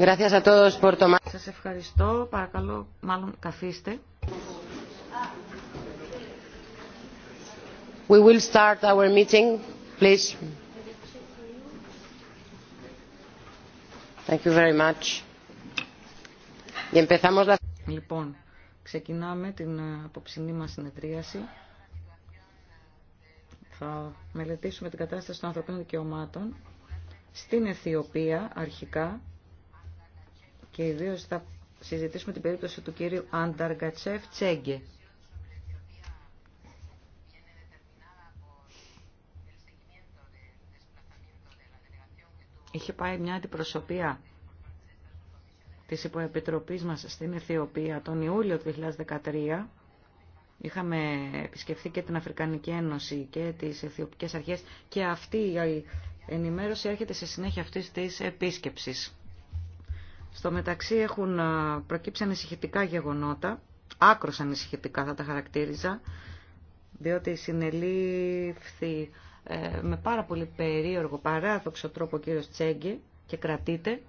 Σας ευχαριστώ. Παρακαλώ, μάλλον καθίστε. We will start our meeting, please. Thank you very much. Λοιπόν, ξεκινάμε την ε, απόψινή μας συνεδρίαση. Θα μελετήσουμε την κατάσταση των ανθρωπίνων δικαιωμάτων στην Αιθιοπία αρχικά και ιδίω θα συζητήσουμε την περίπτωση του κύριου Ανταργατσέφ Τσέγκε. Είχε πάει μια αντιπροσωπεία της υποεπιτροπής μας στην Αιθιοπία τον Ιούλιο του 2013. Είχαμε επισκεφθεί και την Αφρικανική Ένωση και τις Αιθιοπικές Αρχές και αυτή η ενημέρωση έρχεται σε συνέχεια αυτής της επίσκεψης. Στο μεταξύ έχουν προκύψει ανησυχητικά γεγονότα, άκρως ανησυχητικά θα τα χαρακτήριζα, διότι συνελήφθη ε, με πάρα πολύ περίεργο, παράδοξο τρόπο ο κύριος Τσέγκη και κρατείται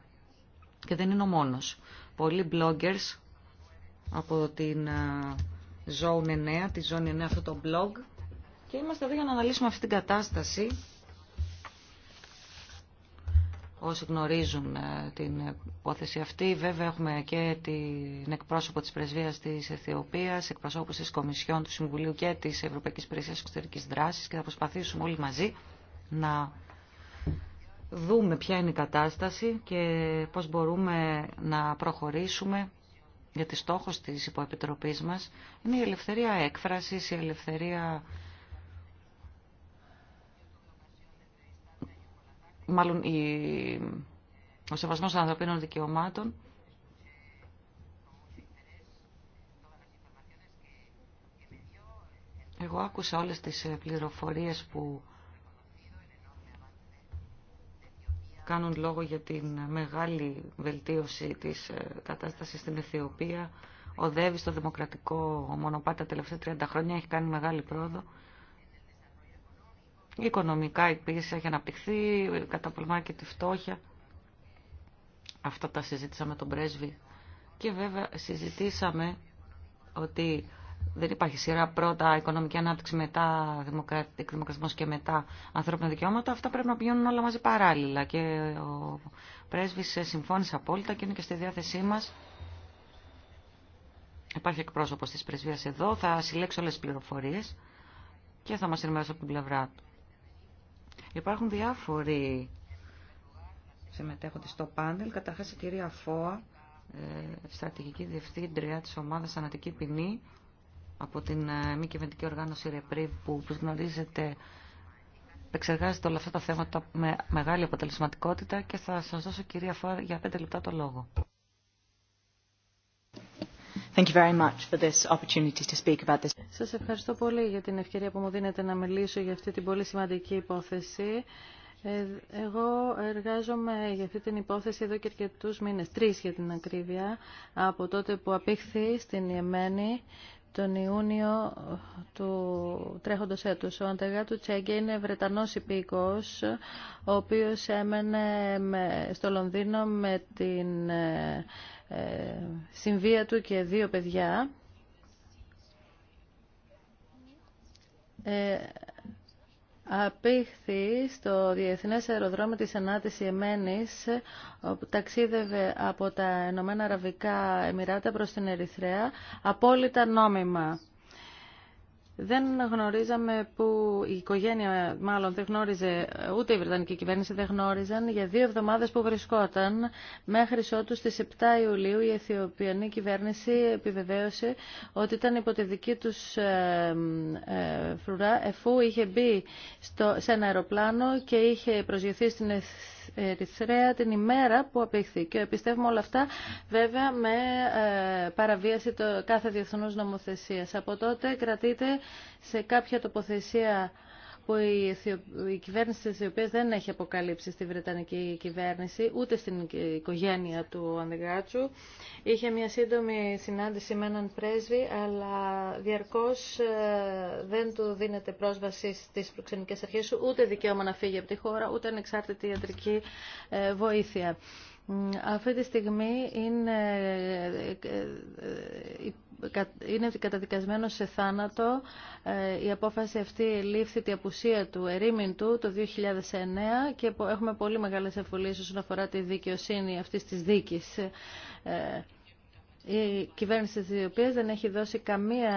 και δεν είναι ο μόνος. Πολλοί bloggers από την Zone 9, τη Zone 9 αυτό το blog και είμαστε εδώ για να αναλύσουμε αυτή την κατάσταση όσοι γνωρίζουν ε, την υπόθεση αυτή. Βέβαια έχουμε και την εκπρόσωπο της Πρεσβείας της Αιθιοπίας, εκπροσώπους της Κομισιόν του Συμβουλίου και της Ευρωπαϊκής Υπηρεσίας Εξωτερικής Δράσης και θα προσπαθήσουμε όλοι μαζί να δούμε ποια είναι η κατάσταση και πώς μπορούμε να προχωρήσουμε γιατί στόχος της υποεπιτροπής μας είναι η ελευθερία έκφρασης, η ελευθερία μάλλον η, ο σεβασμός των ανθρωπίνων δικαιωμάτων Εγώ άκουσα όλες τις ε, πληροφορίες που κάνουν λόγο για την μεγάλη βελτίωση της ε, κατάστασης στην Αιθιοπία. Οδεύει στο δημοκρατικό μονοπάτι τα τελευταία 30 χρόνια, έχει κάνει μεγάλη πρόοδο. Οικονομικά επίσης έχει αναπτυχθεί, κατά καταπολεμάει και τη φτώχεια. Αυτά τα συζήτησα με τον πρέσβη. Και βέβαια συζητήσαμε ότι δεν υπάρχει σειρά πρώτα οικονομική ανάπτυξη, μετά εκδημοκρατισμό και μετά ανθρώπινα δικαιώματα. Αυτά πρέπει να πηγαίνουν όλα μαζί παράλληλα. Και ο πρέσβη συμφώνησε απόλυτα και είναι και στη διάθεσή μα. Υπάρχει εκπρόσωπο τη πρεσβεία εδώ. Θα συλλέξει όλε τι πληροφορίε και θα μα ενημερώσει από την πλευρά του. Υπάρχουν διάφοροι συμμετέχοντε στο πάνελ. Καταρχά η κυρία Φώα, ε, στρατηγική διευθύντρια τη ομάδας Ανατική Ποινή από την ε, μη κυβερνητική οργάνωση ρεπρί που όπω γνωρίζετε επεξεργάζεται όλα αυτά τα θέματα με μεγάλη αποτελεσματικότητα και θα σας δώσω κυρία Φώα για πέντε λεπτά το λόγο. Σας ευχαριστώ πολύ για την ευκαιρία που μου δίνετε να μιλήσω για αυτή την πολύ σημαντική υπόθεση. Ε, εγώ εργάζομαι για αυτή την υπόθεση εδώ και αρκετούς μήνες, τρεις για την ακρίβεια, από τότε που απήχθη στην Ιεμένη τον Ιούνιο του τρέχοντος έτους. Ο Αντεγάτου Τσέγκε είναι Βρετανός υπήκος, ο οποίος έμενε στο Λονδίνο με την ε, ε, συμβία του και δύο παιδιά ε, απήχθη στο Διεθνές Αεροδρόμιο της Ανάτης Εμένης Ιεμένης ταξίδευε από τα Ενωμένα Αραβικά Εμμυράτα προς την Ερυθρέα απόλυτα νόμιμα δεν γνωρίζαμε που η οικογένεια μάλλον δεν γνώριζε, ούτε η Βρετανική κυβέρνηση δεν γνώριζαν για δύο εβδομάδες που βρισκόταν μέχρι ότου στις 7 Ιουλίου η Αιθιοπιανή κυβέρνηση επιβεβαίωσε ότι ήταν υπό τη δική τους ε, ε, φρουρά εφού είχε μπει στο, σε ένα αεροπλάνο και είχε προσγειωθεί στην Ερυθρέα την ημέρα που απήχθη. Και πιστεύουμε όλα αυτά βέβαια με ε, παραβίαση το κάθε διεθνού νομοθεσίας. Από τότε κρατείται σε κάποια τοποθεσία που η, κυβέρνηση της Αιθιοπίας δεν έχει αποκαλύψει στη Βρετανική κυβέρνηση, ούτε στην οικογένεια του Ανδεγάτσου. Είχε μια σύντομη συνάντηση με έναν πρέσβη, αλλά διαρκώς ε, δεν του δίνεται πρόσβαση στις προξενικές αρχές, ούτε δικαίωμα να φύγει από τη χώρα, ούτε ανεξάρτητη ιατρική ε, βοήθεια. Αυτή τη στιγμή είναι, είναι καταδικασμένο σε θάνατο. Ε, η απόφαση αυτή λήφθη τη απουσία του ερήμην του το 2009 και έχουμε πολύ μεγάλες εμφωλίες όσον αφορά τη δικαιοσύνη αυτής της δίκης. Ε, η κυβέρνηση τη Ιωπία δεν έχει δώσει καμία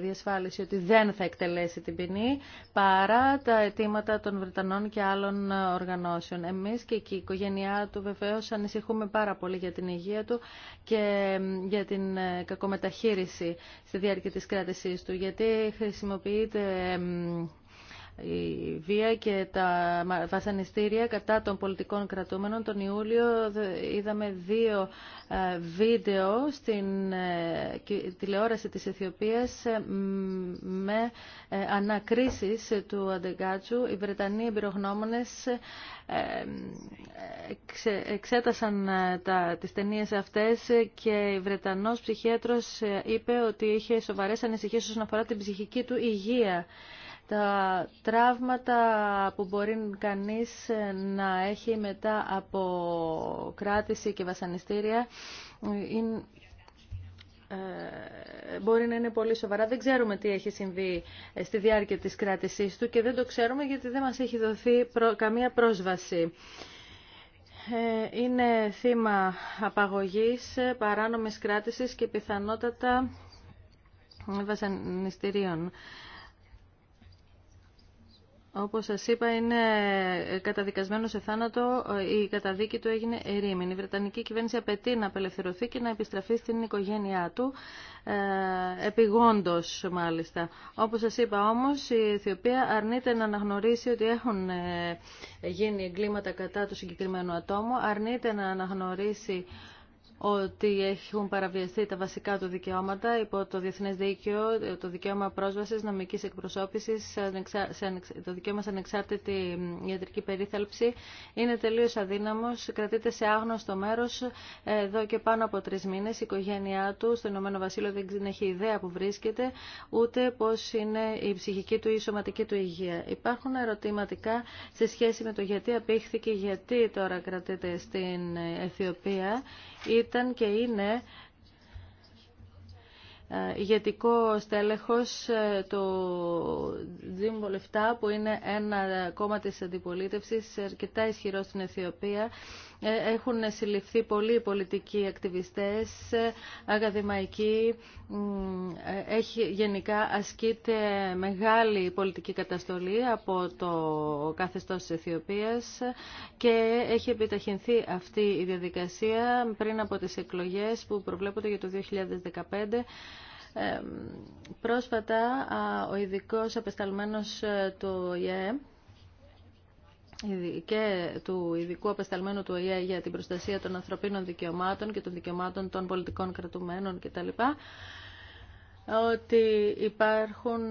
διασφάλιση ότι δεν θα εκτελέσει την ποινή παρά τα αιτήματα των Βρετανών και άλλων οργανώσεων. Εμείς και η οικογένειά του βεβαίω ανησυχούμε πάρα πολύ για την υγεία του και για την ε, κακομεταχείριση στη διάρκεια της κρατησή του γιατί χρησιμοποιείται η βία και τα βασανιστήρια κατά των πολιτικών κρατούμενων. Τον Ιούλιο είδαμε δύο ε, βίντεο στην ε, τηλεόραση της Αιθιοπίας ε, με ανακρίσεις του Αντεγκάτσου. Οι Βρετανοί εμπειρογνώμονες εξέτασαν τα, τις ταινίες αυτές και η Βρετανός ψυχίατρος είπε ότι είχε σοβαρές ανησυχίες όσον αφορά την ψυχική του υγεία τα τραύματα που μπορεί κανείς να έχει μετά από κράτηση και βασανιστήρια ε, μπορεί να είναι πολύ σοβαρά. Δεν ξέρουμε τι έχει συμβεί ε, στη διάρκεια της κράτησής του και δεν το ξέρουμε γιατί δεν μας έχει δοθεί καμία πρόσβαση. Ε, είναι θύμα απαγωγής, παράνομης κράτησης και πιθανότατα βασανιστήριων. Όπως σας είπα, είναι καταδικασμένο σε θάνατο. Η καταδίκη του έγινε ερήμην. Η Βρετανική κυβέρνηση απαιτεί να απελευθερωθεί και να επιστραφεί στην οικογένειά του, ε, επιγόντως μάλιστα. Όπως σας είπα όμως, η Αιθιοπία αρνείται να αναγνωρίσει ότι έχουν ε, γίνει εγκλήματα κατά του συγκεκριμένου ατόμου, αρνείται να αναγνωρίσει ότι έχουν παραβιαστεί τα βασικά του δικαιώματα υπό το διεθνέ Δίκαιο, το δικαίωμα πρόσβαση νομική εκπροσώπηση το δικαίωμα σε ανεξάρτητη ιατρική περίθαλψη. Είναι τελείω αδύναμο. κρατείται σε άγνωστο μέρο, ε, εδώ και πάνω από τρει μήνε. Η οικογένειά του στο Ηνωμένο Βασίλειο δεν έχει ιδέα που βρίσκεται, ούτε πώ είναι η ψυχική του ή η σωματική του υγεία. Υπάρχουν ερωτηματικά σε σχέση με το γιατί απήχθηκε, γιατί τώρα κρατείται στην Αιθιοπία, ήταν και είναι ε, ηγετικό στέλεχος ε, το Τζιμ Λεφτά που είναι ένα κόμμα της αντιπολίτευσης αρκετά ισχυρό στην Αιθιοπία ε, έχουν συλληφθεί πολλοί πολιτικοί ακτιβιστές, ακαδημαϊκοί. Ε, έχει, γενικά ασκείται μεγάλη πολιτική καταστολή από το καθεστώς της Αιθιοπίας και έχει επιταχυνθεί αυτή η διαδικασία πριν από τις εκλογές που προβλέπονται για το 2015 ε, πρόσφατα ο ειδικό απεσταλμένος του ΙΕΕ και του ειδικού απεσταλμένου του ΟΗΕ για την προστασία των ανθρωπίνων δικαιωμάτων και των δικαιωμάτων των πολιτικών κρατουμένων κτλ ότι υπάρχουν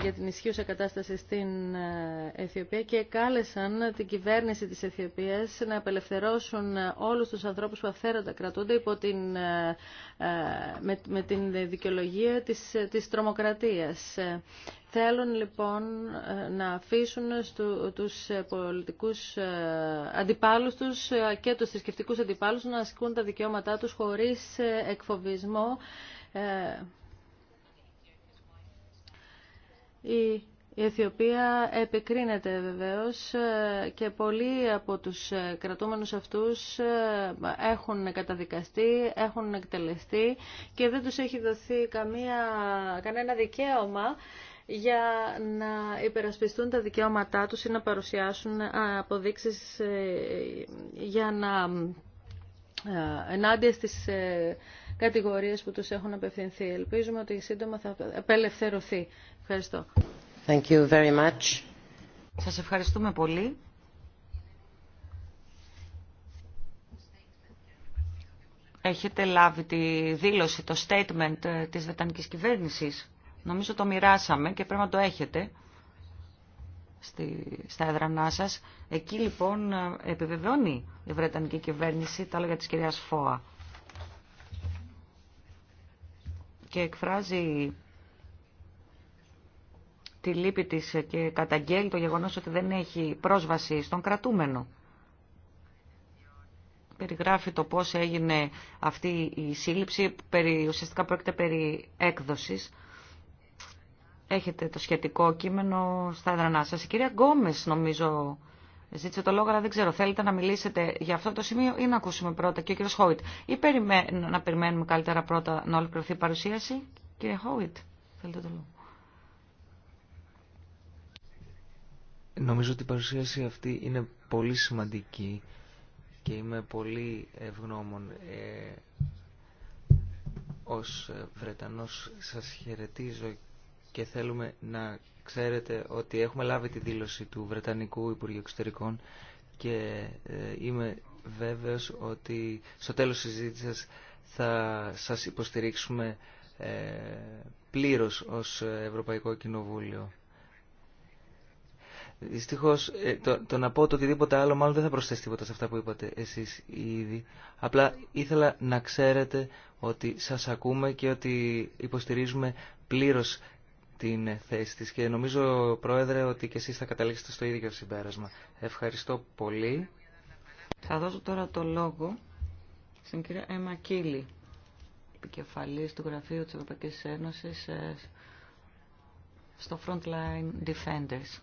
για την ισχύουσα κατάσταση στην ε, Αιθιοπία και κάλεσαν την κυβέρνηση της Αιθιοπίας να απελευθερώσουν όλους τους ανθρώπους που αυθαίρετα κρατούνται υπό την, ε, ε, με, την δικαιολογία της, της τρομοκρατίας. Θέλουν λοιπόν να αφήσουν στου, τους πολιτικούς αντιπάλους τους και τους θρησκευτικού αντιπάλους να ασκούν τα δικαιώματά τους χωρίς εκφοβισμό η ε, η Αιθιοπία επικρίνεται βεβαίως ε, και πολλοί από τους ε, κρατούμενους αυτούς έχουν καταδικαστεί, έχουν εκτελεστεί και δεν τους έχει δοθεί καμία, κανένα δικαίωμα για να υπερασπιστούν τα δικαιώματά τους ή να παρουσιάσουν αποδείξεις για να ενάντια στις κατηγορίες που τους έχουν απευθυνθεί. Ελπίζουμε ότι σύντομα θα απελευθερωθεί. Ευχαριστώ. Thank you very much. Σας ευχαριστούμε πολύ. Έχετε λάβει τη δήλωση, το statement ε, της Βρετανικής κυβέρνησης. Νομίζω το μοιράσαμε και πρέπει να το έχετε στη, στα έδρανά σας. Εκεί λοιπόν ε, επιβεβαιώνει η Βρετανική κυβέρνηση τα λόγια της κυρίας Φώα. και εκφράζει τη λύπη της και καταγγέλει το γεγονός ότι δεν έχει πρόσβαση στον κρατούμενο. Περιγράφει το πώς έγινε αυτή η σύλληψη, περί, ουσιαστικά πρόκειται περί έκδοσης. Έχετε το σχετικό κείμενο στα έδρανά σας. Η κυρία Γκόμες νομίζω Ζήτησε το λόγο, αλλά δεν ξέρω. Θέλετε να μιλήσετε για αυτό το σημείο ή να ακούσουμε πρώτα και ο κύριο Χόιτ. Ή περιμέ... να περιμένουμε καλύτερα πρώτα να ολοκληρωθεί η παρουσίαση. Κύριε Χόιτ, θέλετε το λόγο. Νομίζω ότι η παρουσίαση αυτή είναι πολύ σημαντική και είμαι πολύ ευγνώμων. Ε, ως Βρετανός σας χαιρετίζω και θέλουμε να Ξέρετε ότι έχουμε λάβει τη δήλωση του Βρετανικού Υπουργείου Εξωτερικών και ε, είμαι βέβαιος ότι στο τέλος της συζήτησης θα σας υποστηρίξουμε ε, πλήρως ως Ευρωπαϊκό Κοινοβούλιο. Δυστυχώ, ε, το, το να πω το οτιδήποτε άλλο μάλλον δεν θα προσθέσει τίποτα σε αυτά που είπατε εσεί ήδη. Απλά ήθελα να ξέρετε ότι σα ακούμε και ότι υποστηρίζουμε πλήρω την θέση της και νομίζω, Πρόεδρε, ότι και εσείς θα καταλήξετε στο ίδιο συμπέρασμα. Ευχαριστώ πολύ. Θα δώσω τώρα το λόγο στην κυρία Έμα Κίλη, επικεφαλής του Γραφείου της Ευρωπαϊκής Ένωσης ε, στο Frontline Defenders.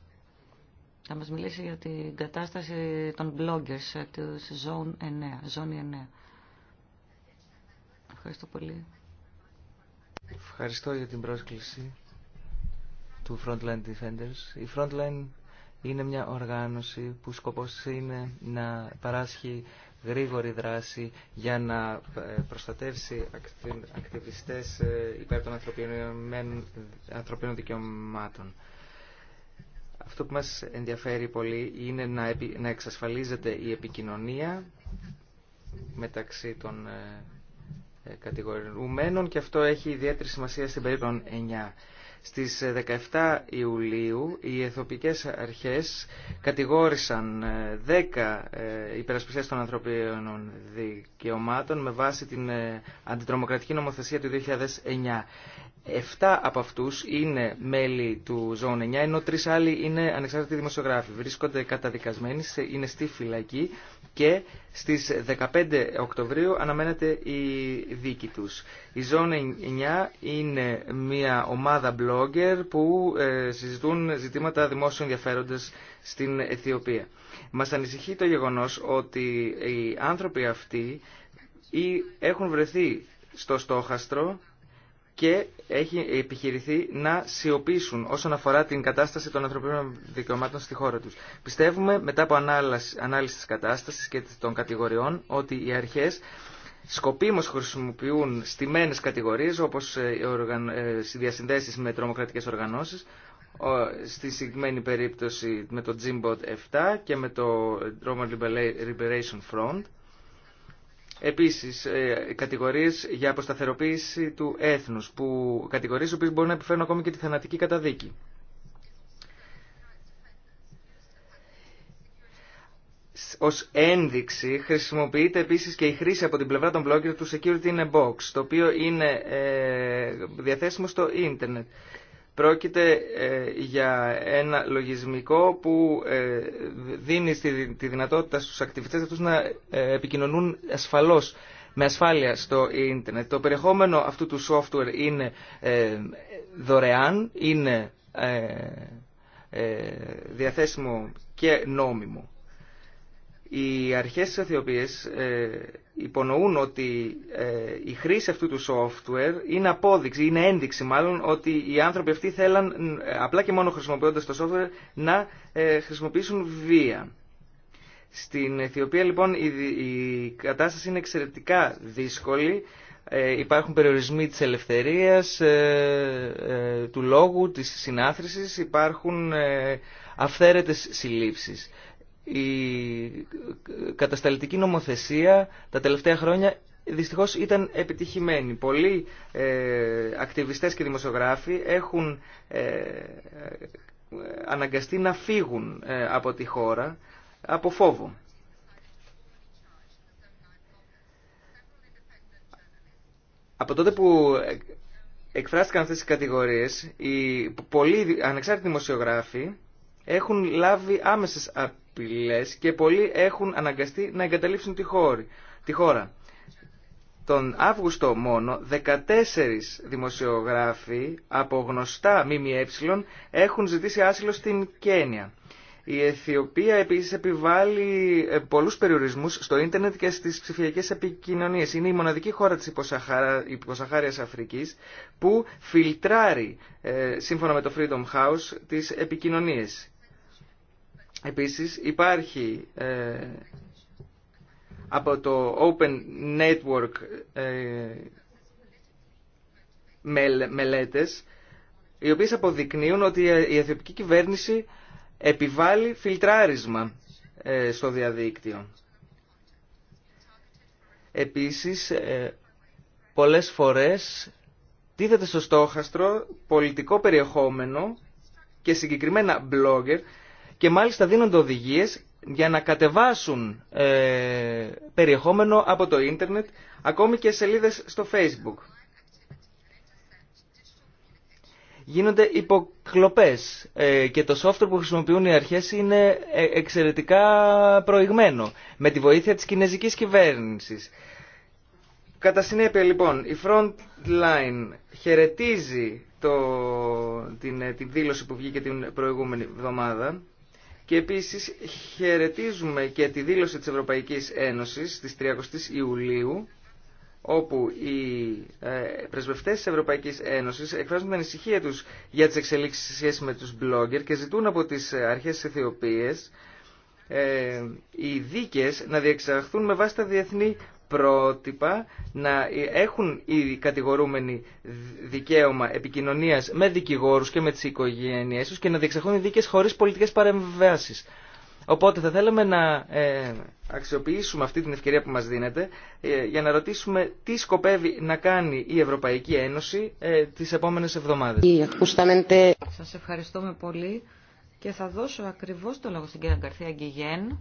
Θα μας μιλήσει για την κατάσταση των bloggers ε, της Zone 9, zone 9. Ευχαριστώ πολύ. Ευχαριστώ για την πρόσκληση του Frontline Defenders. Η Frontline είναι μια οργάνωση που σκοπός είναι να παράσχει γρήγορη δράση για να ε, προστατεύσει ακτιβιστές ε, υπέρ των ανθρωπίνων δικαιωμάτων. Αυτό που μας ενδιαφέρει πολύ είναι να εξασφαλίζεται η επικοινωνία μεταξύ των ε, κατηγορουμένων και αυτό έχει ιδιαίτερη σημασία στην περίπτωση 9. Στις 17 ε, Ιουλίου οι εθοπικές αρχές κατηγόρησαν 10 ε, ε, υπερασπιστές των ανθρωπίνων δικαιωμάτων με βάση την αντιτρομοκρατική νομοθεσία του 2009. 7 από αυτούς είναι μέλη του Ζώνη 9, ενώ τρεις άλλοι είναι ανεξάρτητοι δημοσιογράφοι. Βρίσκονται καταδικασμένοι, είναι στη φυλακή και στι 15 Οκτωβρίου αναμένεται η δίκη του. Η Ζώνη 9 είναι μια ομάδα blogger που ε, συζητούν ζητήματα δημόσιου ενδιαφέροντα στην Αιθιοπία. Μα ανησυχεί το γεγονό ότι οι άνθρωποι αυτοί έχουν βρεθεί στο στόχαστρο και έχει επιχειρηθεί να σιωπήσουν όσον αφορά την κατάσταση των ανθρωπίνων δικαιωμάτων στη χώρα τους. Πιστεύουμε μετά από ανάλυση της κατάστασης και των κατηγοριών ότι οι αρχές σκοπίμως χρησιμοποιούν στιμένες κατηγορίες όπως ε, ε, οι διασυνδέσεις με τρομοκρατικές οργανώσεις στη συγκεκριμένη περίπτωση με το Jimbot 7 και με το Roman Liberation Front Επίσης, ε, κατηγορίες για αποσταθεροποίηση του έθνους, που κατηγορίες που μπορούν να επιφέρουν ακόμη και τη θανατική καταδίκη. Ως ένδειξη χρησιμοποιείται επίσης και η χρήση από την πλευρά των blogger του Security in a Box, το οποίο είναι ε, διαθέσιμο στο ίντερνετ. Πρόκειται ε, για ένα λογισμικό που ε, δίνει τη δυνατότητα στους ακτιβιστές αυτούς να ε, επικοινωνούν ασφαλώς, με ασφάλεια στο ίντερνετ. Το περιεχόμενο αυτού του software είναι δωρεάν, είναι διαθέσιμο και νόμιμο. Οι αρχές της ε, υπονοούν ότι ε, η χρήση αυτού του software είναι απόδειξη, είναι ένδειξη μάλλον ότι οι άνθρωποι αυτοί θέλαν ε, απλά και μόνο χρησιμοποιώντας το software να ε, χρησιμοποιήσουν βία. Στην Αιθιοπία λοιπόν η κατάσταση είναι εξαιρετικά δύσκολη. υπάρχουν περιορισμοί της ελευθερίας, του λόγου, της συνάθρησης, υπάρχουν αυθαίρετες συλλήψεις η κατασταλτική νομοθεσία τα τελευταία χρόνια δυστυχώς ήταν επιτυχημένη. Πολλοί ε, ακτιβιστές και δημοσιογράφοι έχουν ε, αναγκαστεί να φύγουν ε, από τη χώρα από φόβο. Από τότε που εκφράστηκαν αυτές οι κατηγορίες, οι πολλοί ανεξάρτητοι δημοσιογράφοι έχουν λάβει άμεσες και πολλοί έχουν αναγκαστεί να εγκαταλείψουν τη, χώρη, τη χώρα. Τον Αύγουστο μόνο 14 δημοσιογράφοι από γνωστά ΜΜΕ έχουν ζητήσει άσυλο στην Κένια. Η Αιθιοπία επίσης επιβάλλει ε, πολλούς περιορισμούς στο ίντερνετ και στις ψηφιακές επικοινωνίες. Είναι η μοναδική χώρα της υποσαχάριας Αφρικής που φιλτράρει, ε, σύμφωνα με το Freedom House, τις επικοινωνίες. Επίσης υπάρχει ε, από το Open Network ε, μελέτες οι οποίες αποδεικνύουν ότι η αιθιοπική κυβέρνηση επιβάλλει φιλτράρισμα ε, στο διαδίκτυο. Επίσης, ε, πολλές φορές τίθεται στο στόχαστρο πολιτικό περιεχόμενο και συγκεκριμένα blogger και μάλιστα δίνονται οδηγίες για να κατεβάσουν ε, περιεχόμενο από το ίντερνετ, ακόμη και σελίδες στο facebook. Γίνονται υποκλοπές ε, και το software που χρησιμοποιούν οι αρχές είναι ε, εξαιρετικά προηγμένο με τη βοήθεια της κινέζικης κυβέρνησης. Κατά συνέπεια λοιπόν η Frontline χαιρετίζει το, την, ε, την δήλωση που βγήκε την προηγούμενη εβδομάδα και επίσης χαιρετίζουμε και τη δήλωση της Ευρωπαϊκής Ένωσης της 30 Ιουλίου όπου οι ε, πρεσβευτές της Ευρωπαϊκής Ένωσης εκφράζουν την ανησυχία τους για τις εξελίξεις σε σχέση με τους blogger και ζητούν από τις αρχές της ε, οι δίκες να διεξαχθούν με βάση τα διεθνή πρότυπα να έχουν οι κατηγορούμενοι δικαίωμα επικοινωνίας με δικηγόρους και με τις οικογένειές τους και να διεξαχθούν δίκες χωρίς πολιτικές παρεμβάσεις. Οπότε θα θέλαμε να ε, αξιοποιήσουμε αυτή την ευκαιρία που μας δίνεται ε, για να ρωτήσουμε τι σκοπεύει να κάνει η Ευρωπαϊκή Ένωση ε, τις επόμενες εβδομάδες. Σας ευχαριστούμε πολύ και θα δώσω ακριβώς το λόγο στην κυρία Γκαρθία Γκυγέν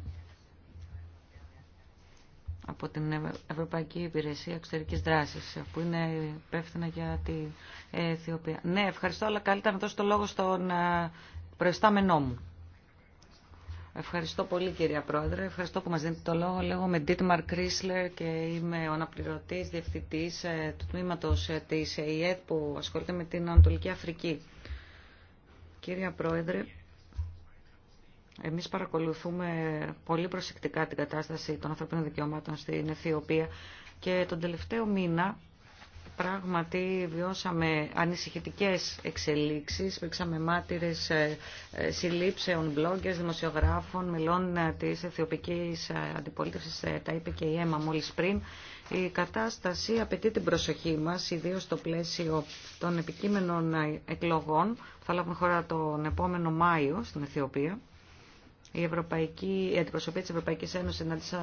από την Ευρωπαϊκή Υπηρεσία Εξωτερικής Δράσης, που είναι υπεύθυνα για τη Αιθιοπία. Ναι, ευχαριστώ, αλλά καλύτερα να δώσω το λόγο στον ε, προϊστάμενό μου. Ευχαριστώ πολύ κυρία Πρόεδρε, ευχαριστώ που μας δίνετε το λόγο. Λέγομαι Ντίτμαρ Κρίσλερ και είμαι ο αναπληρωτής διευθυντής ε, του τμήματος ε, της ΕΙΕΤ που ασχολείται με την Ανατολική Αφρική. Κύριε Πρόεδρε, εμείς παρακολουθούμε πολύ προσεκτικά την κατάσταση των ανθρωπίνων δικαιωμάτων στην Αιθιοπία και τον τελευταίο μήνα πράγματι βιώσαμε ανησυχητικές εξελίξεις, παίξαμε μάρτυρες ε, ε, συλλήψεων bloggers, δημοσιογράφων, μελών ε, της αιθιοπικής αντιπολίτευσης, τα είπε και η ΕΜΑ μόλις πριν. Η κατάσταση απαιτεί την προσοχή μας, ιδίως στο πλαίσιο των επικείμενων εκλογών που θα λάβουν χώρα τον επόμενο Μάιο στην Αιθιοπία. Η Ευρωπαϊκή η Αντιπροσωπεία της Ευρωπαϊκής Ένωσης στην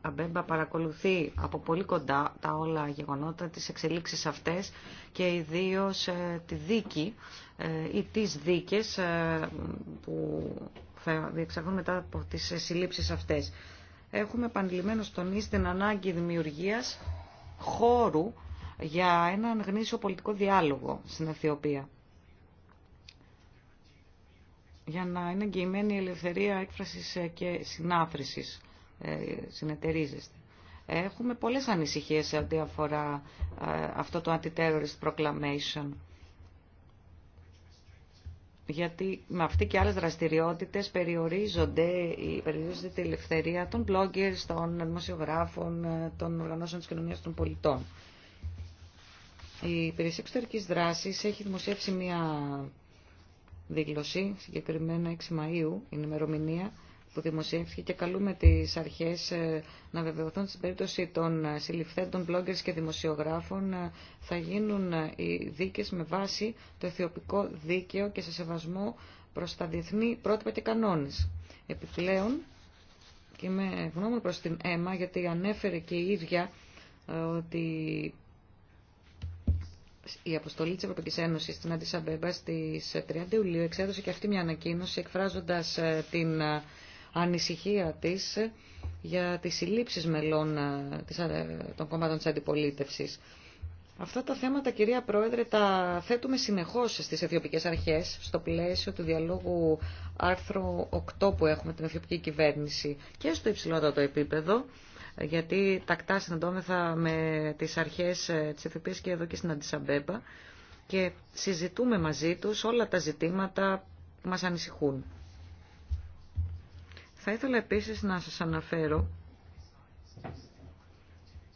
Αμπέμπα παρακολουθεί από πολύ κοντά τα όλα γεγονότα, τις εξελίξεις αυτές και ιδίως ε, τη δίκη ε, ή τις δίκες ε, που θα διεξαχθούν μετά από τις συλλήψεις αυτές. Έχουμε επανειλημμένως τονίσει την ανάγκη δημιουργίας χώρου για έναν γνήσιο πολιτικό διάλογο στην Αιθιοπία για να είναι εγγυημένη η ελευθερία έκφρασης ε, και συνάθρησης, ε, συνεταιρίζεστε. Έχουμε πολλές ανησυχίες σε ό,τι αφορά ε, αυτό το Anti-Terrorist Proclamation. Γιατί με αυτή και άλλες δραστηριότητες περιορίζονται, περιορίζεται η ελευθερία των bloggers, των δημοσιογράφων, των οργανώσεων της κοινωνίας των πολιτών. Η Υπηρεσία Εξωτερικής Δράσης έχει δημοσιεύσει μια δήλωση, συγκεκριμένα 6 Μαΐου, η ημερομηνία που δημοσιεύθηκε και καλούμε τις αρχές ε, να βεβαιωθούν στην περίπτωση των ε, συλληφθέντων bloggers και δημοσιογράφων ε, θα γίνουν οι δίκες με βάση το αιθιοπικό δίκαιο και σε σεβασμό προς τα διεθνή πρότυπα και κανόνες. Επιπλέον, και είμαι γνώμη προς την ΕΜΑ γιατί ανέφερε και η ίδια ότι η αποστολή της Ευρωπαϊκής Ένωσης στην Αντισαμπέμπα στις 30 Ιουλίου εξέδωσε και αυτή μια ανακοίνωση εκφράζοντας ε, την ε, ανησυχία της για τις συλλήψεις μελών ε, των κομμάτων της αντιπολίτευσης. Αυτά τα θέματα, κυρία Πρόεδρε, τα θέτουμε συνεχώς στις αιθιοπικές αρχές, στο πλαίσιο του διαλόγου άρθρο 8 που έχουμε την αιθιοπική κυβέρνηση και στο υψηλότερο επίπεδο, γιατί τακτά συναντώμεθα με τις αρχές ε, της Αιθιοπία και εδώ και στην Αντισαμπέμπα και συζητούμε μαζί τους όλα τα ζητήματα που μας ανησυχούν. Θα ήθελα επίσης να σας αναφέρω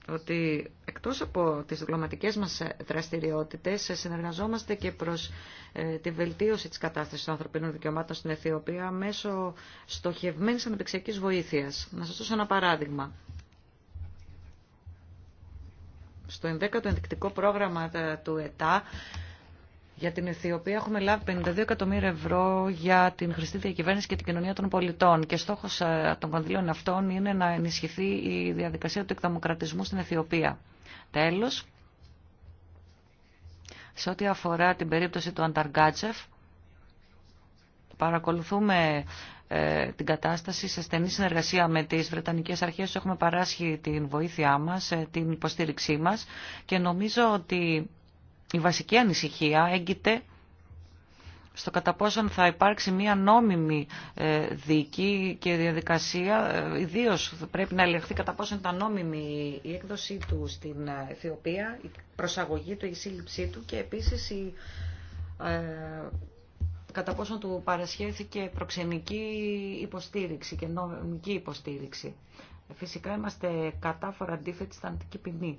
ότι εκτός από τις διπλωματικές μας δραστηριότητες ε, συνεργαζόμαστε και προς ε, τη βελτίωση της κατάστασης των ανθρωπίνων δικαιωμάτων στην Αιθιοπία μέσω στοχευμένης αναπτυξιακής βοήθειας. Να σας δώσω ένα παράδειγμα. Στο 11ο ενδεικτικό πρόγραμμα ε, του ΕΤΑ για την Αιθιοπία έχουμε λάβει 52 εκατομμύρια ευρώ για την χρηστή διακυβέρνηση και την κοινωνία των πολιτών. Και στόχο ε, των κονδυλίων αυτών είναι να ενισχυθεί η διαδικασία του εκδημοκρατισμού στην Αιθιοπία. Τέλο, σε ό,τι αφορά την περίπτωση του Ανταργκάτσεφ, παρακολουθούμε ε, την κατάσταση σε στενή συνεργασία με τις Βρετανικές Αρχές. Έχουμε παράσχει την βοήθειά μας, ε, την υποστήριξή μας και νομίζω ότι η βασική ανησυχία έγκυται στο κατά πόσον θα υπάρξει μια νόμιμη ε, δίκη και διαδικασία, ιδίω πρέπει να ελεγχθεί κατά πόσον ήταν νόμιμη η έκδοσή του στην Αιθιοπία, η προσαγωγή του, η σύλληψή του και επίσης η κατά πόσο του παρασχέθηκε προξενική υποστήριξη και νομική υποστήριξη. Φυσικά είμαστε κατάφορα αντίθετοι στα αντική ποινή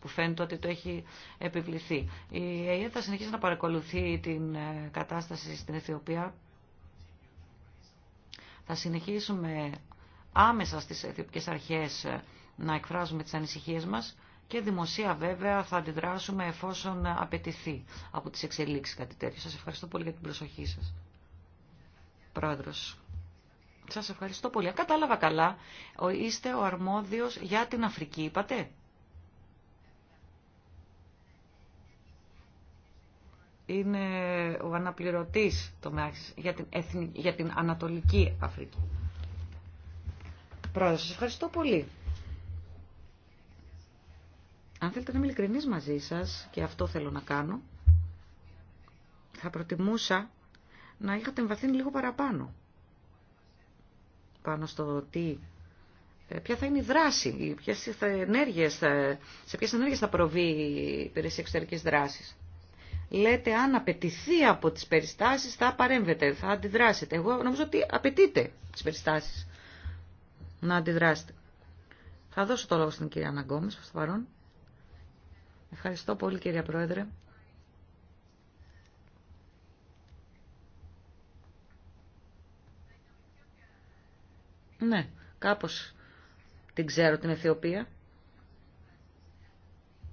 που φαίνεται ότι το έχει επιβληθεί. Η ΕΕ θα συνεχίσει να παρακολουθεί την ε, κατάσταση στην Αιθιοπία. Θα συνεχίσουμε άμεσα στις αιθιοπικές αρχές ε, να εκφράζουμε τις ανησυχίες μας και δημοσία βέβαια θα αντιδράσουμε εφόσον απαιτηθεί από τις εξελίξεις κάτι τέτοιο. Σας ευχαριστώ πολύ για την προσοχή σας. Πρόεδρος. Σας ευχαριστώ πολύ. κατάλαβα καλά, είστε ο αρμόδιος για την Αφρική, είπατε. Είναι ο αναπληρωτής τομέας για την, για την Ανατολική Αφρική. Πρόεδρος, σας ευχαριστώ πολύ. Αν θέλετε να είμαι ειλικρινής μαζί σας, και αυτό θέλω να κάνω, θα προτιμούσα να είχατε εμβαθύνει λίγο παραπάνω πάνω στο τι, ε, ποια θα είναι η δράση, ποιες θα ενέργειες, σε ποιες ενέργειες θα προβεί η υπηρεσία εξωτερικής δράσης. Λέτε αν απαιτηθεί από τις περιστάσεις θα παρέμβετε, θα αντιδράσετε. Εγώ νομίζω ότι απαιτείτε τις περιστάσεις να αντιδράσετε. Θα δώσω το λόγο στην κυρία Αναγκόμης, προς το παρόν. Ευχαριστώ πολύ κύριε Πρόεδρε. Ναι, κάπως την ξέρω την Αιθιοπία.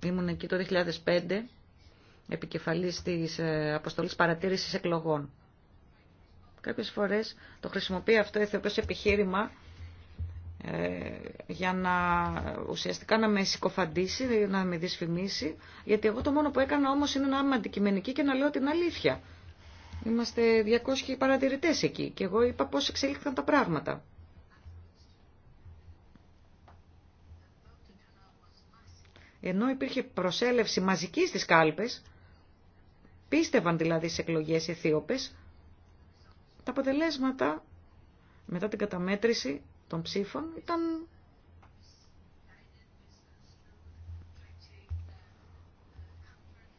Ήμουν εκεί το 2005, επικεφαλής της ε, αποστολής παρατήρησης εκλογών. Κάποιες φορές το χρησιμοποιεί αυτό η Αιθιοπία σε επιχείρημα ε, για να ουσιαστικά να με συκοφαντήσει, να με δυσφημίσει, γιατί εγώ το μόνο που έκανα όμως είναι να είμαι αντικειμενική και να λέω την αλήθεια. Είμαστε 200 παρατηρητές εκεί και εγώ είπα πώς εξελίχθηκαν τα πράγματα. Ενώ υπήρχε προσέλευση μαζική της κάλπες, πίστευαν δηλαδή σε εκλογές οι Αιθίωπες, τα αποτελέσματα μετά την καταμέτρηση των ψήφων ήταν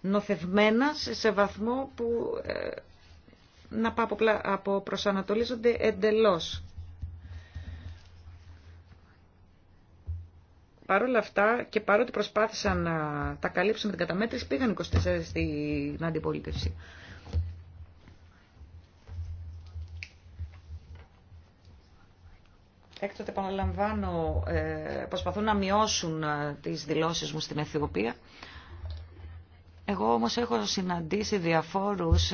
νοθευμένα σε βαθμό που ε, να προσανατολίζονται εντελώς. Παρ' όλα αυτά και παρότι προσπάθησαν να τα καλύψουν με την καταμέτρηση πήγαν 24 στην αντιπολίτευση. Έκτοτε, επαναλαμβάνω, ε, προσπαθούν να μειώσουν ε, τις δηλώσεις μου στην Αιθιοπία. Εγώ όμως έχω συναντήσει διαφόρους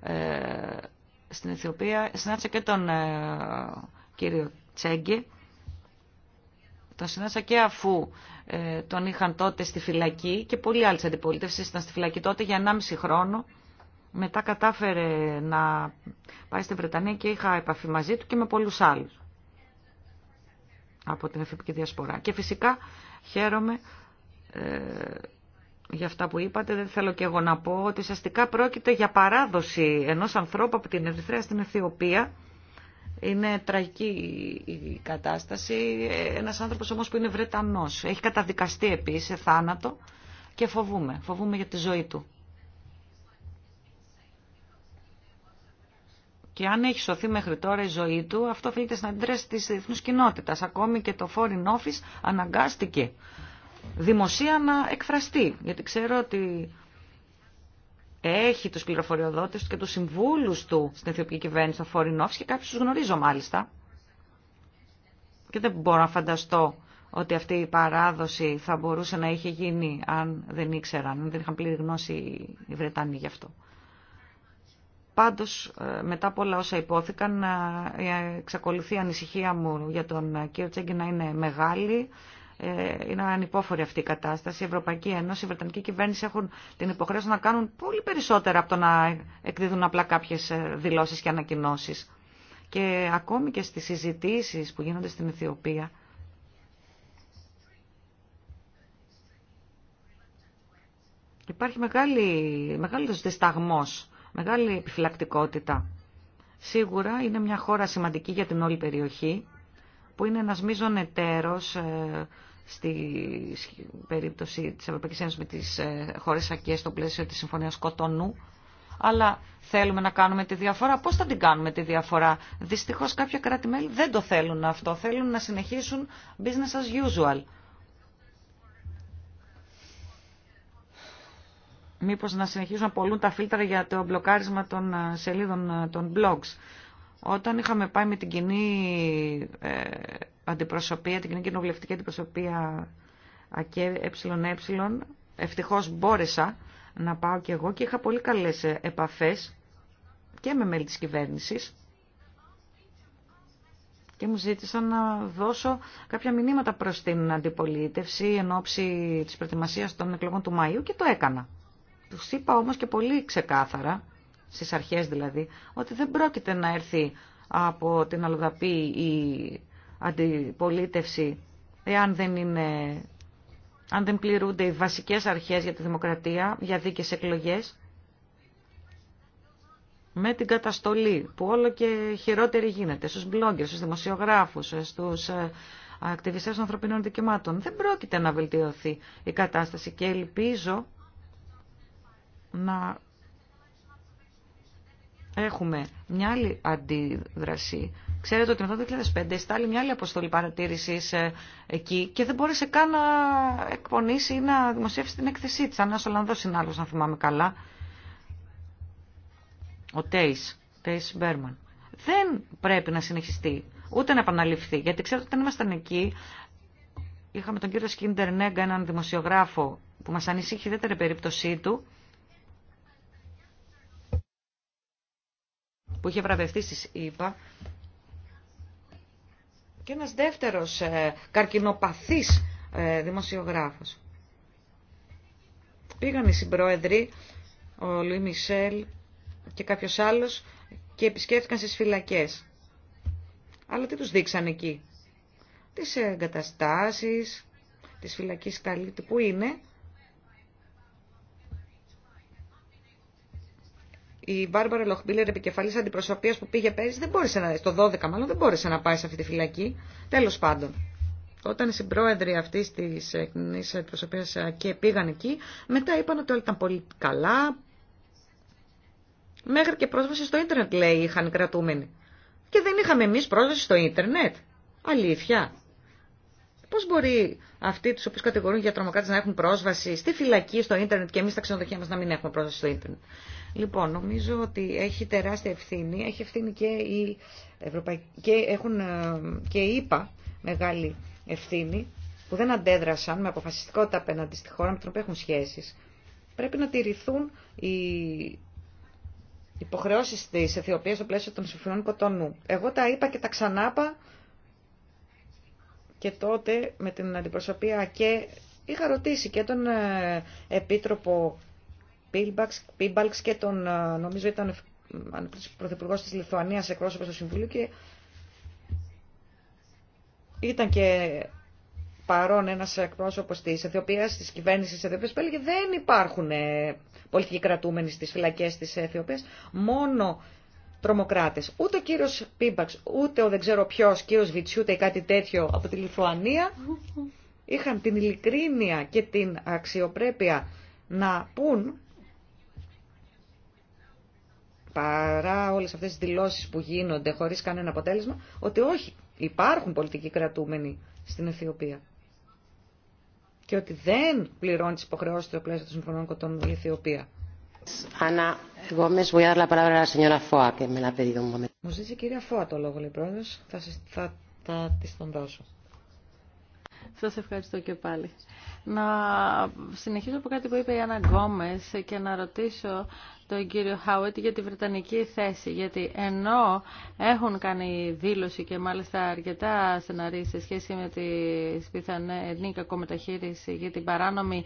ε, στην Αιθιοπία. Συνάντησα και τον κύριο Τσέγκη. Τον συνάντησα και αφού τον είχαν τότε στη φυλακή και πολλοί άλλοι αντιπολίτευσεις ήταν στη φυλακή τότε για 1,5 χρόνο. Μετά κατάφερε να πάει στην Βρετανία και είχα επαφή μαζί του και με πολλούς άλλους από την Εθνική Διασπορά. Και φυσικά χαίρομαι ε, για αυτά που είπατε. Δεν θέλω και εγώ να πω ότι ουσιαστικά πρόκειται για παράδοση ενός ανθρώπου από την Ερυθρέα στην Αιθιοπία. Είναι τραγική η κατάσταση. Ένας άνθρωπος όμως που είναι Βρετανός. Έχει καταδικαστεί επίσης σε θάνατο και φοβούμε. Φοβούμε για τη ζωή του. και αν έχει σωθεί μέχρι τώρα η ζωή του, αυτό οφείλεται στην αντίδραση τη διεθνού κοινότητα. Ακόμη και το Foreign Office αναγκάστηκε δημοσία να εκφραστεί, γιατί ξέρω ότι έχει του πληροφοριοδότες του και του συμβούλου του στην Αιθιοπική Κυβέρνηση, το Foreign Office και κάποιου του γνωρίζω μάλιστα. Και δεν μπορώ να φανταστώ ότι αυτή η παράδοση θα μπορούσε να είχε γίνει αν δεν ήξεραν, αν δεν είχαν πλήρη γνώση οι Βρετανοί γι' αυτό. Πάντως, ε, μετά από όλα όσα υπόθηκαν, ε, ε, εξακολουθεί η ανησυχία μου για τον κύριο Τσέγκη να είναι μεγάλη. Είναι ανυπόφορη αυτή η κατάσταση. Η Ευρωπαϊκή Ένωση, η Βρετανική κυβέρνηση έχουν την υποχρέωση να κάνουν πολύ περισσότερα από το να εκδίδουν απλά κάποιες δηλώσεις και ανακοινώσει. Και ακόμη και στι συζητήσει που γίνονται στην Αιθιοπία, υπάρχει μεγάλη, μεγάλος μεγάλη επιφυλακτικότητα. Σίγουρα είναι μια χώρα σημαντική για την όλη περιοχή, που είναι ένας μείζον εταίρος ε, στη περίπτωση της Ευρωπαϊκής Ένωσης με τις ε, χώρες ΑΚΕ στο πλαίσιο της Συμφωνίας Κοτονού, αλλά θέλουμε να κάνουμε τη διαφορά. Πώς θα την κάνουμε τη διαφορά. Δυστυχώς κάποια κράτη-μέλη δεν το θέλουν αυτό. Θέλουν να συνεχίσουν business as usual. μήπως να συνεχίσουν να πολλούν τα φίλτρα για το μπλοκάρισμα των ε, σελίδων ε, των blogs. Όταν είχαμε πάει με την κοινή ε, αντιπροσωπεία, την κοινή κοινοβουλευτική αντιπροσωπεία ΑΚΕ, Ε, ευτυχώς μπόρεσα να πάω και εγώ και είχα πολύ καλές επαφές και με μέλη της κυβέρνησης και μου ζήτησαν να δώσω κάποια μηνύματα προς την αντιπολίτευση εν ώψη της προετοιμασίας των εκλογών του Μαΐου και το έκανα. Του είπα όμως και πολύ ξεκάθαρα, στις αρχές δηλαδή, ότι δεν πρόκειται να έρθει από την Αλγαπή η αντιπολίτευση εάν δεν είναι αν δεν πληρούνται οι βασικές αρχές για τη δημοκρατία, για δίκες εκλογές, με την καταστολή που όλο και χειρότερη γίνεται στους bloggers, στους δημοσιογράφους, στους ε, ακτιβιστές των ανθρωπίνων δικαιωμάτων. Δεν πρόκειται να βελτιωθεί η κατάσταση και ελπίζω να έχουμε μια άλλη αντίδραση. Ξέρετε ότι μετά το 2005 στάλει μια άλλη αποστολή παρατήρηση ε, εκεί και δεν μπόρεσε καν να εκπονήσει ή να δημοσιεύσει την έκθεσή τη. Ένα Ολλανδό άλλο να θυμάμαι καλά. Ο Τέι, Τέι Μπέρμαν. Δεν πρέπει να συνεχιστεί, ούτε να επαναληφθεί. Γιατί ξέρετε ότι όταν ήμασταν εκεί, είχαμε τον κύριο Σκίντερ Νέγκα, έναν δημοσιογράφο που μα ανησύχει ιδιαίτερη περίπτωσή του, που είχε βραβευτεί στις και ένας δεύτερος ε, καρκινοπαθής ε, δημοσιογράφος. Πήγαν οι συμπρόεδροι, ο Λουί Μισελ και κάποιος άλλος και επισκέφθηκαν στις φυλακές. Αλλά τι τους δείξαν εκεί. Τις εγκαταστάσεις, τις φυλακής του που είναι η Μπάρμπαρα Λοχμπίλερ, επικεφαλή αντιπροσωπεία που πήγε πέρυσι, δεν μπόρεσε να, το 12 μάλλον, δεν μπόρεσε να πάει σε αυτή τη φυλακή. Τέλο πάντων, όταν οι συμπρόεδροι αυτή τη κοινή αντιπροσωπεία ε, και πήγαν εκεί, μετά είπαν ότι όλα ήταν πολύ καλά, μέχρι και πρόσβαση στο ίντερνετ λέει είχαν κρατούμενοι. Και δεν είχαμε εμεί πρόσβαση στο ίντερνετ. Αλήθεια. Πώ μπορεί αυτοί του οποίου κατηγορούν για τρομοκράτε να έχουν πρόσβαση στη φυλακή, στο ίντερνετ και εμεί στα ξενοδοχεία μα να μην έχουμε πρόσβαση στο ίντερνετ. Λοιπόν, νομίζω ότι έχει τεράστια ευθύνη. Έχει ευθύνη και η Ευρωπαϊκή. Και έχουν ε, και η μεγάλη ευθύνη που δεν αντέδρασαν με αποφασιστικότητα απέναντι στη χώρα με την οποία έχουν σχέσει. Πρέπει να τηρηθούν οι υποχρεώσεις της Αιθιοπία στο πλαίσιο των συμφωνών Κοτονού. Εγώ τα είπα και τα ξανάπα και τότε με την αντιπροσωπεία και είχα ρωτήσει και τον ε, Επίτροπο Πίμπαλξ και τον, ε, νομίζω ήταν πρωθυπουργό της Λιθουανίας εκπρόσωπος του Συμβουλίου και ήταν και παρόν ένας εκπρόσωπος της Αιθιοπίας, της κυβέρνησης τη Αιθιοπίας που έλεγε δεν υπάρχουν ε, πολιτικοί κρατούμενοι στις φυλακές της Αιθιοπίας, μόνο τρομοκράτες. Ούτε ο κύριος Πίμπαξ, ούτε ο δεν ξέρω ποιος, κύριος Βιτσιούτε ή κάτι τέτοιο από τη Λιθουανία είχαν την ειλικρίνεια και την αξιοπρέπεια να πούν παρά όλε αυτέ τι δηλώσει που γίνονται χωρί κανένα αποτέλεσμα, ότι όχι, υπάρχουν πολιτικοί κρατούμενοι στην Αιθιοπία. Και ότι δεν πληρώνει τι υποχρεώσει του πλαίσιο των συμφωνών με η Αιθιοπία. Ana εγώ με σου dar την στην κυρία Φώα με Μου ζήτησε η κυρία Φώα το λόγο, λέει πρόεδρο. Θα, θα, θα της τον δώσω. Σα ευχαριστώ και πάλι. Να συνεχίσω από κάτι που είπε η Άννα Γκόμες και να ρωτήσω τον κύριο Χάουετ για τη Βρετανική θέση. Γιατί ενώ έχουν κάνει δήλωση και μάλιστα αρκετά στεναρή σε σχέση με τη πιθανή κακομεταχείριση για την παράνομη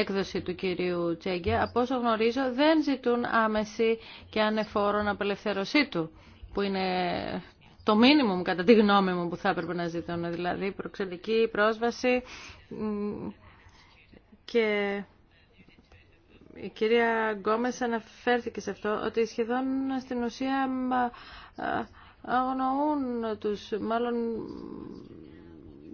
έκδοση του κυρίου Τσέγκε, από όσο γνωρίζω δεν ζητούν άμεση και ανεφόρον απελευθέρωσή του που είναι το μήνυμο κατά τη γνώμη μου που θα έπρεπε να ζητούν, δηλαδή προξενική πρόσβαση και η κυρία Γκόμες αναφέρθηκε σε αυτό, ότι σχεδόν στην ουσία αγνοούν τους, μάλλον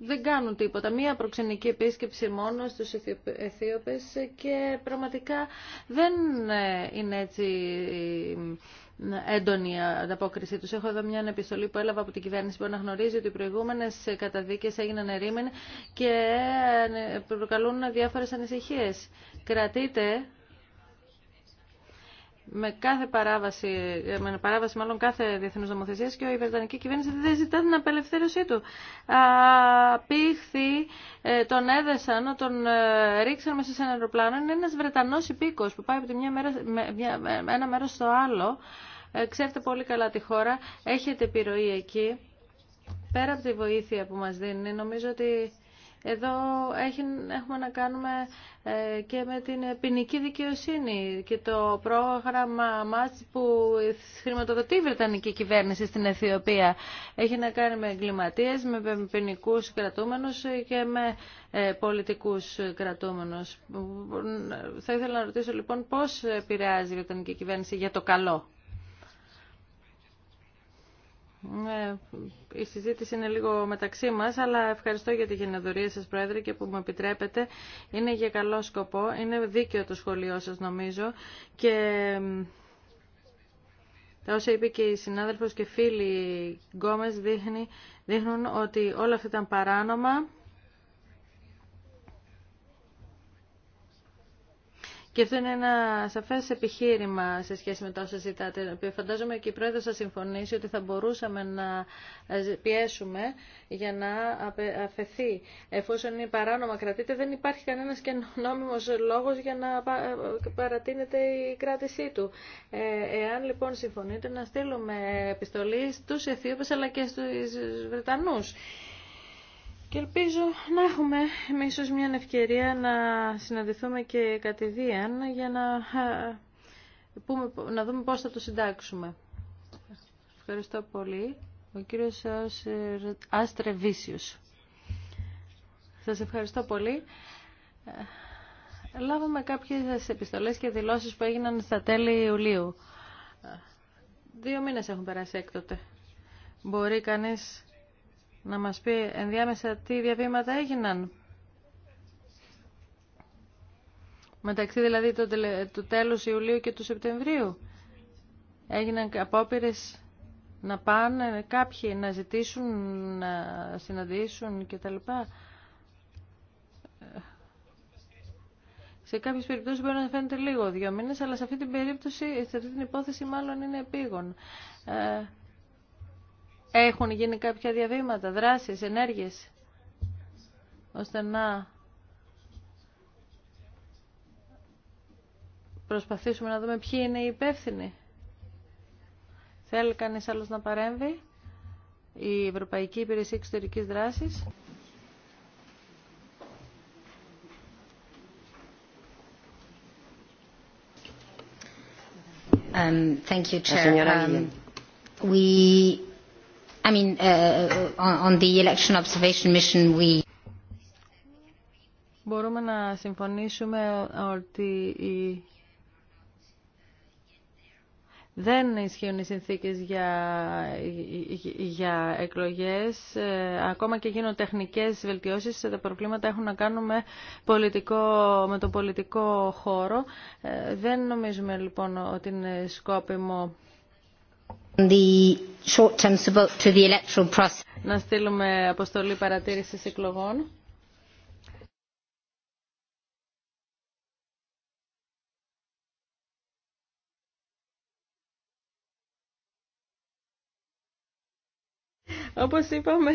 δεν κάνουν τίποτα. Μία προξενική επίσκεψη μόνο στους Αιθίωπες και πραγματικά δεν ε, είναι έτσι ε, έντονη ανταπόκριση του. Έχω εδώ μια επιστολή που έλαβα από την κυβέρνηση που αναγνωρίζει ότι οι προηγούμενε καταδίκε έγιναν ερήμην και ε, προκαλούν διάφορε ανησυχίε. εγιναν ερημην και προκαλουν διαφορε ανησυχιε κρατειτε με κάθε παράβαση, ε, με παράβαση μάλλον κάθε διεθνού νομοθεσία και η Βρετανική κυβέρνηση δεν ζητά την απελευθέρωσή του. Απήχθη, ε, τον έδεσαν, τον ε, ρίξαν μέσα σε ένα αεροπλάνο. Είναι ένα Βρετανό υπήκο που πάει από τη μια μέρα, ένα μέρο στο άλλο. Ξέρετε πολύ καλά τη χώρα, έχετε επιρροή εκεί. Πέρα από τη βοήθεια που μας δίνει, νομίζω ότι εδώ έχουμε να κάνουμε ε, και με την ποινική δικαιοσύνη και το πρόγραμμα μας που χρηματοδοτεί η Βρετανική κυβέρνηση στην Αιθιοπία. Έχει να κάνει με εγκληματίες, με ποινικού κρατούμενους και με ε, πολιτικούς κρατούμενους. Θα ήθελα να ρωτήσω λοιπόν πώς επηρεάζει η Βρετανική κυβέρνηση για το καλό. Ναι, η συζήτηση είναι λίγο μεταξύ μας, αλλά ευχαριστώ για τη γενεδορία σας, Πρόεδρε, και που μου επιτρέπετε. Είναι για καλό σκοπό, είναι δίκαιο το σχολείο σας, νομίζω, και... Τα όσα είπε και η συνάδελφος και φίλοι Γκόμες δείχνουν ότι όλα αυτά ήταν παράνομα Και αυτό είναι ένα σαφέ επιχείρημα σε σχέση με τα όσα ζητάτε, φαντάζομαι και η πρόεδρο θα συμφωνήσει ότι θα μπορούσαμε να πιέσουμε για να αφαιθεί. Εφόσον είναι παράνομα κρατείται, δεν υπάρχει κανένας και νόμιμος λόγος για να παρατείνεται η κράτησή του. Ε, εάν λοιπόν συμφωνείτε να στείλουμε επιστολή στου Αιθίωπες αλλά και στους Βρετανού. Και ελπίζω να έχουμε ίσως μια ευκαιρία να συναντηθούμε και κατηδίαν για να, πούμε, να δούμε πώς θα το συντάξουμε. Ευχαριστώ πολύ. Ο κύριος Άστρε Βίσιος. Σας ευχαριστώ πολύ. Ε, λάβαμε κάποιες επιστολές και δηλώσεις που έγιναν στα τέλη Ιουλίου. Ε, δύο μήνες έχουν περάσει έκτοτε. Μπορεί κανείς να μας πει ενδιάμεσα τι διαβήματα έγιναν. Μεταξύ δηλαδή του το τέλους Ιουλίου και του Σεπτεμβρίου. Έγιναν απόπειρε να πάνε κάποιοι να ζητήσουν, να συναντήσουν κτλ. Σε κάποιε περιπτώσει μπορεί να φαίνεται λίγο δύο μήνε, αλλά σε αυτή την περίπτωση, σε αυτή την υπόθεση μάλλον είναι επίγον. Ε, έχουν γίνει κάποια διαβήματα, δράσεις, ενέργειες, ώστε να προσπαθήσουμε να δούμε ποιοι είναι οι υπεύθυνοι. Θέλει κανείς άλλος να παρέμβει. Η Ευρωπαϊκή Υπηρεσία Εξωτερικής Δράσης. Um, thank you, Chair. Um, we mission, Μπορούμε να συμφωνήσουμε ότι δεν ισχύουν οι συνθήκες για, για εκλογές. Ε, ακόμα και γίνονται τεχνικές βελτιώσεις. Τα προβλήματα έχουν να κάνουν με, πολιτικό, με το πολιτικό χώρο. Ε, δεν νομίζουμε λοιπόν ότι είναι σκόπιμο να στείλουμε αποστολή παρατήρησης εκλογών. Όπως είπαμε,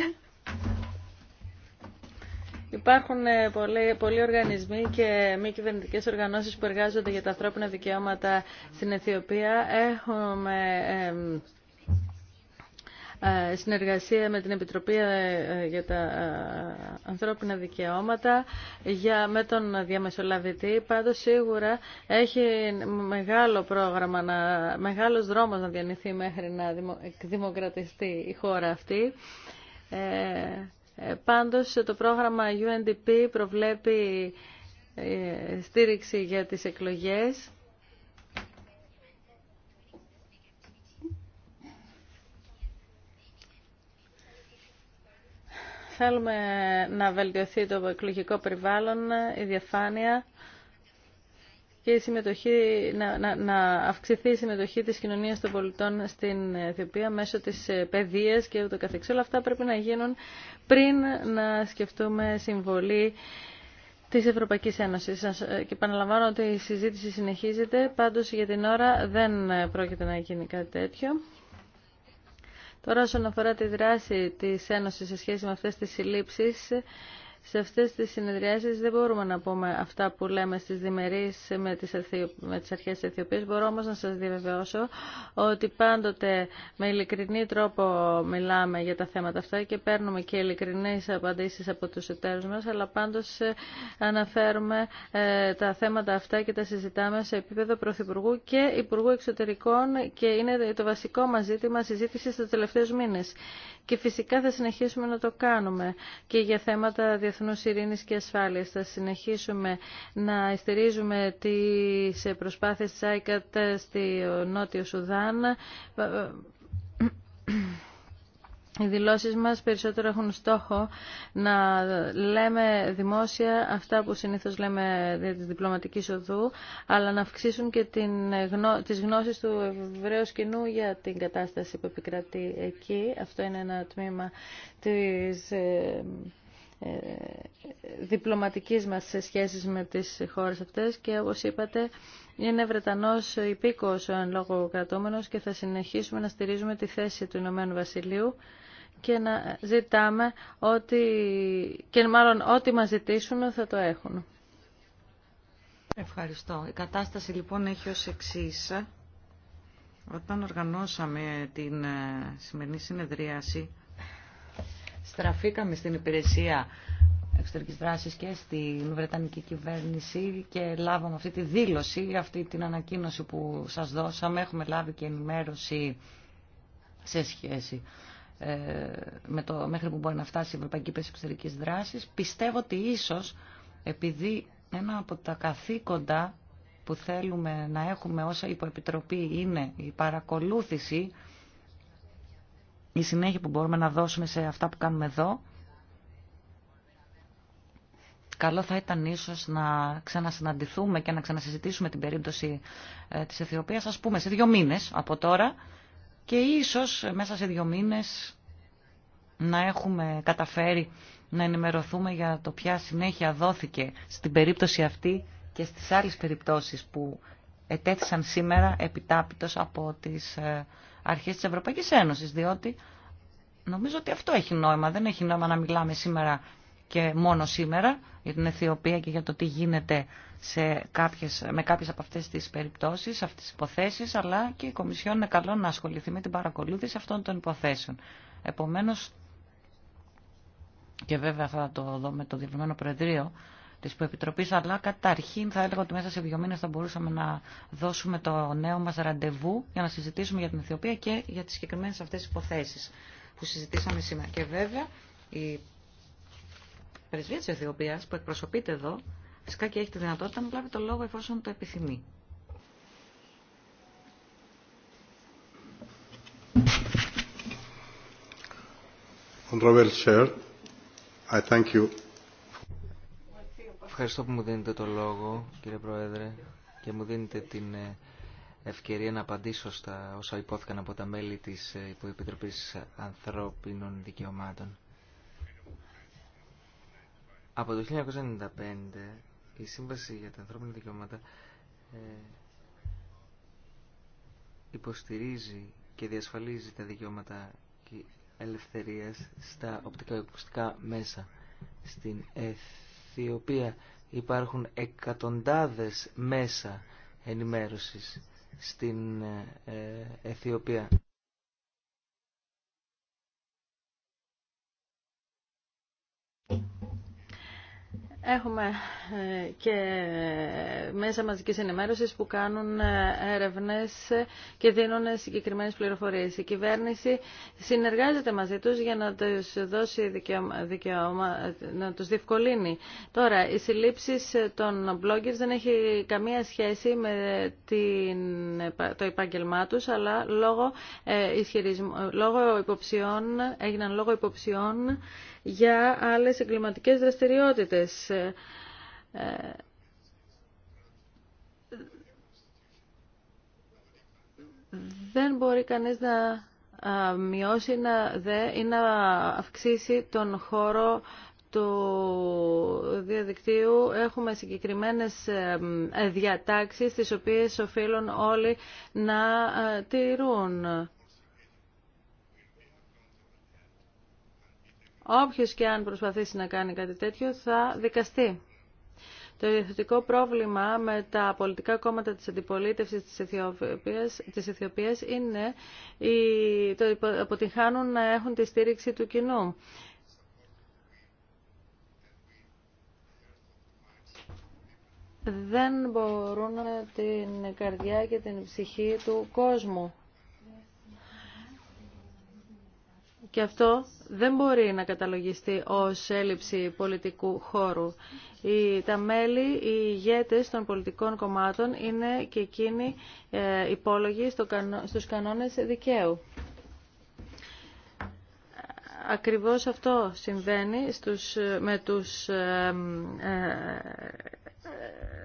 Υπάρχουν ε, πολλοί, πολλοί οργανισμοί και μη κυβερνητικέ οργανώσεις που εργάζονται για τα ανθρώπινα δικαιώματα στην Αιθιοπία. Έχουμε ε, συνεργασία με την Επιτροπή ε, για τα ανθρώπινα δικαιώματα για, με τον διαμεσολαβητή. Πάντως σίγουρα έχει μεγάλο πρόγραμμα, να, μεγάλος δρόμος να διανυθεί μέχρι να δημοκρατιστεί η χώρα αυτή. Ε, ε, πάντως το πρόγραμμα UNDP προβλέπει ε, στήριξη για τις εκλογές. Θέλουμε να βελτιωθεί το εκλογικό περιβάλλον, η διαφάνεια και η συμμετοχή, να, να, να αυξηθεί η συμμετοχή της κοινωνίας των πολιτών στην Αιθιοπία μέσω της ε, παιδείας και ούτω καθεξή. Όλα αυτά πρέπει να γίνουν πριν να σκεφτούμε συμβολή της Ευρωπαϊκής Ένωσης. Ε, και επαναλαμβάνω ότι η συζήτηση συνεχίζεται, πάντως για την ώρα δεν ε, πρόκειται να γίνει κάτι τέτοιο. Τώρα όσον αφορά τη δράση της Ένωσης σε σχέση με αυτές τις συλλήψεις, σε αυτές τις συνεδριάσεις δεν μπορούμε να πούμε αυτά που λέμε στις διμερείς με τις, αρχέ με τις αρχές της Αιθιοπίας. Μπορώ όμως να σας διαβεβαιώσω ότι πάντοτε με ειλικρινή τρόπο μιλάμε για τα θέματα αυτά και παίρνουμε και ειλικρινές απαντήσεις από τους εταίρους μας, αλλά πάντως ε, αναφέρουμε ε, τα θέματα αυτά και τα συζητάμε σε επίπεδο Πρωθυπουργού και Υπουργού Εξωτερικών και είναι το βασικό μας ζήτημα συζήτηση στους τελευταίους μήνες και φυσικά θα συνεχίσουμε να το κάνουμε και για θέματα διεθνούς ειρήνης και ασφάλειας. Θα συνεχίσουμε να στηρίζουμε τις προσπάθειες της ΆΙΚΑΤ στη Νότιο Σουδάν οι δηλώσεις μας περισσότερο έχουν στόχο να λέμε δημόσια αυτά που συνήθως λέμε δια της διπλωματικής οδού, αλλά να αυξήσουν και την, τις γνώσεις του ευρέως κοινού για την κατάσταση που επικρατεί εκεί. Αυτό είναι ένα τμήμα της ε, ε, διπλωματικής μας σε σχέσεις με τις χώρες αυτές και όπως είπατε είναι Βρετανός υπήκος ο εν λόγω και θα συνεχίσουμε να στηρίζουμε τη θέση του Ηνωμένου Βασιλείου και να ζητάμε ότι, και μάλλον ό,τι μας ζητήσουν θα το έχουν. Ευχαριστώ. Η κατάσταση λοιπόν έχει ως εξής. Όταν οργανώσαμε την ε, σημερινή συνεδρίαση, στραφήκαμε στην υπηρεσία εξωτερικής δράσης και στην Βρετανική κυβέρνηση και λάβαμε αυτή τη δήλωση, αυτή την ανακοίνωση που σας δώσαμε. Έχουμε λάβει και ενημέρωση σε σχέση ε, με το, μέχρι που μπορεί να φτάσει η Ευρωπαϊκή Υπηρεσία Εξωτερικής Πιστεύω ότι ίσως επειδή ένα από τα καθήκοντα που θέλουμε να έχουμε όσα υποεπιτροπή είναι η παρακολούθηση, η συνέχεια που μπορούμε να δώσουμε σε αυτά που κάνουμε εδώ, καλό θα ήταν ίσως να ξανασυναντηθούμε και να ξανασυζητήσουμε την περίπτωση ε, της Αιθιοπίας, ας πούμε, σε δύο μήνες από τώρα, και ίσως μέσα σε δύο μήνες να έχουμε καταφέρει να ενημερωθούμε για το ποια συνέχεια δόθηκε στην περίπτωση αυτή και στις άλλες περιπτώσεις που ετέθησαν σήμερα επιτάπητος από τις ε, αρχές της Ευρωπαϊκής Ένωσης, διότι νομίζω ότι αυτό έχει νόημα. Δεν έχει νόημα να μιλάμε σήμερα και μόνο σήμερα για την Αιθιοπία και για το τι γίνεται σε κάποιες, με κάποιες από αυτές τις περιπτώσεις, αυτές τις υποθέσεις, αλλά και η Κομισιόν είναι καλό να ασχοληθεί με την παρακολούθηση αυτών των υποθέσεων. Επομένως, και βέβαια θα το δω με το Διευρυμένο Προεδρείο, τη Επιτροπή, αλλά καταρχήν θα έλεγα ότι μέσα σε δύο μήνε θα μπορούσαμε να δώσουμε το νέο μα ραντεβού για να συζητήσουμε για την Αιθιοπία και για τι συγκεκριμένε αυτέ υποθέσει που συζητήσαμε σήμερα. Και βέβαια η πρεσβεία τη Αιθιοπίας που εκπροσωπείται εδώ, φυσικά και έχει τη δυνατότητα να λάβει το λόγο εφόσον το επιθυμεί. Ευχαριστώ που μου δίνετε το λόγο, κύριε Πρόεδρε, και μου δίνετε την ε, ευκαιρία να απαντήσω στα όσα υπόθηκαν από τα μέλη της ε, Υποεπιτροπής Ανθρώπινων Δικαιωμάτων. Από το 1995 η Σύμβαση για τα Ανθρώπινα Δικαιώματα ε, υποστηρίζει και διασφαλίζει τα δικαιώματα και ελευθερίας στα οπτικά μέσα. Στην Αιθιοπία υπάρχουν εκατοντάδες μέσα ενημέρωσης στην ε, Αιθιοπία. Έχουμε ε, και μέσα μαζικής ενημέρωσης που κάνουν ε, έρευνες ε, και δίνουν συγκεκριμένες πληροφορίες. Η κυβέρνηση συνεργάζεται μαζί τους για να τους δώσει δικαιώμα, να τους διευκολύνει. Τώρα, οι συλλήψεις των bloggers δεν έχει καμία σχέση με την, το επάγγελμά τους, αλλά λόγω, ε, λόγω υποψιών, έγιναν λόγω υποψιών για άλλες εγκληματικές δραστηριότητες. Ε, δεν μπορεί κανείς να μειώσει να δε, ή να αυξήσει τον χώρο του διαδικτύου έχουμε συγκεκριμένες ε, διατάξεις τις οποίες οφείλουν όλοι να ε, τηρούν. Όποιος και αν προσπαθήσει να κάνει κάτι τέτοιο θα δικαστεί. Το ιδιωτικό πρόβλημα με τα πολιτικά κόμματα της αντιπολίτευσης της Αιθιοπίας, της είναι οι, το αποτυχάνουν να έχουν τη στήριξη του κοινού. Δεν μπορούν την καρδιά και την ψυχή του κόσμου. Και αυτό δεν μπορεί να καταλογιστεί ως έλλειψη πολιτικού χώρου. Οι, τα μέλη, οι ηγέτες των πολιτικών κομμάτων είναι και εκείνοι ε, υπόλογοι στο, στους κανόνες δικαίου. Ακριβώς αυτό συμβαίνει με τους ε, ε,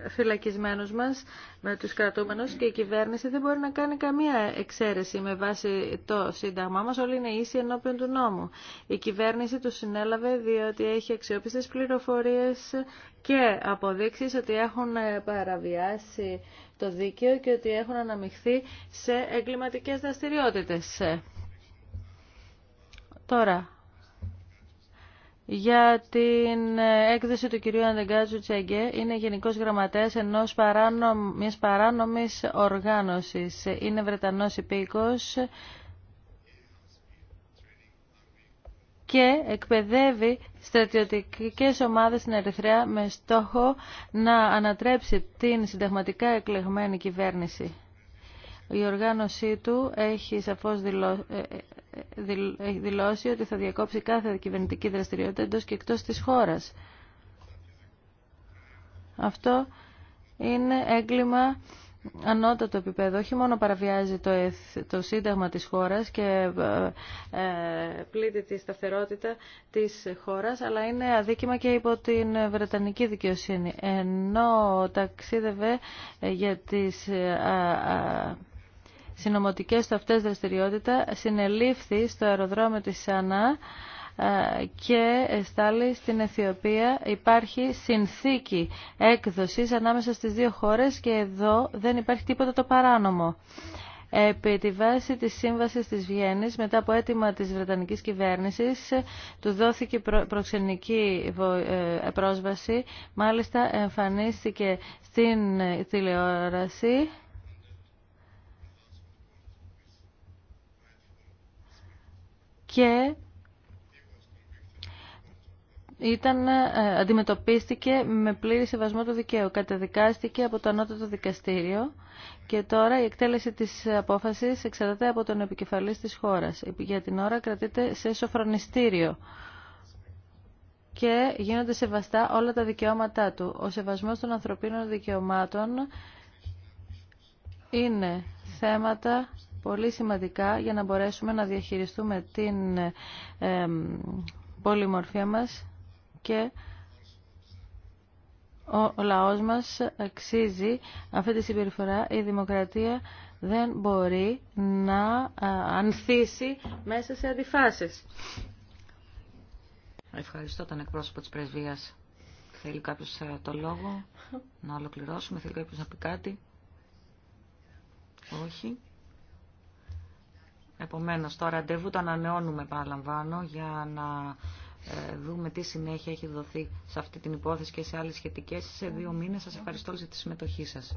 φυλακισμένους μας, με τους κρατούμενους και η κυβέρνηση δεν μπορεί να κάνει καμία εξαίρεση με βάση το Σύνταγμά μας. Όλοι είναι ίσοι ενώπιον του νόμου. Η κυβέρνηση τους συνέλαβε διότι έχει αξιόπιστες πληροφορίες και αποδείξεις ότι έχουν παραβιάσει το δίκαιο και ότι έχουν αναμειχθεί σε εγκληματικές δραστηριότητες. Τώρα, για την ε, έκδοση του κυρίου Αντεγκάζου Τσέγκε. Είναι γενικός γραμματέας ενός παράνο μιας παράνομης οργάνωσης. Είναι Βρετανός υπήκος και εκπαιδεύει στρατιωτικές ομάδες στην Ερυθρέα με στόχο να ανατρέψει την συνταγματικά εκλεγμένη κυβέρνηση. Η οργάνωσή του έχει σαφώς ε, ε, ε, δηλώσει ότι θα διακόψει κάθε κυβερνητική δραστηριότητα εντός και εκτός της χώρας. Αυτό είναι έγκλημα ανώτατο επίπεδο. Όχι μόνο παραβιάζει το, το σύνταγμα της χώρας και πλήττει τη σταθερότητα της χώρας, αλλά είναι αδίκημα και υπό την Βρετανική δικαιοσύνη. Ενώ ταξίδευε για τις συνομωτικές του αυτές δραστηριότητα συνελήφθη στο αεροδρόμιο της Σανά ε, και στάλει στην Αιθιοπία υπάρχει συνθήκη έκδοσης ανάμεσα στις δύο χώρες και εδώ δεν υπάρχει τίποτα το παράνομο. Επί τη βάση της Σύμβασης της Βιέννης, μετά από αίτημα της Βρετανικής κυβέρνησης, του δόθηκε προξενική ε, πρόσβαση, μάλιστα εμφανίστηκε στην τηλεόραση και ήταν, ε, αντιμετωπίστηκε με πλήρη σεβασμό του δικαίου. Καταδικάστηκε από το ανώτατο δικαστήριο και τώρα η εκτέλεση της απόφασης εξαρτάται από τον επικεφαλής της χώρας. Για την ώρα κρατείται σε σοφρονιστήριο και γίνονται σεβαστά όλα τα δικαιώματά του. Ο σεβασμός των ανθρωπίνων δικαιωμάτων είναι θέματα πολύ σημαντικά για να μπορέσουμε να διαχειριστούμε την πολυμορφία μας και ο λαός μας αξίζει αυτή τη συμπεριφορά. Η δημοκρατία δεν μπορεί να ανθίσει μέσα σε αντιφάσεις. Ευχαριστώ τον εκπρόσωπο της πρεσβείας. Θέλει κάποιος ε, το λόγο να ολοκληρώσουμε, θέλει κάποιος να πει κάτι. Όχι. Επομένως, το ραντεβού το ανανεώνουμε, παραλαμβάνω, για να ε, δούμε τι συνέχεια έχει δοθεί σε αυτή την υπόθεση και σε άλλες σχετικές. Σε δύο μήνες σας ευχαριστώ για τη συμμετοχή σας.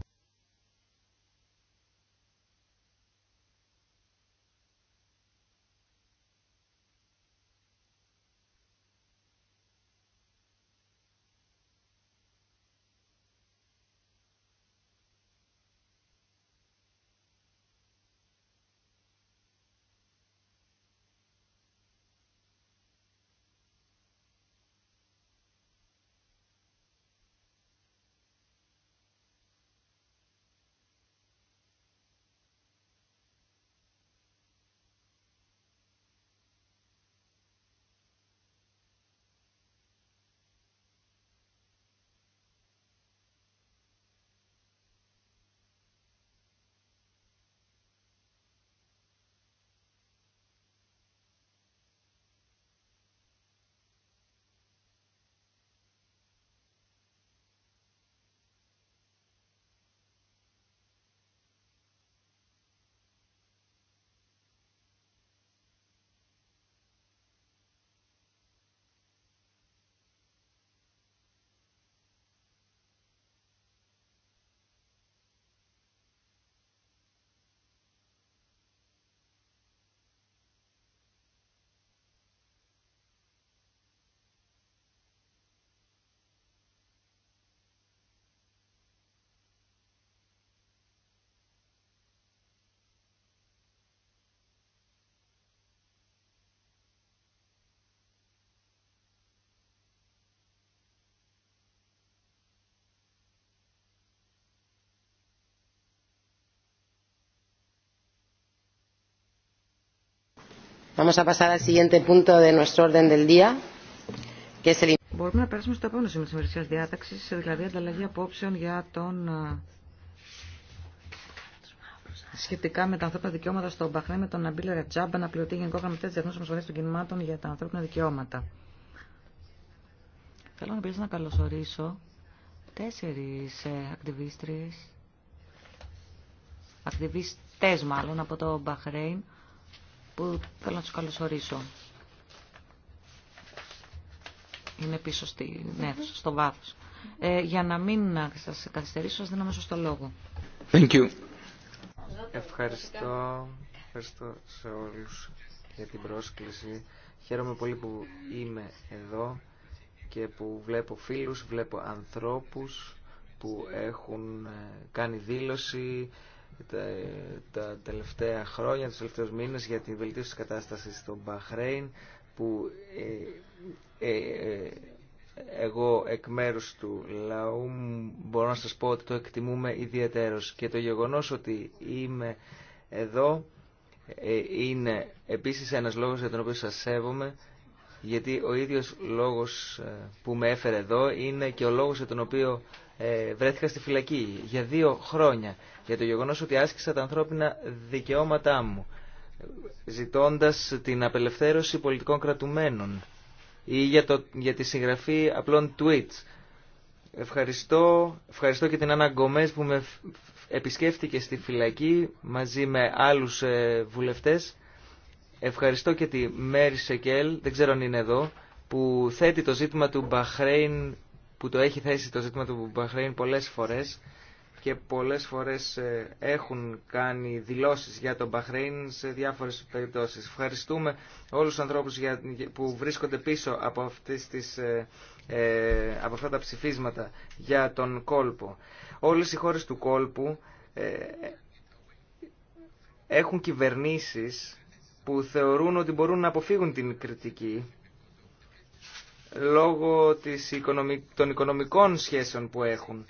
Vamos a pasar al siguiente punto de nuestro orden del día, que es el... Μπορούμε να περάσουμε στο επόμενο σημείο της ημερησία διάταξης, δηλαδή ανταλλαγή απόψεων για τον σχετικά με τα ανθρώπινα δικαιώματα στο Μπαχρέν με τον Αμπίλ Ρετζάμπα, αναπληρωτή Γενικό Γραμματέα τη Διεθνού Ομοσπονδία των Κινημάτων για τα ανθρώπινα δικαιώματα. Θέλω να να καλωσορίσω τέσσερι ε, ακτιβίστρε, ακτιβιστέ μάλλον από το Μπαχρέιν, που θέλω να τους καλωσορίσω. Είναι πίσω στην ναι, αίθουσα, στο βάθος. Ε, για να μην σα καθυστερήσω, σα δίνω μέσα στο λόγο. Thank you. Ευχαριστώ, ευχαριστώ σε όλους για την πρόσκληση. Χαίρομαι πολύ που είμαι εδώ και που βλέπω φίλους, βλέπω ανθρώπους που έχουν ε, κάνει δήλωση, τα τελευταία χρόνια, τους τελευταίους μήνες για την βελτίωση της κατάστασης στο Μπαχρέιν που ε, ε, ε, εγώ εκ μέρους του λαού μπορώ να σας πω ότι το εκτιμούμε ιδιαίτερος και το γεγονός ότι είμαι εδώ είναι επίσης ένας λόγος για τον οποίο σας σέβομαι γιατί ο ίδιος λόγος που με έφερε εδώ είναι και ο λόγος για τον οποίο ε, βρέθηκα στη φυλακή για δύο χρόνια για το γεγονός ότι άσκησα τα ανθρώπινα δικαιώματά μου ζητώντας την απελευθέρωση πολιτικών κρατουμένων ή για, το, για τη συγγραφή απλών tweets. Ευχαριστώ, ευχαριστώ και την Άννα Γκομές που με επισκέφτηκε στη φυλακή μαζί με άλλους ε, βουλευτές. Ευχαριστώ και τη Μέρι Σεκέλ, δεν ξέρω αν είναι εδώ, που θέτει το ζήτημα του Μπαχρέιν που το έχει θέσει το ζήτημα του Μπαχρέιν πολλές φορές και πολλές φορές ε, έχουν κάνει δηλώσεις για τον Μπαχρέιν σε διάφορες περιπτώσεις. Ευχαριστούμε όλους τους ανθρώπους που βρίσκονται πίσω από, αυτές τις, ε, ε, από αυτά τα ψηφίσματα για τον κόλπο. Όλες οι χώρες του κόλπου έχουν κυβερνήσεις που θεωρούν ότι μπορούν να αποφύγουν την κριτική λόγω της των οικονομικών σχέσεων που έχουν.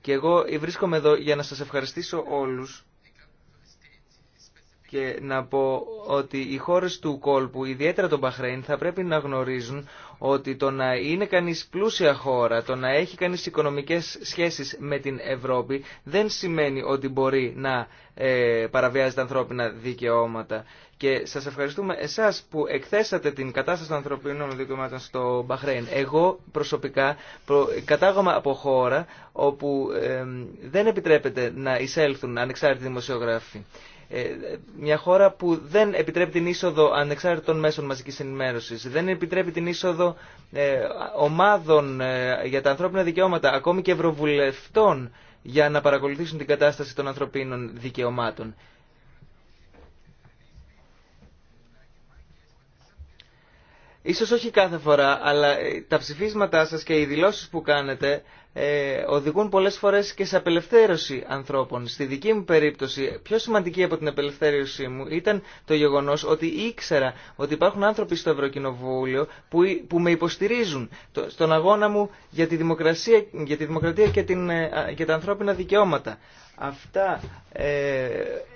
Και εγώ βρίσκομαι εδώ για να σας ευχαριστήσω όλους και να πω ότι οι χώρες του κόλπου, ιδιαίτερα το Μπαχρέιν, θα πρέπει να γνωρίζουν ότι το να είναι κανείς πλούσια χώρα, το να έχει κανείς οικονομικές σχέσεις με την Ευρώπη, δεν σημαίνει ότι μπορεί να ε, παραβιάζει τα ανθρώπινα δικαιώματα. Και σας ευχαριστούμε εσάς που εκθέσατε την κατάσταση των ανθρωπίνων δικαιωμάτων στο Μπαχρέιν. Εγώ προσωπικά προ... κατάγομαι από χώρα όπου ε, δεν επιτρέπεται να εισέλθουν ανεξάρτητοι δημοσιογράφοι. Ε, μια χώρα που δεν επιτρέπει την είσοδο ανεξάρτητων μέσων μαζικής ενημέρωσης, δεν επιτρέπει την είσοδο ε, ομάδων ε, για τα ανθρώπινα δικαιώματα, ακόμη και ευρωβουλευτών, για να παρακολουθήσουν την κατάσταση των ανθρωπίνων δικαιωμάτων. Ίσως όχι κάθε φορά, αλλά τα ψηφίσματά σας και οι δηλώσεις που κάνετε ε, οδηγούν πολλές φορές και σε απελευθέρωση ανθρώπων. Στη δική μου περίπτωση, πιο σημαντική από την απελευθέρωσή μου ήταν το γεγονός ότι ήξερα ότι υπάρχουν άνθρωποι στο Ευρωκοινοβούλιο που, που με υποστηρίζουν στον αγώνα μου για τη, για τη δημοκρατία και, την, ε, και τα ανθρώπινα δικαιώματα. Αυτά ε,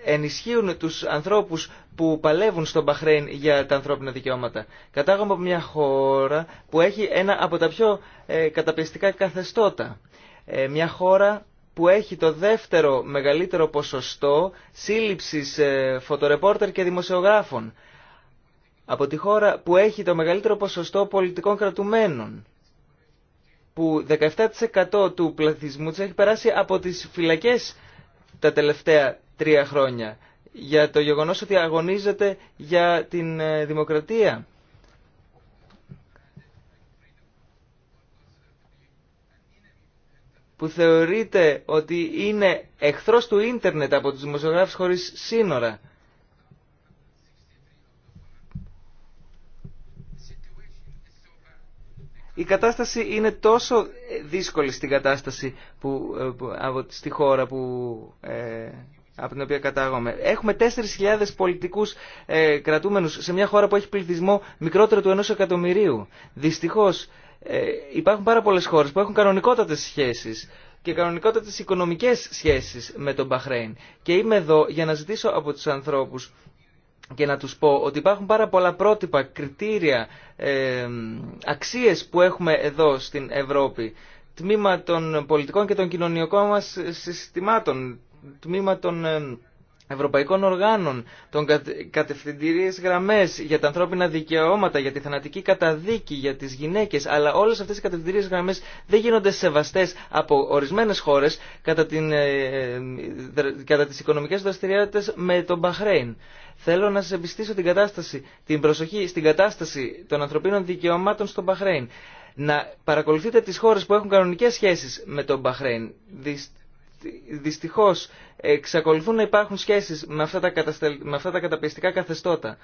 ενισχύουν τους ανθρώπους που παλεύουν στον Παχρέν για τα ανθρώπινα δικαιώματα. Κατάγομαι από μια χώρα που έχει ένα από τα πιο ε, καταπιστικά καθεστώτα. Ε, μια χώρα που έχει το δεύτερο μεγαλύτερο ποσοστό σύλληψης ε, φωτορεπόρτερ και δημοσιογράφων. Από τη χώρα που έχει το μεγαλύτερο ποσοστό πολιτικών κρατουμένων που 17% του πλαθισμού της έχει περάσει από τις φυλακές τα τελευταία τρία χρόνια για το γεγονός ότι αγωνίζεται για την ε, δημοκρατία. που θεωρείται ότι είναι εχθρός του ίντερνετ από τους δημοσιογράφους χωρίς σύνορα. η κατάσταση είναι τόσο δύσκολη στην κατάσταση που, ε, από, στη χώρα που, ε, από την οποία κατάγομαι. Έχουμε 4.000 πολιτικούς ε, κρατούμενους σε μια χώρα που έχει πληθυσμό μικρότερο του ενός εκατομμυρίου. Δυστυχώς ε, υπάρχουν πάρα πολλές χώρες που έχουν κανονικότατες σχέσεις και κανονικότατες οικονομικές σχέσεις με τον Μπαχρέιν. Και είμαι εδώ για να ζητήσω από τους ανθρώπους και να τους πω ότι υπάρχουν πάρα πολλά πρότυπα, κριτήρια, ε, αξίες που έχουμε εδώ στην Ευρώπη. Τμήμα των πολιτικών και των κοινωνικών μας συστημάτων, τμήμα των ε, ευρωπαϊκών οργάνων, των κατευθυντηρίες γραμμές για τα ανθρώπινα δικαιώματα, για τη θανατική καταδίκη, για τις γυναίκες, αλλά όλες αυτές οι κατευθυντηρίες γραμμές δεν γίνονται σεβαστές από ορισμένες χώρες κατά, την, ε, ε, κατά τις οικονομικές δραστηριότητες με τον Μπαχρέιν. Θέλω να σα εμπιστήσω την, κατάσταση, την προσοχή στην κατάσταση των ανθρωπίνων δικαιωμάτων στον Μπαχρέιν. Να παρακολουθείτε τις χώρες που έχουν κανονικές σχέσεις με τον Μπαχρέιν δυστυχώς εξακολουθούν να υπάρχουν σχέσεις με αυτά τα, καταπιστικά καθεστώτα.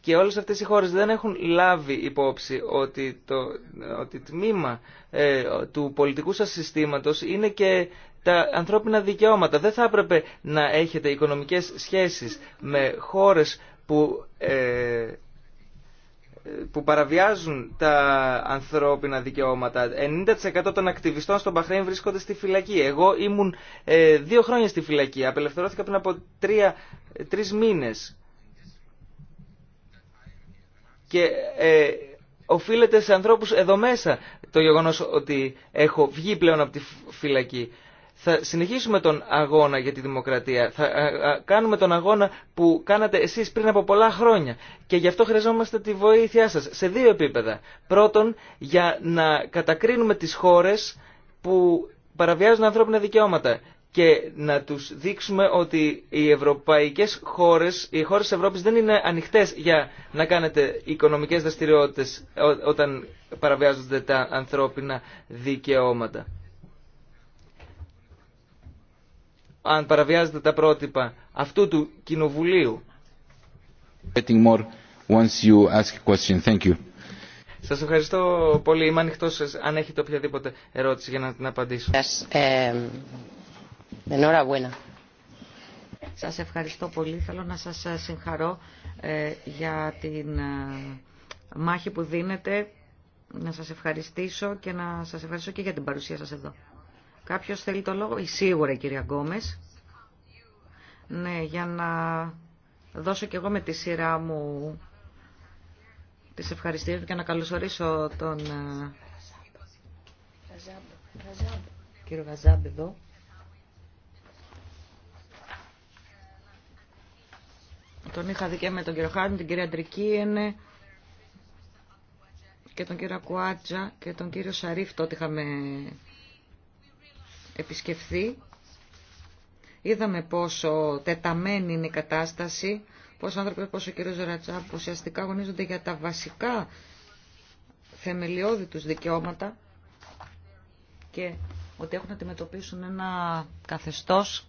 Και όλες αυτές οι χώρες δεν έχουν λάβει υπόψη ότι το ότι τμήμα ε, του πολιτικού σας συστήματος είναι και τα ανθρώπινα δικαιώματα. Δεν θα έπρεπε να έχετε οικονομικές σχέσεις με χώρες που ε, που παραβιάζουν τα ανθρώπινα δικαιώματα. 90% των ακτιβιστών στον Παχρέν βρίσκονται στη φυλακή. Εγώ ήμουν ε, δύο χρόνια στη φυλακή. Απελευθερώθηκα πριν από τρία, τρεις μήνες. Και ε, οφείλεται σε ανθρώπους εδώ μέσα το γεγονός ότι έχω βγει πλέον από τη φυλακή θα συνεχίσουμε τον αγώνα για τη δημοκρατία. Θα κάνουμε τον αγώνα που κάνατε εσείς πριν από πολλά χρόνια. Και γι' αυτό χρειαζόμαστε τη βοήθειά σας σε δύο επίπεδα. Πρώτον, για να κατακρίνουμε τις χώρες που παραβιάζουν ανθρώπινα δικαιώματα και να τους δείξουμε ότι οι ευρωπαϊκές χώρες, οι χώρες της Ευρώπης δεν είναι ανοιχτές για να κάνετε οικονομικές δραστηριότητες όταν παραβιάζονται τα ανθρώπινα δικαιώματα. αν παραβιάζετε τα πρότυπα αυτού του κοινοβουλίου. Σα ευχαριστώ πολύ. Είμαι ανοιχτό αν έχετε οποιαδήποτε ερώτηση για να την απαντήσω. Σα ευχαριστώ πολύ. Θέλω να σα ε, συγχαρώ ε, για την ε, μάχη που δίνετε. Να σα ευχαριστήσω και να σα ευχαριστώ και για την παρουσία σα εδώ. Κάποιος θέλει το λόγο. η Σίγουρα κυρία Γκόμες. Ναι, για να δώσω κι εγώ με τη σειρά μου τις ευχαριστίες και να καλωσορίσω τον ε, κύριο Γαζάμπ εδώ. Τον είχα δει και με τον κύριο Χάρντ, την κυρία είναι και τον κύριο Ακουάτζα και τον κύριο Σαρίφ τότε είχαμε επισκεφθεί. Είδαμε πόσο τεταμένη είναι η κατάσταση, πόσο άνθρωποι πόσο ο κύριος Ρατσά που ουσιαστικά αγωνίζονται για τα βασικά θεμελιώδη τους δικαιώματα και ότι έχουν να αντιμετωπίσουν ένα καθεστώς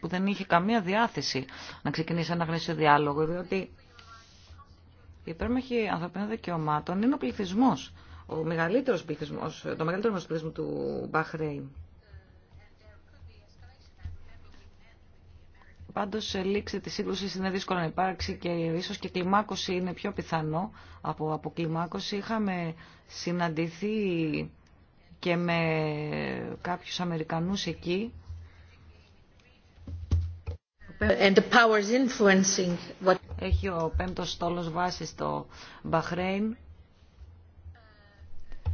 που δεν είχε καμία διάθεση να ξεκινήσει ένα γνήσιο διάλογο, διότι η υπέρμαχη ανθρωπίνων δικαιωμάτων είναι ο πληθυσμός ο μεγαλύτερος πληθυσμός, το μεγαλύτερο μας πληθυσμό του Μπαχρέιν. Πάντως λήξη τη σύγκρουση είναι δύσκολο να υπάρξει και ίσω και κλιμάκωση είναι πιο πιθανό από αποκλιμάκωση. Είχαμε συναντηθεί και με κάποιου Αμερικανού εκεί. Έχει ο πέμπτος στόλος βάση στο Μπαχρέιν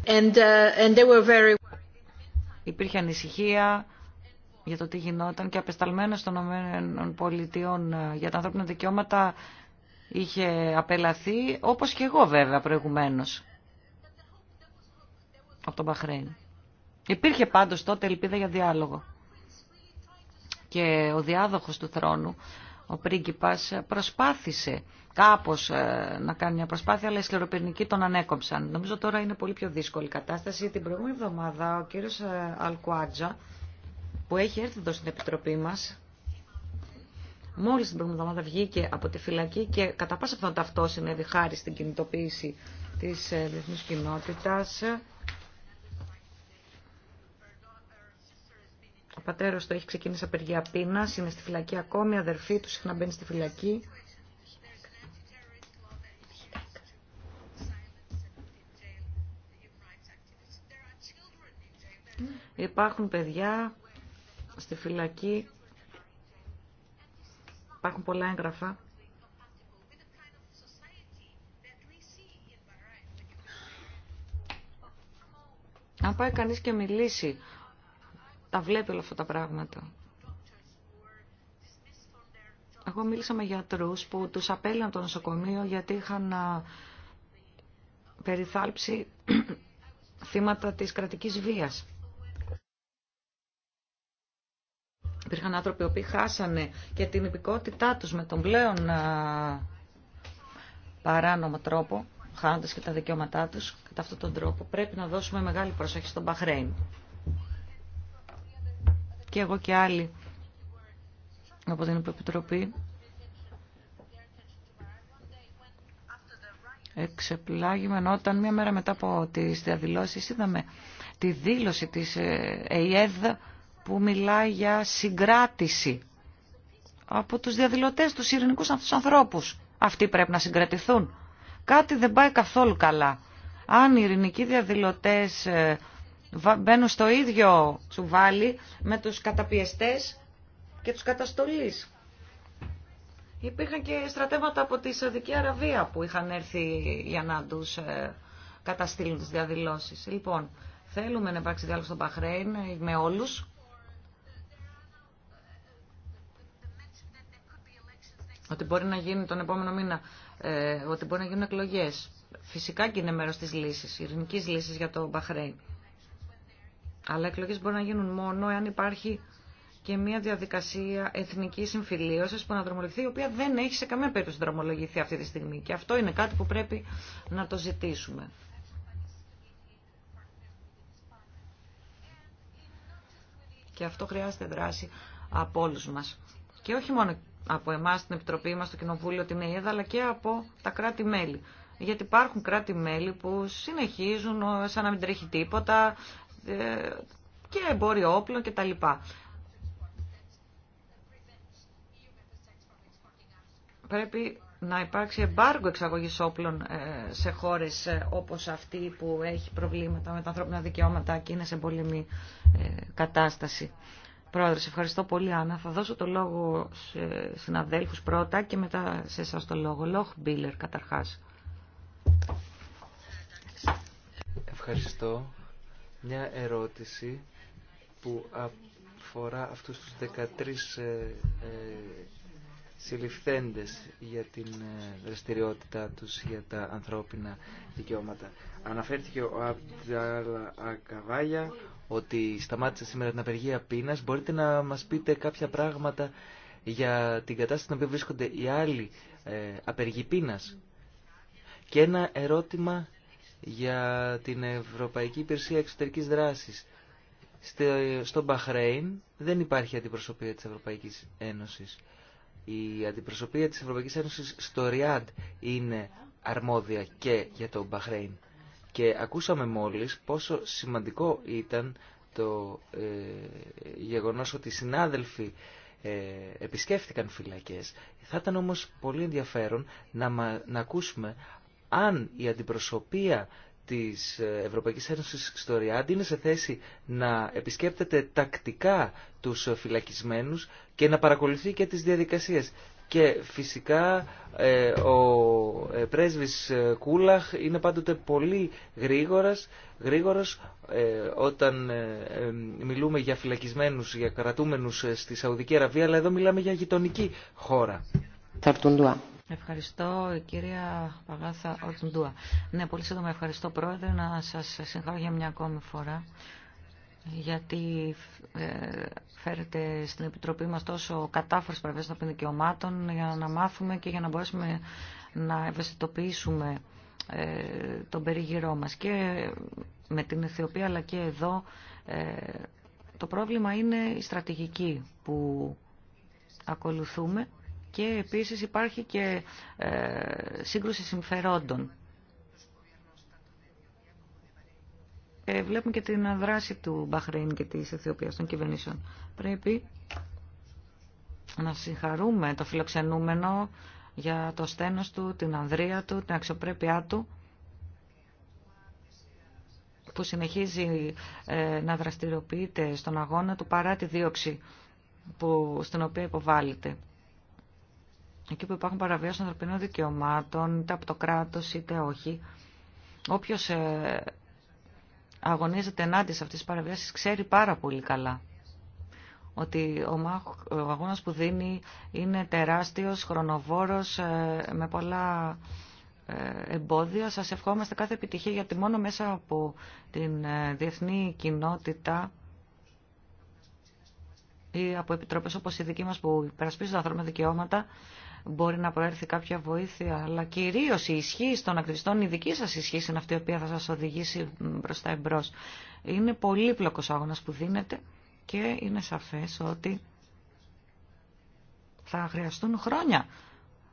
Uh, Υπήρχε ανησυχία για το τι γινόταν και απεσταλμένος των ΗΠΑ ε, για τα ανθρώπινα δικαιώματα είχε απελαθεί, όπως και εγώ βέβαια προηγουμένως, από τον Μπαχρέιν. Υπήρχε πάντως τότε ελπίδα για διάλογο. Και ο διάδοχος του θρόνου ο πρίγκιπας προσπάθησε κάπως ε, να κάνει μια προσπάθεια, αλλά οι σκληροπυρνικοί τον ανέκοψαν. Νομίζω τώρα είναι πολύ πιο δύσκολη η κατάσταση. Την προηγούμενη εβδομάδα ο κύριος ε, Αλκουάτζα, που έχει έρθει εδώ στην Επιτροπή μας, μόλις την προηγούμενη εβδομάδα βγήκε από τη φυλακή και κατά πάσα πιθανότητα αυτό συνέβη χάρη στην κινητοποίηση της ε, διεθνή κοινότητας, Ο πατέρας του έχει ξεκινήσει απεργία πείνα, είναι στη φυλακή ακόμη, η αδερφή του συχνά μπαίνει στη φυλακή. Υπάρχουν παιδιά στη φυλακή, υπάρχουν πολλά έγγραφα. Αν πάει κανείς και μιλήσει τα βλέπει όλα αυτά τα πράγματα. Εγώ μίλησα με γιατρούς που τους απέλυναν το νοσοκομείο γιατί είχαν περιθάλψει θύματα της κρατικής βίας. Υπήρχαν άνθρωποι που χάσανε και την υπηκότητά τους με τον πλέον παράνομο τρόπο, χάνοντας και τα δικαιώματά τους. Κατά αυτόν τον τρόπο πρέπει να δώσουμε μεγάλη προσοχή στον Μπαχρέιν και εγώ και άλλοι από την Επιτροπή εξεπλάγημεν όταν μία μέρα μετά από τις διαδηλώσεις είδαμε τη δήλωση της ε, ΕΙΕΔ που μιλάει για συγκράτηση από τους διαδηλωτές, τους ειρηνικούς αυτούς ανθρώπους. Αυτοί πρέπει να συγκρατηθούν. Κάτι δεν πάει καθόλου καλά. Αν οι ειρηνικοί διαδηλωτές ε, μπαίνουν στο ίδιο τσουβάλι με τους καταπιεστές και τους καταστολείς. Υπήρχαν και στρατεύματα από τη Σαουδική Αραβία που είχαν έρθει για να τους ε, καταστήλουν τις διαδηλώσεις. Λοιπόν, θέλουμε να υπάρξει διάλογο στον Παχρέιν ε, με όλους. Ότι μπορεί να γίνει τον επόμενο μήνα, ε, ότι μπορεί να γίνουν εκλογές. Φυσικά και είναι μέρος της λύσης, ειρηνικής λύσης για το Μπαχρέιν. Αλλά εκλογέ μπορούν να γίνουν μόνο εάν υπάρχει και μια διαδικασία εθνική συμφιλίωση που να δρομολογηθεί, η οποία δεν έχει σε καμία περίπτωση δρομολογηθεί αυτή τη στιγμή. Και αυτό είναι κάτι που πρέπει να το ζητήσουμε. Και αυτό χρειάζεται δράση από όλου μα. Και όχι μόνο από εμά, την Επιτροπή μα, το Κοινοβούλιο, την ΕΕΔ, αλλά και από τα κράτη-μέλη. Γιατί υπάρχουν κράτη-μέλη που συνεχίζουν σαν να μην τρέχει τίποτα, και εμπόριο όπλων κτλ. Πρέπει να υπάρξει εμπάργο εξαγωγής όπλων ε, σε χώρες ε, όπως αυτή που έχει προβλήματα με τα ανθρώπινα δικαιώματα και είναι σε πολεμή ε, κατάσταση. Πρόεδρε, ευχαριστώ πολύ, Άννα. Θα δώσω το λόγο σε συναδέλφους πρώτα και μετά σε εσάς το λόγο. Λόχ Μπίλερ, καταρχάς. Ευχαριστώ μια ερώτηση που αφορά αυτούς τους 13 ε, ε, συλληφθέντες για την ε, δραστηριότητά τους για τα ανθρώπινα δικαιώματα. Αναφέρθηκε ο Αμπτζάλα Ακαβάγια ότι σταμάτησε σήμερα την απεργία πείνας. Μπορείτε να μας πείτε κάποια πράγματα για την κατάσταση στην οποία βρίσκονται οι άλλοι ε, απεργοί πείνας. Και ένα ερώτημα για την Ευρωπαϊκή Υπηρεσία εξωτερική Δράσης. Στο Μπαχρέιν δεν υπάρχει αντιπροσωπεία της Ευρωπαϊκής Ένωση. Η αντιπροσωπεία της Ευρωπαϊκής Ένωσης στο Ριάντ είναι αρμόδια και για το Μπαχρέιν. Και ακούσαμε μόλις πόσο σημαντικό ήταν το ε, γεγονός ότι οι συνάδελφοι ε, επισκέφτηκαν φυλακές. Θα ήταν όμως πολύ ενδιαφέρον να, να ακούσουμε αν η αντιπροσωπεία της Ευρωπαϊκής Ένωσης στο Ριάντι είναι σε θέση να επισκέπτεται τακτικά τους φυλακισμένους και να παρακολουθεί και τις διαδικασίες. Και φυσικά ε, ο ε, πρέσβης ε, Κούλαχ είναι πάντοτε πολύ γρήγορας, γρήγορος όταν μιλούμε για φυλακισμένους, για κρατούμενους στη Σαουδική Αραβία, αλλά εδώ μιλάμε για γειτονική χώρα. Ευχαριστώ κυρία Παγάθα Ορτουντούα. Ναι, πολύ σύντομα ευχαριστώ πρόεδρε να σας συγχαρώ για μια ακόμη φορά γιατί ε, φέρετε στην Επιτροπή μας τόσο κατάφορες παρεμβάσεις των δικαιωμάτων για να μάθουμε και για να μπορέσουμε να ευαισθητοποιήσουμε ε, τον περιγυρό μας και με την Αιθιοπία αλλά και εδώ ε, το πρόβλημα είναι η στρατηγική που ακολουθούμε και επίσης υπάρχει και ε, σύγκρουση συμφερόντων. Ε, βλέπουμε και την δράση του Μπαχρέιν και της Αιθιοπίας των κυβερνήσεων. Πρέπει να συγχαρούμε το φιλοξενούμενο για το στένος του, την ανδρεία του, την αξιοπρέπειά του που συνεχίζει ε, να δραστηριοποιείται στον αγώνα του παρά τη δίωξη που, στην οποία υποβάλλεται εκεί που υπάρχουν παραβιάσεις ανθρωπινών δικαιωμάτων, είτε από το κράτος είτε όχι, όποιος ε, αγωνίζεται ενάντια σε αυτές τις παραβιάσεις ξέρει πάρα πολύ καλά ότι ο αγώνας που δίνει είναι τεράστιος, χρονοβόρος, ε, με πολλά ε, εμπόδια. Σας ευχόμαστε κάθε επιτυχία γιατί μόνο μέσα από την διεθνή κοινότητα ή από επιτροπές όπως η δική μας που υπερασπίζουν τα ανθρώπινα δικαιώματα μπορεί να προέρθει κάποια βοήθεια, αλλά κυρίως η ισχύ των ακτιβιστών, η δική σας ισχύ είναι αυτή η οποία θα σας οδηγήσει μπροστά τα εμπρός. Είναι πολύπλοκος άγωνας που δίνεται και είναι σαφές ότι θα χρειαστούν χρόνια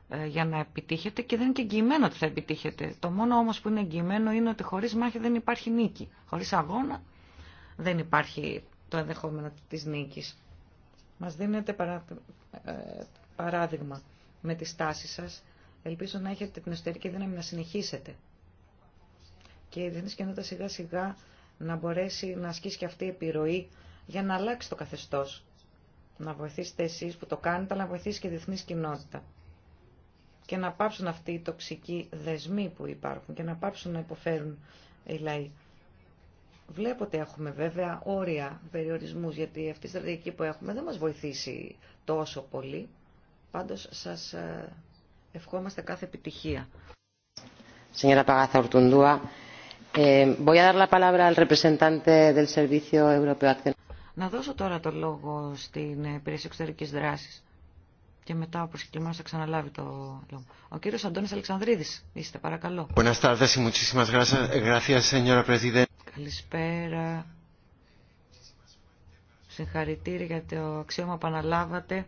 ε, για να επιτύχετε και δεν είναι και εγγυημένο ότι θα επιτύχετε. Το μόνο όμως που είναι εγγυημένο είναι ότι χωρίς μάχη δεν υπάρχει νίκη. Χωρίς αγώνα δεν υπάρχει το ενδεχόμενο της νίκης. Μας δίνεται ε, παράδειγμα με τη στάση σας. Ελπίζω να έχετε την εσωτερική δύναμη να συνεχίσετε. Και η διεθνής κοινότητα σιγά σιγά να μπορέσει να ασκήσει και αυτή η επιρροή για να αλλάξει το καθεστώς. Να βοηθήσετε εσείς που το κάνετε, αλλά να βοηθήσει και η διεθνή κοινότητα. Και να πάψουν αυτοί οι τοξικοί δεσμοί που υπάρχουν και να πάψουν να υποφέρουν οι λαοί. Βλέπω ότι έχουμε βέβαια όρια, περιορισμούς, γιατί αυτή η στρατηγική που έχουμε δεν μας βοηθήσει τόσο πολύ. Πάντως σας ε, ευχόμαστε κάθε επιτυχία. Señora Pagaza Ortundúa, eh, Να δώσω τώρα το λόγο στην υπηρεσία εξωτερικής δράσης και μετά ο προσκεκλημένος θα ξαναλάβει το λόγο. Ο κύριος Αντώνης Αλεξανδρίδης, είστε παρακαλώ. Καλησπέρα. Συγχαρητήρια για το αξίωμα που αναλάβατε.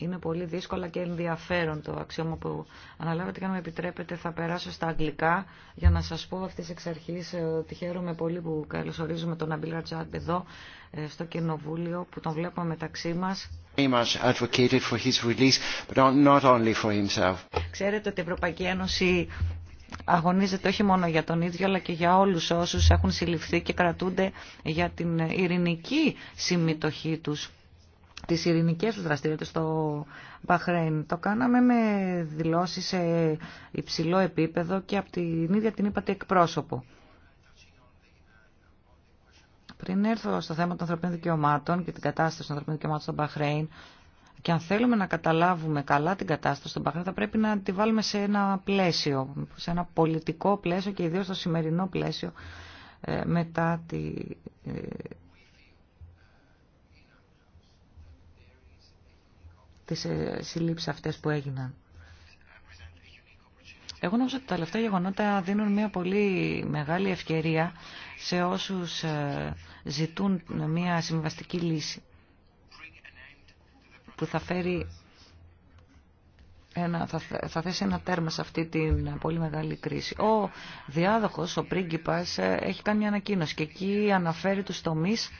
Είναι πολύ δύσκολα και ενδιαφέρον το αξίωμα που αναλάβετε και αν με επιτρέπετε θα περάσω στα αγγλικά για να σας πω αυτής εξ αρχής ε, ότι χαίρομαι πολύ που καλωσορίζουμε τον Αμπίλ Ρατζάντ εδώ ε, στο Κοινοβούλιο που τον βλέπουμε μεταξύ μας. Ξέρετε ότι η Ευρωπαϊκή Ένωση αγωνίζεται όχι μόνο για τον ίδιο αλλά και για όλους όσους έχουν συλληφθεί και κρατούνται για την ειρηνική συμμετοχή τους τις ειρηνικές τους δραστηριότητες στο Μπαχρέιν. Το κάναμε με δηλώσεις σε υψηλό επίπεδο και από την ίδια την είπατε εκπρόσωπο. Πριν έρθω στο θέμα των ανθρωπίνων δικαιωμάτων και την κατάσταση των ανθρωπίνων δικαιωμάτων στο Μπαχρέιν, και αν θέλουμε να καταλάβουμε καλά την κατάσταση στο Μπαχρέιν θα πρέπει να τη βάλουμε σε ένα πλαίσιο, σε ένα πολιτικό πλαίσιο και ιδίως στο σημερινό πλαίσιο ε, μετά τη ε, τις ε, συλλήψεις αυτές που έγιναν. Εγώ νομίζω ότι τα τελευταία γεγονότα δίνουν μια πολύ μεγάλη ευκαιρία σε όσους ε, ζητούν μια συμβαστική λύση που θα φέρει ένα, θα, θέσει ένα τέρμα σε αυτή την πολύ μεγάλη κρίση. Ο διάδοχος, ο πρίγκιπας, ε, έχει κάνει μια ανακοίνωση και εκεί αναφέρει τους τομείς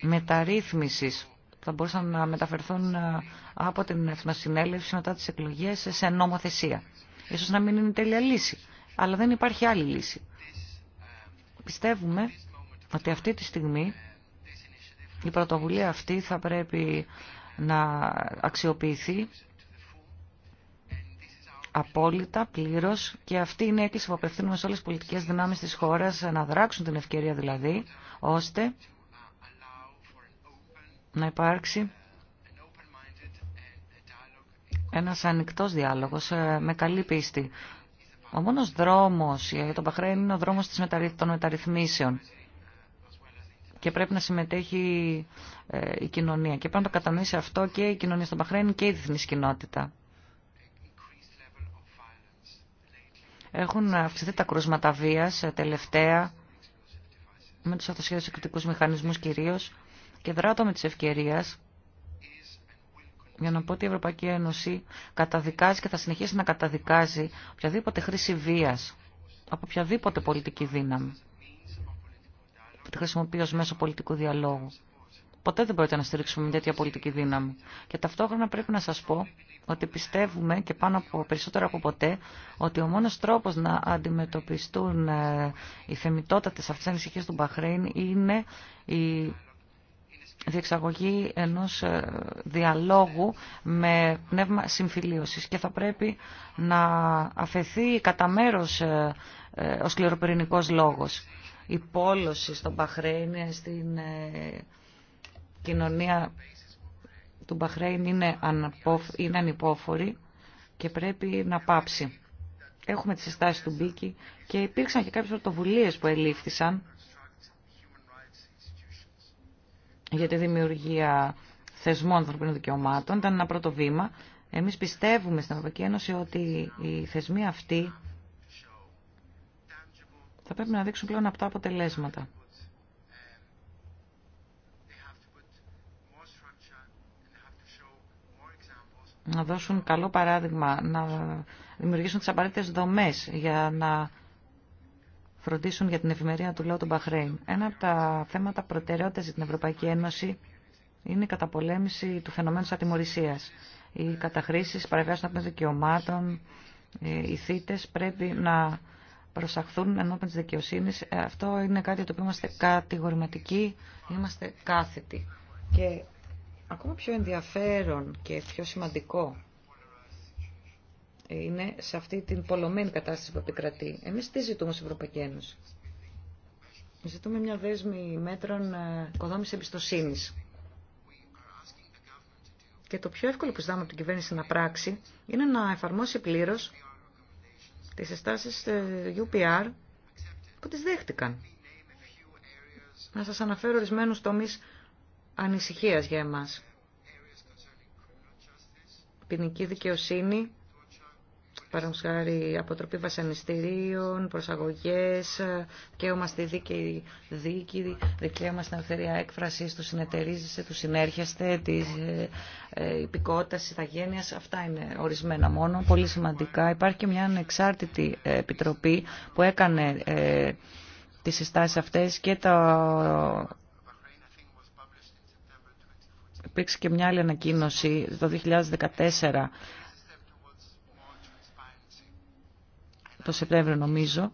μεταρρύθμισης θα μπορούσαν να μεταφερθούν ε, από την Εθνοσυνέλευση μετά τις εκλογές σε νομοθεσία. Ίσως να μην είναι τέλεια λύση, αλλά δεν υπάρχει άλλη λύση. Πιστεύουμε ότι αυτή τη στιγμή η πρωτοβουλία αυτή θα πρέπει να αξιοποιηθεί απόλυτα, πλήρως και αυτή είναι η έκκληση που απευθύνουμε σε όλες τις πολιτικές δυνάμεις της χώρας να δράξουν την ευκαιρία δηλαδή, ώστε να υπάρξει ένας ανοιχτός διάλογος ε, με καλή πίστη. Ο μόνος δρόμος για τον Παχρέν είναι ο δρόμος των μεταρρυθμίσεων και πρέπει να συμμετέχει ε, η κοινωνία. Και πρέπει να το κατανοήσει αυτό και η κοινωνία στον Παχρέν και η διεθνής κοινότητα. Έχουν αυξηθεί τα κρούσματα βίας ε, τελευταία με τους αυτοσχέδιους εκριτικούς μηχανισμούς κυρίως και δράτω με της ευκαιρίας για να πω ότι η Ευρωπαϊκή Ένωση καταδικάζει και θα συνεχίσει να καταδικάζει οποιαδήποτε χρήση βίας από οποιαδήποτε πολιτική δύναμη που τη χρησιμοποιεί ως μέσο πολιτικού διαλόγου. Ποτέ δεν μπορείτε να στηρίξουμε μια τέτοια πολιτική δύναμη. Και ταυτόχρονα πρέπει να σας πω ότι πιστεύουμε και πάνω από περισσότερο από ποτέ ότι ο μόνος τρόπος να αντιμετωπιστούν ε, οι θεμητότατες αυτές τις ανησυχίες του Μπαχρέιν είναι η διεξαγωγή ενός ε, διαλόγου με πνεύμα συμφιλίωσης και θα πρέπει να αφαιθεί κατά μέρος ε, ε, ο σκληροπυρηνικός λόγος. Η πόλωση στον Μπαχρέιν, στην κοινωνία του Μπαχρέιν είναι, είναι ανυπόφορη και πρέπει να πάψει. Έχουμε τις συστάσεις του Μπίκη και υπήρξαν και κάποιες πρωτοβουλίε που ελήφθησαν για τη δημιουργία θεσμών ανθρωπίνων δικαιωμάτων. Ήταν ένα πρώτο βήμα. Εμείς πιστεύουμε στην Ευρωπαϊκή Ένωση ότι οι θεσμοί αυτοί θα πρέπει να δείξουν πλέον αυτά αποτελέσματα. Να δώσουν καλό παράδειγμα, να δημιουργήσουν τις απαραίτητες δομές για να φροντίσουν για την εφημερία του λαού του Μπαχρέιν. Ένα από τα θέματα προτεραιότητας για την Ευρωπαϊκή Ένωση είναι η καταπολέμηση του φαινομένου της ατιμορρησίας. Οι καταχρήσεις παρεμβάσεων των δικαιωμάτων, ε, οι θήτε πρέπει να προσαχθούν ενώπιν τη δικαιοσύνη. Ε, αυτό είναι κάτι το οποίο είμαστε κατηγορηματικοί, είμαστε κάθετοι. Και ακόμα πιο ενδιαφέρον και πιο σημαντικό είναι σε αυτή την πολλωμένη κατάσταση που επικρατεί. Εμείς τι ζητούμε στην Ευρωπαϊκή Ένωση. Ζητούμε μια δέσμη μέτρων ε, οικοδόμησης εμπιστοσύνη. Και το πιο εύκολο που ζητάμε από την κυβέρνηση να πράξει είναι να εφαρμόσει πλήρω τις εστάσει UPR που τις δέχτηκαν. Να σα αναφέρω ορισμένου τομεί ανησυχία για εμάς. Ποινική δικαιοσύνη, παραδείγματο αποτροπή βασανιστήριων, προσαγωγέ, δικαίωμα στη δίκαιη δίκη, δικαίωμα στην ελευθερία έκφραση, του συνεταιρίζεσαι, του συνέρχεστε, τη ε, ε, υπηκότητα, ηθαγένεια. Αυτά είναι ορισμένα μόνο, πολύ σημαντικά. Υπάρχει και μια ανεξάρτητη ε, επιτροπή που έκανε τι συστάσει αυτές και το υπήρξε και μια άλλη ανακοίνωση το 2014 το Σεπτέμβριο νομίζω.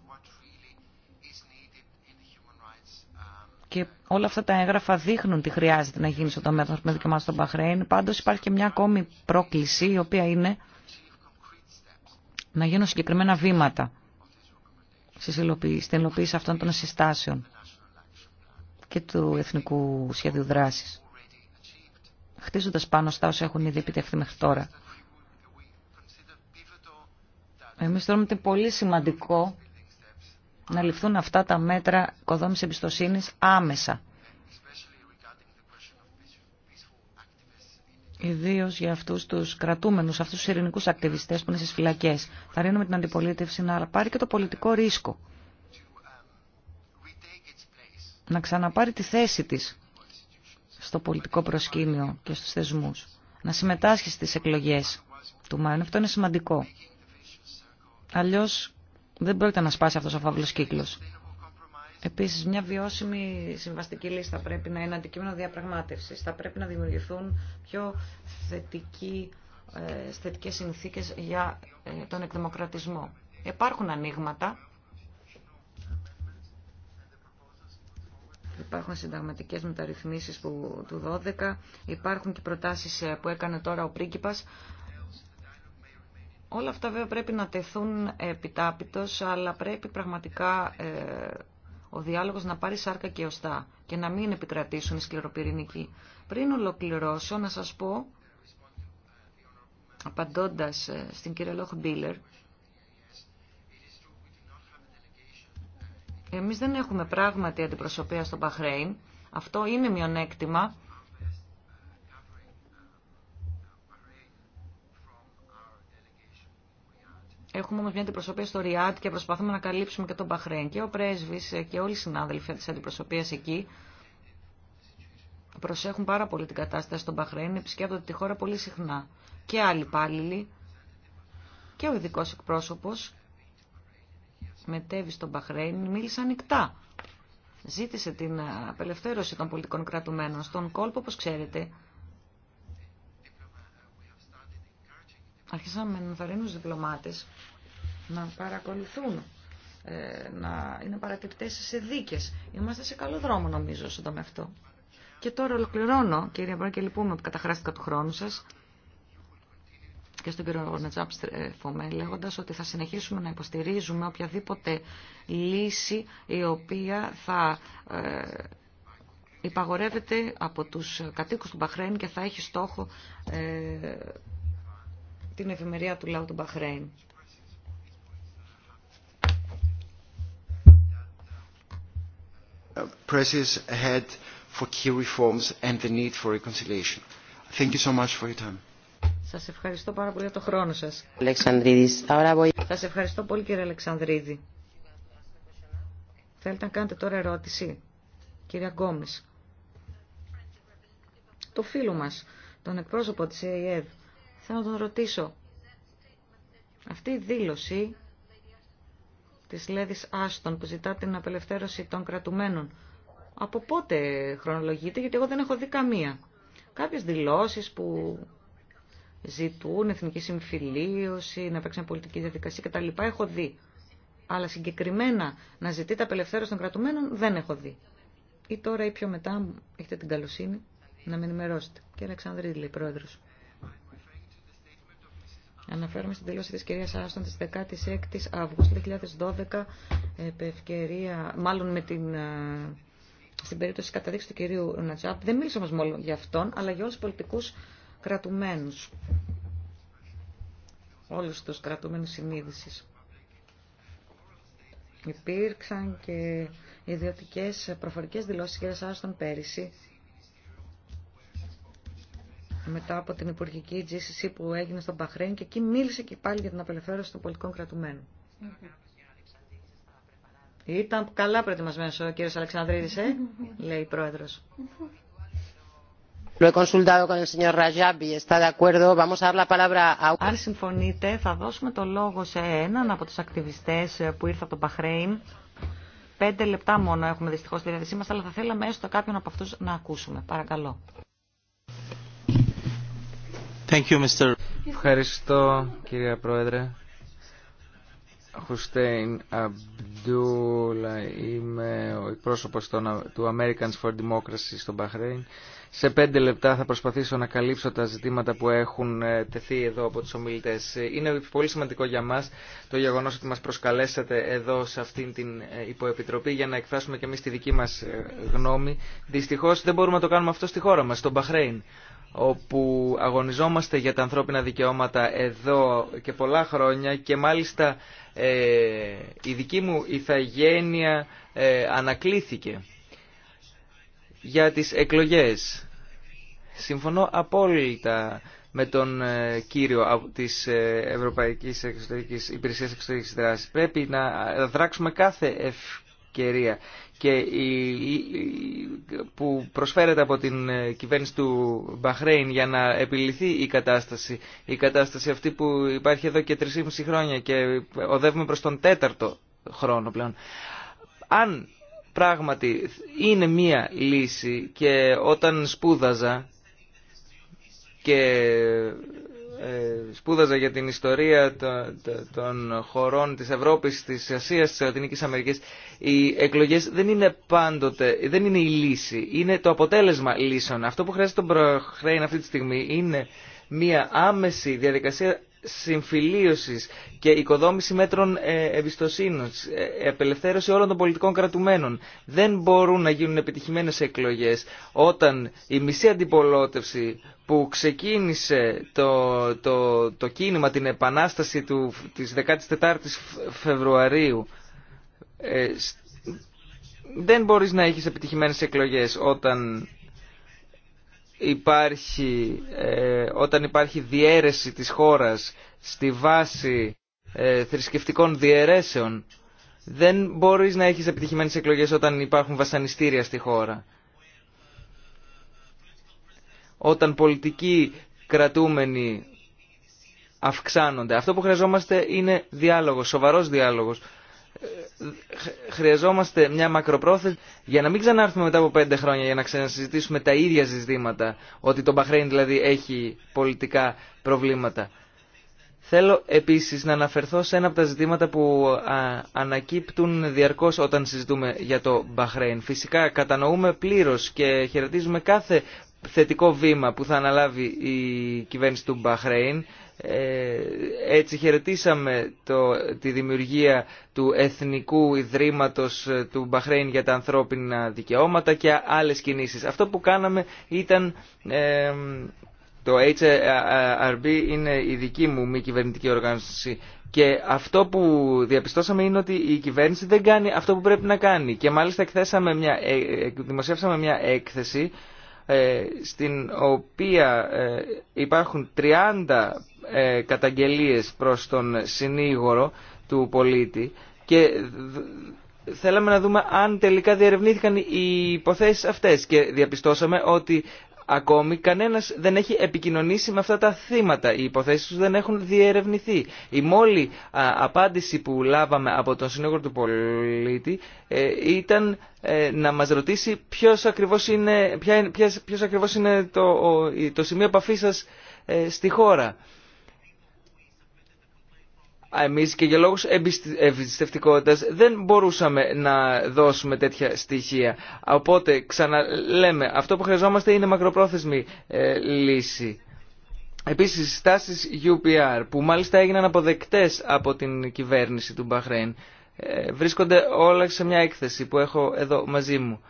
Και όλα αυτά τα έγγραφα δείχνουν τι χρειάζεται να γίνει στο τομέα των δικαιωμάτων στον Παχρέν. Πάντω υπάρχει και μια ακόμη πρόκληση η οποία είναι να γίνουν συγκεκριμένα βήματα στην υλοποίηση αυτών των συστάσεων και του Εθνικού Σχεδίου Δράσης, χτίζοντας πάνω στα όσα έχουν ήδη επιτευχθεί μέχρι τώρα. Εμεί θεωρούμε ότι είναι πολύ σημαντικό να ληφθούν αυτά τα μέτρα οικοδόμησης εμπιστοσύνη άμεσα. Ιδίω για αυτού του κρατούμενου, αυτού του ειρηνικού ακτιβιστέ που είναι στι φυλακέ. Θα ρίνουμε την αντιπολίτευση να πάρει και το πολιτικό ρίσκο. Να ξαναπάρει τη θέση τη στο πολιτικό προσκήνιο και στου θεσμού. Να συμμετάσχει στι εκλογέ του Μάιο. Αυτό είναι σημαντικό. Αλλιώς δεν πρόκειται να σπάσει αυτός ο φαύλο κύκλος. Επίσης, μια βιώσιμη συμβαστική λύση θα πρέπει να είναι αντικείμενο διαπραγμάτευσης. Θα πρέπει να δημιουργηθούν πιο θετικοί, συνθήκε συνθήκες για ε, τον εκδημοκρατισμό. Υπάρχουν ανοίγματα. Υπάρχουν συνταγματικέ μεταρρυθμίσει του 12. Υπάρχουν και προτάσει ε, που έκανε τώρα ο πρίγκιπας Όλα αυτά βέβαια πρέπει να τεθούν επιτάπητος, αλλά πρέπει πραγματικά ε, ο διάλογος να πάρει σάρκα και οστά και να μην επικρατήσουν οι σκληροπυρηνικοί. Πριν ολοκληρώσω, να σας πω, απαντώντας ε, στην κυρία Λόχ Μπίλερ, εμείς δεν έχουμε πράγματι αντιπροσωπεία στο Μπαχρέιν. Αυτό είναι μειονέκτημα Έχουμε όμω μια αντιπροσωπεία στο Ριάτ και προσπαθούμε να καλύψουμε και τον Μπαχρέν. Και ο πρέσβη και όλοι οι συνάδελφοι τη αντιπροσωπεία εκεί προσέχουν πάρα πολύ την κατάσταση στον Μπαχρέν, επισκέπτονται τη χώρα πολύ συχνά. Και άλλοι υπάλληλοι και ο ειδικό εκπρόσωπο μετέβη στον Μπαχρέν, μίλησαν ανοιχτά. Ζήτησε την απελευθέρωση των πολιτικών κρατουμένων στον κόλπο, όπω ξέρετε. αρχίσαμε με ενθαρρύνουμε διπλωμάτες να παρακολουθούν, ε, να είναι παρατηρητές σε δίκες. Είμαστε σε καλό δρόμο νομίζω στον τομέα αυτό. Και τώρα ολοκληρώνω, κύριε Μπρό, και λυπούμε που καταχράστηκα του χρόνου σας και στον κύριο ε, Φωμέ λέγοντας ότι θα συνεχίσουμε να υποστηρίζουμε οποιαδήποτε λύση η οποία θα ε, υπαγορεύεται από τους κατοίκους του Μπαχρέν και θα έχει στόχο την εφημερία του λαού του Μπαχρέιν. Presses ahead for key reforms and the need for reconciliation. Thank you so much for your time. Σας ευχαριστώ πάρα πολύ για το χρόνο σας. Αλεξανδρίδης. Σας ευχαριστώ πολύ κύριε Αλεξανδρίδη. Θέλετε να κάνετε τώρα ερώτηση, κυρία Γκόμες. Το φίλο μας, τον εκπρόσωπο της ΕΕΔ, Θέλω να τον ρωτήσω. Αυτή η δήλωση της Λέδης Άστον που ζητά την απελευθέρωση των κρατουμένων, από πότε χρονολογείται, γιατί εγώ δεν έχω δει καμία. Κάποιες δηλώσεις που ζητούν εθνική συμφιλίωση, να παίξουν πολιτική διαδικασία κτλ. Έχω δει. Αλλά συγκεκριμένα να ζητείτε απελευθέρωση των κρατουμένων δεν έχω δει. Ή τώρα ή πιο μετά έχετε την καλοσύνη να με ενημερώσετε. Κύριε Αλεξανδρίδη, λέει πρόεδρος. Αναφέρομαι στην δήλωση της κυρίας Άστον της 16ης Αυγούστου 2012, ευκαιρία, μάλλον με την, ε, στην περίπτωση της καταδείξης του κυρίου Νατσάπ. Δεν μίλησα όμως μόνο για αυτόν, αλλά για όλους τους πολιτικούς κρατουμένους. Όλους τους κρατουμένους συνείδησης. Υπήρξαν και ιδιωτικές ε, προφορικές δηλώσεις κυρίας Άστον πέρυσι, μετά από την υπουργική GCC που έγινε στον Παχρέν και εκεί μίλησε και πάλι για την απελευθέρωση των πολιτικών κρατουμένων. Ήταν καλά προετοιμασμένος ο κύριος Αλεξανδρίδης, ε? λέει η πρόεδρος. Αν συμφωνείτε, θα δώσουμε το λόγο σε έναν από τους ακτιβιστές που ήρθε από τον Παχρέιν. Πέντε λεπτά μόνο έχουμε δυστυχώς τη διάθεσή μας, αλλά θα θέλαμε έστω κάποιον από αυτούς να ακούσουμε. Παρακαλώ. Ευχαριστώ κύριε Πρόεδρε. Χουστέιν Αμπτούλα, είμαι ο εκπρόσωπος του Americans for Democracy στο Μπαχρέιν. Σε πέντε λεπτά θα προσπαθήσω να καλύψω τα ζητήματα που έχουν ε, τεθεί εδώ από τους ομιλητές. Είναι πολύ σημαντικό για μας το γεγονός ότι μας προσκαλέσατε εδώ σε αυτήν την ε, υποεπιτροπή για να εκφράσουμε και εμείς τη δική μας ε, γνώμη. Δυστυχώς δεν μπορούμε να το κάνουμε αυτό στη χώρα μας, στο Μπαχρέιν όπου αγωνιζόμαστε για τα ανθρώπινα δικαιώματα εδώ και πολλά χρόνια και μάλιστα ε, η δική μου ηθαγένεια ε, ανακλήθηκε για τις εκλογές. Συμφωνώ απόλυτα με τον ε, κύριο της ε, Ευρωπαϊκής Εξωτερικής Υπηρεσίας Εξωτερικής Δράσης. Πρέπει να δράξουμε κάθε ευκαιρία και που προσφέρεται από την ε, κυβέρνηση του Μπαχρέιν για να επιληθεί η κατάσταση. Η κατάσταση αυτή που υπάρχει εδώ και 3,5 χρόνια και οδεύουμε προς τον τέταρτο χρόνο πλέον. Αν πράγματι είναι μία λύση και όταν σπούδαζα και ε, σπούδαζα για την ιστορία των χωρών της Ευρώπης, της Ασίας, της Λατινικής Αμερικής, οι εκλογές δεν είναι πάντοτε, δεν είναι η λύση, είναι το αποτέλεσμα λύσεων. Αυτό που χρειάζεται τον Προχρέιν αυτή τη στιγμή είναι μια άμεση διαδικασία συμφιλίωσης και οικοδόμηση μέτρων ε, εμπιστοσύνης, ε, απελευθέρωση όλων των πολιτικών κρατουμένων. Δεν μπορούν να γίνουν επιτυχημένες εκλογές όταν η μισή αντιπολότευση που ξεκίνησε το, το, το κίνημα, την επανάσταση του, της 14ης Φεβρουαρίου ε, δεν μπορείς να έχεις επιτυχημένες εκλογές όταν υπάρχει, ε, όταν υπάρχει διέρεση της χώρας στη βάση ε, θρησκευτικών διαιρέσεων, δεν μπορείς να έχεις επιτυχημένες εκλογές όταν υπάρχουν βασανιστήρια στη χώρα. Όταν πολιτικοί κρατούμενοι αυξάνονται. Αυτό που χρειαζόμαστε είναι διάλογος, σοβαρός διάλογος χρειαζόμαστε μια μακροπρόθεση για να μην ξανάρθουμε μετά από πέντε χρόνια για να ξανασυζητήσουμε τα ίδια ζητήματα ότι το Μπαχρέιν δηλαδή έχει πολιτικά προβλήματα. Θέλω επίσης να αναφερθώ σε ένα από τα ζητήματα που ανακύπτουν διαρκώς όταν συζητούμε για το Μπαχρέιν. Φυσικά κατανοούμε πλήρως και χαιρετίζουμε κάθε θετικό βήμα που θα αναλάβει η κυβέρνηση του Μπαχρέιν ε, έτσι χαιρετήσαμε το, τη δημιουργία του Εθνικού Ιδρύματος του Μπαχρέιν για τα ανθρώπινα δικαιώματα και άλλες κινήσεις. Αυτό που κάναμε ήταν... Ε, το HRB είναι η δική μου μη κυβερνητική οργάνωση και αυτό που διαπιστώσαμε είναι ότι η κυβέρνηση δεν κάνει αυτό που πρέπει να κάνει και μάλιστα εκθέσαμε μια, ε, δημοσιεύσαμε μια έκθεση στην οποία υπάρχουν 30 ε, καταγγελίες προς τον συνήγορο του πολίτη και θέλαμε να δούμε αν τελικά διερευνήθηκαν οι υποθέσεις αυτές και διαπιστώσαμε ότι ακόμη κανένας δεν έχει επικοινωνήσει με αυτά τα θύματα. Οι υποθέσεις τους δεν έχουν διερευνηθεί. Η μόλι απάντηση που λάβαμε από τον συνήγορο του πολίτη ε, ήταν ε, να μας ρωτήσει ποιος ακριβώς είναι, ποια, ακριβώς είναι το, το σημείο επαφή σας ε, στη χώρα εμείς και για λόγους εμπιστευτικότητας δεν μπορούσαμε να δώσουμε τέτοια στοιχεία. Οπότε ξαναλέμε, αυτό που χρειαζόμαστε είναι μακροπρόθεσμη ε, λύση. Επίσης, οι στάσεις UPR που μάλιστα έγιναν αποδεκτές από την κυβέρνηση του Μπαχρέιν ε, βρίσκονται όλα σε μια έκθεση που έχω εδώ μαζί μου.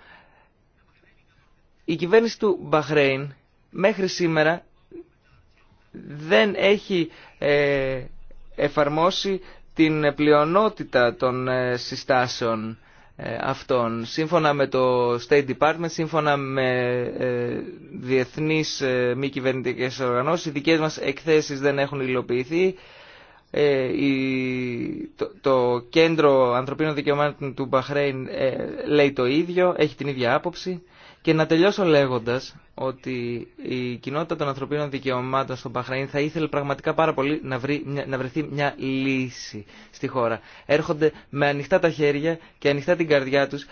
Η κυβέρνηση του Μπαχρέιν μέχρι σήμερα δεν έχει... Ε, εφαρμόσει την πλειονότητα των ε, συστάσεων ε, αυτών. Σύμφωνα με το State Department, σύμφωνα με ε, διεθνείς μη κυβερνητικές οργανώσεις, οι δικές μας εκθέσεις δεν έχουν υλοποιηθεί. Το Κέντρο Ανθρωπίνων Δικαιωμάτων του Μπαχρέιν λέει το ίδιο, έχει την ίδια άποψη. Και να τελειώσω λέγοντας ότι η κοινότητα των ανθρωπίνων δικαιωμάτων στον Παχραήν θα ήθελε πραγματικά πάρα πολύ να, βρει, να βρεθεί μια λύση στη χώρα. Έρχονται με ανοιχτά τα χέρια και ανοιχτά την καρδιά τους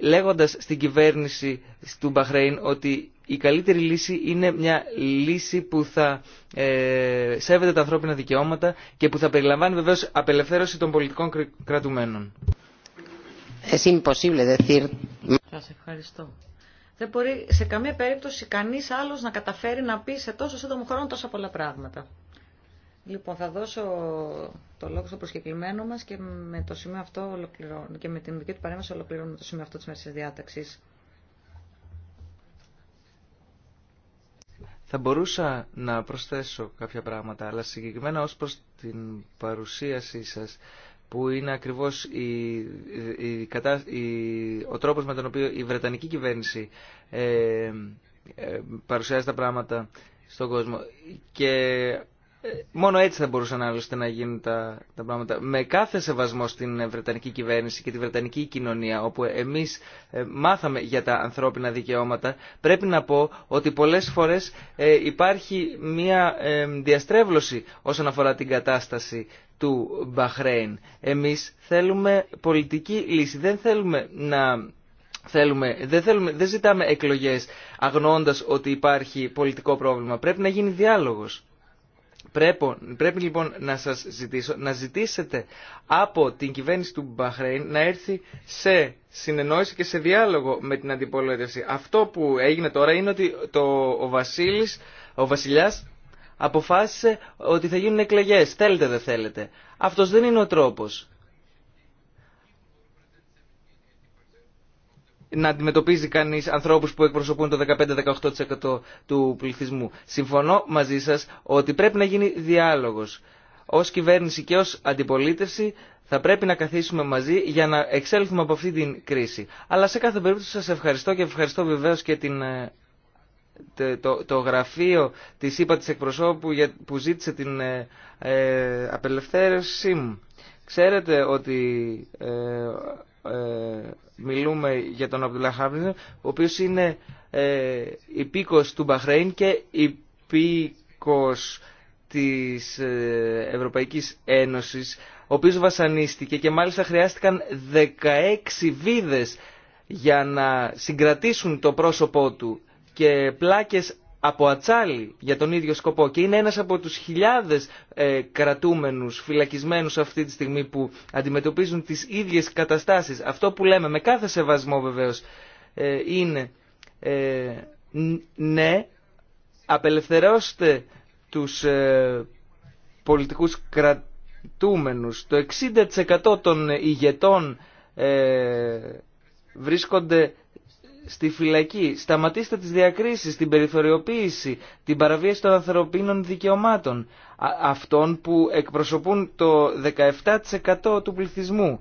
λέγοντας στην κυβέρνηση του Παχραήν ότι η καλύτερη λύση είναι μια λύση που θα ε, σέβεται τα ανθρώπινα δικαιώματα και που θα περιλαμβάνει βεβαίω απελευθέρωση των πολιτικών κρατουμένων δεν μπορεί σε καμία περίπτωση κανείς άλλος να καταφέρει να πει σε τόσο σύντομο χρόνο τόσα πολλά πράγματα. Λοιπόν, θα δώσω το λόγο στο προσκεκλημένο μας και με το σημείο αυτό ολοκληρώνω και με την δική του παρέμβαση ολοκληρώνουμε το σημείο αυτό της μέρης της διάταξης. Θα μπορούσα να προσθέσω κάποια πράγματα, αλλά συγκεκριμένα ως προς την παρουσίασή σας που είναι ακριβώς η, η, ο τρόπος με τον οποίο η Βρετανική κυβέρνηση ε, ε, παρουσιάζει τα πράγματα στον κόσμο. Και Μόνο έτσι θα μπορούσαν άλλωστε να γίνουν τα, τα πράγματα. Με κάθε σεβασμό στην ε, Βρετανική κυβέρνηση και τη Βρετανική κοινωνία, όπου εμείς ε, μάθαμε για τα ανθρώπινα δικαιώματα, πρέπει να πω ότι πολλές φορές ε, υπάρχει μια διαστρέβλωση όσον αφορά την κατάσταση του Μπαχρέιν. Εμείς θέλουμε πολιτική λύση, δεν θέλουμε να... Θέλουμε, δεν, θέλουμε, δεν ζητάμε εκλογές αγνώντας ότι υπάρχει πολιτικό πρόβλημα. Πρέπει να γίνει διάλογος. Πρέπει, λοιπόν να σας ζητήσω να ζητήσετε από την κυβέρνηση του Μπαχρέιν να έρθει σε συνεννόηση και σε διάλογο με την αντιπολίτευση. Αυτό που έγινε τώρα είναι ότι το, ο, Βασίλης, ο βασιλιάς αποφάσισε ότι θα γίνουν εκλεγές. Θέλετε δεν θέλετε. Αυτός δεν είναι ο τρόπος. να αντιμετωπίζει κανείς ανθρώπους που εκπροσωπούν το 15-18% του πληθυσμού. Συμφωνώ μαζί σας ότι πρέπει να γίνει διάλογος. Ως κυβέρνηση και ως αντιπολίτευση θα πρέπει να καθίσουμε μαζί για να εξέλθουμε από αυτή την κρίση. Αλλά σε κάθε περίπτωση σας ευχαριστώ και ευχαριστώ βεβαίως και την, ε, το, γραφείο της ΥΠΑ της εκπροσώπου που ζήτησε την ε, ε, απελευθέρωσή μου. Ξέρετε ότι ε, μιλούμε για τον Αμπτουλά ο οποίος είναι ε, υπήκος του Μπαχρέιν και υπήκος της ε, Ευρωπαϊκής Ένωσης, ο οποίος βασανίστηκε και μάλιστα χρειάστηκαν 16 βίδες για να συγκρατήσουν το πρόσωπό του και πλάκες από ατσάλι για τον ίδιο σκοπό και είναι ένας από τους χιλιάδες ε, κρατούμενους, φυλακισμένους αυτή τη στιγμή που αντιμετωπίζουν τις ίδιες καταστάσεις. Αυτό που λέμε με κάθε σεβασμό βεβαίως ε, είναι ε, ναι, απελευθερώστε τους ε, πολιτικούς κρατούμενους. Το 60% των ηγετών βρίσκονται στη φυλακή. Σταματήστε τις διακρίσεις, την περιθωριοποίηση, την παραβίαση των ανθρωπίνων δικαιωμάτων. αυτών που εκπροσωπούν το 17% του πληθυσμού.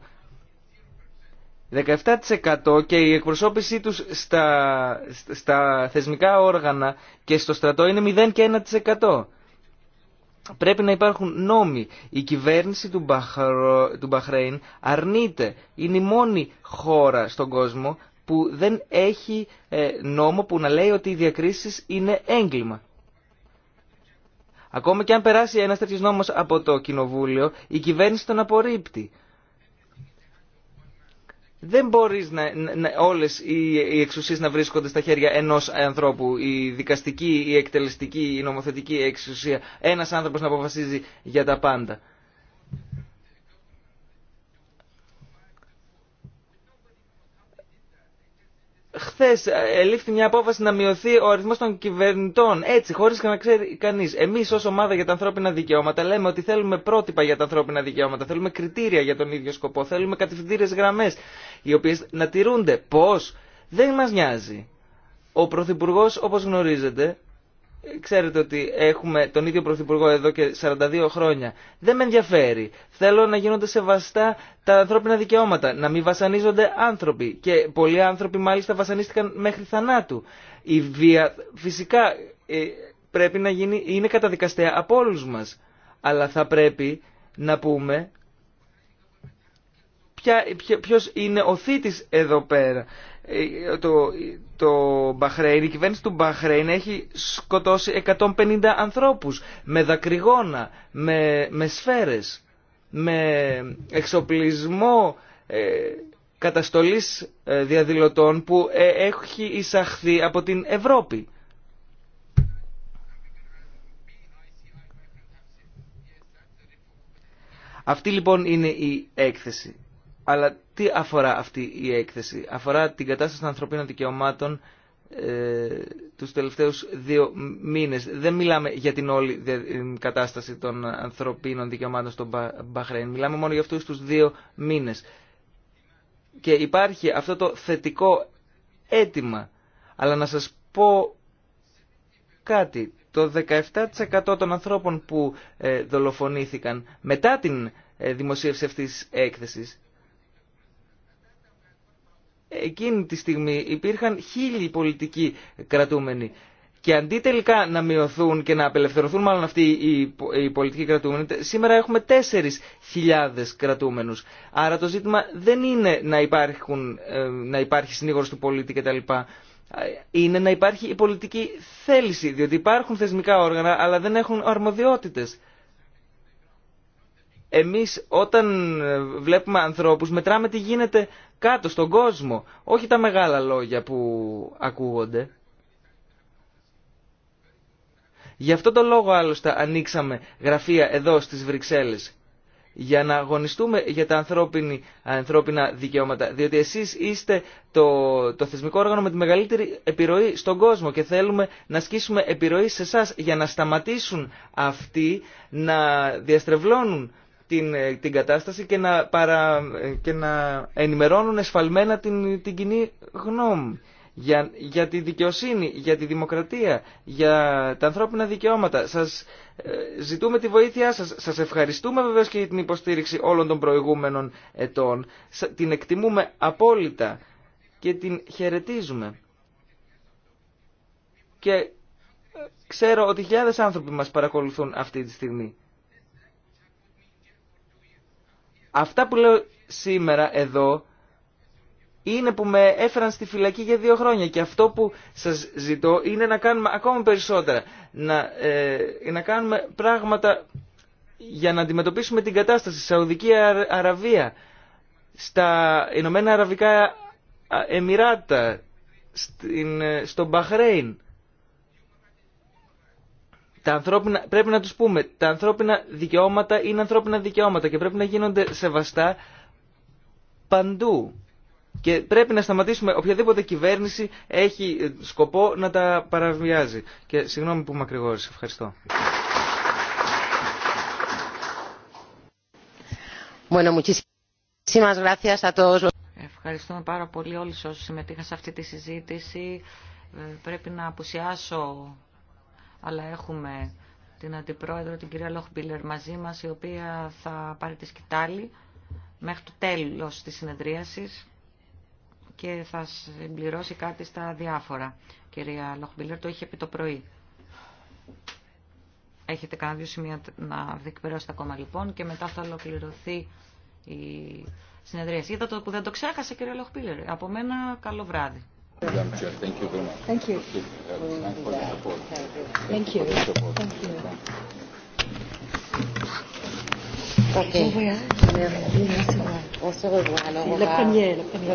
17% και η εκπροσώπησή τους στα, στα θεσμικά όργανα και στο στρατό είναι 0 και 1%. Πρέπει να υπάρχουν νόμοι. Η κυβέρνηση του, Μπαχρο, του Μπαχρέιν αρνείται. Είναι η μόνη χώρα στον κόσμο που δεν έχει ε, νόμο που να λέει ότι οι διακρίσεις είναι έγκλημα. Ακόμα και αν περάσει ένας τέτοιος νόμος από το Κοινοβούλιο, η κυβέρνηση τον απορρίπτει. Δεν μπορείς να, όλες οι, οι εξουσίες να βρίσκονται στα χέρια ενός ανθρώπου, η δικαστική, η εκτελεστική, η νομοθετική εξουσία. Ένας άνθρωπος να αποφασίζει για τα πάντα. χθες ε, ελήφθη μια απόφαση να μειωθεί ο αριθμό των κυβερνητών, έτσι, χωρίς να ξέρει κανείς. Εμείς ως ομάδα για τα ανθρώπινα δικαιώματα λέμε ότι θέλουμε πρότυπα για τα ανθρώπινα δικαιώματα, θέλουμε κριτήρια για τον ίδιο σκοπό, θέλουμε κατευθυντήρε γραμμές, οι οποίες να τηρούνται. Πώς? Δεν μα νοιάζει. Ο Πρωθυπουργό, όπω γνωρίζετε, Ξέρετε ότι έχουμε τον ίδιο Πρωθυπουργό εδώ και 42 χρόνια. Δεν με ενδιαφέρει. Θέλω να γίνονται σεβαστά τα ανθρώπινα δικαιώματα, να μην βασανίζονται άνθρωποι. Και πολλοί άνθρωποι μάλιστα βασανίστηκαν μέχρι θανάτου. Η βία φυσικά ε, πρέπει να γίνει, είναι καταδικαστέα από όλους μας. Αλλά θα πρέπει να πούμε ποιο είναι ο θήτης εδώ πέρα. Ε, το, το Μπαχρέιν, η κυβέρνηση του Μπαχρέιν έχει σκοτώσει 150 ανθρώπους με δακρυγόνα, με, με σφαίρες, με εξοπλισμό ε, καταστολής ε, διαδηλωτών που έχει εισαχθεί από την Ευρώπη. Αυτή λοιπόν είναι η έκθεση. Αλλά τι αφορά αυτή η έκθεση. Αφορά την κατάσταση των ανθρωπίνων δικαιωμάτων ε, τους τελευταίους δύο μήνες. Δεν μιλάμε για την όλη κατάσταση των ανθρωπίνων δικαιωμάτων στον Μπαχρέν. Μιλάμε μόνο για αυτούς τους δύο μήνες. Και υπάρχει αυτό το θετικό αίτημα. Αλλά να σας πω κάτι. Το 17% των ανθρώπων που ε, δολοφονήθηκαν μετά την ε, δημοσίευση αυτής της έκθεσης εκείνη τη στιγμή υπήρχαν χίλιοι πολιτικοί κρατούμενοι. Και αντί τελικά να μειωθούν και να απελευθερωθούν μάλλον αυτοί οι πολιτικοί κρατούμενοι, σήμερα έχουμε 4.000 κρατούμενους. Άρα το ζήτημα δεν είναι να, υπάρχουν, ε, να υπάρχει συνήγορος του πολίτη κτλ. Είναι να υπάρχει η πολιτική θέληση, διότι υπάρχουν θεσμικά όργανα αλλά δεν έχουν αρμοδιότητες εμείς όταν ε, βλέπουμε ανθρώπους μετράμε τι γίνεται κάτω στον κόσμο, όχι τα μεγάλα λόγια που ακούγονται. Γι' αυτό το λόγο άλλωστε ανοίξαμε γραφεία εδώ στις Βρυξέλλες για να αγωνιστούμε για τα ανθρώπινα δικαιώματα. Διότι εσείς είστε το, το θεσμικό όργανο με τη μεγαλύτερη επιρροή στον κόσμο και θέλουμε να ασκήσουμε επιρροή σε εσά για να σταματήσουν αυτοί να διαστρεβλώνουν την, ε, την κατάσταση και να, παρα, και να ενημερώνουν εσφαλμένα την, την κοινή γνώμη. Για, για τη δικαιοσύνη, για τη δημοκρατία, για τα ανθρώπινα δικαιώματα. Σας ε, ζητούμε τη βοήθειά σας. Σας ευχαριστούμε βεβαίως και για την υποστήριξη όλων των προηγούμενων ετών. Την εκτιμούμε απόλυτα και την χαιρετίζουμε. Και ε, ξέρω ότι χιλιάδες άνθρωποι μας παρακολουθούν αυτή τη στιγμή. Αυτά που λέω σήμερα εδώ είναι που με έφεραν στη φυλακή για δύο χρόνια και αυτό που σας ζητώ είναι να κάνουμε ακόμα περισσότερα. Να, ε, να κάνουμε πράγματα για να αντιμετωπίσουμε την κατάσταση. Σαουδική Αραβία, στα Ηνωμένα Αραβικά Εμμυράτα, στην, ε, στο Μπαχρέιν. Τα ανθρώπινα, πρέπει να τους πούμε, τα ανθρώπινα δικαιώματα είναι ανθρώπινα δικαιώματα και πρέπει να γίνονται σεβαστά παντού. Και πρέπει να σταματήσουμε οποιαδήποτε κυβέρνηση έχει σκοπό να τα παραβιάζει. Και συγγνώμη που μακρηγόρησε. Ευχαριστώ. Ευχαριστούμε πάρα πολύ όλους όσους συμμετείχαν σε αυτή τη συζήτηση. Ε, πρέπει να απουσιάσω αλλά έχουμε την Αντιπρόεδρο, την κυρία Λόχμπιλερ μαζί μας, η οποία θα πάρει τη σκητάλη μέχρι το τέλος της συνεδρίασης και θα συμπληρώσει κάτι στα διάφορα. Κυρία Λόχμπιλερ, το είχε πει το πρωί. Έχετε κανένα δύο σημεία να διεκπαιρεώσετε ακόμα λοιπόν και μετά θα ολοκληρωθεί η συνεδρίαση. Είδα το που δεν το ξέχασα κυρία Λόχμπιλερ. Από μένα καλό βράδυ. Thank you very much. Thank you. Thank you. Thank you. Thank On se revoit. le premier, le premier.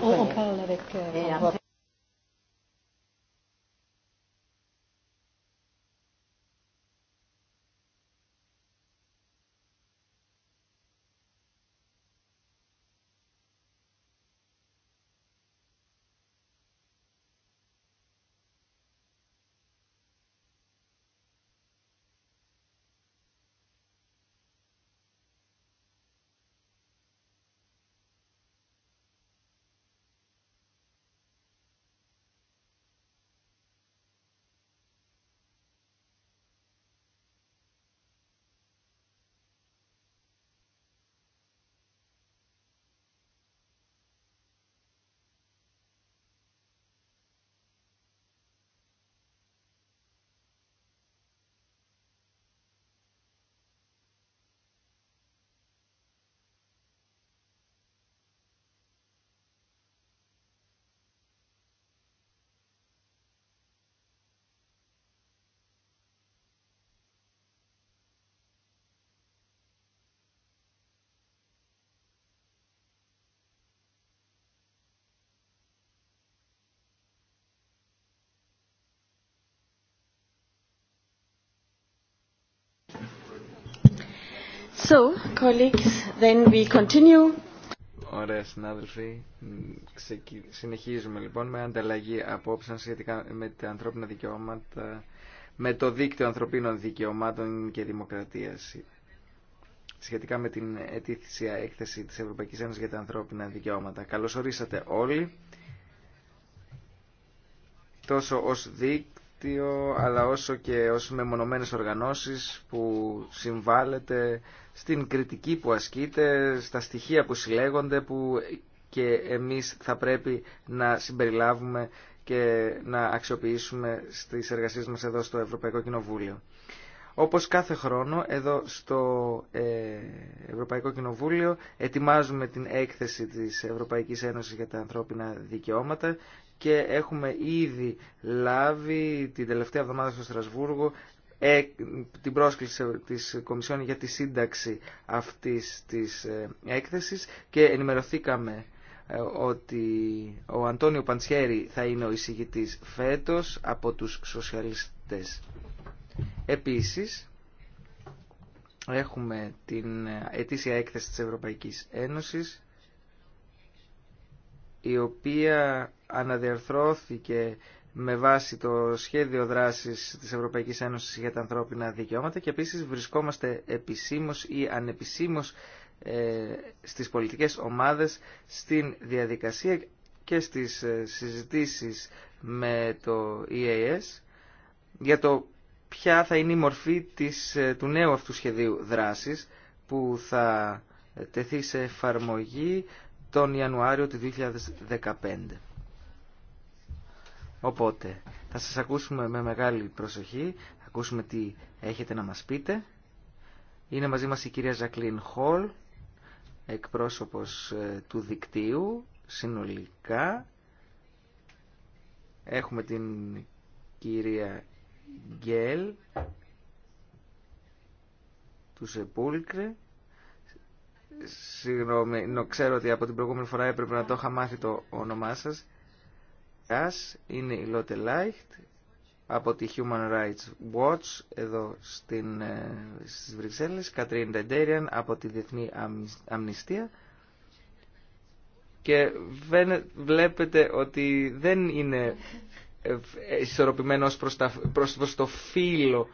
So, colleagues, then we continue. Ωραία συνάδελφοι, συνεχίζουμε λοιπόν με ανταλλαγή απόψεων σχετικά με τα ανθρώπινα δικαιώματα, με το δίκτυο ανθρωπίνων δικαιωμάτων και δημοκρατίας, σχετικά με την ετήθησια έκθεση της Ευρωπαϊκής Ένωσης για τα ανθρώπινα δικαιώματα. Καλώς ορίσατε όλοι, τόσο ως δίκτυο, αλλά όσο και ως μεμονωμένες οργανώσεις που συμβάλλεται στην κριτική που ασκείται, στα στοιχεία που συλλέγονται που και εμείς θα πρέπει να συμπεριλάβουμε και να αξιοποιήσουμε στις εργασίες μας εδώ στο Ευρωπαϊκό Κοινοβούλιο. Όπως κάθε χρόνο εδώ στο ε, Ευρωπαϊκό Κοινοβούλιο ετοιμάζουμε την έκθεση της Ευρωπαϊκής Ένωσης για τα ανθρώπινα δικαιώματα και έχουμε ήδη λάβει την τελευταία εβδομάδα στο Στρασβούργο ε, την πρόσκληση της Κομισιόν για τη σύνταξη αυτής της ε, έκθεσης και ενημερωθήκαμε ε, ότι ο Αντώνιο Παντσιέρη θα είναι ο εισηγητής φέτος από τους σοσιαλιστές. Επίσης, έχουμε την ετήσια έκθεση της Ευρωπαϊκής Ένωσης, η οποία αναδιαρθρώθηκε με βάση το σχέδιο δράσης της Ευρωπαϊκής Ένωσης για τα ανθρώπινα δικαιώματα και επίσης βρισκόμαστε επισήμως ή ανεπισήμως ε, στις πολιτικές ομάδες στην διαδικασία και στις ε, συζητήσεις με το EAS για το ποια θα είναι η μορφή της, ε, του νέου αυτού σχεδίου δράσης που θα τεθεί σε εφαρμογή τον Ιανουάριο του 2015. Οπότε θα σας ακούσουμε με μεγάλη προσοχή, θα ακούσουμε τι έχετε να μας πείτε. Είναι μαζί μας η κυρία Ζακλίν Χολ, εκπρόσωπος ε, του δικτύου συνολικά. Έχουμε την κυρία Γκέλ, του Σεπούλκρε. Συγγνώμη, νο, ξέρω ότι από την προηγούμενη φορά έπρεπε να το είχα μάθει το όνομά σας είναι η Λότε Λάιχτ από τη Human Rights Watch εδώ στην, ε, στις Βρυξέλλες, Κατρίν Τεντέριαν από τη Διεθνή Αμνηστία και βλέπετε ότι δεν είναι ισορροπημένο προς, το φύλλο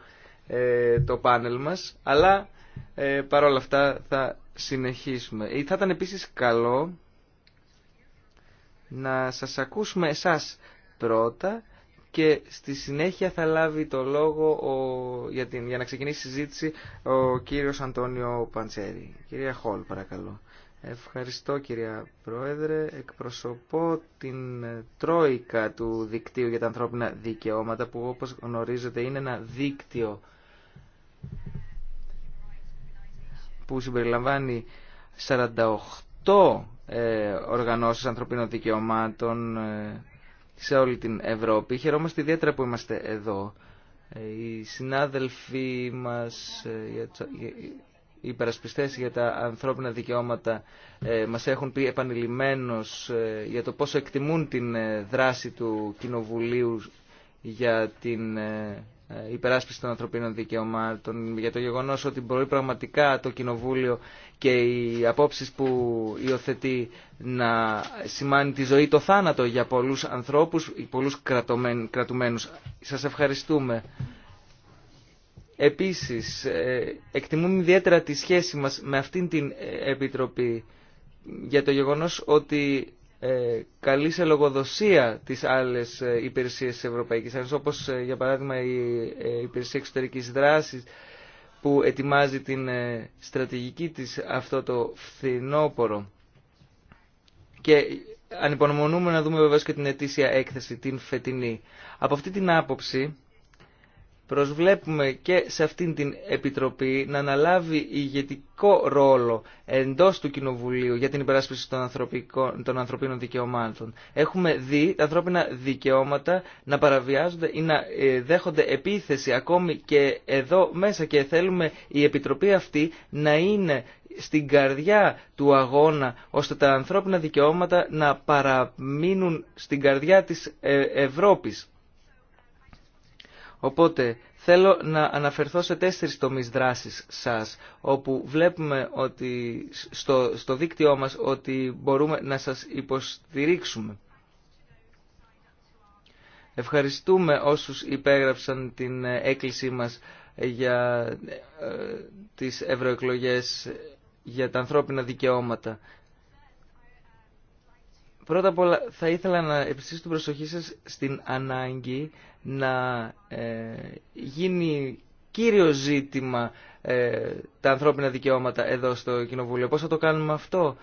ε, το πάνελ μας, αλλά ε, παρόλα αυτά θα συνεχίσουμε. Ε, θα ήταν επίσης καλό να σας ακούσουμε εσάς πρώτα και στη συνέχεια θα λάβει το λόγο ο, για, την, για να ξεκινήσει η συζήτηση ο κύριος Αντώνιο Παντσέρη. Κυρία Χολ παρακαλώ. Ευχαριστώ κυρία Πρόεδρε. Εκπροσωπώ την Τρόικα του Δικτύου για τα Ανθρώπινα Δικαιώματα που όπως γνωρίζετε είναι ένα δίκτυο που συμπεριλαμβάνει 48 ε, οργανώσεις ανθρωπίνων δικαιωμάτων ε, σε όλη την Ευρώπη. Χαιρόμαστε ιδιαίτερα που είμαστε εδώ. Ε, οι συνάδελφοί μας, οι υπερασπιστές για τα ανθρώπινα δικαιώματα μας έχουν πει επανειλημμένως για το πόσο εκτιμούν την δράση του Κοινοβουλίου για την ε, υπεράσπιση των ανθρωπίνων δικαιωμάτων, για το γεγονός ότι μπορεί πραγματικά το Κοινοβούλιο και οι απόψεις που υιοθετεί να σημάνει τη ζωή το θάνατο για πολλούς ανθρώπους, πολλούς κρατουμένους. Σας ευχαριστούμε. Επίσης, ε, εκτιμούμε ιδιαίτερα τη σχέση μας με αυτήν την ε, Επιτροπή για το γεγονός ότι ε, καλή σε λογοδοσία τις άλλες ε, υπηρεσίες της Ευρωπαϊκής Ένωσης, όπως ε, για παράδειγμα η Υπηρεσία Εξωτερικής Δράσης, που ετοιμάζει την στρατηγική της αυτό το φθινόπωρο. Και ανυπονομονούμε να δούμε βεβαίως και την ετήσια έκθεση, την φετινή. Από αυτή την άποψη προσβλέπουμε και σε αυτήν την Επιτροπή να αναλάβει ηγετικό ρόλο εντός του Κοινοβουλίου για την υπεράσπιση των, των ανθρωπίνων δικαιωμάτων. Έχουμε δει τα ανθρώπινα δικαιώματα να παραβιάζονται ή να ε, δέχονται επίθεση ακόμη και εδώ μέσα και θέλουμε η Επιτροπή αυτή να είναι στην καρδιά του αγώνα ώστε τα ανθρώπινα δικαιώματα να παραμείνουν στην καρδιά της ε, Ευρώπης Οπότε θέλω να αναφερθώ σε τέσσερις τομείς δράσης σας, όπου βλέπουμε ότι στο, στο δίκτυό μας ότι μπορούμε να σας υποστηρίξουμε. Ευχαριστούμε όσους υπέγραψαν την έκκλησή μας για ε, τις ευρωεκλογές για τα ανθρώπινα δικαιώματα Πρώτα απ' όλα θα ήθελα να επιστήσω την προσοχή σας στην ανάγκη να ε, γίνει κύριο ζήτημα ε, τα ανθρώπινα δικαιώματα εδώ στο Κοινοβούλιο. Πώς θα το κάνουμε αυτό,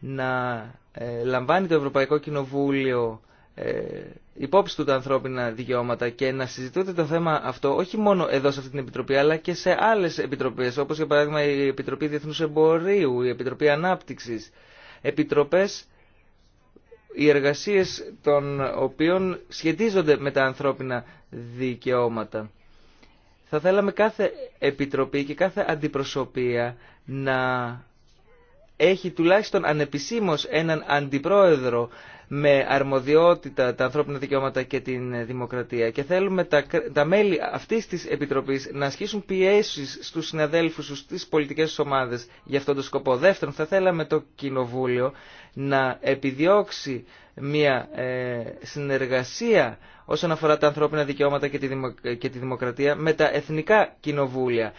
να ε, λαμβάνει το Ευρωπαϊκό Κοινοβούλιο υπόψη του τα ανθρώπινα δικαιώματα και να συζητούνται το θέμα αυτό όχι μόνο εδώ σε αυτή την Επιτροπή αλλά και σε άλλες επιτροπές όπως για παράδειγμα η Επιτροπή Διεθνούς Εμπορίου, η Επιτροπή Ανάπτυξης. Επιτροπές οι εργασίες των οποίων σχετίζονται με τα ανθρώπινα δικαιώματα. Θα θέλαμε κάθε επιτροπή και κάθε αντιπροσωπεία να έχει τουλάχιστον ανεπισήμως έναν αντιπρόεδρο με αρμοδιότητα τα ανθρώπινα δικαιώματα και την δημοκρατία. Και θέλουμε τα, μέλη αυτής της Επιτροπής να ασκήσουν πιέσεις στους συναδέλφους στις πολιτικές ομάδες για αυτόν τον σκοπό. Δεύτερον, θα θέλαμε το Κοινοβούλιο να επιδιώξει μια ε, συνεργασία όσον αφορά τα ανθρώπινα δικαιώματα και τη δημοκρατία με τα εθνικά κοινοβούλια.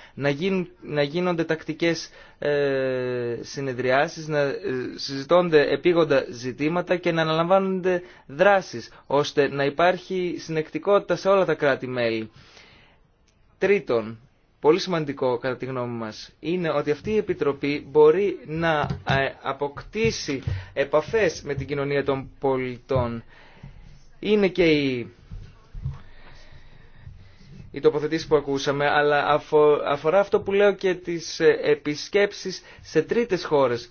Να γίνονται τακτικές ε, συνεδριάσεις, να ε, συζητώνται επίγοντα ζητήματα και να αναλαμβάνονται δράσεις ώστε να υπάρχει συνεκτικότητα σε όλα τα κράτη-μέλη. Τρίτον, πολύ σημαντικό κατά τη γνώμη μας είναι ότι αυτή η Επιτροπή μπορεί να ε, αποκτήσει επαφές με την κοινωνία των πολιτών. Είναι και η οι τοποθετήσει που ακούσαμε, αλλά αφορά αυτό που λέω και τις ε, επισκέψεις σε τρίτες χώρες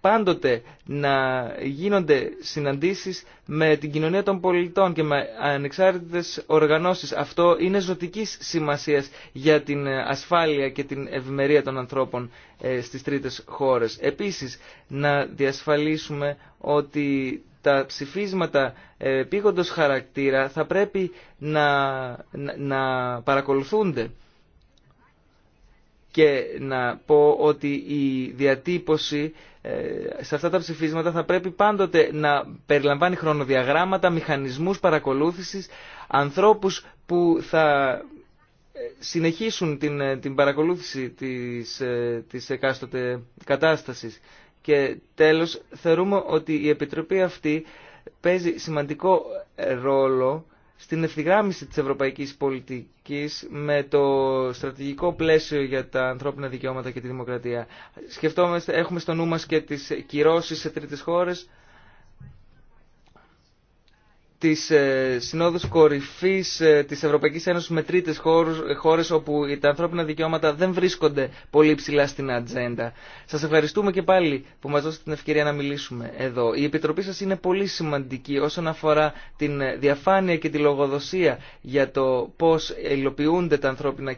πάντοτε να γίνονται συναντήσεις με την κοινωνία των πολιτών και με ανεξάρτητες οργανώσεις. Αυτό είναι ζωτικής σημασίας για την ασφάλεια και την ευημερία των ανθρώπων ε, στις τρίτες χώρες. Επίσης, να διασφαλίσουμε ότι τα ψηφίσματα ε, πήγοντος χαρακτήρα θα πρέπει να, να, να παρακολουθούνται και να πω ότι η διατύπωση ε, σε αυτά τα ψηφίσματα θα πρέπει πάντοτε να περιλαμβάνει χρονοδιαγράμματα, μηχανισμούς παρακολούθησης, ανθρώπους που θα ε, συνεχίσουν την, ε, την παρακολούθηση της, της εκάστοτε κατάστασης. Και τέλος, θεωρούμε ότι η Επιτροπή αυτή παίζει σημαντικό ρόλο στην ευθυγράμμιση της ευρωπαϊκής πολιτικής με το στρατηγικό πλαίσιο για τα ανθρώπινα δικαιώματα και τη δημοκρατία. Σκεφτόμαστε, έχουμε στο νου μας και τις κυρώσεις σε τρίτες χώρες Συνόδου ε, συνόδους κορυφής ε, τη Ευρωπαϊκή Ένωση με τρίτε, χώρε όπου τα ανθρώπινα δικαιώματα δεν βρίσκονται πολύ ψηλά στην ατζέντα. Σα ευχαριστούμε και πάλι που μας δώσετε την ευκαιρία να μιλήσουμε εδώ. Η Επιτροπή σα είναι πολύ σημαντική όσον αφορά την διαφάνεια και τη λογοδοσία για το πώ υλοποιούνται τα ανθρώπινα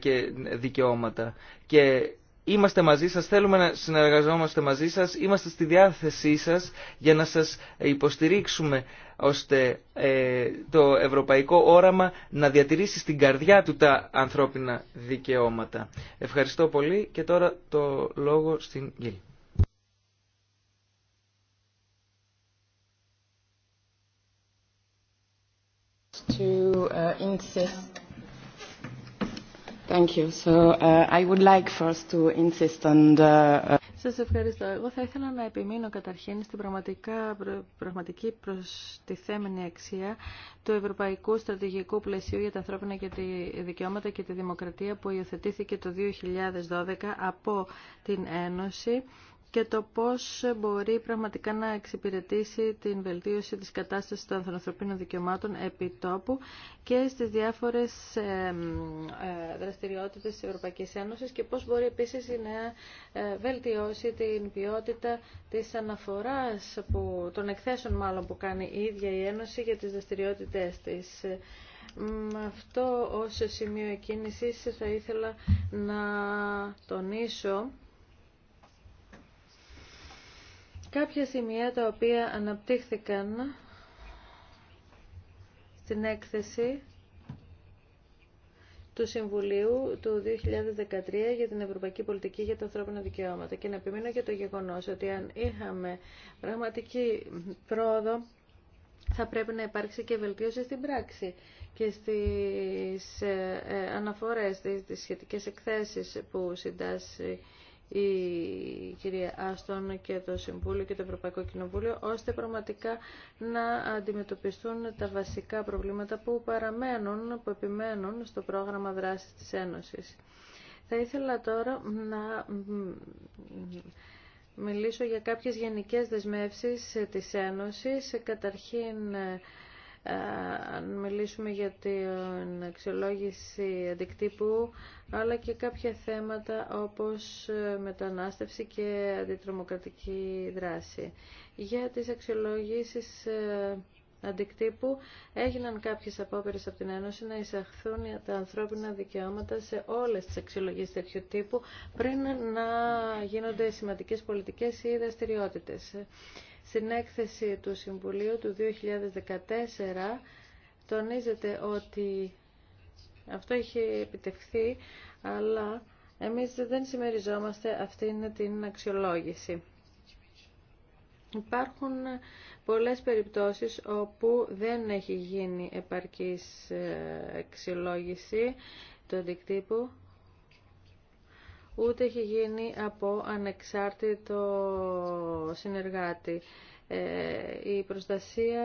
δικαιώματα. Και Είμαστε μαζί σας, θέλουμε να συνεργαζόμαστε μαζί σας, είμαστε στη διάθεσή σας για να σας υποστηρίξουμε ώστε ε, το ευρωπαϊκό όραμα να διατηρήσει στην καρδιά του τα ανθρώπινα δικαιώματα. Ευχαριστώ πολύ και τώρα το λόγο στην Γκίλ. Uh, Thank you. So uh, I would to uh, σας ευχαριστώ. Εγώ θα ήθελα να επιμείνω καταρχήν στην πραγματικά, πραγματική προστιθέμενη αξία του Ευρωπαϊκού Στρατηγικού Πλαισίου για τα Ανθρώπινα και τη Δικαιώματα και τη Δημοκρατία που υιοθετήθηκε το 2012 από την Ένωση και το πώς μπορεί πραγματικά να εξυπηρετήσει την βελτίωση της κατάστασης των ανθρωπίνων δικαιωμάτων επί τόπου και στις διάφορες ε, ε, δραστηριότητες της Ευρωπαϊκής Ένωσης και πώς μπορεί επίσης να ε, βελτιώσει την ποιότητα της αναφοράς, που, των εκθέσεων μάλλον που κάνει η ίδια η Ένωση για τις δραστηριότητες της. Με αυτό ως σημείο εκκίνησης θα ήθελα να τονίσω Κάποια σημεία τα οποία αναπτύχθηκαν στην έκθεση του Συμβουλίου του 2013 για την Ευρωπαϊκή Πολιτική για τα Ανθρώπινα Δικαιώματα και να επιμείνω για το γεγονός ότι αν είχαμε πραγματική πρόοδο θα πρέπει να υπάρξει και βελτίωση στην πράξη και στις ε, ε, αναφορές, στις σχετικές εκθέσεις που συντάσσει η κυρία Άστον και το Συμβούλιο και το Ευρωπαϊκό Κοινοβούλιο, ώστε πραγματικά να αντιμετωπιστούν τα βασικά προβλήματα που παραμένουν, που επιμένουν στο πρόγραμμα δράσης της Ένωσης. Θα ήθελα τώρα να μιλήσω για κάποιες γενικές δεσμεύσεις της Ένωσης. Καταρχήν, ε, αν μιλήσουμε για την αξιολόγηση αντικτύπου, αλλά και κάποια θέματα όπως ε, μετανάστευση και αντιτρομοκρατική δράση. Για τις αξιολογήσεις ε, αντικτύπου έγιναν κάποιες απόπειρες από την Ένωση να εισαχθούν τα ανθρώπινα δικαιώματα σε όλες τις αξιολογήσεις τέτοιου τύπου πριν να γίνονται σημαντικές πολιτικές ή δραστηριότητες. Στην έκθεση του Συμβουλίου του 2014 τονίζεται ότι αυτό έχει επιτευχθεί, αλλά εμείς δεν συμμεριζόμαστε αυτήν την αξιολόγηση. Υπάρχουν πολλές περιπτώσεις όπου δεν έχει γίνει επαρκής ε, αξιολόγηση του αντικτύπου ούτε έχει γίνει από ανεξάρτητο συνεργάτη. Ε, η προστασία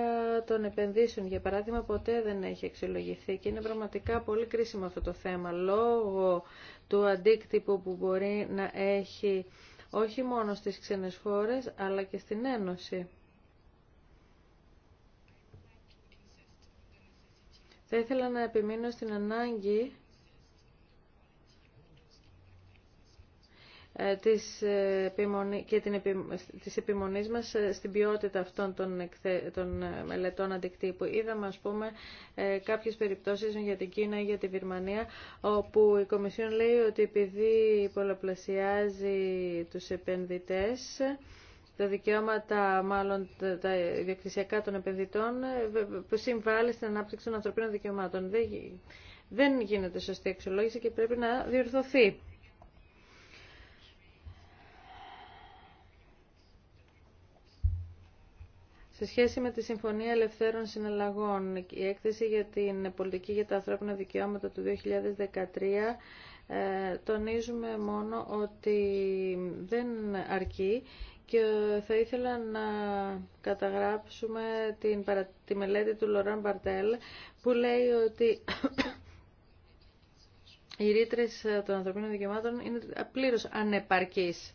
των επενδύσεων, για παράδειγμα, ποτέ δεν έχει εξελογηθεί και είναι πραγματικά πολύ κρίσιμο αυτό το θέμα λόγω του αντίκτυπου που μπορεί να έχει όχι μόνο στις ξένες χώρες αλλά και στην Ένωση. Θα ήθελα να επιμείνω στην ανάγκη Ε, της ε, και την της επιμονής μας ε, στην ποιότητα αυτών των, μελετών αντικτύπου. Είδαμε, ας πούμε, κάποιες περιπτώσεις για την Κίνα ή για τη Βυρμανία, όπου η Κομισιόν λέει ότι επειδή πολλαπλασιάζει τους επενδυτές, τα δικαιώματα, μάλλον τα ιδιοκτησιακά των επενδυτών, που συμβάλλει στην ανάπτυξη των ανθρωπίνων δικαιωμάτων. Δεν γίνεται σωστή αξιολόγηση και πρέπει να διορθωθεί. Σε σχέση με τη Συμφωνία Ελευθέρων Συναλλαγών, η έκθεση για την πολιτική για τα ανθρώπινα δικαιώματα του 2013 ε, τονίζουμε μόνο ότι δεν αρκεί και θα ήθελα να καταγράψουμε την, τη μελέτη του Λοράν Μπαρτέλ που λέει ότι οι ρήτρες των ανθρωπίνων δικαιωμάτων είναι πλήρως ανεπαρκείς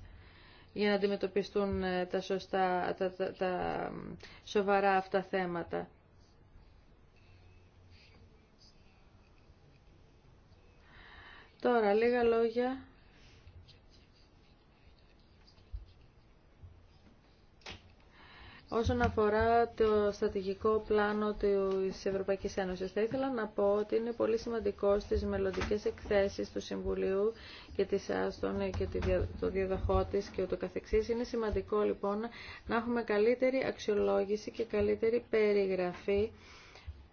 για να αντιμετωπιστούν ε, τα, σωστά, τα, τα, τα σοβαρά αυτά θέματα. Τώρα, λίγα λόγια Όσον αφορά το στρατηγικό πλάνο της Ευρωπαϊκής Ένωσης, θα ήθελα να πω ότι είναι πολύ σημαντικό στις μελλοντικέ εκθέσεις του Συμβουλίου και της Άστον και το διαδοχό τη και ούτω καθεξής. Είναι σημαντικό λοιπόν να έχουμε καλύτερη αξιολόγηση και καλύτερη περιγραφή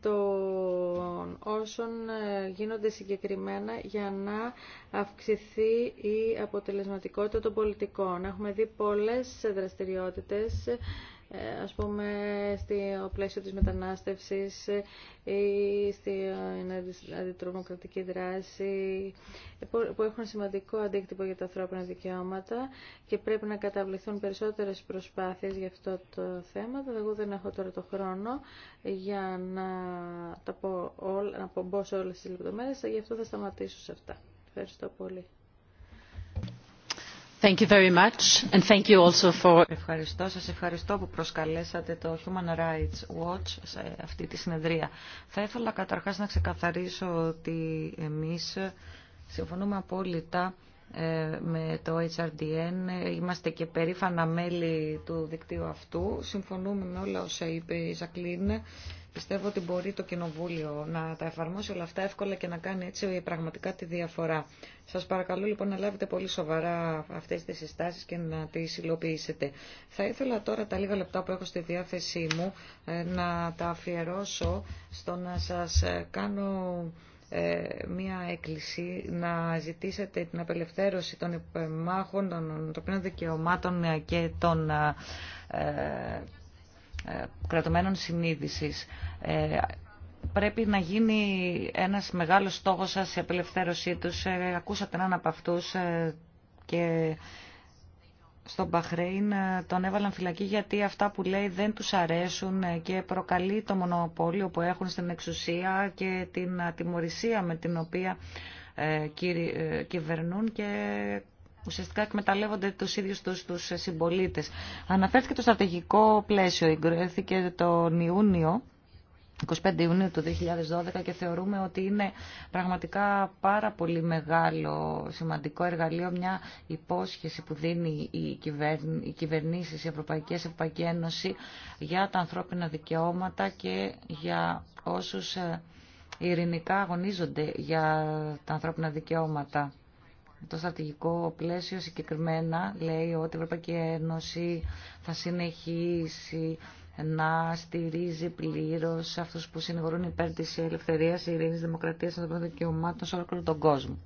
των όσων ε, γίνονται συγκεκριμένα για να αυξηθεί η αποτελεσματικότητα των πολιτικών. Έχουμε δει πολλές δραστηριότητες ε, ας πούμε στο πλαίσιο της μετανάστευσης ή στην ε, ε, αντιτρομοκρατική δράση που έχουν σημαντικό αντίκτυπο για τα ανθρώπινα δικαιώματα και πρέπει να καταβληθούν περισσότερες προσπάθειες για αυτό το θέμα. Εγώ δεν έχω τώρα το χρόνο για να τα πω όλα, να πω σε όλες τις λεπτομέρειες, γι' αυτό θα σταματήσω σε αυτά. Ευχαριστώ πολύ. Ευχαριστώ. Σας ευχαριστώ που προσκαλέσατε το Human Rights Watch σε αυτή τη συνεδρία. Θα ήθελα καταρχάς να ξεκαθαρίσω ότι εμείς συμφωνούμε απόλυτα ε, με το HRDN. Είμαστε και περήφανα μέλη του δικτύου αυτού. Συμφωνούμε με όλα όσα είπε η Ζακλίν Πιστεύω ότι μπορεί το Κοινοβούλιο να τα εφαρμόσει όλα αυτά εύκολα και να κάνει έτσι πραγματικά τη διαφορά. Σας παρακαλώ λοιπόν να λάβετε πολύ σοβαρά αυτές τις συστάσεις και να τις υλοποιήσετε. Θα ήθελα τώρα τα λίγα λεπτά που έχω στη διάθεσή μου ε, να τα αφιερώσω στο να σας ε, κάνω ε, μία έκκληση να ζητήσετε την απελευθέρωση των υπεμάχων, των ανθρωπίνων δικαιωμάτων και των ε, κρατωμένων συνείδησης. Ε, πρέπει να γίνει ένας μεγάλος στόχος σας η απελευθέρωσή τους. Ε, ακούσατε έναν από αυτούς και στον Παχρέιν τον έβαλαν φυλακή γιατί αυτά που λέει δεν τους αρέσουν και προκαλεί το μονοπόλιο που έχουν στην εξουσία και την ατιμορρησία με την οποία κυβερνούν και ουσιαστικά εκμεταλλεύονται τους ίδιους τους, τους συμπολίτες. Αναφέρθηκε το στρατηγικό πλαίσιο, εγκρέθηκε τον Ιούνιο 25 Ιουνίου του 2012 και θεωρούμε ότι είναι πραγματικά πάρα πολύ μεγάλο σημαντικό εργαλείο μια υπόσχεση που δίνει η κυβέρνη, οι κυβερνήσεις, η Ευρωπαϊκή, Ευρωπαϊκή Ένωση για τα ανθρώπινα δικαιώματα και για όσους ε, ειρηνικά αγωνίζονται για τα ανθρώπινα δικαιώματα. Το στρατηγικό πλαίσιο συγκεκριμένα λέει ότι η Ευρωπαϊκή Ένωση θα συνεχίσει να στηρίζει πλήρω αυτού που συνηγορούν υπέρ τη ελευθερία, ειρήνη, δημοκρατία και των δικαιωμάτων σε όλο τον κόσμο.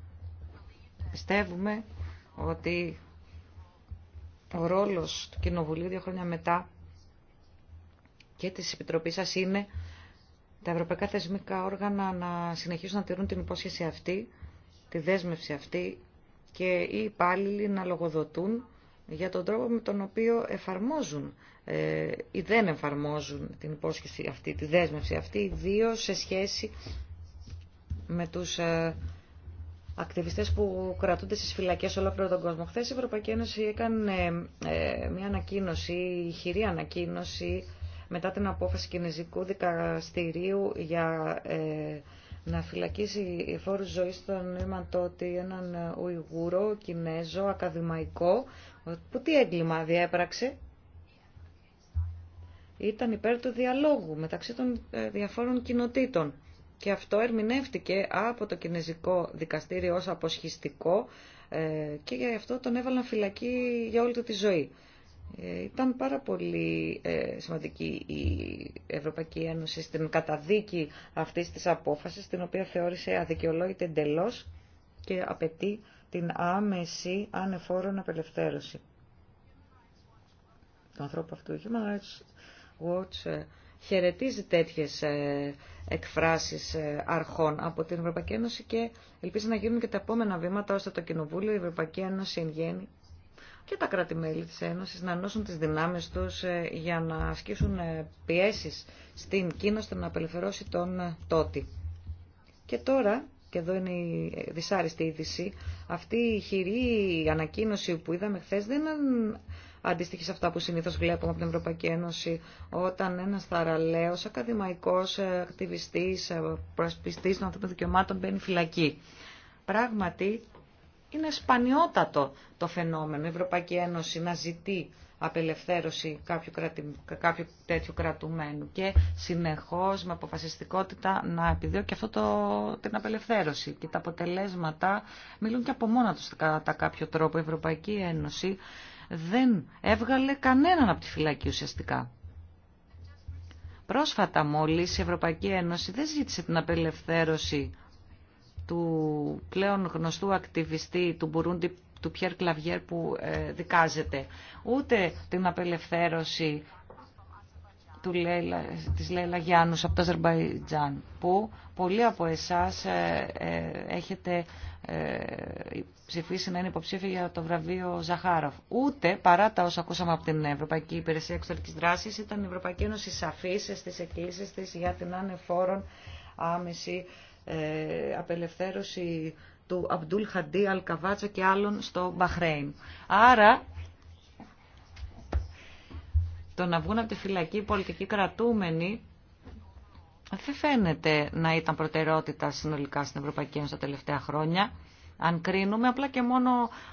Πιστεύουμε ότι ο ρόλο του Κοινοβουλίου δύο χρόνια μετά και τη Επιτροπή σα είναι τα ευρωπαϊκά θεσμικά όργανα να συνεχίσουν να τηρούν την υπόσχεση αυτή, τη δέσμευση αυτή και οι υπάλληλοι να λογοδοτούν για τον τρόπο με τον οποίο εφαρμόζουν ε, ή δεν εφαρμόζουν την υπόσχεση αυτή, τη δέσμευση αυτή, ιδίω σε σχέση με τους ε, ακτιβιστές που κρατούνται στις φυλακές όλο τον κόσμο. Χθες η Ευρωπαϊκή Ένωση έκανε ε, μια ανακοίνωση, χειρή ανακοίνωση, μετά την απόφαση Κινέζικου Δικαστηρίου για... Ε, να φυλακίσει η φόρου ζωή στον νόημα ότι έναν Ουιγούρο, Κινέζο, ακαδημαϊκό, που τι έγκλημα διέπραξε. Ήταν υπέρ του διαλόγου μεταξύ των ε, διαφόρων κοινοτήτων. Και αυτό ερμηνεύτηκε από το Κινέζικο Δικαστήριο ως αποσχιστικό ε, και γι' αυτό τον έβαλαν φυλακή για όλη του τη ζωή. Ε, ήταν πάρα πολύ ε, σημαντική η Ευρωπαϊκή Ένωση στην καταδίκη αυτής της απόφασης, την οποία θεώρησε αδικαιολόγητη εντελώ και απαιτεί την άμεση ανεφόρον απελευθέρωση. Το ανθρώπου αυτού, Human Rights Watch, ε, χαιρετίζει τέτοιες εκφράσεις αρχών από την Ευρωπαϊκή Ένωση και ελπίζει να γίνουν και τα επόμενα βήματα ώστε το Κοινοβούλιο, η Ευρωπαϊκή Ένωση εν γέννη και τα κράτη-μέλη της Ένωσης να ενώσουν τις δυνάμεις τους ε, για να ασκήσουν ε, πιέσεις στην Κίνα ώστε να απελευθερώσει τον ε, τότη. Και τώρα, και εδώ είναι η δυσάρεστη είδηση, αυτή η χειρή ανακοίνωση που είδαμε χθε δεν είναι αντίστοιχη σε αυτά που συνήθως βλέπουμε από την Ευρωπαϊκή Ένωση όταν ένας θαραλέος, ακαδημαϊκός, ακτιβιστής, προσπιστής των ανθρώπινων δικαιωμάτων μπαίνει φυλακή. Πράγματι, είναι σπανιότατο το φαινόμενο η Ευρωπαϊκή Ένωση να ζητεί απελευθέρωση κάποιου, τέτοιου κρατουμένου και συνεχώς με αποφασιστικότητα να επιδιώκει αυτό το, την απελευθέρωση και τα αποτελέσματα μιλούν και από μόνα τους κατά κάποιο τρόπο. Η Ευρωπαϊκή Ένωση δεν έβγαλε κανέναν από τη φυλακή ουσιαστικά. Πρόσφατα μόλις η Ευρωπαϊκή Ένωση δεν ζήτησε την απελευθέρωση του πλέον γνωστού ακτιβιστή του Μπουρούντι του Πιέρ Κλαβιέρ που ε, δικάζεται. Ούτε την απελευθέρωση του Λέλα, της Λέλα Γιάννους από το Αζερμπαϊτζάν που πολλοί από εσάς ε, ε, έχετε ψηφίσει να είναι υποψήφιοι για το βραβείο Ζαχάροφ. Ούτε παρά τα όσα ακούσαμε από την Ευρωπαϊκή Υπηρεσία Εξωτερικής Δράσης ήταν η Ευρωπαϊκή Ένωση σαφής στις εκκλήσεις της για την ανεφόρον άμεση ε, απελευθέρωση του Αμπτούλ Χαντί Αλκαβάτσα και άλλων στο Μπαχρέιν. Άρα, το να βγουν από τη φυλακή οι πολιτικοί κρατούμενοι δεν φαίνεται να ήταν προτεραιότητα συνολικά στην Ευρωπαϊκή Ένωση τα τελευταία χρόνια. Αν κρίνουμε απλά και μόνο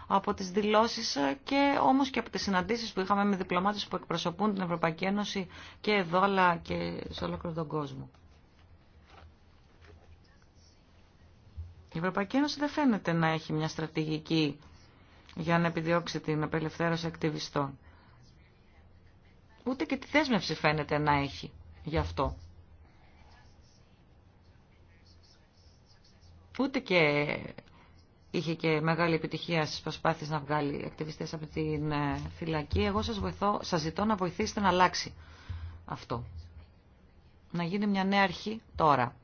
από τις δηλώσεις και όμως και από τις συναντήσεις που είχαμε με διπλωμάτες που εκπροσωπούν την Ευρωπαϊκή Ένωση και εδώ αλλά και σε όλο τον κόσμο. Η Ευρωπαϊκή Ένωση δεν φαίνεται να έχει μια στρατηγική για να επιδιώξει την απελευθέρωση ακτιβιστών. Ούτε και τη θέσμευση φαίνεται να έχει γι' αυτό. Ούτε και είχε και μεγάλη επιτυχία στις προσπάθειες να βγάλει ακτιβιστές από την ε, φυλακή. Εγώ σας, βοηθώ, σας ζητώ να βοηθήσετε να αλλάξει αυτό. Να γίνει μια νέα αρχή τώρα.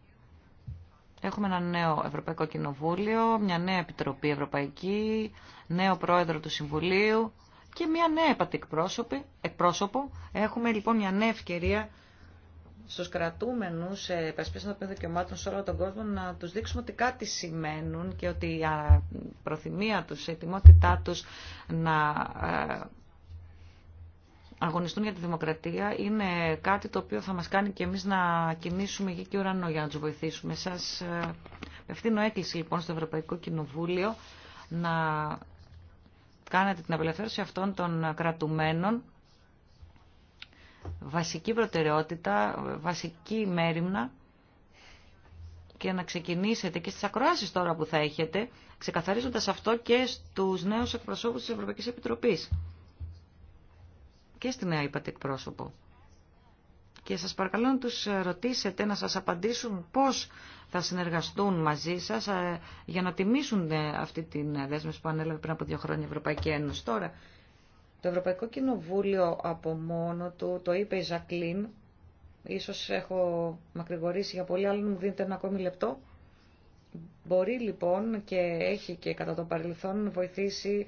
Έχουμε ένα νέο Ευρωπαϊκό Κοινοβούλιο, μια νέα Επιτροπή Ευρωπαϊκή, νέο Πρόεδρο του Συμβουλίου και μια νέα επατή εκπρόσωπο. Έχουμε λοιπόν μια νέα ευκαιρία στους κρατούμενους επασπίσεις των δικαιωμάτων σε όλο τον κόσμο να τους δείξουμε ότι κάτι σημαίνουν και ότι η προθυμία τους, η ετοιμότητά τους να ε, αγωνιστούν για τη δημοκρατία είναι κάτι το οποίο θα μας κάνει και εμείς να κινήσουμε γη και ουρανό για να τους βοηθήσουμε. Σας ε, ευθύνω έκκληση λοιπόν στο Ευρωπαϊκό Κοινοβούλιο να κάνετε την απελευθέρωση αυτών των κρατουμένων βασική προτεραιότητα, βασική μέρημνα και να ξεκινήσετε και στις ακροάσεις τώρα που θα έχετε, ξεκαθαρίζοντας αυτό και στους νέους εκπροσώπους της Ευρωπαϊκής Επιτροπής και στην νέα ΥΠΑΤΗΚ πρόσωπο. Και σας παρακαλώ να τους ρωτήσετε να σας απαντήσουν πώς θα συνεργαστούν μαζί σας ε, για να τιμήσουν ε, αυτή την δέσμευση που ανέλαβε πριν από δύο χρόνια η Ευρωπαϊκή Ένωση. Τώρα, το Ευρωπαϊκό Κοινοβούλιο από μόνο του, το είπε η Ζακλίν, ίσως έχω μακρηγορήσει για πολύ, αλλά μου δίνετε ένα ακόμη λεπτό. Μπορεί λοιπόν και έχει και κατά τον παρελθόν βοηθήσει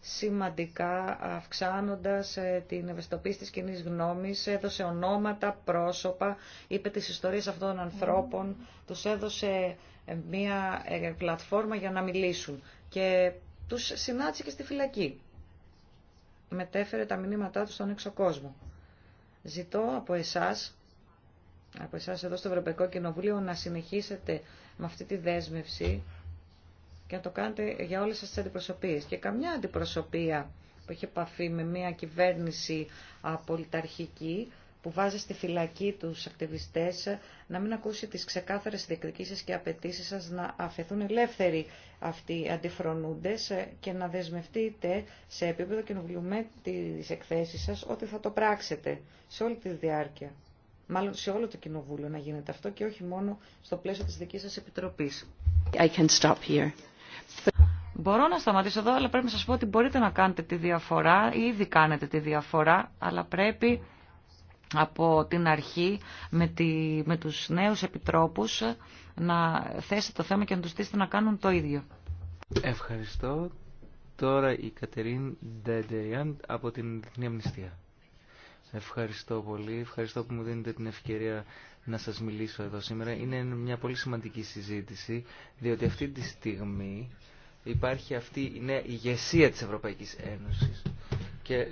σημαντικά αυξάνοντας ε, την ευαισθητοποίηση της κοινή γνώμης, έδωσε ονόματα, πρόσωπα, είπε τις ιστορίες αυτών των ανθρώπων, τους έδωσε ε, μια ε, πλατφόρμα για να μιλήσουν και τους συνάντησε και στη φυλακή. Μετέφερε τα μηνύματά τους στον έξω κόσμο. Ζητώ από εσάς, από εσάς εδώ στο Ευρωπαϊκό Κοινοβούλιο, να συνεχίσετε με αυτή τη δέσμευση και να το κάνετε για όλες σας τις αντιπροσωπείες. Και καμιά αντιπροσωπεία που έχει επαφή με μια κυβέρνηση απολυταρχική που βάζει στη φυλακή τους ακτιβιστές να μην ακούσει τις ξεκάθαρες διεκδικήσεις και απαιτήσει σας να αφαιθούν ελεύθεροι αυτοί οι αντιφρονούντες και να δεσμευτείτε σε επίπεδο κοινοβουλίου με τις εκθέσεις σας ότι θα το πράξετε σε όλη τη διάρκεια. Μάλλον σε όλο το κοινοβούλιο να γίνεται αυτό και όχι μόνο στο πλαίσιο της δικής σας επιτροπής. I can stop here. Μπορώ να σταματήσω εδώ, αλλά πρέπει να σας πω ότι μπορείτε να κάνετε τη διαφορά, ήδη κάνετε τη διαφορά, αλλά πρέπει από την αρχή με, τη, με τους νέους επιτρόπους να θέσετε το θέμα και να τους στήσετε να κάνουν το ίδιο. Ευχαριστώ. Τώρα η Κατερίν Ντεντεριάν από την Διεθνή Αμνηστία. Ευχαριστώ πολύ. Ευχαριστώ που μου δίνετε την ευκαιρία να σας μιλήσω εδώ σήμερα. Είναι μια πολύ σημαντική συζήτηση, διότι αυτή τη στιγμή υπάρχει αυτή η νέα ηγεσία της Ευρωπαϊκής Ένωσης και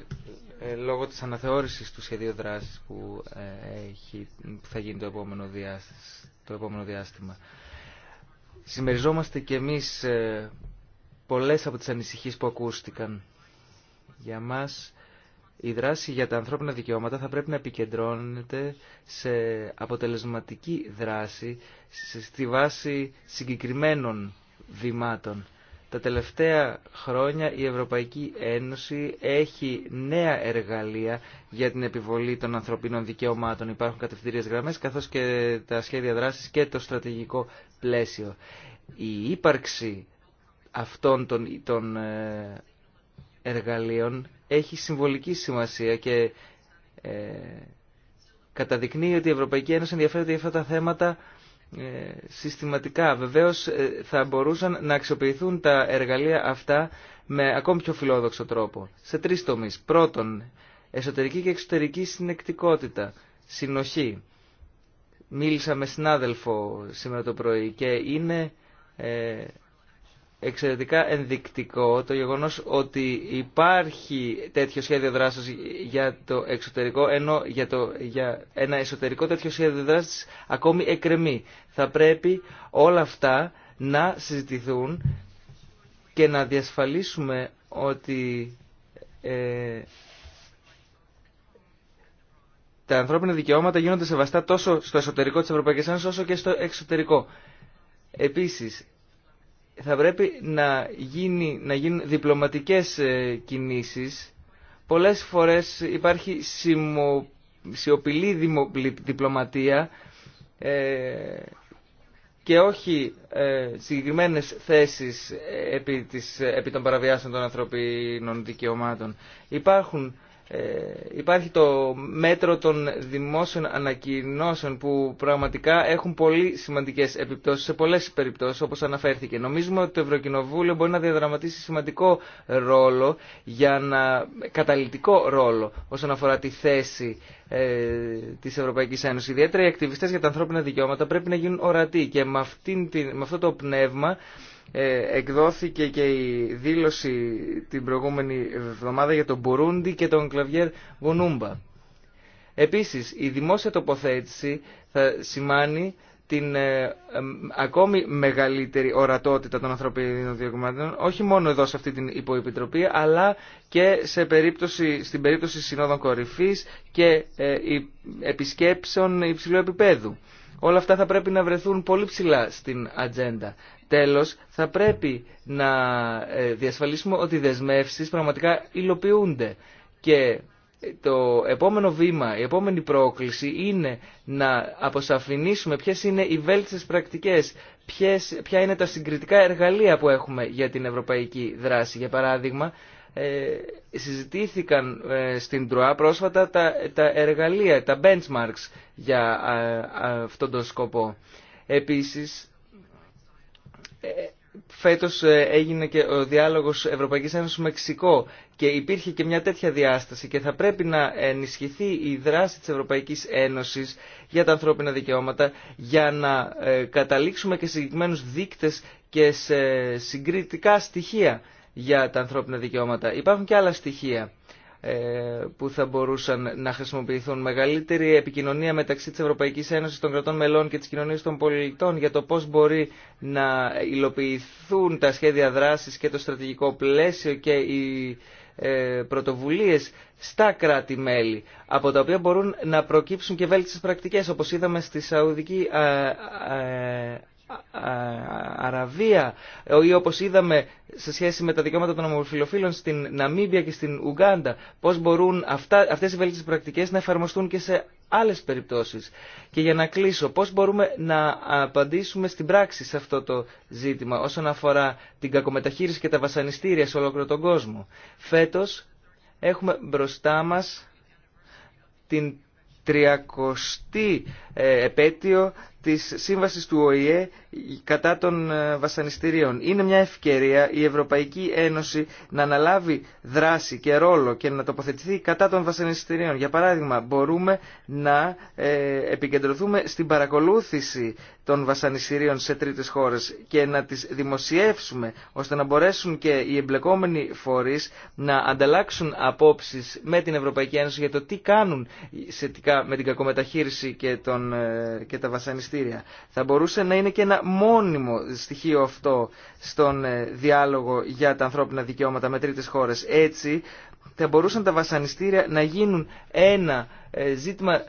ε, λόγω της αναθεώρησης του σχεδίου δράσης που, ε, έχει, θα γίνει το επόμενο, διάστημα. Συμμεριζόμαστε και εμείς ε, πολλές από τις ανησυχίες που ακούστηκαν. Για μας η δράση για τα ανθρώπινα δικαιώματα θα πρέπει να επικεντρώνεται σε αποτελεσματική δράση στη βάση συγκεκριμένων βημάτων τα τελευταία χρόνια η Ευρωπαϊκή Ένωση έχει νέα εργαλεία για την επιβολή των ανθρωπίνων δικαιωμάτων. Υπάρχουν κατευθυντήριες γραμμές καθώς και τα σχέδια δράσης και το στρατηγικό πλαίσιο. Η ύπαρξη αυτών των, των ε, εργαλείων έχει συμβολική σημασία και ε, καταδεικνύει ότι η Ευρωπαϊκή Ένωση ενδιαφέρεται για αυτά τα θέματα ε, συστηματικά. Βεβαίως ε, θα μπορούσαν να αξιοποιηθούν τα εργαλεία αυτά με ακόμη πιο φιλόδοξο τρόπο. Σε τρεις τομείς. Πρώτον, εσωτερική και εξωτερική συνεκτικότητα, συνοχή. Μίλησα με συνάδελφο σήμερα το πρωί και είναι ε, εξαιρετικά ενδεικτικό το γεγονός ότι υπάρχει τέτοιο σχέδιο δράσης για το εξωτερικό, ενώ για, το, για ένα εσωτερικό τέτοιο σχέδιο δράσης ακόμη εκρεμεί. Θα πρέπει όλα αυτά να συζητηθούν και να διασφαλίσουμε ότι ε, τα ανθρώπινα δικαιώματα γίνονται σεβαστά τόσο στο εσωτερικό της Ευρωπαϊκής Ένωσης όσο και στο εξωτερικό. Επίσης, θα πρέπει να, γίνει, να γίνουν διπλωματικές ε, κινήσεις. Πολλές φορές υπάρχει σιωπηλή διπλωματία ε, και όχι ε, συγκεκριμένες θέσεις ε, επί, της, επί των παραβιάσεων των ανθρωπίνων δικαιωμάτων. Υπάρχουν ε, υπάρχει το μέτρο των δημόσιων ανακοινώσεων που πραγματικά έχουν πολύ σημαντικές επιπτώσεις σε πολλές περιπτώσεις όπως αναφέρθηκε. Νομίζουμε ότι το Ευρωκοινοβούλιο μπορεί να διαδραματίσει σημαντικό ρόλο για να, καταλητικό ρόλο όσον αφορά τη θέση ε, της Ευρωπαϊκής Ένωσης. Ιδιαίτερα οι ακτιβιστές για τα ανθρώπινα δικαιώματα πρέπει να γίνουν ορατοί και με αυτό το πνεύμα ε, εκδόθηκε και η δήλωση την προηγούμενη εβδομάδα για τον Μπουρούντι και τον Κλαβιέρ Γονούμπα. Επίσης, η δημόσια τοποθέτηση θα σημάνει την ε, ακόμη μεγαλύτερη ορατότητα των ανθρωπίνων διοικηματών, όχι μόνο εδώ σε αυτή την υποεπιτροπή, αλλά και σε περίπτωση, στην περίπτωση συνόδων κορυφής και ε, επισκέψεων υψηλού επίπεδου. Όλα αυτά θα πρέπει να βρεθούν πολύ ψηλά στην ατζέντα. Τέλος, θα πρέπει να ε, διασφαλίσουμε ότι οι δεσμεύσεις πραγματικά υλοποιούνται και το επόμενο βήμα, η επόμενη πρόκληση είναι να αποσαφηνίσουμε ποιες είναι οι βέλτιστες πρακτικές, ποια είναι τα συγκριτικά εργαλεία που έχουμε για την ευρωπαϊκή δράση. Για παράδειγμα, ε, συζητήθηκαν ε, στην ΤΡΟΑ πρόσφατα τα, τα εργαλεία, τα benchmarks για αυτόν τον σκοπό. Επίσης, ε, φέτος ε, έγινε και ο διάλογος Ευρωπαϊκής Ένωσης Μεξικό και υπήρχε και μια τέτοια διάσταση και θα πρέπει να ενισχυθεί η δράση της Ευρωπαϊκής Ένωσης για τα ανθρώπινα δικαιώματα για να ε, καταλήξουμε και σε συγκεκριμένους δείκτες και σε συγκριτικά στοιχεία για τα ανθρώπινα δικαιώματα. Υπάρχουν και άλλα στοιχεία ε, που θα μπορούσαν να χρησιμοποιηθούν. Μεγαλύτερη επικοινωνία μεταξύ της Ευρωπαϊκής Ένωσης των κρατών μελών και της κοινωνίας των πολιτών για το πώς μπορεί να υλοποιηθούν τα σχέδια δράσης και το στρατηγικό πλαίσιο και οι ε, πρωτοβουλίες στα κράτη-μέλη, από τα οποία μπορούν να προκύψουν και βέλτιστες πρακτικές, όπως είδαμε στη Σαουδική ε, Αραβία ή όπως είδαμε σε σχέση με τα δικαιώματα των ομοφυλοφίλων στην Ναμίμπια και στην Ουγκάντα πώς μπορούν αυτά, αυτές οι βελτιές πρακτικές να εφαρμοστούν και σε άλλες περιπτώσεις και για να κλείσω πώς μπορούμε να απαντήσουμε στην πράξη σε αυτό το ζήτημα όσον αφορά την κακομεταχείριση και τα βασανιστήρια σε ολόκληρο τον κόσμο φέτος έχουμε μπροστά μας την 30η ε, επέτειο της Σύμβασης του ΟΗΕ κατά των ε, βασανιστήριων. Είναι μια ευκαιρία η Ευρωπαϊκή Ένωση να αναλάβει δράση και ρόλο και να τοποθετηθεί κατά των βασανιστήριων. Για παράδειγμα, μπορούμε να ε, επικεντρωθούμε στην παρακολούθηση των βασανιστήριων σε τρίτες χώρες και να τις δημοσιεύσουμε ώστε να μπορέσουν και οι εμπλεκόμενοι φορείς να ανταλλάξουν απόψεις με την Ευρωπαϊκή Ένωση για το τι κάνουν σχετικά με την κακομεταχείριση και, τον, ε, και τα βασανιστήρια. Θα μπορούσε να είναι και ένα μόνιμο στοιχείο αυτό στον ε, διάλογο για τα ανθρώπινα δικαιώματα με τρίτες χώρες. Έτσι θα μπορούσαν τα βασανιστήρια να γίνουν ένα ε, ζήτημα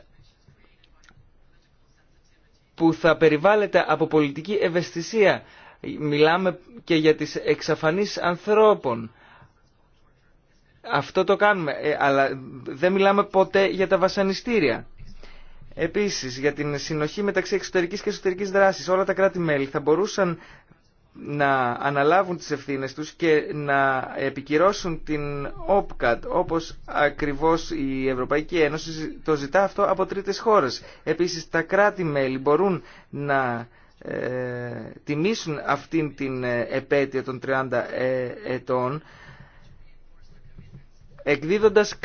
που θα περιβάλλεται από πολιτική ευαισθησία. Μιλάμε και για τις εξαφανείς ανθρώπων. Αυτό το κάνουμε, ε, αλλά δεν μιλάμε ποτέ για τα βασανιστήρια. Επίσης, για την συνοχή μεταξύ εξωτερικής και εσωτερικής δράσης, όλα τα κράτη-μέλη θα μπορούσαν να αναλάβουν τις ευθύνες τους και να επικυρώσουν την OPCAT όπως ακριβώς η Ευρωπαϊκή Ένωση το ζητά αυτό από τρίτες χώρες. Επίσης τα κράτη-μέλη μπορούν να ε, τιμήσουν αυτήν την ε, επέτειο των 30 ε, ετών εκδίδοντας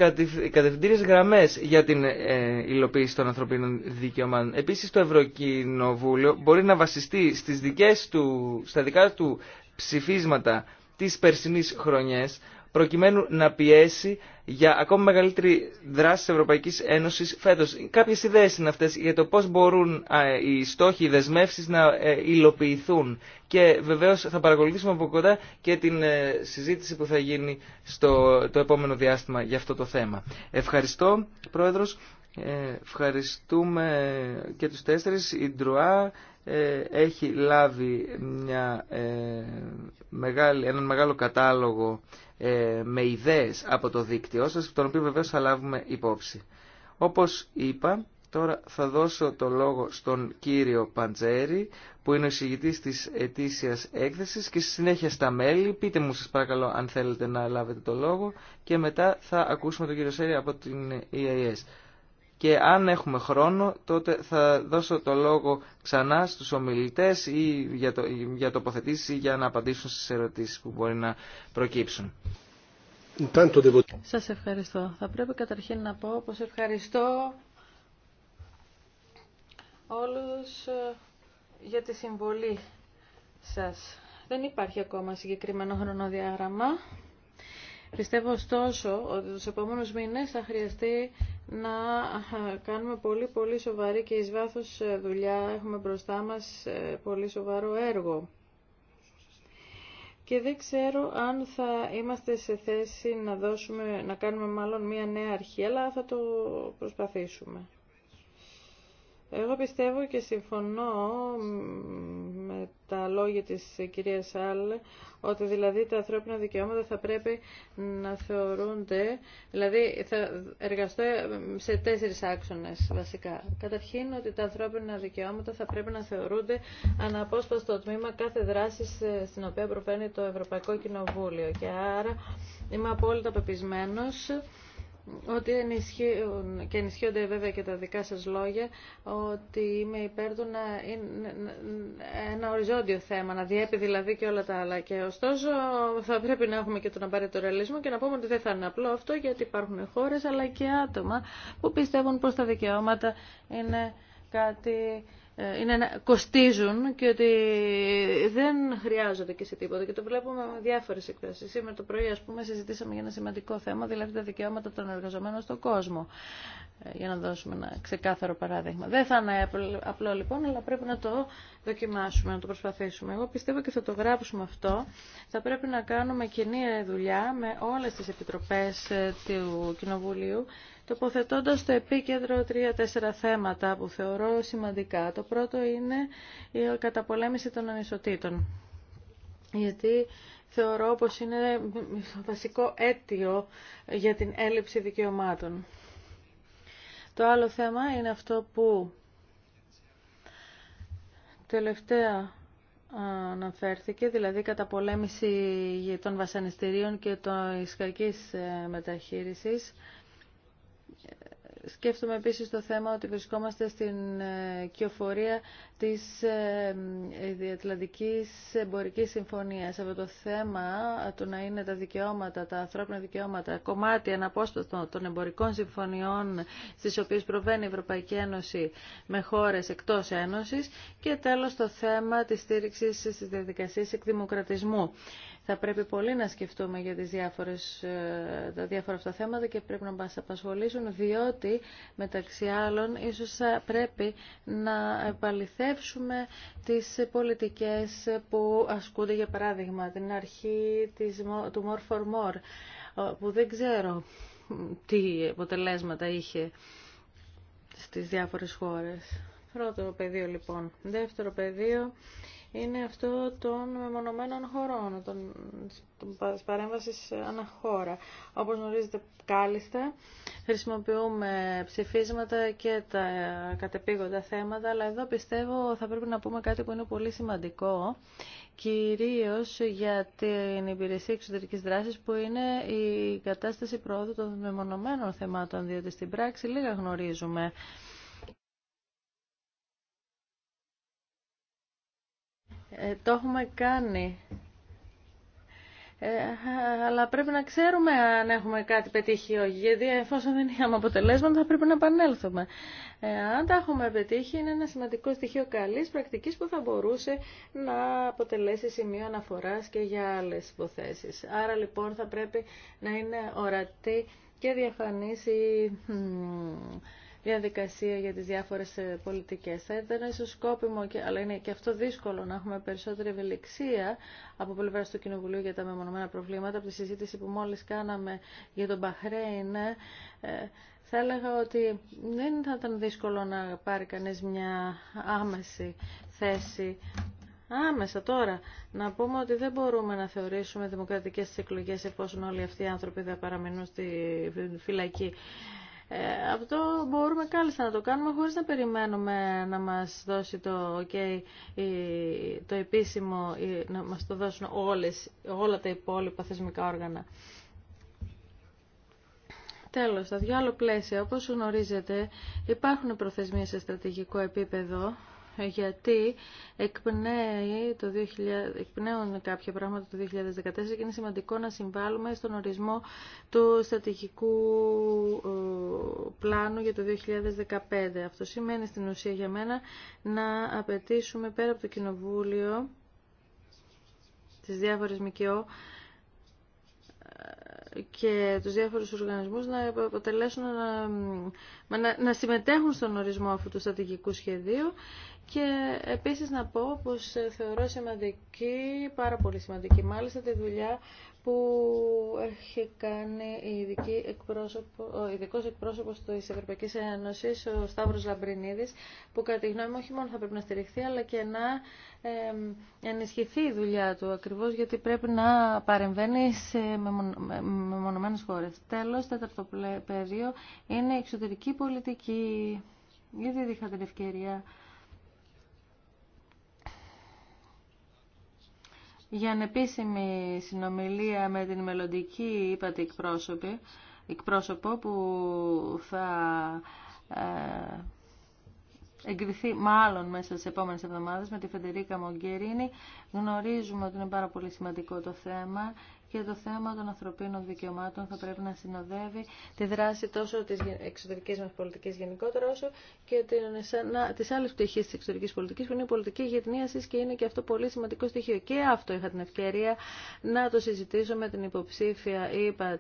κατευθυντήριες γραμμές για την ε, υλοποίηση των ανθρωπίνων δικαιωμάτων. Επίσης το Ευρωκοινοβούλιο μπορεί να βασιστεί στις δικές του, στα δικά του ψηφίσματα τις περσινής χρονιές προκειμένου να πιέσει για ακόμη μεγαλύτερη δράση τη Ευρωπαϊκή Ένωση φέτο. Κάποιε ιδέε είναι αυτέ για το πώ μπορούν οι στόχοι, οι δεσμεύσει να ε, υλοποιηθούν. Και βεβαίω θα παρακολουθήσουμε από κοντά και την ε, συζήτηση που θα γίνει στο το επόμενο διάστημα για αυτό το θέμα. Ευχαριστώ, Πρόεδρο. Ε, ευχαριστούμε και τους τέσσερις, η ε, έχει λάβει μια, ε, μεγάλη, έναν μεγάλο κατάλογο ε, με ιδέες από το δίκτυό σας, τον οποίο βεβαίως θα λάβουμε υπόψη. Όπως είπα, τώρα θα δώσω το λόγο στον κύριο Παντζέρη, που είναι ο εισηγητής της ετήσιας έκθεσης και στη συνέχεια στα μέλη. Πείτε μου σας παρακαλώ αν θέλετε να λάβετε το λόγο και μετά θα ακούσουμε τον κύριο Σέρι από την EAS και αν έχουμε χρόνο τότε θα δώσω το λόγο ξανά στους ομιλητές ή για, το, για τοποθετήσεις ή για να απαντήσουν στις ερωτήσεις που μπορεί να προκύψουν. Σας ευχαριστώ. Θα πρέπει καταρχήν να πω πως ευχαριστώ όλους ε, για τη συμβολή σας. Δεν υπάρχει ακόμα συγκεκριμένο χρονοδιάγραμμα. Πιστεύω ωστόσο ότι τους επόμενους μήνες θα χρειαστεί να κάνουμε πολύ πολύ σοβαρή και εις βάθος ε, δουλειά. Έχουμε μπροστά μας ε, πολύ σοβαρό έργο. Και δεν ξέρω αν θα είμαστε σε θέση να, δώσουμε, να κάνουμε μάλλον μία νέα αρχή, αλλά θα το προσπαθήσουμε. Εγώ πιστεύω και συμφωνώ με τα λόγια της κυρίας Σαλ ότι δηλαδή τα ανθρώπινα δικαιώματα θα πρέπει να θεωρούνται, δηλαδή θα εργαστώ σε τέσσερις άξονες βασικά. Καταρχήν ότι τα ανθρώπινα δικαιώματα θα πρέπει να θεωρούνται αναπόσπαστο τμήμα κάθε δράση ε, στην οποία προφέρει το Ευρωπαϊκό Κοινοβούλιο και άρα είμαι απόλυτα πεπισμένος ότι ενισχύουν και ενισχύονται βέβαια και τα δικά σας λόγια ότι είμαι υπέρ του να είναι ένα οριζόντιο θέμα, να διέπει δηλαδή και όλα τα άλλα. Και ωστόσο θα πρέπει να έχουμε και τον απαραίτητο ρεαλισμό και να πούμε ότι δεν θα είναι απλό αυτό γιατί υπάρχουν χώρες αλλά και άτομα που πιστεύουν πως τα δικαιώματα είναι κάτι είναι, κοστίζουν και ότι δεν χρειάζονται και σε τίποτα. Και το βλέπουμε με διάφορες εκφράσεις. Σήμερα το πρωί, α πούμε, συζητήσαμε για ένα σημαντικό θέμα, δηλαδή τα δικαιώματα των εργαζομένων στον κόσμο. Ε, για να δώσουμε ένα ξεκάθαρο παράδειγμα. Δεν θα είναι απλό λοιπόν, αλλά πρέπει να το δοκιμάσουμε, να το προσπαθήσουμε. Εγώ πιστεύω και θα το γράψουμε αυτό. Θα πρέπει να κάνουμε κοινή δουλειά με όλε τι επιτροπέ ε, του Κοινοβουλίου τοποθετώντας στο επίκεντρο τρία-τέσσερα θέματα που θεωρώ σημαντικά. Το πρώτο είναι η καταπολέμηση των ανισοτήτων. Γιατί θεωρώ πως είναι βασικό αίτιο για την έλλειψη δικαιωμάτων. Το άλλο θέμα είναι αυτό που τελευταία αναφέρθηκε, δηλαδή καταπολέμηση των βασανιστήριων και των κακής μεταχείρισης. Σκέφτομαι επίσης το θέμα ότι βρισκόμαστε στην ε, κυοφορία της ε, Διατλαντικής Εμπορικής Συμφωνίας. από το θέμα του να είναι τα δικαιώματα, τα ανθρώπινα δικαιώματα, κομμάτι αναπόσπαστο των εμπορικών συμφωνιών στις οποίες προβαίνει η Ευρωπαϊκή Ένωση με χώρες εκτός Ένωσης και τέλος το θέμα της στήριξης στις διαδικασίες εκδημοκρατισμού. Θα πρέπει πολύ να σκεφτούμε για τις διάφορες, ε, τα διάφορα αυτά θέματα και πρέπει να μας απασχολήσουν διότι μεταξύ άλλων ίσως πρέπει να ερμηνεύσουμε τις πολιτικές που ασκούνται, για παράδειγμα, την αρχή της, του More for More, που δεν ξέρω τι αποτελέσματα είχε στις διάφορες χώρες. Πρώτο πεδίο λοιπόν. Δεύτερο πεδίο είναι αυτό των μεμονωμένων χωρών, των, της παρέμβασης αναχώρα. Όπως γνωρίζετε κάλλιστα, χρησιμοποιούμε ψηφίσματα και τα κατεπήγοντα θέματα, αλλά εδώ πιστεύω θα πρέπει να πούμε κάτι που είναι πολύ σημαντικό, κυρίως για την υπηρεσία εξωτερικής δράσης που είναι η κατάσταση πρόοδου των μεμονωμένων θεμάτων, διότι στην πράξη λίγα γνωρίζουμε. Ε, το έχουμε κάνει. Ε, αλλά πρέπει να ξέρουμε αν έχουμε κάτι πετύχει ή όχι, γιατί εφόσον δεν είχαμε αποτελέσματα θα πρέπει να επανέλθουμε. Ε, αν τα έχουμε πετύχει είναι ένα σημαντικό στοιχείο καλής πρακτικής που θα μπορούσε να αποτελέσει σημείο αναφοράς και για άλλες υποθέσεις. Άρα λοιπόν θα πρέπει να είναι ορατή και διαφανής η διαδικασία για τις διάφορες ε, πολιτικές. Θα ήταν ίσως σκόπιμο, αλλά είναι και αυτό δύσκολο να έχουμε περισσότερη ευελιξία από πλευρά του Κοινοβουλίου για τα μεμονωμένα προβλήματα. Από τη συζήτηση που μόλις κάναμε για τον Μπαχρέιν, ε, θα έλεγα ότι δεν θα ήταν δύσκολο να πάρει κανείς μια άμεση θέση Άμεσα τώρα να πούμε ότι δεν μπορούμε να θεωρήσουμε δημοκρατικές τις εκλογές εφόσον όλοι αυτοί οι άνθρωποι θα παραμείνουν στη φυλακή. Ε, αυτό μπορούμε κάλλιστα να το κάνουμε χωρίς να περιμένουμε να μας δώσει το OK, το επίσημο, να μας το δώσουν όλες, όλα τα υπόλοιπα θεσμικά όργανα. Τέλος, στα δυο άλλο πλαίσια, όπως γνωρίζετε, υπάρχουν προθεσμίες σε στρατηγικό επίπεδο γιατί εκπνέει το 2000, εκπνέουν κάποια πράγματα το 2014 και είναι σημαντικό να συμβάλλουμε στον ορισμό του στρατηγικού ε, πλάνου για το 2015. Αυτό σημαίνει στην ουσία για μένα να απαιτήσουμε πέρα από το Κοινοβούλιο τις διάφορες ΜΚΟ ε, και τους διάφορους οργανισμούς να, αποτελέσουν, να, να, συμμετέχουν στον ορισμό αυτού του στρατηγικού σχεδίου και επίσης να πω πως θεωρώ σημαντική, πάρα πολύ σημαντική μάλιστα, τη δουλειά που έχει κάνει η ειδική εκπρόσωπο, ο ειδικός εκπρόσωπος της Ευρωπαϊκής Ένωσης, ο Σταύρος Λαμπρινίδης, που κατά τη γνώμη μου όχι μόνο θα πρέπει να στηριχθεί, αλλά και να ενισχυθεί η δουλειά του, ακριβώ γιατί πρέπει να παρεμβαίνει σε μεμονωμένε χώρε. Τέλο, τέταρτο πεδίο είναι η εξωτερική πολιτική. Ήδη είχα την ευκαιρία για ανεπίσημη συνομιλία με την μελλοντική, είπατε, εκπρόσωπη, εκπρόσωπο που θα ε, εγκριθεί μάλλον μέσα στις επόμενες εβδομάδες με τη Φεντερίκα Μογκερίνη. Γνωρίζουμε ότι είναι πάρα πολύ σημαντικό το θέμα και το θέμα των ανθρωπίνων δικαιωμάτων θα πρέπει να συνοδεύει τη δράση τόσο τη εξωτερική μα πολιτική γενικότερα όσο και τη άλλη πτυχή τη εξωτερική πολιτική που είναι η πολιτική γυρνίασης και είναι και αυτό πολύ σημαντικό στοιχείο. Και αυτό είχα την ευκαιρία να το συζητήσω με την υποψήφια είπα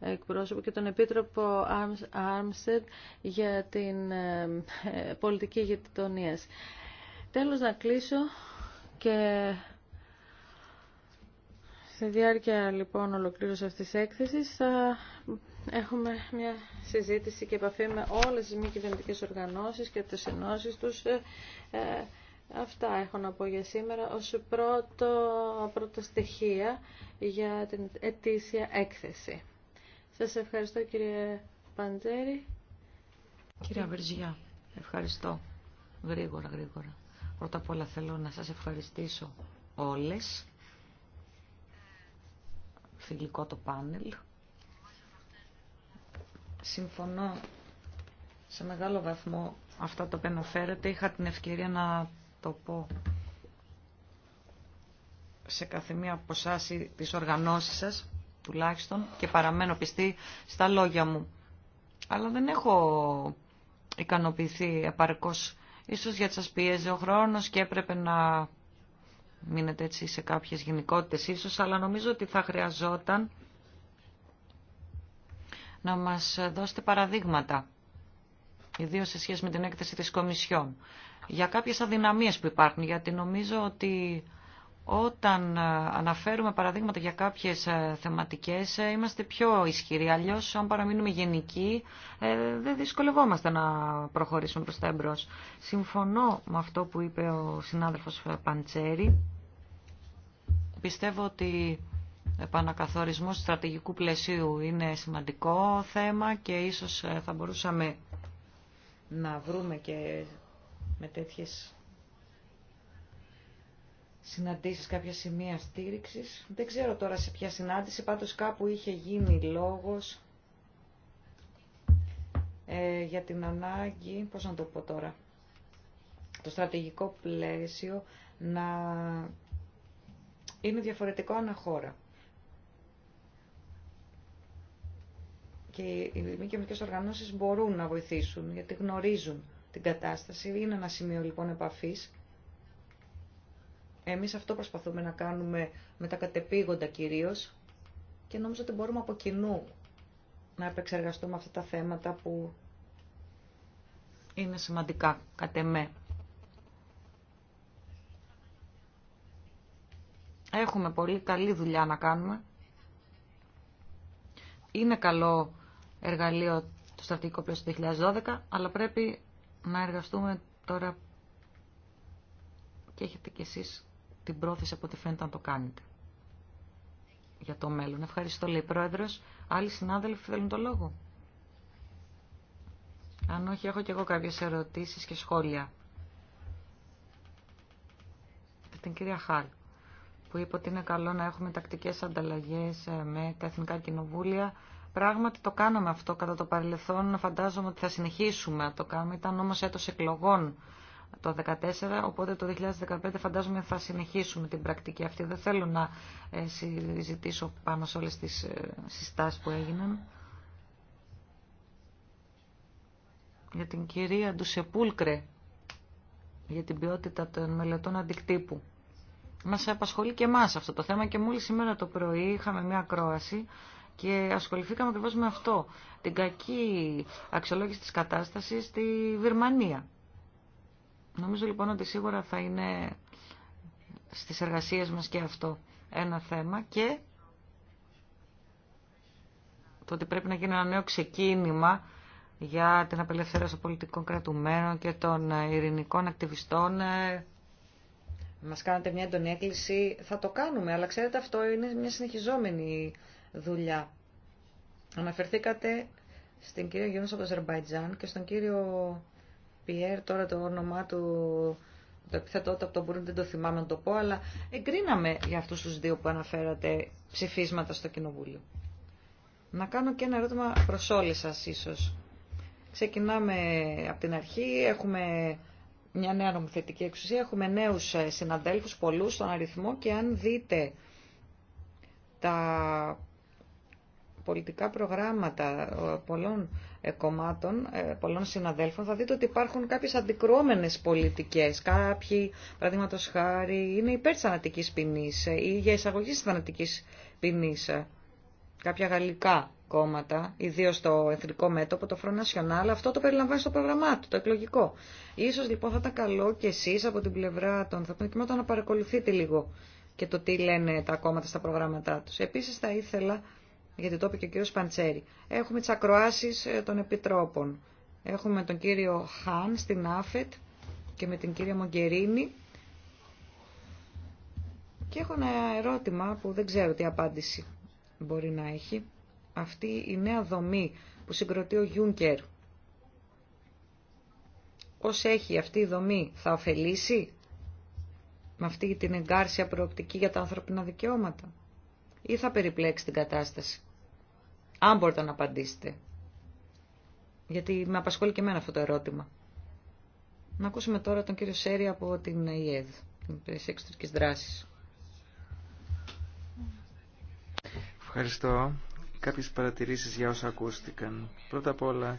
εκπρόσωπο και τον Επίτροπο Άρμστερ για την ε, ε, πολιτική γειτονίας. Τέλος να κλείσω και Στη διάρκεια λοιπόν ολοκλήρωση αυτής της έκθεσης θα έχουμε μια συζήτηση και επαφή με όλες τις μη κυβερνητικέ οργανώσεις και τις ενώσεις τους. Ε, ε, αυτά έχω να πω για σήμερα ως πρώτο, στοιχεία για την ετήσια έκθεση. Σας ευχαριστώ κύριε Παντζέρη. Κυρία Βερζιά, ευχαριστώ. Γρήγορα, γρήγορα. Πρώτα απ' όλα θέλω να σας ευχαριστήσω όλες φιλικό το πάνελ. Συμφωνώ σε μεγάλο βαθμό αυτά το οποία αναφέρετε. Είχα την ευκαιρία να το πω σε κάθε μία από εσάς ή οργανώσεις σας τουλάχιστον και παραμένω πιστή στα λόγια μου. Αλλά δεν έχω ικανοποιηθεί επαρκώς. Ίσως γιατί σας πιέζει ο χρόνος και έπρεπε να μείνετε έτσι σε κάποιες γενικότητες ίσως, αλλά νομίζω ότι θα χρειαζόταν να μας δώσετε παραδείγματα, ιδίως σε σχέση με την έκθεση της Κομισιόν, για κάποιες αδυναμίες που υπάρχουν, γιατί νομίζω ότι όταν ε, αναφέρουμε παραδείγματα για κάποιες ε, θεματικές, ε, είμαστε πιο ισχυροί. Αλλιώς, αν παραμείνουμε γενικοί, δεν δυσκολευόμαστε να προχωρήσουμε προς τα εμπρός. Συμφωνώ με αυτό που είπε ο συνάδελφος Παντσέρη. Πιστεύω ότι επανακαθορισμός στρατηγικού πλαισίου είναι σημαντικό θέμα και ίσως θα μπορούσαμε να βρούμε και με τέτοιες συναντήσεις, κάποια σημεία στήριξης. Δεν ξέρω τώρα σε ποια συνάντηση, πάντως κάπου είχε γίνει λόγος ε, για την ανάγκη, πώς να το πω τώρα, το στρατηγικό πλαίσιο να είναι διαφορετικό αναχώρα Και οι μη κοινωνικέ οργανώσεις μπορούν να βοηθήσουν γιατί γνωρίζουν την κατάσταση. Είναι ένα σημείο λοιπόν επαφής εμείς αυτό προσπαθούμε να κάνουμε με τα κατεπήγοντα κυρίως και νομίζω ότι μπορούμε από κοινού να επεξεργαστούμε αυτά τα θέματα που είναι σημαντικά κατ' εμέ. Έχουμε πολύ καλή δουλειά να κάνουμε. Είναι καλό εργαλείο το στρατηγικό πλαίσιο 2012, αλλά πρέπει να εργαστούμε τώρα και έχετε κι εσείς την πρόθεση από ό,τι φαίνεται να το κάνετε για το μέλλον. Ευχαριστώ, λέει πρόεδρο. Άλλοι συνάδελφοι θέλουν το λόγο. Αν όχι, έχω και εγώ κάποιες ερωτήσεις και σχόλια. Για την κυρία Χάλ, που είπε ότι είναι καλό να έχουμε τακτικές ανταλλαγές ε, με τα Εθνικά Κοινοβούλια. Πράγματι το κάναμε αυτό κατά το παρελθόν, φαντάζομαι ότι θα συνεχίσουμε να το κάνουμε. Ήταν όμως έτος εκλογών το 2014, οπότε το 2015 φαντάζομαι θα συνεχίσουμε την πρακτική αυτή. Δεν θέλω να ε, συζητήσω πάνω σε όλες τις ε, συστάσεις που έγιναν. Για την κυρία Ντουσεπούλκρε, για την ποιότητα των μελετών αντικτύπου. Μας απασχολεί και εμάς αυτό το θέμα και μόλις σήμερα το πρωί είχαμε μια ακρόαση και ασχοληθήκαμε ακριβώ με αυτό. Την κακή αξιολόγηση της κατάστασης στη Βιρμανία. Νομίζω λοιπόν ότι σίγουρα θα είναι στις εργασίες μας και αυτό ένα θέμα και το ότι πρέπει να γίνει ένα νέο ξεκίνημα για την απελευθέρωση των πολιτικών κρατουμένων και των ειρηνικών ακτιβιστών. Ε, μας κάνατε μια έντονη έκκληση. Θα το κάνουμε, αλλά ξέρετε αυτό είναι μια συνεχιζόμενη δουλειά. Αναφερθήκατε στην κυρία Γιούνος από το Αζερμπαϊτζάν και στον κύριο Πιέρ, τώρα το όνομά του, το επιθετό από τον Μπουρούντι δεν το θυμάμαι να το πω, αλλά εγκρίναμε για αυτού τους δύο που αναφέρατε ψηφίσματα στο Κοινοβούλιο. Να κάνω και ένα ερώτημα προς όλες σας ίσως. Ξεκινάμε από την αρχή, έχουμε μια νέα νομοθετική εξουσία, έχουμε νέους ε, συναντέλφους, πολλούς στον αριθμό και αν δείτε τα πολιτικά προγράμματα ε, πολλών κομμάτων, ε, πολλών συναδέλφων, θα δείτε ότι υπάρχουν κάποιες αντικρουόμενες πολιτικές. Κάποιοι, παραδείγματο χάρη, είναι υπέρ της θανατικής ποινής ε, ή για εισαγωγή της θανατικής ποινής. Ε, κάποια γαλλικά κόμματα, ιδίως το εθνικό μέτωπο, το Front National, αυτό το περιλαμβάνει στο πρόγραμμά του, το εκλογικό. Ίσως λοιπόν θα ήταν καλό και εσείς από την πλευρά των ανθρωπίνων κοιμάτων να παρακολουθείτε λίγο και το τι λένε τα κόμματα στα προγράμματά τους. Επίσης θα ήθελα γιατί το είπε και ο κ. Παντσέρη. Έχουμε τις ακροάσει ε, των επιτρόπων. Έχουμε τον κύριο Χάν στην ΑΦΕΤ και με την κυρία Μογκερίνη. Και έχω ένα ερώτημα που δεν ξέρω τι απάντηση μπορεί να έχει. Αυτή η νέα δομή που συγκροτεί ο Γιούνκερ. Πώς έχει αυτή η δομή, θα ωφελήσει με αυτή την εγκάρσια προοπτική για τα ανθρώπινα δικαιώματα ή θα περιπλέξει την κατάσταση. Αν μπορείτε να απαντήσετε. Γιατί με απασχολεί και εμένα αυτό το ερώτημα. Να ακούσουμε τώρα τον κύριο Σέρι από την ΙΕΔ, την Υπηρεσία Εξωτερική Δράση. Ευχαριστώ. Κάποιε παρατηρήσεις για όσα ακούστηκαν. Πρώτα απ' όλα,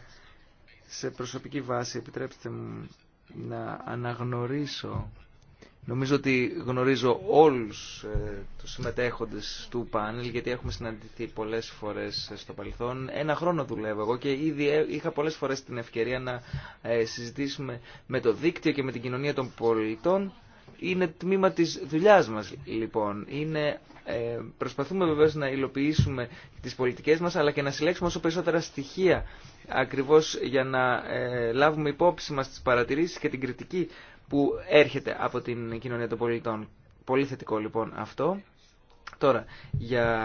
σε προσωπική βάση επιτρέψτε μου να αναγνωρίσω Νομίζω ότι γνωρίζω όλους ε, τους συμμετέχοντες του πάνελ γιατί έχουμε συναντηθεί πολλές φορές ε, στο παρελθόν. Ένα χρόνο δουλεύω εγώ και ήδη είχα πολλές φορές την ευκαιρία να ε, συζητήσουμε με το δίκτυο και με την κοινωνία των πολιτών. Είναι τμήμα της δουλειάς μας λοιπόν. Είναι, ε, προσπαθούμε βεβαίως να υλοποιήσουμε τις πολιτικές μας αλλά και να συλλέξουμε όσο περισσότερα στοιχεία ακριβώς για να λάβουμε υπόψη μας τις παρατηρήσεις και την κριτική που έρχεται από την κοινωνία των πολιτών. Πολύ θετικό λοιπόν αυτό. Τώρα, για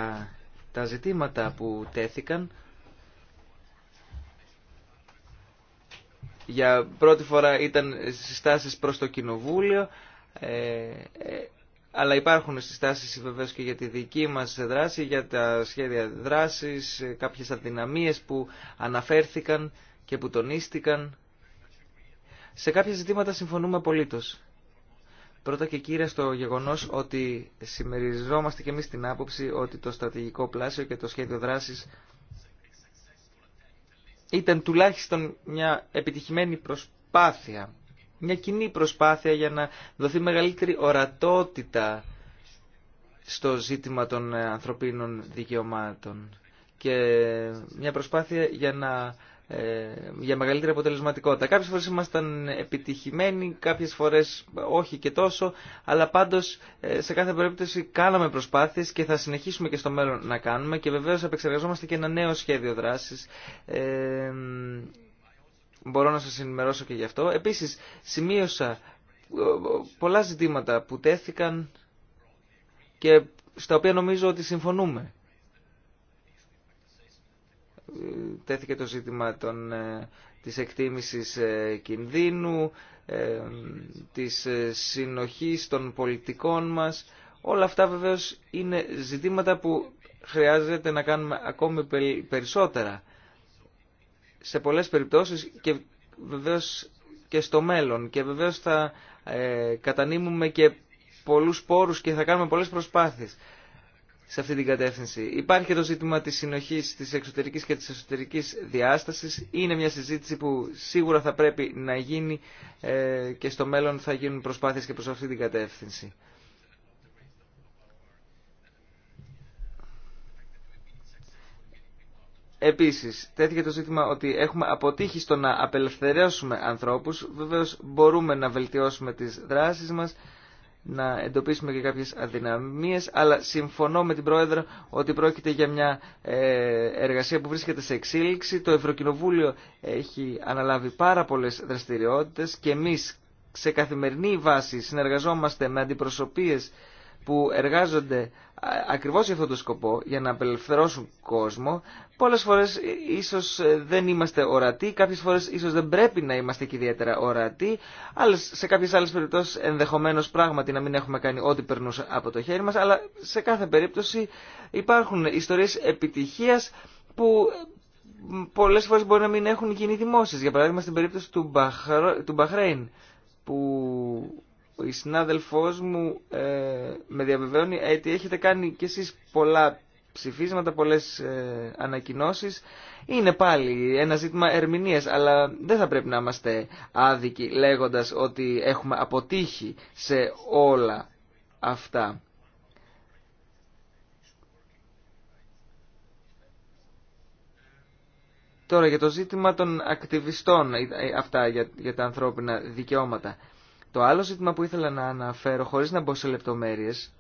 τα ζητήματα που τέθηκαν, για πρώτη φορά ήταν συστάσεις προς το Κοινοβούλιο, ε, ε, αλλά υπάρχουν συστάσεις βεβαίως και για τη δική μας δράση, για τα σχέδια δράσης, κάποιες αδυναμίες που αναφέρθηκαν και που τονίστηκαν σε κάποια ζητήματα συμφωνούμε απολύτως. Πρώτα και κύρια στο γεγονός ότι συμμεριζόμαστε και εμείς την άποψη ότι το στρατηγικό πλάσιο και το σχέδιο δράσης ήταν τουλάχιστον μια επιτυχημένη προσπάθεια, μια κοινή προσπάθεια για να δοθεί μεγαλύτερη ορατότητα στο ζήτημα των ε, ανθρωπίνων δικαιωμάτων και μια προσπάθεια για να ε, για μεγαλύτερη αποτελεσματικότητα. Κάποιες φορές ήμασταν επιτυχημένοι, κάποιες φορές όχι και τόσο, αλλά πάντως ε, σε κάθε περίπτωση κάναμε προσπάθειες και θα συνεχίσουμε και στο μέλλον να κάνουμε και βεβαίως επεξεργαζόμαστε και ένα νέο σχέδιο δράσης. Ε, μπορώ να σας ενημερώσω και γι' αυτό. Επίσης, σημείωσα ε, πολλά ζητήματα που τέθηκαν και στα οποία νομίζω ότι συμφωνούμε τέθηκε το ζήτημα των, ε, της εκτίμησης ε, κινδύνου, ε, της συνοχής των πολιτικών μας. Όλα αυτά βεβαίως είναι ζητήματα που χρειάζεται να κάνουμε ακόμη περισσότερα σε πολλές περιπτώσεις και βεβαίως και στο μέλλον και βεβαίως θα ε, κατανείμουμε και πολλούς πόρους και θα κάνουμε πολλές προσπάθειες σε αυτή την κατεύθυνση. Υπάρχει και το ζήτημα της συνοχής της εξωτερικής και της εσωτερικής διάστασης. Είναι μια συζήτηση που σίγουρα θα πρέπει να γίνει ε, και στο μέλλον θα γίνουν προσπάθειες και προς αυτή την κατεύθυνση. Επίσης, τέθηκε το ζήτημα ότι έχουμε αποτύχει στο να απελευθερώσουμε ανθρώπους. Βεβαίως μπορούμε να βελτιώσουμε τις δράσεις μας να εντοπίσουμε και κάποιες αδυναμίες, αλλά συμφωνώ με την Πρόεδρο ότι πρόκειται για μια ε, εργασία που βρίσκεται σε εξήλυξη. Το Ευρωκοινοβούλιο έχει αναλάβει πάρα πολλές δραστηριότητες και εμείς σε καθημερινή βάση συνεργαζόμαστε με αντιπροσωπείες που εργάζονται ακριβώς για αυτόν τον σκοπό, για να απελευθερώσουν κόσμο, πολλές φορές ε, ίσως ε, δεν είμαστε ορατοί, κάποιες φορές ίσως δεν πρέπει να είμαστε και ιδιαίτερα ορατοί, αλλά σε κάποιες άλλες περιπτώσεις ενδεχομένως πράγματι να μην έχουμε κάνει ό,τι περνούσε από το χέρι μας, αλλά σε κάθε περίπτωση υπάρχουν ιστορίες επιτυχίας που πολλές φορές μπορεί να μην έχουν γίνει δημόσιες. Για παράδειγμα στην περίπτωση του, Μπαχρο... του Μπαχρέιν, που ο συνάδελφός μου ε, με διαβεβαιώνει ε, ότι έχετε κάνει κι εσείς πολλά ψηφίσματα, πολλές ε, ανακοινώσεις. Είναι πάλι ένα ζήτημα ερμηνείας, αλλά δεν θα πρέπει να είμαστε άδικοι λέγοντας ότι έχουμε αποτύχει σε όλα αυτά. Τώρα για το ζήτημα των ακτιβιστών, ε, αυτά για, για τα ανθρώπινα δικαιώματα. Το άλλο ζήτημα που ήθελα να αναφέρω, χωρίς να μπω σε λεπτομέρειες,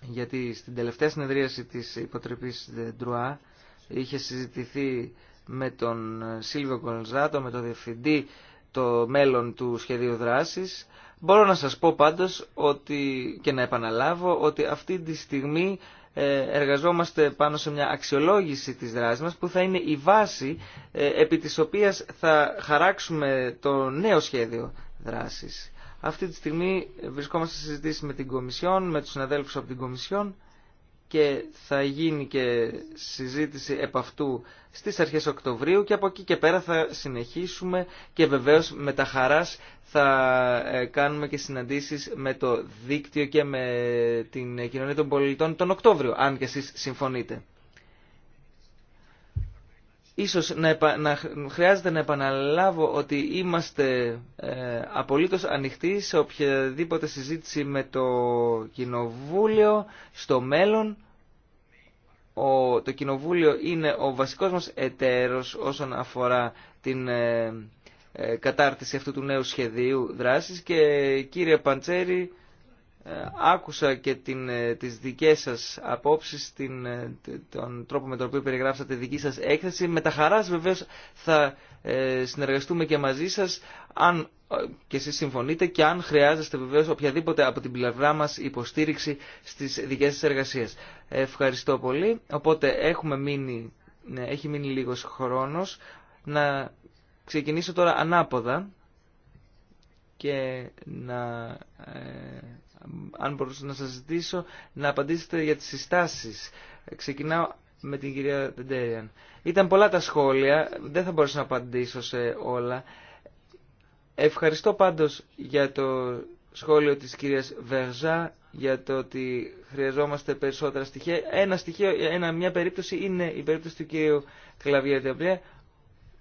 γιατί στην τελευταία συνεδρίαση της υποτροπής Ντρουά είχε συζητηθεί με τον Σίλβιο Κολζάτο, με τον Διευθυντή, το μέλλον του σχεδίου δράσης. Μπορώ να σας πω πάντως ότι, και να επαναλάβω ότι αυτή τη στιγμή ε, εργαζόμαστε πάνω σε μια αξιολόγηση της δράσης μας που θα είναι η βάση ε, επί της οποίας θα χαράξουμε το νέο σχέδιο δράσεις. Αυτή τη στιγμή βρισκόμαστε σε συζήτηση με την Κομισιόν, με τους συναδέλφους από την Κομισιόν και θα γίνει και συζήτηση επ' αυτού στις αρχές Οκτωβρίου και από εκεί και πέρα θα συνεχίσουμε και βεβαίως με τα χαράς θα ε, κάνουμε και συναντήσεις με το δίκτυο και με την κοινωνία των πολιτών τον Οκτώβριο, αν και εσείς συμφωνείτε. Ίσως να χρειάζεται να επαναλάβω ότι είμαστε ε, απολύτως ανοιχτοί σε οποιαδήποτε συζήτηση με το Κοινοβούλιο στο μέλλον. Το Κοινοβούλιο είναι ο βασικός μας εταίρος όσον αφορά την ε, ε, κατάρτιση αυτού του νέου σχεδίου δράσης και κύριε Παντσέρη άκουσα και την, ε, τις δικές σας απόψεις, την, ε, τον τρόπο με τον οποίο περιγράψατε δική σας έκθεση. Με τα χαράς βεβαίως θα ε, συνεργαστούμε και μαζί σας αν και εσείς συμφωνείτε και αν χρειάζεστε βεβαίως οποιαδήποτε από την πλευρά μας υποστήριξη στις δικές σας εργασίες. Ευχαριστώ πολύ. Οπότε έχουμε μείνει, ναι, έχει μείνει λίγος χρόνος να ξεκινήσω τώρα ανάποδα και να αν μπορούσα να σας ζητήσω να απαντήσετε για τις συστάσεις. Ξεκινάω με την κυρία Τεντέριαν. Ήταν πολλά τα σχόλια, δεν θα μπορούσα να απαντήσω σε όλα. Ευχαριστώ πάντως για το σχόλιο της κυρίας Βερζά για το ότι χρειαζόμαστε περισσότερα στοιχεία. Ένα στοιχείο, μια περίπτωση είναι η περίπτωση του κύριου Κλαβιέ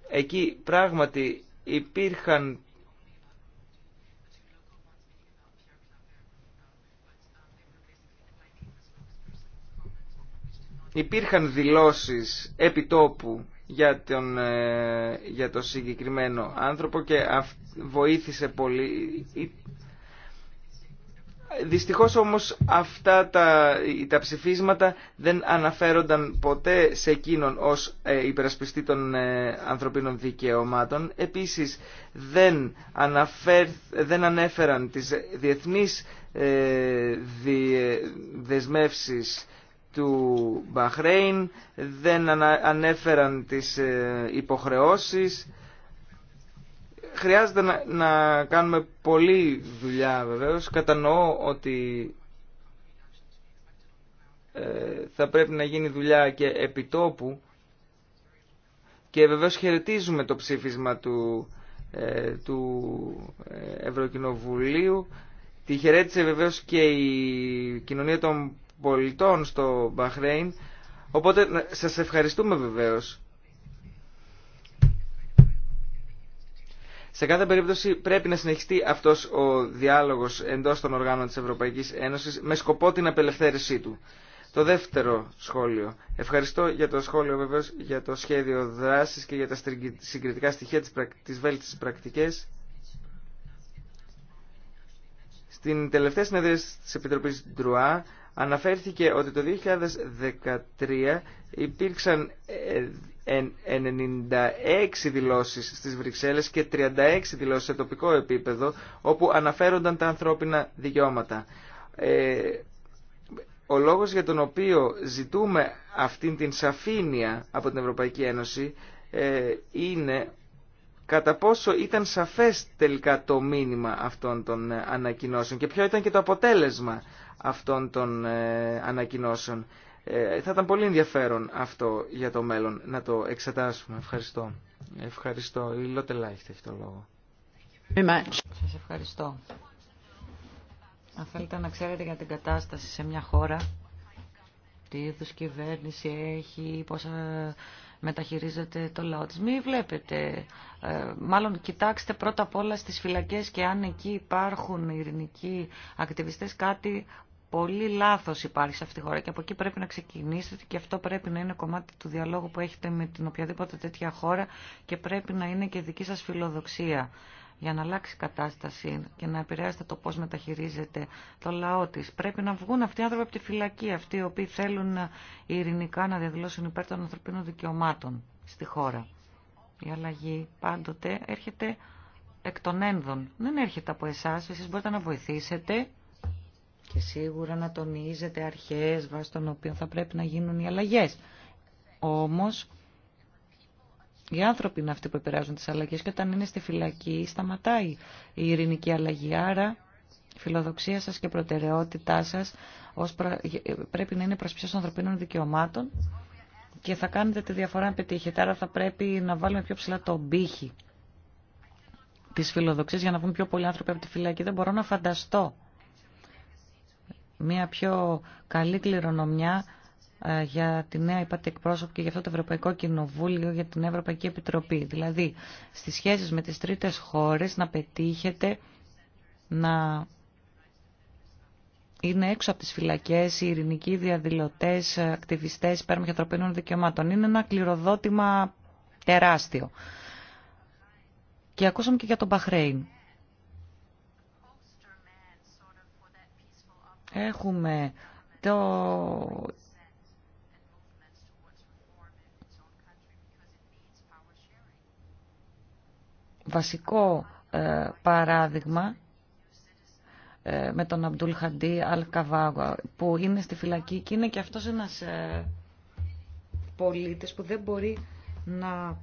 Εκεί πράγματι υπήρχαν Υπήρχαν δηλώσεις επιτόπου για, τον, ε, για το συγκεκριμένο άνθρωπο και βοήθησε πολύ. Δυστυχώς όμως αυτά τα, τα ψηφίσματα δεν αναφέρονταν ποτέ σε εκείνον ως ε, υπερασπιστή των ε, ανθρωπίνων δικαιωμάτων. Επίσης δεν, αναφέρ, δεν ανέφεραν τις διεθνείς ε, δεσμεύσεις του Μπαχρέιν, δεν ανέφεραν τις ε, υποχρεώσεις. Χρειάζεται να κάνουμε πολλή δουλειά βεβαίως. Κατανοώ ότι ε, θα πρέπει να γίνει δουλειά και επιτόπου και βεβαίως χαιρετίζουμε το ψήφισμα του, ε, του Ευρωκοινοβουλίου. Τη χαιρέτησε βεβαίως και η κοινωνία των πολιτών στο Μπαχρέιν. Οπότε σας ευχαριστούμε βεβαίως. Σε κάθε περίπτωση πρέπει να συνεχιστεί αυτός ο διάλογος εντός των οργάνων της Ευρωπαϊκής Ένωσης με σκοπό την απελευθέρωσή του. Το δεύτερο σχόλιο. Ευχαριστώ για το σχόλιο βεβαίως για το σχέδιο δράσης και για τα συγκριτικά στοιχεία της, πρακ... της Στην τελευταία συνεδρία της Επιτροπής Ντρουά αναφέρθηκε ότι το 2013 υπήρξαν 96 ε, δηλώσεις στις Βρυξέλλες και 36 δηλώσεις σε τοπικό επίπεδο όπου αναφέρονταν τα ανθρώπινα δικαιώματα. Ε, ο λόγος για τον οποίο ζητούμε αυτήν την σαφήνεια από την Ευρωπαϊκή Ένωση ε, είναι κατά πόσο ήταν σαφές τελικά το μήνυμα αυτών των ανακοινώσεων και ποιο ήταν και το αποτέλεσμα αυτών των ε, ανακοινώσεων. Ε, θα ήταν πολύ ενδιαφέρον αυτό για το μέλλον να το εξετάσουμε. Ευχαριστώ. Ευχαριστώ. Η Λότε Λάιχτ έχει το λόγο. Σας ευχαριστώ. Αν θέλετε να ξέρετε για την κατάσταση σε μια χώρα, τι είδους κυβέρνηση έχει, πώς ε, μεταχειρίζεται το λαό της. Μην βλέπετε, μάλλον κοιτάξτε πρώτα απ' όλα στις φυλακές και αν εκεί υπάρχουν ειρηνικοί ακτιβιστές κάτι πολύ λάθος υπάρχει σε αυτή τη χώρα και από εκεί πρέπει να ξεκινήσετε και αυτό πρέπει να είναι κομμάτι του διαλόγου που έχετε με την οποιαδήποτε τέτοια χώρα και πρέπει να είναι και δική σας φιλοδοξία για να αλλάξει η κατάσταση και να επηρεάσετε το πώς μεταχειρίζεται το λαό της. Πρέπει να βγουν αυτοί οι άνθρωποι από τη φυλακή, αυτοί οι οποίοι θέλουν ειρηνικά να διαδηλώσουν υπέρ των ανθρωπίνων δικαιωμάτων στη χώρα. Η αλλαγή πάντοτε έρχεται εκ των ένδων. Δεν έρχεται από εσά, εσείς μπορείτε να βοηθήσετε και σίγουρα να τονίζετε αρχές βάσει των οποίων θα πρέπει να γίνουν οι αλλαγές. Όμως, οι άνθρωποι είναι αυτοί που επηρεάζουν τις αλλαγές και όταν είναι στη φυλακή σταματάει η ειρηνική αλλαγή. Άρα, η φιλοδοξία σας και προτεραιότητά σας πρέπει να είναι προσπίσια των ανθρωπίνων δικαιωμάτων και θα κάνετε τη διαφορά να πετύχετε. Άρα θα πρέπει να βάλουμε πιο ψηλά τον πύχη της φιλοδοξίας για να βγουν πιο πολλοί άνθρωποι από τη φυλακή. Δεν μπορώ να φανταστώ μια πιο καλή κληρονομιά ε, για τη νέα υπάτη εκπρόσωπη και για αυτό το Ευρωπαϊκό Κοινοβούλιο, για την Ευρωπαϊκή Επιτροπή. Δηλαδή, στις σχέσεις με τις τρίτες χώρες να πετύχετε να είναι έξω από τις φυλακές οι ειρηνικοί διαδηλωτές, ακτιβιστές υπέρ ανθρωπίνων δικαιωμάτων. Είναι ένα κληροδότημα τεράστιο. Και ακούσαμε και για τον Μπαχρέιν. Έχουμε το... βασικό ε, παράδειγμα ε, με τον Αμπτούλ Χαντί Αλκαβάγουα που είναι στη φυλακή και είναι και αυτός ένας ε, πολίτης που δεν μπορεί να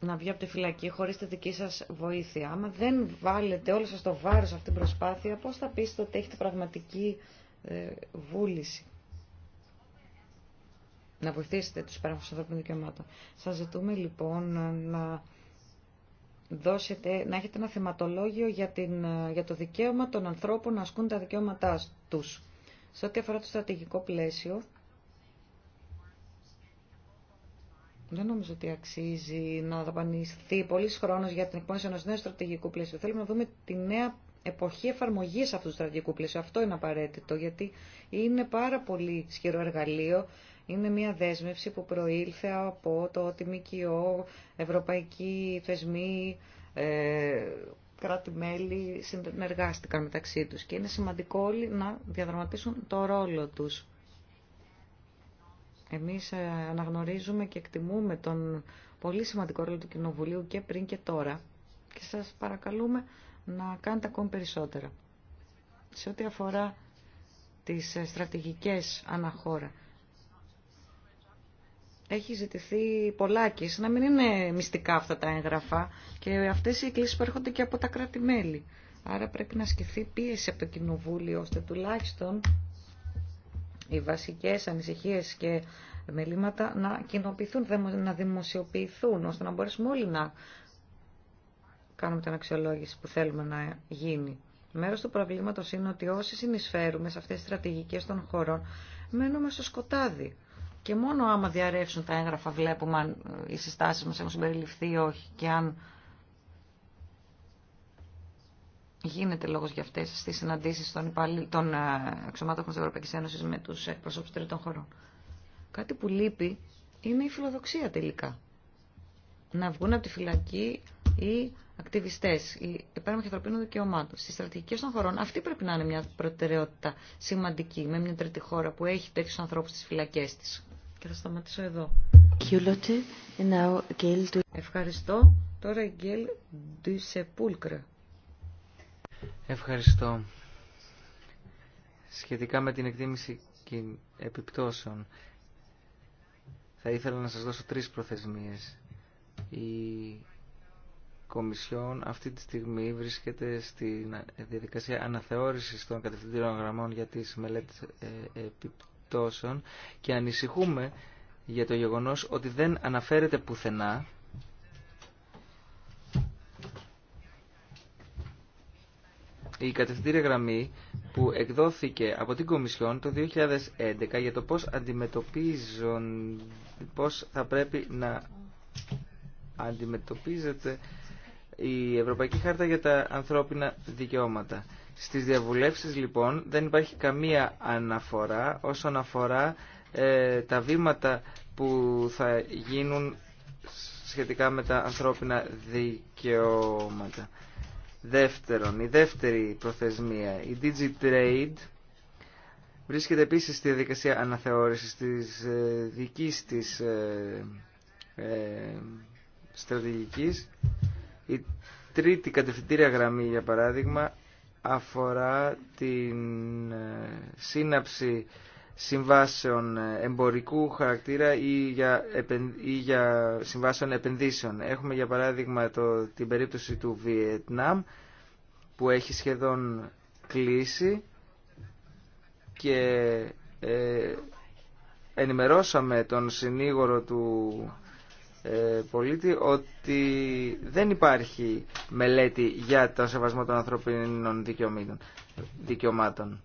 να βγει από τη φυλακή χωρί τη δική σας βοήθεια. Άμα δεν βάλετε όλο σα το βάρος αυτή την προσπάθεια, πώς θα πείσετε ότι έχετε πραγματική ε, βούληση να βοηθήσετε τους παράγοντες ανθρώπινων δικαιωμάτων. Σας ζητούμε λοιπόν να δώσετε, να έχετε ένα θεματολόγιο για, την, για το δικαίωμα των ανθρώπων να ασκούν τα δικαιώματά τους. Σε ό,τι αφορά το στρατηγικό πλαίσιο, Δεν νομίζω ότι αξίζει να δαπανιστεί πολλή χρόνο για την εκπόνηση ενό νέου στρατηγικού πλαίσιο. Θέλουμε να δούμε τη νέα εποχή εφαρμογή αυτού του στρατηγικού πλαίσιου. Αυτό είναι απαραίτητο, γιατί είναι πάρα πολύ ισχυρό εργαλείο. Είναι μια δέσμευση που προήλθε από το ότι ΜΚΟ, ευρωπαϊκοί θεσμοί, ε, κράτη-μέλη συνεργάστηκαν μεταξύ τους και είναι σημαντικό όλοι να διαδραματίσουν το ρόλο τους. Εμείς ε, αναγνωρίζουμε και εκτιμούμε τον πολύ σημαντικό ρόλο του Κοινοβουλίου και πριν και τώρα και σας παρακαλούμε να κάνετε ακόμη περισσότερα. Σε ό,τι αφορά τις ε, στρατηγικές αναχώρα, έχει ζητηθεί πολλάκις να μην είναι μυστικά αυτά τα έγγραφα και αυτές οι εκκλήσεις προέρχονται και από τα κράτη-μέλη. Άρα πρέπει να ασκηθεί πίεση από το Κοινοβούλιο ώστε τουλάχιστον οι βασικές ανησυχίες και μελήματα να κοινοποιηθούν, να δημοσιοποιηθούν, ώστε να μπορέσουμε όλοι να κάνουμε την αξιολόγηση που θέλουμε να γίνει. Μέρος του προβλήματος είναι ότι όσοι συνεισφέρουμε σε αυτές τις στρατηγικές των χωρών, μένουμε στο σκοτάδι. Και μόνο άμα διαρρεύσουν τα έγγραφα βλέπουμε αν οι συστάσεις μας έχουν συμπεριληφθεί ή όχι και αν Γίνεται λόγος για αυτές στις συναντήσεις των, υπαλλή, των ε, αξιωμάτων της Ευρωπαϊκής Ένωσης με τους εκπροσώπους τρίτων χωρών. Κάτι που λείπει είναι η φιλοδοξία τελικά. Να βγουν από τη φυλακή οι ακτιβιστέ, οι υπέρμαχοι ανθρωπίνων δικαιωμάτων. Στις στρατηγικέ των χωρών αυτή πρέπει να είναι μια προτεραιότητα σημαντική με μια τρίτη χώρα που έχει τέτοιους ανθρώπου στι φυλακέ τη. Και θα σταματήσω εδώ. Ευχαριστώ. Τώρα η Γκέλ Ντουσεπούλκρα. Ευχαριστώ. Σχετικά με την εκτίμηση επιπτώσεων, θα ήθελα να σας δώσω τρεις προθεσμίες. Η Κομισιόν αυτή τη στιγμή βρίσκεται στη διαδικασία αναθεώρησης των κατευθυντήρων γραμμών για τις μελέτες ε, επιπτώσεων και ανησυχούμε για το γεγονός ότι δεν αναφέρεται πουθενά η κατευθυντήρια γραμμή που εκδόθηκε από την Κομισιόν το 2011 για το πώς αντιμετωπίζουν, πώς θα πρέπει να αντιμετωπίζεται η Ευρωπαϊκή Χάρτα για τα ανθρώπινα δικαιώματα. Στις διαβουλεύσεις λοιπόν δεν υπάρχει καμία αναφορά όσον αφορά ε, τα βήματα που θα γίνουν σχετικά με τα ανθρώπινα δικαιώματα. Δεύτερον, η δεύτερη προθεσμία, η DigiTrade, βρίσκεται επίσης στη διαδικασία αναθεώρησης της ε, δικής της ε, ε, στρατηγικής. Η τρίτη κατευθυντήρια γραμμή, για παράδειγμα, αφορά την σύναψη συμβάσεων εμπορικού χαρακτήρα ή για, συμβάσεων επενδύσεων. Έχουμε για παράδειγμα το, την περίπτωση του Βιετνάμ που έχει σχεδόν κλείσει και ε, ενημερώσαμε τον συνήγορο του ε, πολίτη ότι δεν υπάρχει μελέτη για τον σεβασμό των ανθρωπίνων δικαιωμάτων.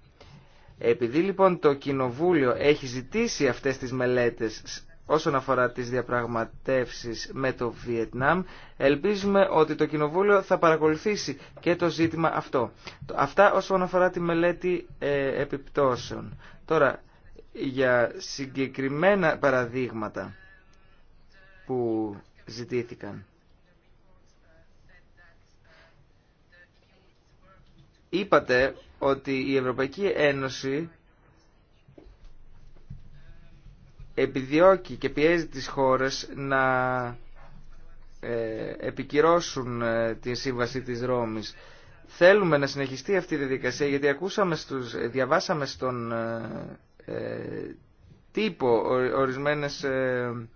Επειδή λοιπόν το Κοινοβούλιο έχει ζητήσει αυτές τις μελέτες όσον αφορά τις διαπραγματεύσεις με το Βιετνάμ, ελπίζουμε ότι το Κοινοβούλιο θα παρακολουθήσει και το ζήτημα αυτό. Αυτά όσον αφορά τη μελέτη ε, επιπτώσεων. Τώρα, για συγκεκριμένα παραδείγματα που ζητήθηκαν. Είπατε ότι η Ευρωπαϊκή Ένωση επιδιώκει και πιέζει τις χώρες να ε, επικυρώσουν ε, την σύμβαση της Ρώμης. Θέλουμε να συνεχιστεί αυτή η διαδικασία γιατί ακούσαμε στους, διαβάσαμε στον ε, ε τύπο ορισμένες ε,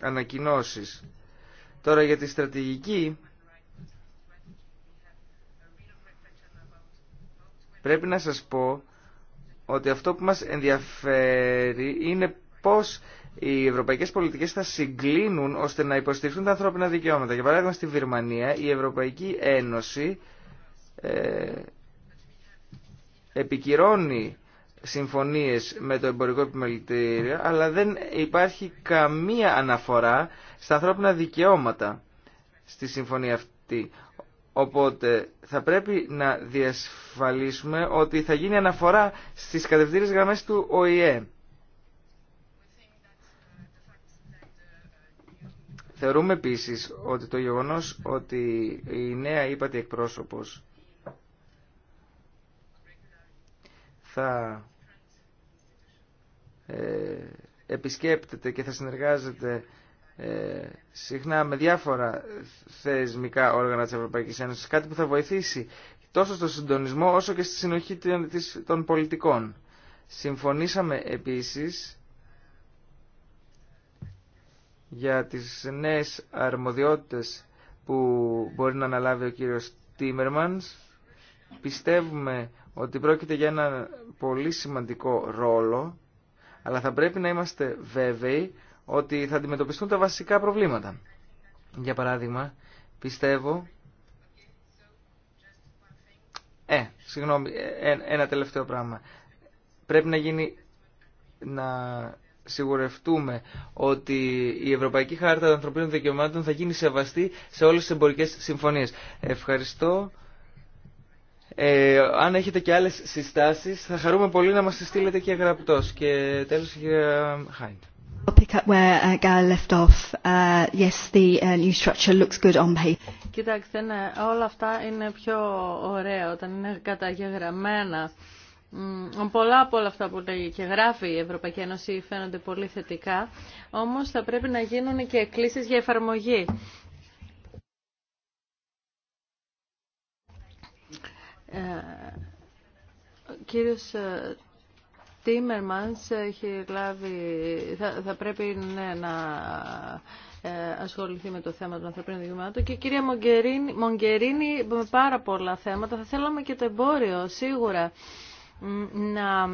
ανακοινώσεις. Τώρα για τη στρατηγική πρέπει να σας πω ότι αυτό που μας ενδιαφέρει είναι πώς οι ευρωπαϊκές πολιτικές θα συγκλίνουν ώστε να υποστηριχθούν τα ανθρώπινα δικαιώματα. Για παράδειγμα, στη Βυρμανία η Ευρωπαϊκή Ένωση ε, επικυρώνει συμφωνίες με το εμπορικό επιμελητήριο, αλλά δεν υπάρχει καμία αναφορά στα ανθρώπινα δικαιώματα στη συμφωνία αυτή. Οπότε θα πρέπει να διασφαλίσουμε ότι θα γίνει αναφορά στις κατευθύνες γραμμές του ΟΗΕ. Θεωρούμε επίσης ότι το γεγονός ότι η νέα ύπατη εκπρόσωπος θα ε, επισκέπτεται και θα συνεργάζεται ε, συχνά με διάφορα θεσμικά όργανα της Ευρωπαϊκής Ένωσης, κάτι που θα βοηθήσει τόσο στο συντονισμό όσο και στη συνοχή των πολιτικών. Συμφωνήσαμε επίσης για τις νέες αρμοδιότητες που μπορεί να αναλάβει ο κύριος Τίμερμανς. Πιστεύουμε ότι πρόκειται για ένα πολύ σημαντικό ρόλο, αλλά θα πρέπει να είμαστε βέβαιοι ότι θα αντιμετωπιστούν τα βασικά προβλήματα. Για παράδειγμα, πιστεύω... Ε, συγγνώμη, ε, ε, ένα τελευταίο πράγμα. Πρέπει να γίνει να σιγουρευτούμε ότι η Ευρωπαϊκή Χάρτα των Ανθρωπίνων Δικαιωμάτων θα γίνει σεβαστή σε όλες τις εμπορικές συμφωνίες. Ευχαριστώ. Ε, αν έχετε και άλλες συστάσεις θα χαρούμε πολύ να μας τις στείλετε και γραπτός. Και τέλος για Χάιντ pick Κοιτάξτε, όλα αυτά είναι πιο ωραία όταν είναι καταγεγραμμένα. Πολλά από όλα αυτά που λέει και γράφει η Ευρωπαϊκή Ένωση φαίνονται πολύ θετικά, όμως θα πρέπει να γίνουν και εκκλήσεις για εφαρμογή. Ε, κύριος ε, Τίμερμανς έχει θα, πρέπει ναι, να ε, ασχοληθεί με το θέμα των ανθρωπίνων δικαιωμάτων και η κυρία Μογκερίνη, με πάρα πολλά θέματα. Θα θέλαμε και το εμπόριο σίγουρα να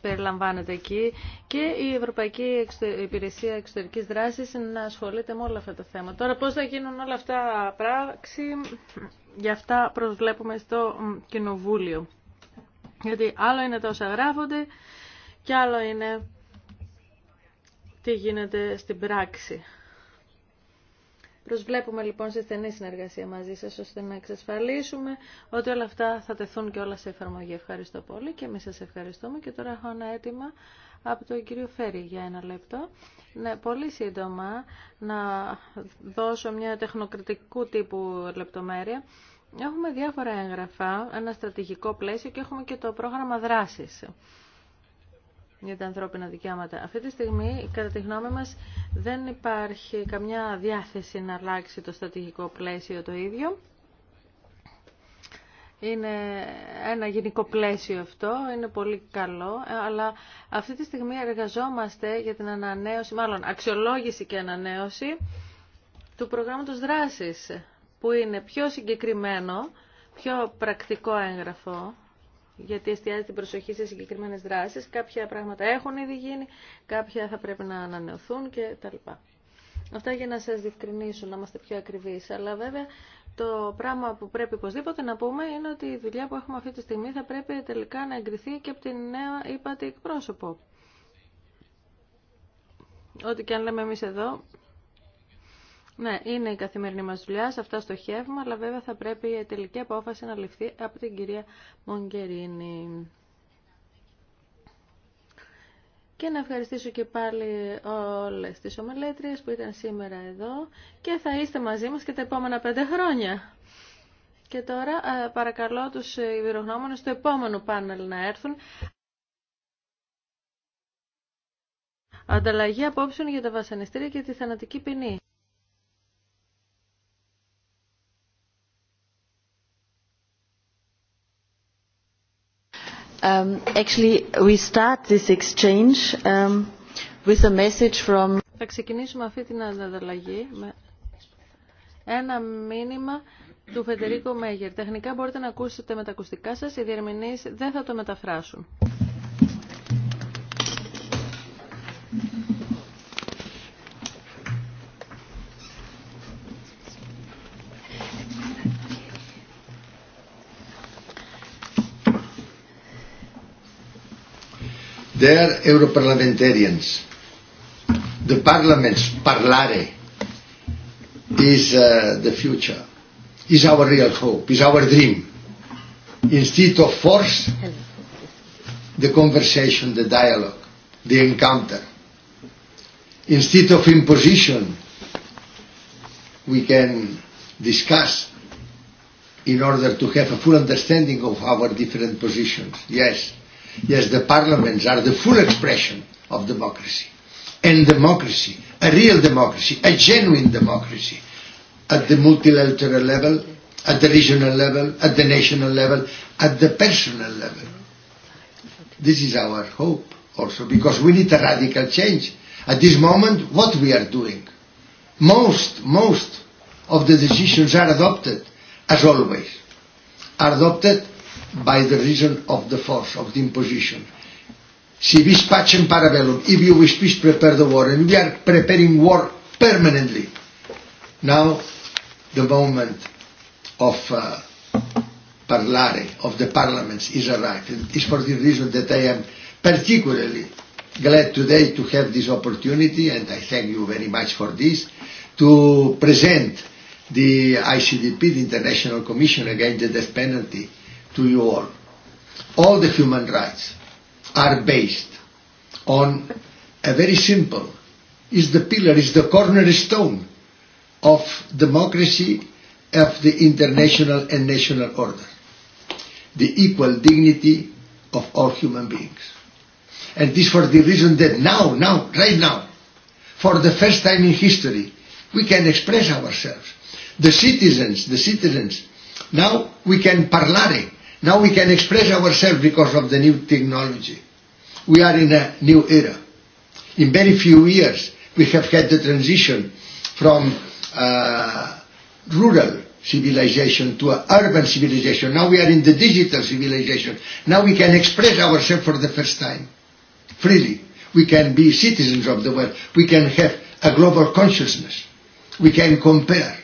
περιλαμβάνεται εκεί και η Ευρωπαϊκή Υπηρεσία Εξωτερικής Δράσης να ασχολείται με όλα αυτά τα θέματα. Τώρα πώς θα γίνουν όλα αυτά πράξη, γι' αυτά προσβλέπουμε στο Κοινοβούλιο. Γιατί άλλο είναι τα όσα γράφονται και άλλο είναι τι γίνεται στην πράξη. Προσβλέπουμε λοιπόν σε στενή συνεργασία μαζί σας ώστε να εξασφαλίσουμε ότι όλα αυτά θα τεθούν και όλα σε εφαρμογή. Ευχαριστώ πολύ και εμείς σας ευχαριστούμε και τώρα έχω ένα αίτημα από τον κύριο Φέρη για ένα λεπτό. Ναι, πολύ σύντομα να δώσω μια τεχνοκριτικού τύπου λεπτομέρεια. Έχουμε διάφορα έγγραφα, ένα στρατηγικό πλαίσιο και έχουμε και το πρόγραμμα δράσης για τα ανθρώπινα δικαιώματα. Αυτή τη στιγμή, κατά τη γνώμη μας, δεν υπάρχει καμιά διάθεση να αλλάξει το στρατηγικό πλαίσιο το ίδιο. Είναι ένα γενικό πλαίσιο αυτό, είναι πολύ καλό, αλλά αυτή τη στιγμή εργαζόμαστε για την ανανέωση, μάλλον αξιολόγηση και ανανέωση του προγράμματος δράσης, που είναι πιο συγκεκριμένο, πιο πρακτικό έγγραφο γιατί εστιάζει την προσοχή σε συγκεκριμένε δράσεις. Κάποια πράγματα έχουν ήδη γίνει, κάποια θα πρέπει να ανανεωθούν κτλ. Αυτά για να σας διευκρινίσω, να είμαστε πιο ακριβεί. Αλλά βέβαια το πράγμα που πρέπει οπωσδήποτε να πούμε είναι ότι η δουλειά που έχουμε αυτή τη στιγμή θα πρέπει τελικά να εγκριθεί και από την νέα ύπατη εκπρόσωπο. Ό,τι και αν λέμε εμεί εδώ, ναι, είναι η καθημερινή μα δουλειά, σε αυτά στοχεύουμε, αλλά βέβαια θα πρέπει η τελική απόφαση να ληφθεί από την κυρία Μογκερίνη. Και να ευχαριστήσω και πάλι όλες τις ομελέτριες που ήταν σήμερα εδώ και θα είστε μαζί μας και τα επόμενα πέντε χρόνια. Και τώρα παρακαλώ τους υπηρογνώμονες στο επόμενο πάνελ να έρθουν. Ανταλλαγή απόψεων για τα βασανιστήρια και τη θανατική ποινή. Um, actually, we start this exchange um, with a message from. Θα ξεκινήσουμε αυτή την ανταλλαγή με ένα μήνυμα του Φεντερίκο Μέγερ. Τεχνικά μπορείτε να ακούσετε με τα ακουστικά σας, οι διερμηνείς δεν θα το μεταφράσουν. Dear Europarlamentarians. The parliaments, parlare, is the future, is our real hope, is our dream. Instead of force, the conversation, the dialogue, the encounter. Instead of imposition, we can discuss in order to have a full understanding of our different positions. Yes, Yes, the parliaments are the full expression of democracy. And democracy, a real democracy, a genuine democracy, at the multilateral level, at the regional level, at the national level, at the personal level. This is our hope also, because we need a radical change. At this moment, what we are doing, most, most of the decisions are adopted, as always, are adopted by the reason of the force of the imposition. Si vis pacem para if you wish peace, prepare the war. And we are preparing war permanently. Now, the moment of parlare, of the parliaments is arrived. And it's for this reason that I am particularly glad today to have this opportunity, and I thank you very much for this, to present the ICDP, the International Commission Against the Death Penalty, to you all. All the human rights are based on a very simple, is the pillar, is the cornerstone of democracy of the international and national order. The equal dignity of all human beings. And this for the reason that now, now, right now, for the first time in history, we can express ourselves. The citizens, the citizens, now we can parlare Now we can express ourselves because of the new technology. We are in a new era. In very few years we have had the transition from rural civilization to urban civilization. Now we are in the digital civilization. Now we can express ourselves for the first time freely. We can be citizens of the world. We can have a global consciousness. We can compare.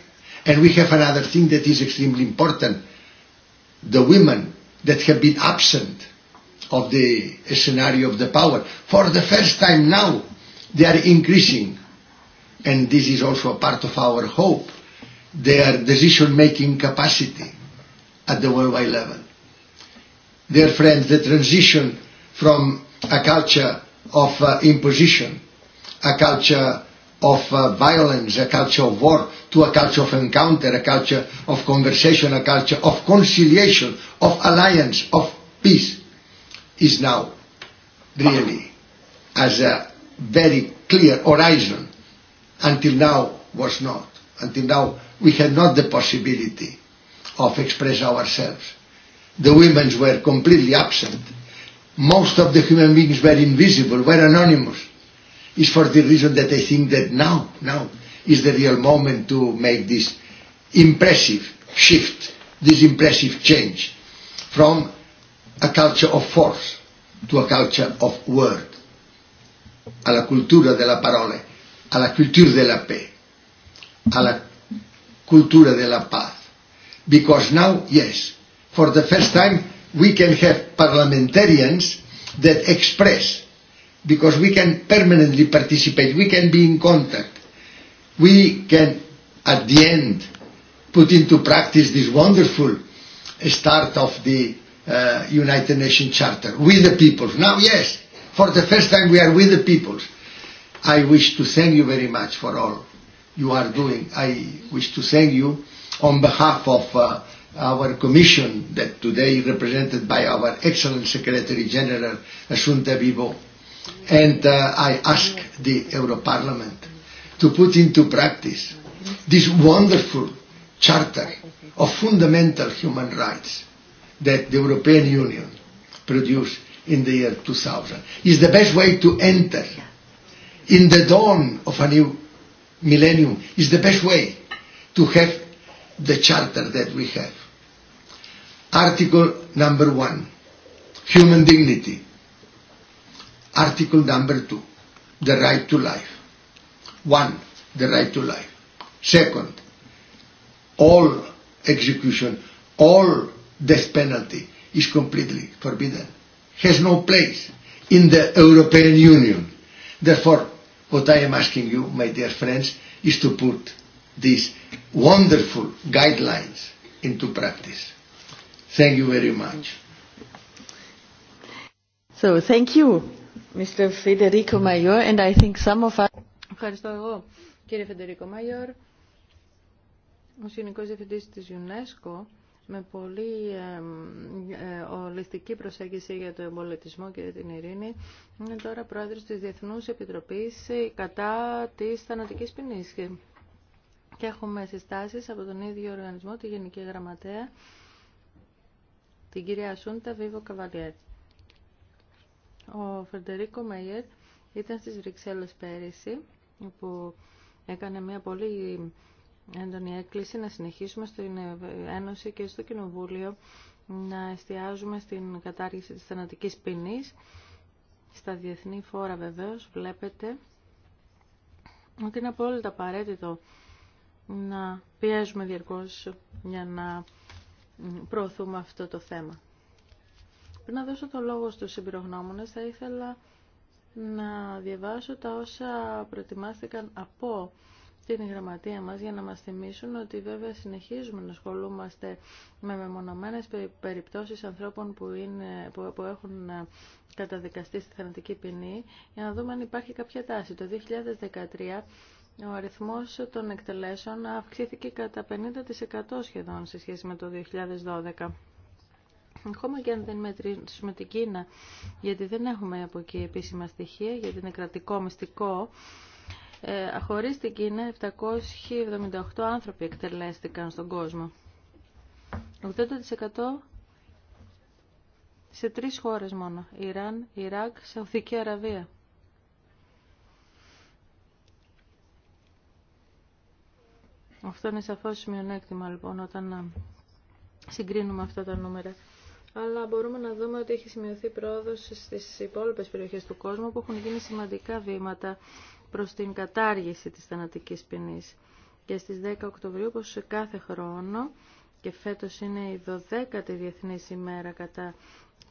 And we have another thing that is extremely important the women that have been absent of the scenario of the power. For the first time now, they are increasing. And this is also a part of our hope, their decision-making capacity at the worldwide level. Dear friends, the transition from a culture of imposition, a culture of violence, a culture of war, to a culture of encounter, a culture of conversation, a culture of conciliation, of alliance, of peace, is now really as a very clear horizon. Until now was not. Until now we had not the possibility of express ourselves. The women were completely absent. Most of the human beings were invisible, were anonymous. It's for the reason that I think that now, now, is the real moment to make this impressive shift, this impressive change from a culture of force to a culture of word, alla cultura della parola, alla culture della paix, alla cultura della paz. Because now, yes, for the first time we can have parliamentarians that express, because we can permanently participate, we can be in contact we can at the end put into practice this wonderful start of the United Nations Charter with the peoples. Now, yes, for the first time we are with the peoples. I wish to thank you very much for all you are doing. I wish to thank you on behalf of our Commission that today is represented by our excellent Secretary General Asunta Vivo. And I ask the Parliament to put into practice this wonderful charter of fundamental human rights that the European Union produced in the year 2000 is the best way to enter in the dawn of a new millennium is the best way to have the charter that we have article number one human dignity article number two the right to life One, the right to life. Second, all execution, all death penalty is completely forbidden. Has no place in the European Union. Therefore, what I am asking you, my dear friends, is to put these wonderful guidelines into practice. Thank you very much. So thank you, Mr. Federico Mayor, and I think some of us Ευχαριστώ εγώ, κύριε Φεντερίκο Μάγιορ. Ο συνικός Διευθυντής της UNESCO με πολύ ε, ε, ολιστική προσέγγιση για τον πολιτισμό και την ειρήνη, είναι τώρα πρόεδρο τη Διεθνούς Επιτροπή κατά τη Θανατική ποινή Και έχουμε συστάσεις από τον ίδιο οργανισμό, τη Γενική Γραμματέα, την κυρία Σούντα Βίβο Καβαλιέρ. Ο Φεντερίκο Μέιερ ήταν στις Βρυξέλλες πέρυσι που έκανε μια πολύ έντονη έκκληση να συνεχίσουμε στην Ένωση και στο Κοινοβούλιο να εστιάζουμε στην κατάργηση της θανατικής ποινή. Στα διεθνή φόρα βεβαίως βλέπετε ότι είναι απόλυτα απαραίτητο να πιέζουμε διαρκώς για να προωθούμε αυτό το θέμα. Πριν να δώσω το λόγο στους συμπειρογνώμονες θα ήθελα να διαβάσω τα όσα προετοιμάστηκαν από την γραμματεία μας για να μας θυμίσουν ότι βέβαια συνεχίζουμε να ασχολούμαστε με μεμονωμένες περιπτώσεις ανθρώπων που, είναι, που, έχουν ε, καταδικαστεί στη θανατική ποινή για να δούμε αν υπάρχει κάποια τάση. Το 2013 ο αριθμός των εκτελέσεων αυξήθηκε κατά 50% σχεδόν σε σχέση με το 2012. Ακόμα και αν δεν μετρήσουμε την Κίνα, γιατί δεν έχουμε από εκεί επίσημα στοιχεία, γιατί είναι κρατικό μυστικό, ε, χωρίς την Κίνα 778 άνθρωποι εκτελέστηκαν στον κόσμο. 80% σε τρεις χώρες μόνο. Ιράν, Ιράκ, Σαουδική Αραβία. Αυτό είναι σαφώς μειονέκτημα λοιπόν όταν ε, συγκρίνουμε αυτά τα νούμερα αλλά μπορούμε να δούμε ότι έχει σημειωθεί πρόοδος στις υπόλοιπες περιοχές του κόσμου που έχουν γίνει σημαντικά βήματα προς την κατάργηση της θανατικής ποινής. Και στις 10 Οκτωβρίου, όπως κάθε χρόνο, και φέτος είναι η 12η Διεθνής ημέρα κατά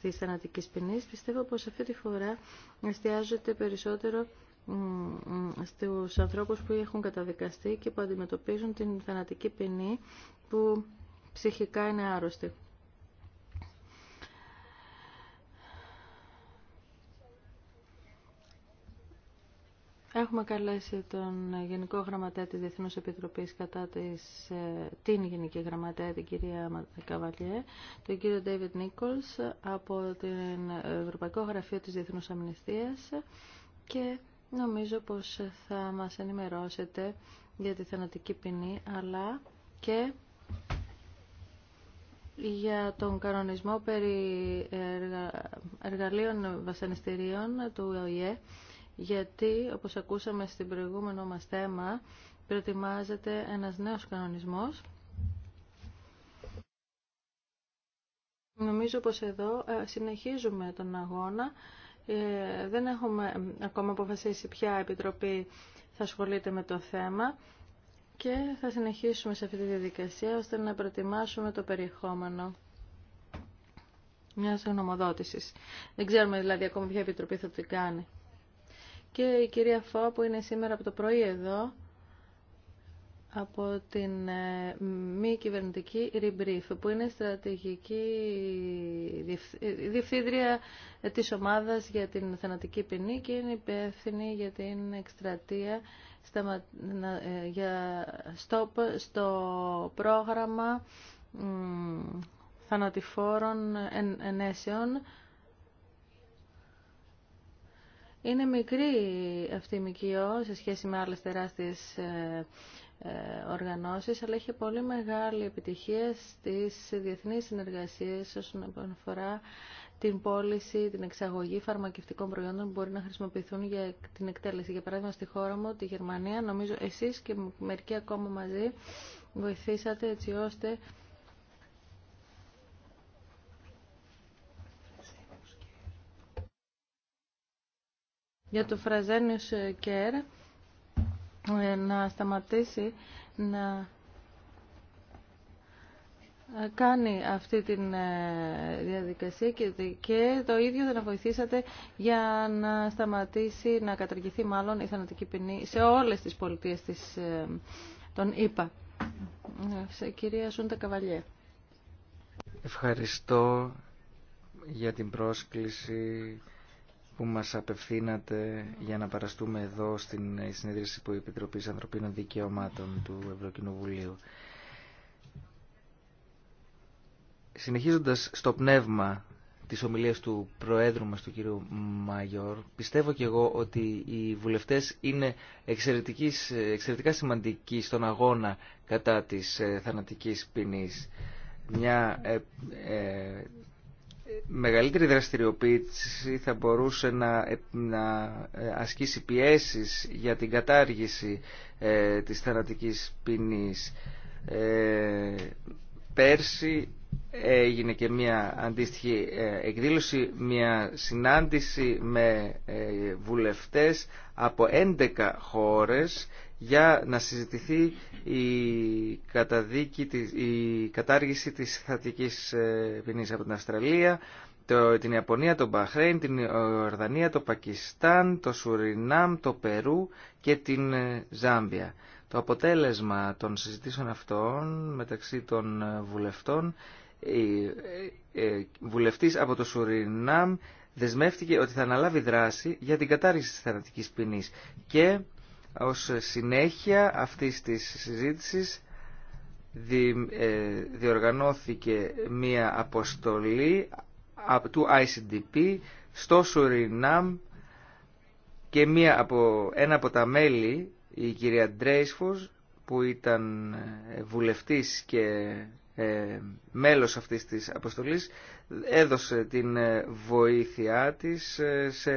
της θανατικής ποινής, πιστεύω πως αυτή τη φορά εστιάζεται περισσότερο στους ανθρώπους που έχουν καταδικαστεί και που αντιμετωπίζουν την θανατική ποινή που ψυχικά είναι άρρωστοι. Έχουμε καλέσει τον Γενικό Γραμματέα της Διεθνούς Επιτροπής κατά της, ε, την Γενική Γραμματέα, την κυρία Καβαλιέ, τον κύριο Ντέιβιτ Nichols από την Ευρωπαϊκό Γραφείο της Διεθνούς Αμνηστίας και νομίζω πως θα μας ενημερώσετε για τη θανατική ποινή, αλλά και για τον κανονισμό περί εργα... εργαλείων βασανιστήριων του ΟΗΕ γιατί, όπως ακούσαμε στην προηγούμενο μας θέμα, προετοιμάζεται ένας νέος κανονισμός. Νομίζω πως εδώ ε, συνεχίζουμε τον αγώνα. Ε, δεν έχουμε ε, ακόμα αποφασίσει ποια επιτροπή θα ασχολείται με το θέμα και θα συνεχίσουμε σε αυτή τη διαδικασία ώστε να προετοιμάσουμε το περιεχόμενο μιας γνωμοδότησης. Δεν ξέρουμε δηλαδή ακόμα ποια επιτροπή θα την κάνει και η κυρία Φώ που είναι σήμερα από το πρωί εδώ από την ε, μη κυβερνητική Rebrief, που είναι στρατηγική ε, διευθύντρια της ομάδας για την θανατική ποινή και είναι υπεύθυνη για την εκστρατεία στα, ε, για stop στο πρόγραμμα θανατηφόρων ενέσεων είναι μικρή αυτή η ΜΚΙΟ σε σχέση με άλλες τεράστιες ε, ε, οργανώσεις, αλλά έχει πολύ μεγάλη επιτυχία στις διεθνείς συνεργασίες όσον αφορά την πώληση, την εξαγωγή φαρμακευτικών προϊόντων που μπορεί να χρησιμοποιηθούν για την εκτέλεση. Για παράδειγμα, στη χώρα μου, τη Γερμανία, νομίζω εσείς και μερικοί ακόμα μαζί βοηθήσατε έτσι ώστε για το Φραζένιος Κέρ ε, να σταματήσει να ε, κάνει αυτή τη ε, διαδικασία και, το ίδιο δεν βοηθήσατε για να σταματήσει, να καταργηθεί μάλλον η θανατική ποινή σε όλες τις πολιτείες της, των ΙΠΑ. Σε κυρία Σούντα Καβαλιέ. Ευχαριστώ για την πρόσκληση που μας απευθύνατε για να παραστούμε εδώ στην Συνέδριση που Ανθρωπίνων Δικαιωμάτων του Ευρωκοινοβουλίου. Συνεχίζοντας στο πνεύμα της ομιλίας του Προέδρου μας, του κύριου Μαγιόρ, πιστεύω και εγώ ότι οι βουλευτές είναι εξαιρετικά σημαντικοί στον αγώνα κατά της ε, θανατικής ποινής. Μια ε, ε, μεγαλύτερη δραστηριοποίηση θα μπορούσε να, να ε, ασκήσει πιέσεις για την κατάργηση ε, της θανατικής ποινής. Ε, πέρσι έγινε και μια αντίστοιχη ε, εκδήλωση, μια συνάντηση με ε, βουλευτές από 11 χώρες για να συζητηθεί η, καταδίκη, κατάργηση της θατικής ποινής ε, από την Αυστραλία, το, την Ιαπωνία, τον Μπαχρέιν, την Ορδανία, το Πακιστάν, το Σουρινάμ, το Περού και την ε, Ζάμπια. Το αποτέλεσμα των συζητήσεων αυτών μεταξύ των ε, βουλευτών, βουλευτής από το Σουρινάμ δεσμεύτηκε ότι θα αναλάβει δράση για την κατάργηση της θανατικής ποινής και ως συνέχεια αυτής της συζήτησης ε, διοργανώθηκε μία αποστολή του ICDP στο Σουρινάμ και μία από, ένα από τα μέλη, η κυρία Ντρέισφος, που ήταν ε, βουλευτής και ε, μέλος αυτής της αποστολής, έδωσε την ε, βοήθειά της ε, σε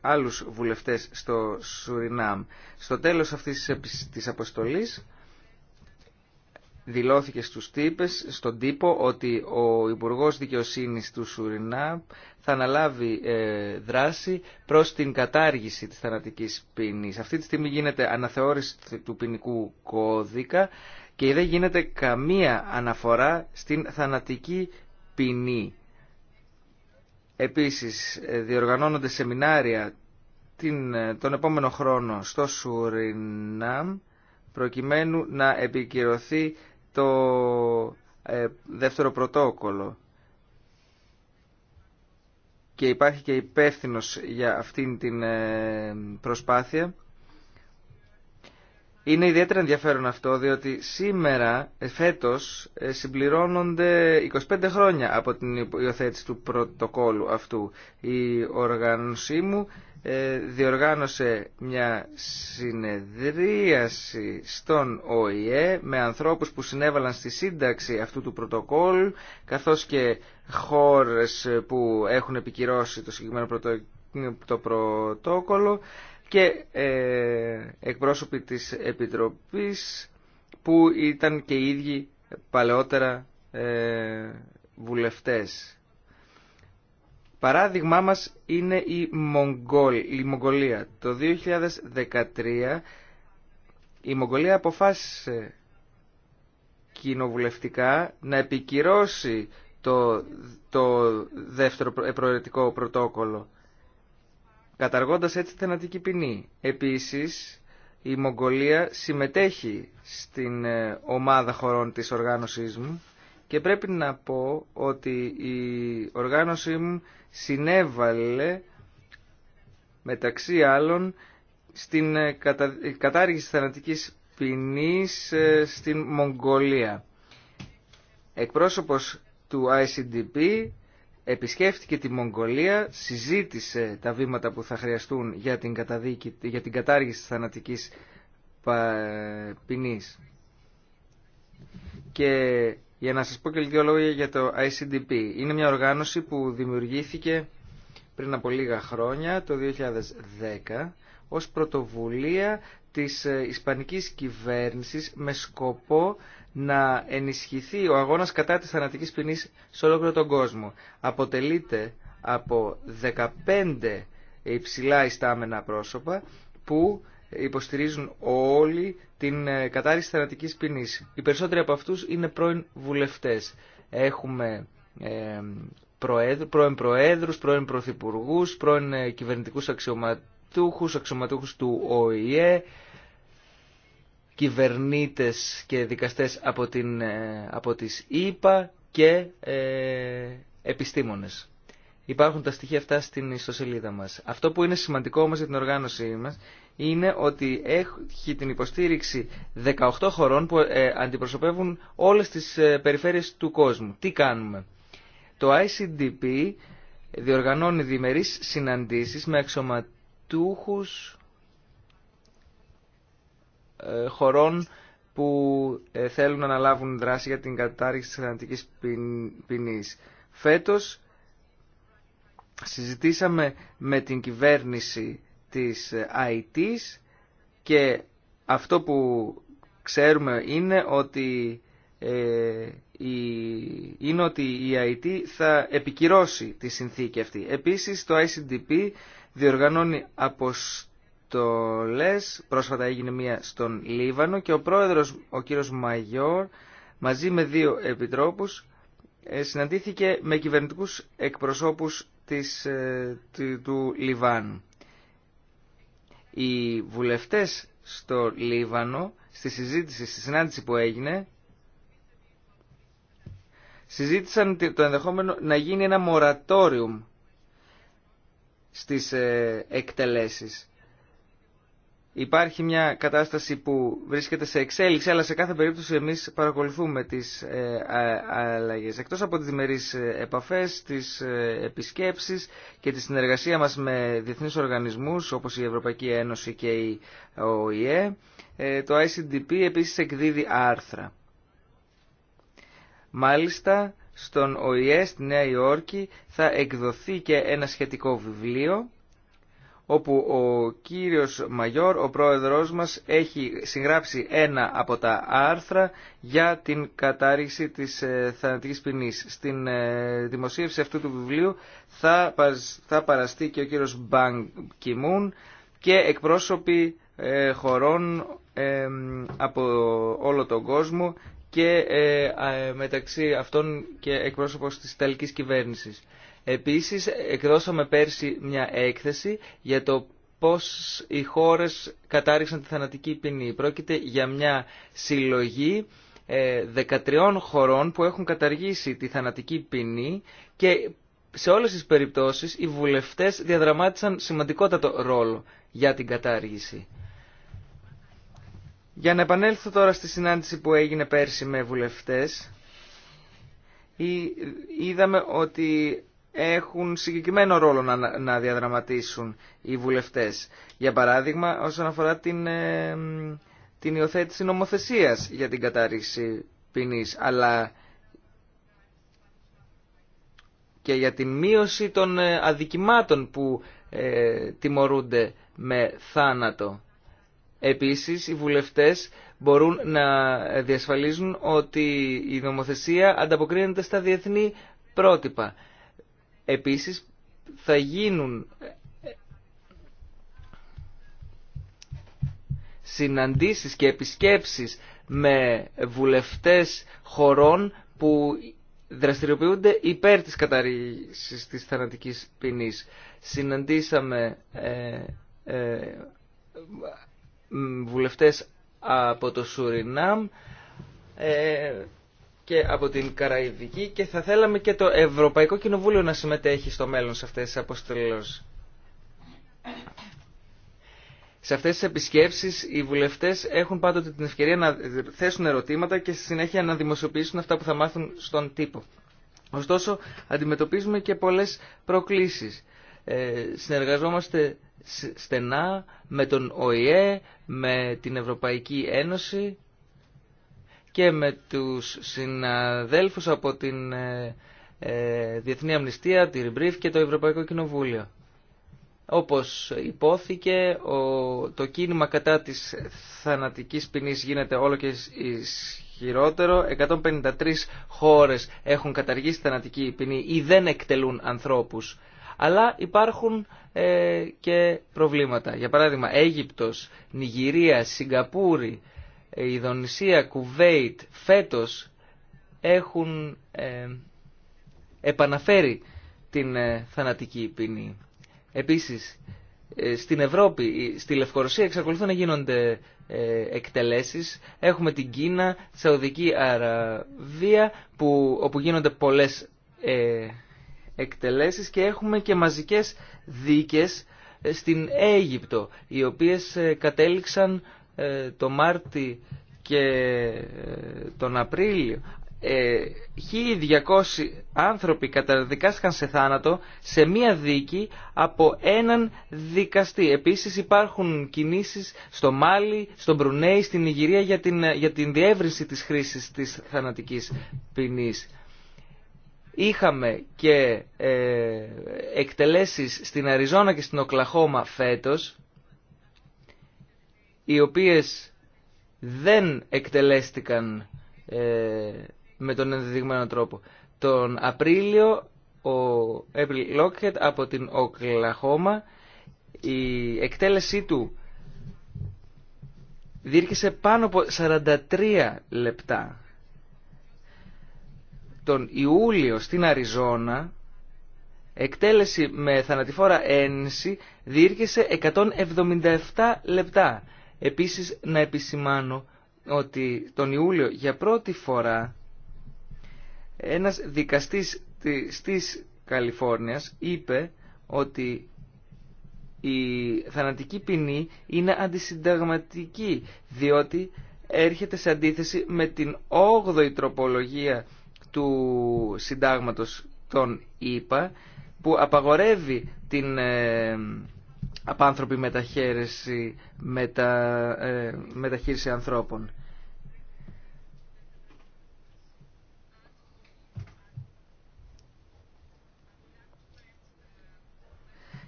άλλους βουλευτές στο Σουρινάμ. Στο τέλος αυτής της αποστολής δηλώθηκε στους τύπες, στον τύπο ότι ο Υπουργός Δικαιοσύνης του Σουρινάμ θα αναλάβει ε, δράση προς την κατάργηση της θανατικής ποινής. Αυτή τη στιγμή γίνεται αναθεώρηση του ποινικού κώδικα και δεν γίνεται καμία αναφορά στην θανατική ποινή. Επίσης ε, διοργανώνονται σεμινάρια την, ε, τον επόμενο χρόνο στο Σουρινάμ προκειμένου να επικυρωθεί το ε, δεύτερο πρωτόκολλο. Και υπάρχει και υπεύθυνο για αυτήν την προσπάθεια είναι ιδιαίτερα ενδιαφέρον αυτό, διότι σήμερα, ε, φέτος, ε, συμπληρώνονται 25 χρόνια από την υιοθέτηση του πρωτοκόλου αυτού. Η οργάνωσή μου ε, διοργάνωσε μια συνεδρίαση στον ΟΗΕ με ανθρώπους που συνέβαλαν στη σύνταξη αυτού του πρωτοκόλου, καθώς και χώρες που έχουν επικυρώσει το συγκεκριμένο το πρωτόκολλο και ε, εκπρόσωποι της Επιτροπής που ήταν και οι ίδιοι παλαιότερα ε, βουλευτές. Παράδειγμά μας είναι η, η Μογγολία. Το 2013 η Μογγολία αποφάσισε κοινοβουλευτικά να επικυρώσει το, το δεύτερο προαιρετικό πρωτόκολλο καταργώντας έτσι θενατική ποινή. Επίσης, η Μογγολία συμμετέχει στην ε, ομάδα χωρών της οργάνωσής μου και πρέπει να πω ότι η οργάνωσή μου συνέβαλε μεταξύ άλλων στην ε, κατάργηση θενατικής ποινής ε, στην Μογγολία. Εκπρόσωπος του ICDP επισκέφτηκε τη Μογγολία, συζήτησε τα βήματα που θα χρειαστούν για την, καταδίκη, για την κατάργηση της θανατικής ποινή. Και για να σας πω και λίγο λόγια για το ICDP. Είναι μια οργάνωση που δημιουργήθηκε πριν από λίγα χρόνια, το 2010, ως πρωτοβουλία της ε, Ισπανικής κυβέρνησης με σκοπό να ενισχυθεί ο αγώνας κατά της θανατικής ποινής σε ολόκληρο τον κόσμο. Αποτελείται από 15 υψηλά ιστάμενα πρόσωπα που υποστηρίζουν όλοι την ε, κατάρριση θανατικής ποινής. Οι περισσότεροι από αυτούς είναι πρώην βουλευτές. Έχουμε ε, προέδρου, πρώην προέδρους, πρώην πρωθυπουργούς, πρώην ε, κυβερνητικούς αξιωματούχους, αξιωματούχους του ΟΗΕ, κυβερνήτες και δικαστές από, την, ε, από τις ίπα και ε, επιστήμονες. Υπάρχουν τα στοιχεία αυτά στην ιστοσελίδα μας. Αυτό που είναι σημαντικό όμως για την οργάνωσή μας είναι ότι έχει την υποστήριξη 18 χωρών που ε, αντιπροσωπεύουν όλες τις ε, περιφέρειες του κόσμου. Τι κάνουμε. Το ICDP διοργανώνει διμερείς συναντήσεις με αξιωματούχους ε, χωρών που ε, θέλουν να αναλάβουν δράση για την κατάργηση της θανατικής ποινής. Φέτος συζητήσαμε με την κυβέρνηση της ε, ΑΙΤΙΣ και αυτό που ξέρουμε είναι ότι ε, η, είναι ότι η IT θα επικυρώσει τη συνθήκη αυτή. Επίσης το ICDP διοργανώνει αποστολή το ΛΕΣ Πρόσφατα έγινε μία στον Λίβανο και ο πρόεδρος, ο κύριος Μαγιόρ, μαζί με δύο επιτρόπους, ε, συναντήθηκε με κυβερνητικούς εκπροσώπους της, ε, του Λιβάνου. Οι βουλευτές στο Λίβανο, στη συζήτηση, στη συνάντηση που έγινε, συζήτησαν το ενδεχόμενο να γίνει ένα μορατόριουμ στις ε, εκτελέσεις. Υπάρχει μια κατάσταση που βρίσκεται σε εξέλιξη, αλλά σε κάθε περίπτωση εμείς παρακολουθούμε τις ε, αλλαγές. Εκτός από τις διμερείς ε, επαφές, τις ε, επισκέψεις και τη συνεργασία μας με διεθνείς οργανισμούς, όπως η Ευρωπαϊκή Ένωση και η ΟΗΕ, το ICDP επίσης εκδίδει άρθρα. Μάλιστα, στον ΟΗΕ στη Νέα Υόρκη θα εκδοθεί και ένα σχετικό βιβλίο, όπου ο κύριος Μαγιόρ, ο πρόεδρός μας, έχει συγγράψει ένα από τα άρθρα για την κατάρριξη της ε, θανατικής Στην ε, δημοσίευση αυτού του βιβλίου θα, θα παραστεί και ο κύριος Μπαν Κιμούν και εκπρόσωποι ε, χωρών ε, από όλο τον κόσμο και μεταξύ αυτών και εκπρόσωπος της Ιταλικής Κυβέρνησης. Επίσης εκδώσαμε πέρσι μια έκθεση για το πώς οι χώρες κατάργησαν τη θανατική ποινή. Πρόκειται για μια συλλογή 13 ε, χωρών που έχουν καταργήσει τη θανατική ποινή και σε όλες τις περιπτώσεις οι βουλευτές διαδραμάτισαν σημαντικότατο ρόλο για την κατάργηση. Για να επανέλθω τώρα στη συνάντηση που έγινε πέρσι με βουλευτές, είδαμε ότι έχουν συγκεκριμένο ρόλο να, να διαδραματίσουν οι βουλευτές. Για παράδειγμα, όσον αφορά την, ε, την υιοθέτηση νομοθεσίας για την κατάρριξη ποινής, αλλά και για την μείωση των ε, αδικημάτων που ε, τιμωρούνται με θάνατο. Επίσης, οι βουλευτές μπορούν να διασφαλίζουν ότι η νομοθεσία ανταποκρίνεται στα διεθνή πρότυπα. Επίσης θα γίνουν συναντήσεις και επισκέψεις με βουλευτές χωρών που δραστηριοποιούνται υπέρ της καταρρήσης της θανατικής ποινής. Συναντήσαμε ε, ε βουλευτές από το Σουρινάμ, ε, και από την Καραϊβική και θα θέλαμε και το Ευρωπαϊκό Κοινοβούλιο να συμμετέχει στο μέλλον σε αυτές τις αποστολές. Σε αυτές τις επισκέψεις οι βουλευτές έχουν πάντοτε την ευκαιρία να θέσουν ερωτήματα και στη συνέχεια να δημοσιοποιήσουν αυτά που θα μάθουν στον τύπο. Ωστόσο, αντιμετωπίζουμε και πολλές προκλήσεις. Ε, συνεργαζόμαστε στενά με τον ΟΗΕ, με την Ευρωπαϊκή Ένωση και με τους συναδέλφους από την ε, ε, Διεθνή Αμνηστία, τη Ριμπρίφ και το Ευρωπαϊκό Κοινοβούλιο. Όπως υπόθηκε, το κίνημα κατά της θανατικής ποινής γίνεται όλο και ισχυρότερο. 153 χώρες έχουν καταργήσει θανατική ποινή ή δεν εκτελούν ανθρώπους. Αλλά υπάρχουν ε, και προβλήματα. Για παράδειγμα, Αίγυπτος, Νιγηρία, Σιγκαπούρη, ε, η Δονησία, Κουβέιτ φέτος έχουν ε, επαναφέρει την ε, θανατική ποινή. Επίσης, ε, στην Ευρώπη, στη Λευκορωσία εξακολουθούν να γίνονται εκτελέσεις. Έχουμε την Κίνα, τη Σαουδική Αραβία, που, όπου γίνονται πολλές εκτελέσεις και έχουμε και μαζικές δίκες στην Αίγυπτο, οι οποίες κατέληξαν ε, το Μάρτι και ε, τον Απρίλιο 1.200 ε, άνθρωποι καταδικάστηκαν σε θάνατο σε μία δίκη από έναν δικαστή. Επίσης υπάρχουν κινήσεις στο Μάλι, στο Μπρουνέι, στην Ιγυρία για την, για την διεύρυνση της χρήσης της θανατικής ποινής. Είχαμε και ε, εκτελέσεις στην Αριζόνα και στην Οκλαχώμα φέτος οι οποίες δεν εκτελέστηκαν ε, με τον ενδεδειγμένο τρόπο. Τον Απρίλιο ο Έπλη Λόκετ από την Οκλαχώμα η εκτέλεσή του διήρκησε πάνω από 43 λεπτά. Τον Ιούλιο στην Αριζόνα εκτέλεση με θανατηφόρα ένση διήρκησε 177 λεπτά. Επίσης να επισημάνω ότι τον Ιούλιο για πρώτη φορά ένας δικαστής της Καλιφόρνιας είπε ότι η θανατική ποινή είναι αντισυνταγματική διότι έρχεται σε αντίθεση με την 8η τροπολογία του συντάγματος των ήπα που απαγορεύει την ε, απάνθρωπη μεταχείριση, μετα, ε, μεταχείριση ανθρώπων.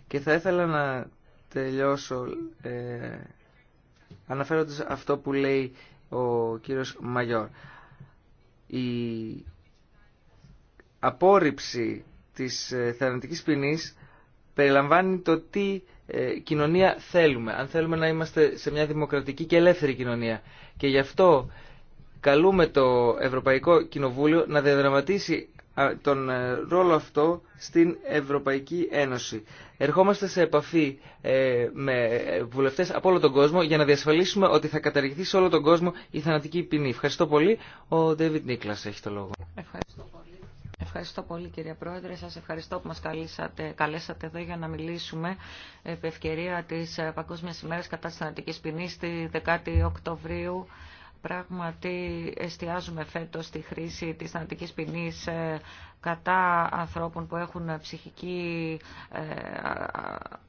Και θα ήθελα να τελειώσω ε, αναφέροντας αυτό που λέει ο κύριος Μαγιόρ. Η απόρριψη της ε, θεανατικής ποινής περιλαμβάνει το τι ε, κοινωνία θέλουμε, αν θέλουμε να είμαστε σε μια δημοκρατική και ελεύθερη κοινωνία. Και γι' αυτό καλούμε το Ευρωπαϊκό Κοινοβούλιο να διαδραματίσει τον ε, ρόλο αυτό στην Ευρωπαϊκή Ένωση. Ερχόμαστε σε επαφή ε, με βουλευτές από όλο τον κόσμο για να διασφαλίσουμε ότι θα καταργηθεί σε όλο τον κόσμο η θανατική ποινή. Ευχαριστώ πολύ. Ο Ντέβιτ Νίκλας έχει το λόγο. Ευχαριστώ πολύ. Ευχαριστώ πολύ κύριε Πρόεδρε. Σας ευχαριστώ που μας καλήσατε, καλέσατε εδώ για να μιλήσουμε επ' ευκαιρία της ε, Παγκόσμιας ημέρας κατά της θανατικής ποινής στη 10η Οκτωβρίου. Πράγματι εστιάζουμε φέτος στη χρήση της θανατικής ποινής ε, κατά ανθρώπων που έχουν ψυχική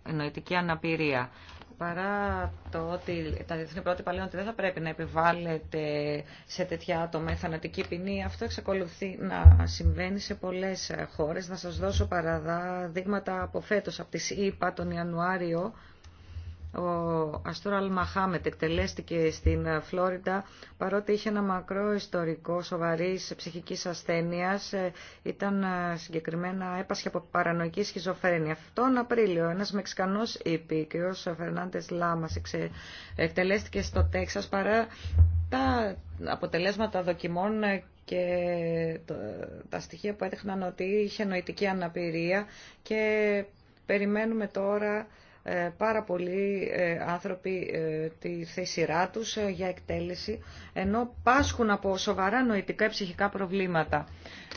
ε, νοητική αναπηρία παρά το ότι τα διεθνή πρότυπα λένε ότι δεν θα πρέπει να επιβάλλεται σε τέτοια άτομα η θανατική ποινή, αυτό εξακολουθεί να συμβαίνει σε πολλές χώρες. Να σας δώσω παραδείγματα από φέτο από τι ΗΠΑ τον Ιανουάριο, ο Αστούραλ Μαχάμετ εκτελέστηκε στην ε, Φλόριντα παρότι είχε ένα μακρό ιστορικό σοβαρής ψυχικής ασθένειας. Ε, ήταν ε, συγκεκριμένα έπασχε από παρανοϊκή σχιζοφρένεια. Αυτόν Απρίλιο ένας Μεξικανός και ο Φερνάντες Λάμας, εκτελέστηκε στο Τέξας παρά τα αποτελέσματα δοκιμών και τα στοιχεία που έδειχναν ότι είχε νοητική αναπηρία και περιμένουμε τώρα ε, πάρα πολλοί ε, άνθρωποι ε, τη θέσηρά τους για εκτέλεση, ενώ πάσχουν από σοβαρά νοητικά ή ψυχικά προβλήματα.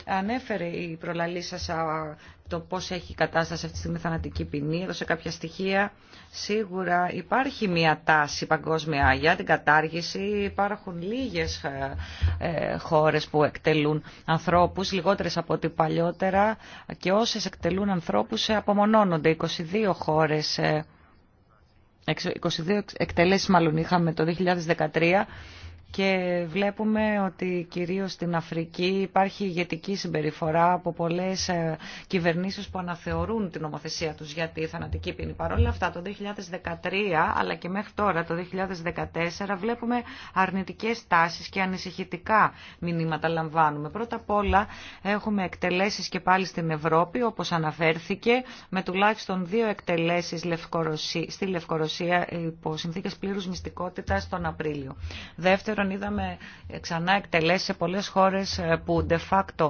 Ανέφερε προλαλή το πώς έχει η κατάσταση αυτή τη στιγμή θανατική ποινή, έδωσε κάποια στοιχεία. Σίγουρα υπάρχει μια τάση παγκόσμια για την κατάργηση. Υπάρχουν λίγες ε, ε, χώρες που εκτελούν ανθρώπους, λιγότερες από ό,τι παλιότερα και όσες εκτελούν ανθρώπους ε, απομονώνονται. 22 χώρες, 22 εκτελέσεις μάλλον είχαμε το 2013 και βλέπουμε ότι κυρίως στην Αφρική υπάρχει ηγετική συμπεριφορά από πολλές ε, κυβερνήσεις που αναθεωρούν την νομοθεσία τους για τη θανατική ποινή. Παρ' αυτά το 2013 αλλά και μέχρι τώρα το 2014 βλέπουμε αρνητικές τάσεις και ανησυχητικά μηνύματα λαμβάνουμε. Πρώτα απ' όλα έχουμε εκτελέσεις και πάλι στην Ευρώπη όπως αναφέρθηκε με τουλάχιστον δύο εκτελέσεις στη Λευκορωσία υπό συνθήκες πλήρους μυστικότητας τον Απρίλιο. Δεύτερο είδαμε ε, ξανά εκτελέσει σε πολλές χώρες ε, που de facto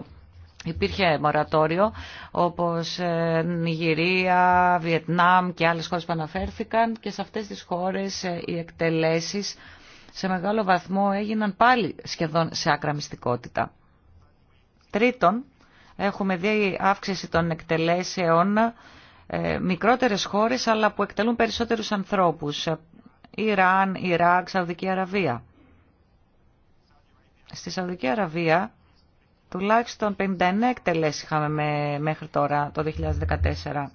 Υπήρχε μορατόριο όπως ε, Νιγηρία, Βιετνάμ και άλλες χώρες που αναφέρθηκαν και σε αυτές τις χώρες οι εκτελέσεις σε μεγάλο βαθμό έγιναν πάλι σχεδόν σε άκρα μυστικότητα. Τρίτον, έχουμε δει αύξηση των εκτελέσεων μικρότερες χώρες αλλά που εκτελούν περισσότερους ανθρώπους. Ιράν, Ιράκ, Σαουδική Αραβία. Στη Σαουδική Αραβία τουλάχιστον 59 εκτελέσει είχαμε με, μέχρι τώρα το 2014.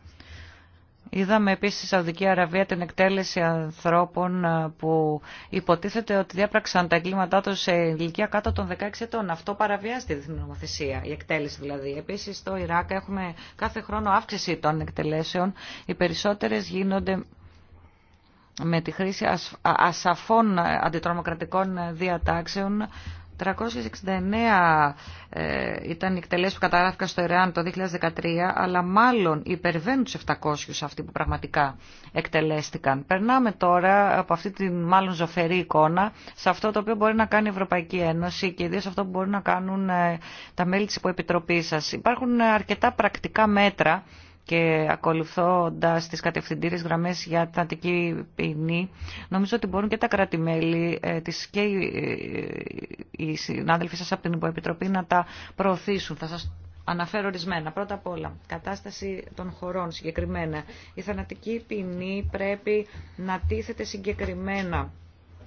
Είδαμε επίσης στη Σαουδική Αραβία την εκτέλεση ανθρώπων ε, που υποτίθεται ότι διάπραξαν τα εγκλήματά τους σε ηλικία κάτω των 16 ετών. Αυτό παραβιάζει τη διεθνή νομοθεσία, η εκτέλεση δηλαδή. Επίσης στο Ιράκ έχουμε κάθε χρόνο αύξηση των εκτελέσεων. Οι περισσότερες γίνονται με τη χρήση ασαφών ε, αντιτρομοκρατικών ε, διατάξεων 369 ε, ήταν οι εκτελέσει που καταγράφηκαν στο ΕΡΑΝ το 2013, αλλά μάλλον υπερβαίνουν του 700 αυτοί που πραγματικά εκτελέστηκαν. Περνάμε τώρα από αυτή τη μάλλον ζωφερή εικόνα σε αυτό το οποίο μπορεί να κάνει η Ευρωπαϊκή Ένωση και σε αυτό που μπορεί να κάνουν ε, τα μέλη τη υποεπιτροπή σα. Υπάρχουν ε, αρκετά πρακτικά μέτρα και ακολουθώντας τις κατευθυντήριες γραμμές για την ποινή, νομίζω ότι μπορούν και τα κράτη-μέλη ε, και ε, οι συνάδελφοι σας από την Υποεπιτροπή να τα προωθήσουν. Θα σας Αναφέρω ορισμένα. Πρώτα απ' όλα, κατάσταση των χωρών συγκεκριμένα. Η θανατική ποινή πρέπει να τίθεται συγκεκριμένα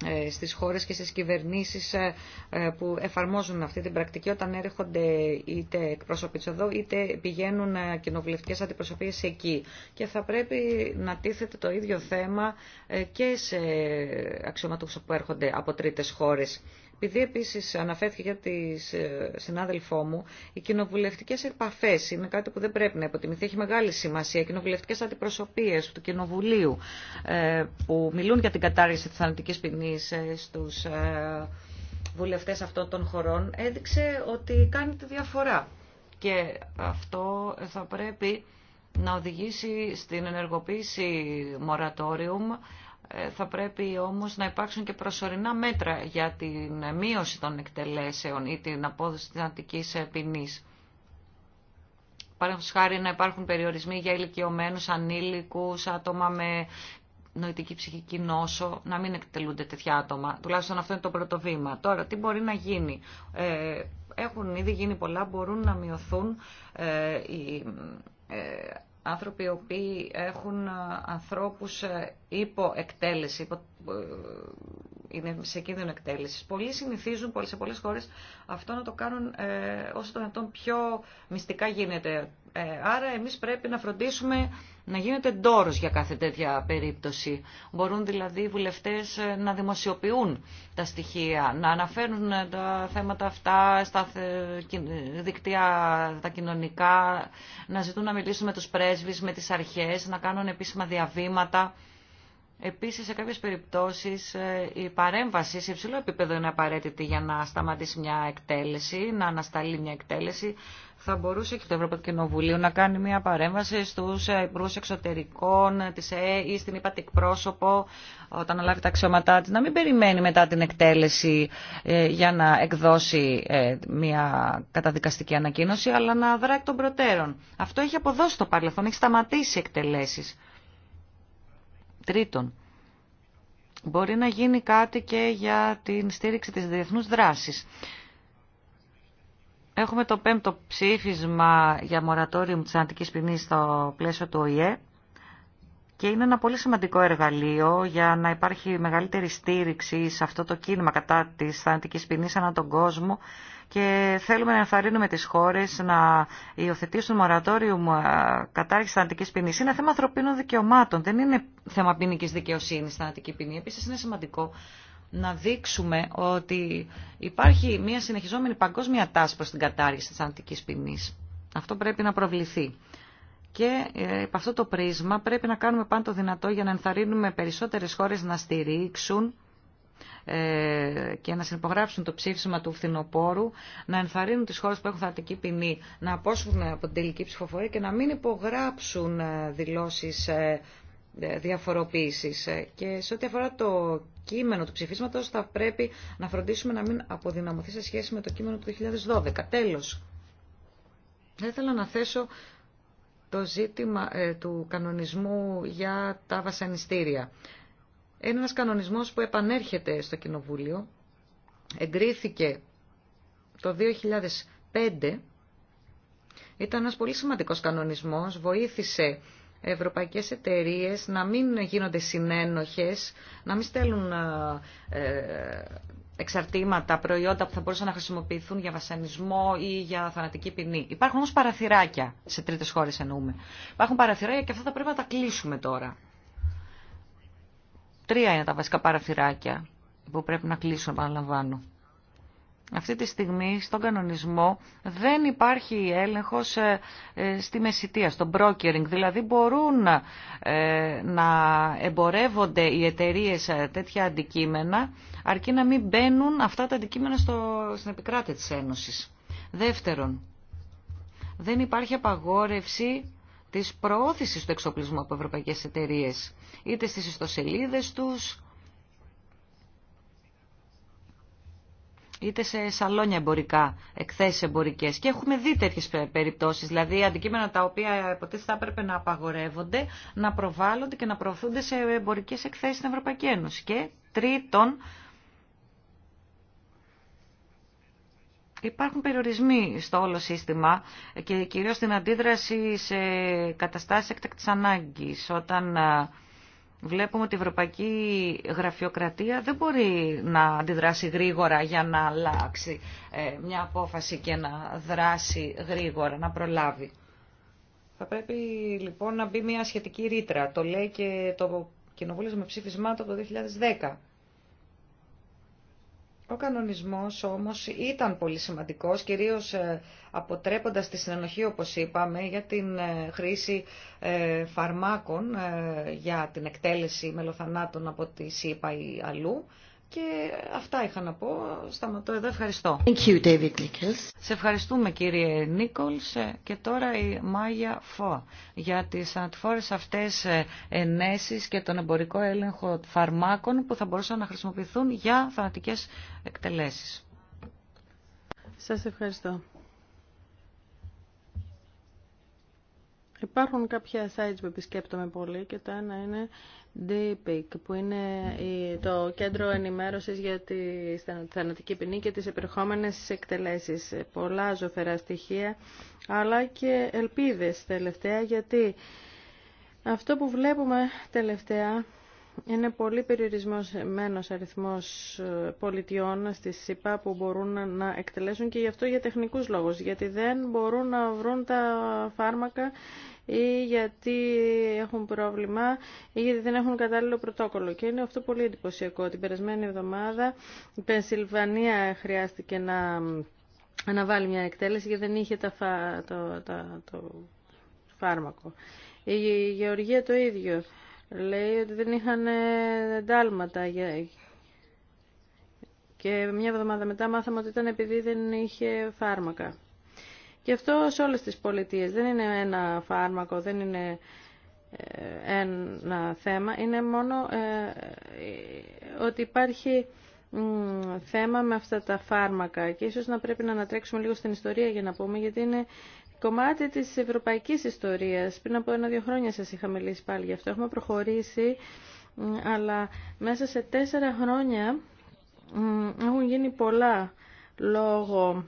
ε, στις χώρες και στις κυβερνήσεις ε, ε, που εφαρμόζουν αυτή την πρακτική όταν έρχονται είτε εκπρόσωποι εδώ είτε πηγαίνουν κοινοβουλευτικές αντιπροσωπείες εκεί. Και θα πρέπει να τίθεται το ίδιο θέμα και σε αξιωματούχους που έρχονται από τρίτες χώρες. Επειδή επίση αναφέρθηκε για τη ε, συνάδελφό μου, οι κοινοβουλευτικέ επαφέ είναι κάτι που δεν πρέπει να υποτιμηθεί. Έχει μεγάλη σημασία. Οι κοινοβουλευτικέ αντιπροσωπείε του Κοινοβουλίου ε, που μιλούν για την κατάργηση τη θανατική ποινή ε, στου βουλευτέ αυτών των χωρών έδειξε ότι κάνει τη διαφορά. Και αυτό θα πρέπει να οδηγήσει στην ενεργοποίηση μορατόριου ε, θα πρέπει όμως να υπάρξουν και προσωρινά μέτρα για την μείωση των εκτελέσεων ή την απόδοση της αντικής ποινής. Παραδείγματος χάρη να υπάρχουν περιορισμοί για ηλικιωμένους, ανήλικους, άτομα με νοητική ψυχική νόσο, να μην εκτελούνται τέτοια άτομα. Τουλάχιστον αυτό είναι το πρώτο βήμα. Τώρα, τι μπορεί να γίνει. Ε, έχουν ήδη γίνει πολλά, μπορούν να μειωθούν ε, οι άνθρωποι οι οποίοι έχουν ε, ανθρώπους ε, υπό εκτέλεση, υπό ε, είναι σε κίνδυνο εκτέλεση. Πολλοί συνηθίζουν σε πολλέ χώρε αυτό να το κάνουν ε, όσο το δυνατόν πιο μυστικά γίνεται. Ε, άρα εμεί πρέπει να φροντίσουμε να γίνεται ντόρο για κάθε τέτοια περίπτωση. Μπορούν δηλαδή οι βουλευτέ ε, να δημοσιοποιούν τα στοιχεία, να αναφέρουν ε, τα θέματα αυτά στα δικτύα τα κοινωνικά, να ζητούν να μιλήσουν με του πρέσβει, με τι αρχέ, να κάνουν επίσημα διαβήματα. Επίσης, σε κάποιες περιπτώσεις, ε, η παρέμβαση σε υψηλό επίπεδο είναι απαραίτητη για να σταματήσει μια εκτέλεση, να ανασταλεί μια εκτέλεση. Θα μπορούσε και το Ευρωπαϊκό Κοινοβουλίο να κάνει μια παρέμβαση στους ε, υπουργούς εξωτερικών ε, της ΕΕ ή στην ΥΠΑΤΙΚ πρόσωπο όταν αναλάβει τα αξιώματά της, να μην περιμένει μετά την εκτέλεση για να εκδώσει μια καταδικαστική ανακοίνωση, αλλά να δράει τον προτέρων. Αυτό έχει αποδώσει το παρελθόν, έχει σταματήσει εκτελέσεις. Τρίτον, μπορεί να γίνει κάτι και για την στήριξη της διεθνούς δράσης. Έχουμε το πέμπτο ψήφισμα για μορατόριο της αντικής ποινής στο πλαίσιο του ΟΗΕ και είναι ένα πολύ σημαντικό εργαλείο για να υπάρχει μεγαλύτερη στήριξη σε αυτό το κίνημα κατά της θανατικής ποινής ανά τον κόσμο και θέλουμε να ενθαρρύνουμε τις χώρες να υιοθετήσουν μορατόριο ε, κατάργηση θανατικής ποινής. Είναι θέμα ανθρωπίνων δικαιωμάτων, δεν είναι θέμα ποινική δικαιοσύνης θανατική ποινή. Επίσης είναι σημαντικό να δείξουμε ότι υπάρχει μια συνεχιζόμενη παγκόσμια τάση προς την κατάργηση της θανατικής ποινής. Αυτό πρέπει να προβληθεί. Και ε, από αυτό το πρίσμα πρέπει να κάνουμε πάντο δυνατό για να ενθαρρύνουμε περισσότερες χώρες να στηρίξουν ε, και να συνυπογράψουν το ψήφισμα του φθινοπόρου, να ενθαρρύνουν τις χώρες που έχουν θεατική ποινή να απόσχουν από την τελική ψηφοφορία και να μην υπογράψουν ε, δηλώσεις ε, διαφοροποίησης. Και σε ό,τι αφορά το κείμενο του ψηφίσματος θα πρέπει να φροντίσουμε να μην αποδυναμωθεί σε σχέση με το κείμενο του 2012. Τέλος, θα ήθελα να θέσω το ζήτημα του κανονισμού για τα βασανιστήρια είναι ένας κανονισμός που επανέρχεται στο Κοινοβούλιο. Εγκρίθηκε το 2005. Ήταν ένας πολύ σημαντικός κανονισμός. Βοήθησε ευρωπαϊκές εταιρείες να μην γίνονται συνένοχες, να μην στέλνουν ε, ε, εξαρτήματα, προϊόντα που θα μπορούσαν να χρησιμοποιηθούν για βασανισμό ή για θανατική ποινή. Υπάρχουν όμως παραθυράκια, σε τρίτες χώρες εννοούμε. Υπάρχουν παραθυράκια και αυτά τα πρέπει να τα κλείσουμε τώρα. Τρία είναι τα βασικά παραθυράκια που πρέπει να να παραλαμβάνω. Αυτή τη στιγμή στον κανονισμό δεν υπάρχει έλεγχος ε, ε, στη μεσητεία, στο brokering. Δηλαδή μπορούν ε, να εμπορεύονται οι εταιρείε τέτοια αντικείμενα αρκεί να μην μπαίνουν αυτά τα αντικείμενα στο, στην επικράτεια της Ένωσης. Δεύτερον, δεν υπάρχει απαγόρευση της προώθησης του εξοπλισμού από ευρωπαϊκές εταιρείες, είτε στις ιστοσελίδες τους, είτε σε σαλόνια εμπορικά, εκθέσεις εμπορικές. Και έχουμε δει τέτοιες περιπτώσεις, δηλαδή αντικείμενα τα οποία ποτέ θα έπρεπε να απαγορεύονται, να προβάλλονται και να προωθούνται σε εμπορικές εκθέσεις στην Ευρωπαϊκή Ένωση. Και τρίτον, Υπάρχουν περιορισμοί στο όλο σύστημα και κυρίως στην αντίδραση σε καταστάσεις εκτακτής ανάγκης. Όταν ε, βλέπουμε ότι η ευρωπαϊκή γραφειοκρατία δεν μπορεί να αντιδράσει γρήγορα για να αλλάξει ε, μια απόφαση και να δράσει γρήγορα, να προλάβει. Θα πρέπει λοιπόν να μπει μια σχετική ρήτρα. Το λέει και το Κοινοβούλιο με ψήφισμά το 2010. Ο κανονισμός όμως ήταν πολύ σημαντικός, κυρίως ε, αποτρέποντας τη συνενοχή, όπως είπαμε, για την ε, χρήση ε, φαρμάκων για την εκτέλεση μελοθανάτων από τη ΣΥΠΑ ή αλλού. Και αυτά είχα να πω. Σταματώ εδώ. Ευχαριστώ. Thank you, David Nichols. Σε ευχαριστούμε κύριε Νίκολς ε, και τώρα η Μάγια Φώ για τις αντιφόρες αυτές ε, ενέσεις και τον εμπορικό έλεγχο φαρμάκων που θα μπορούσαν να χρησιμοποιηθούν για θανατικές εκτελέσεις. Σας ευχαριστώ. Υπάρχουν κάποια sites που επισκέπτομαι πολύ και το ένα είναι που είναι το κέντρο ενημέρωσης για τη θανατική ποινή και τις επερχόμενες εκτελέσεις. Πολλά ζωφερά στοιχεία, αλλά και ελπίδες τελευταία, γιατί αυτό που βλέπουμε τελευταία είναι πολύ περιορισμένος αριθμός ε, πολιτιών στη ΣΥΠΑ που μπορούν να εκτελέσουν και γι' αυτό για τεχνικούς λόγους, γιατί δεν μπορούν να βρουν τα φάρμακα ή γιατί έχουν πρόβλημα ή γιατί δεν έχουν κατάλληλο πρωτόκολλο. Και είναι αυτό πολύ εντυπωσιακό. Την περασμένη εβδομάδα η Πενσιλβανία χρειάστηκε να αναβάλει μια εκτέλεση γιατί δεν είχε το... το φάρμακο. Η Γεωργία το ίδιο λέει ότι δεν είχαν ε, εντάλματα και μια εβδομάδα μετά μάθαμε ότι ήταν επειδή δεν είχε φάρμακα. Και αυτό σε όλες τις πολιτείες. Δεν είναι ένα φάρμακο, δεν είναι ε, ένα θέμα. Είναι μόνο ε, ότι υπάρχει θέμα με αυτά τα φάρμακα και ίσως να πρέπει να ανατρέξουμε λίγο στην ιστορία για να πούμε γιατί είναι κομμάτι της ευρωπαϊκής ιστορίας. Πριν από ένα-δύο χρόνια σας είχα μιλήσει πάλι γι' αυτό. Έχουμε προχωρήσει, αλλά μέσα σε τέσσερα χρόνια έχουν γίνει πολλά λόγω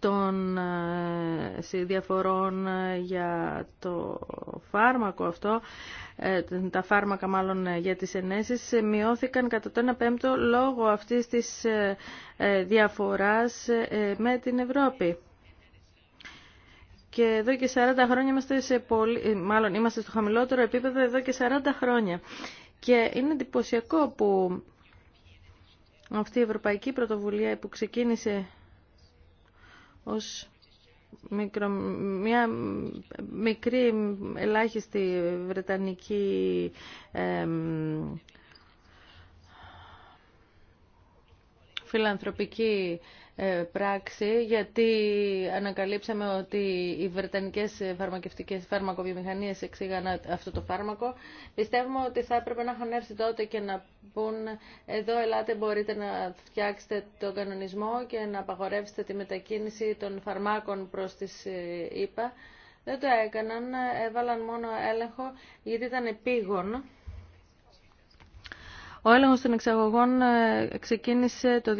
των ε, διαφορών ε, για το φάρμακο αυτό, ε, τα φάρμακα μάλλον για τις ενέσεις, μειώθηκαν κατά το 1 πέμπτο λόγω αυτής της διαφοράς με την Ευρώπη. Και εδώ και 40 χρόνια είμαστε σε πολύ, ε, μάλλον είμαστε στο χαμηλότερο επίπεδο εδώ και 40 χρόνια. Και είναι εντυπωσιακό που αυτή η ευρωπαϊκή πρωτοβουλία που ξεκίνησε ως μικρο, μια μικρή ελάχιστη βρετανική φιλανθρωπική ε, πράξη γιατί ανακαλύψαμε ότι οι βρετανικές φαρμακευτικές φαρμακοβιομηχανίες εξήγαν αυτό το φάρμακο. Πιστεύουμε ότι θα έπρεπε να είχαν έρθει τότε και να πούν εδώ ελάτε μπορείτε να φτιάξετε τον κανονισμό και να απαγορεύσετε τη μετακίνηση των φαρμάκων προς τις ΕΠΑ. Δεν το έκαναν, έβαλαν μόνο έλεγχο γιατί ήταν επίγον. Ο έλεγχος των εξαγωγών ε, ξεκίνησε το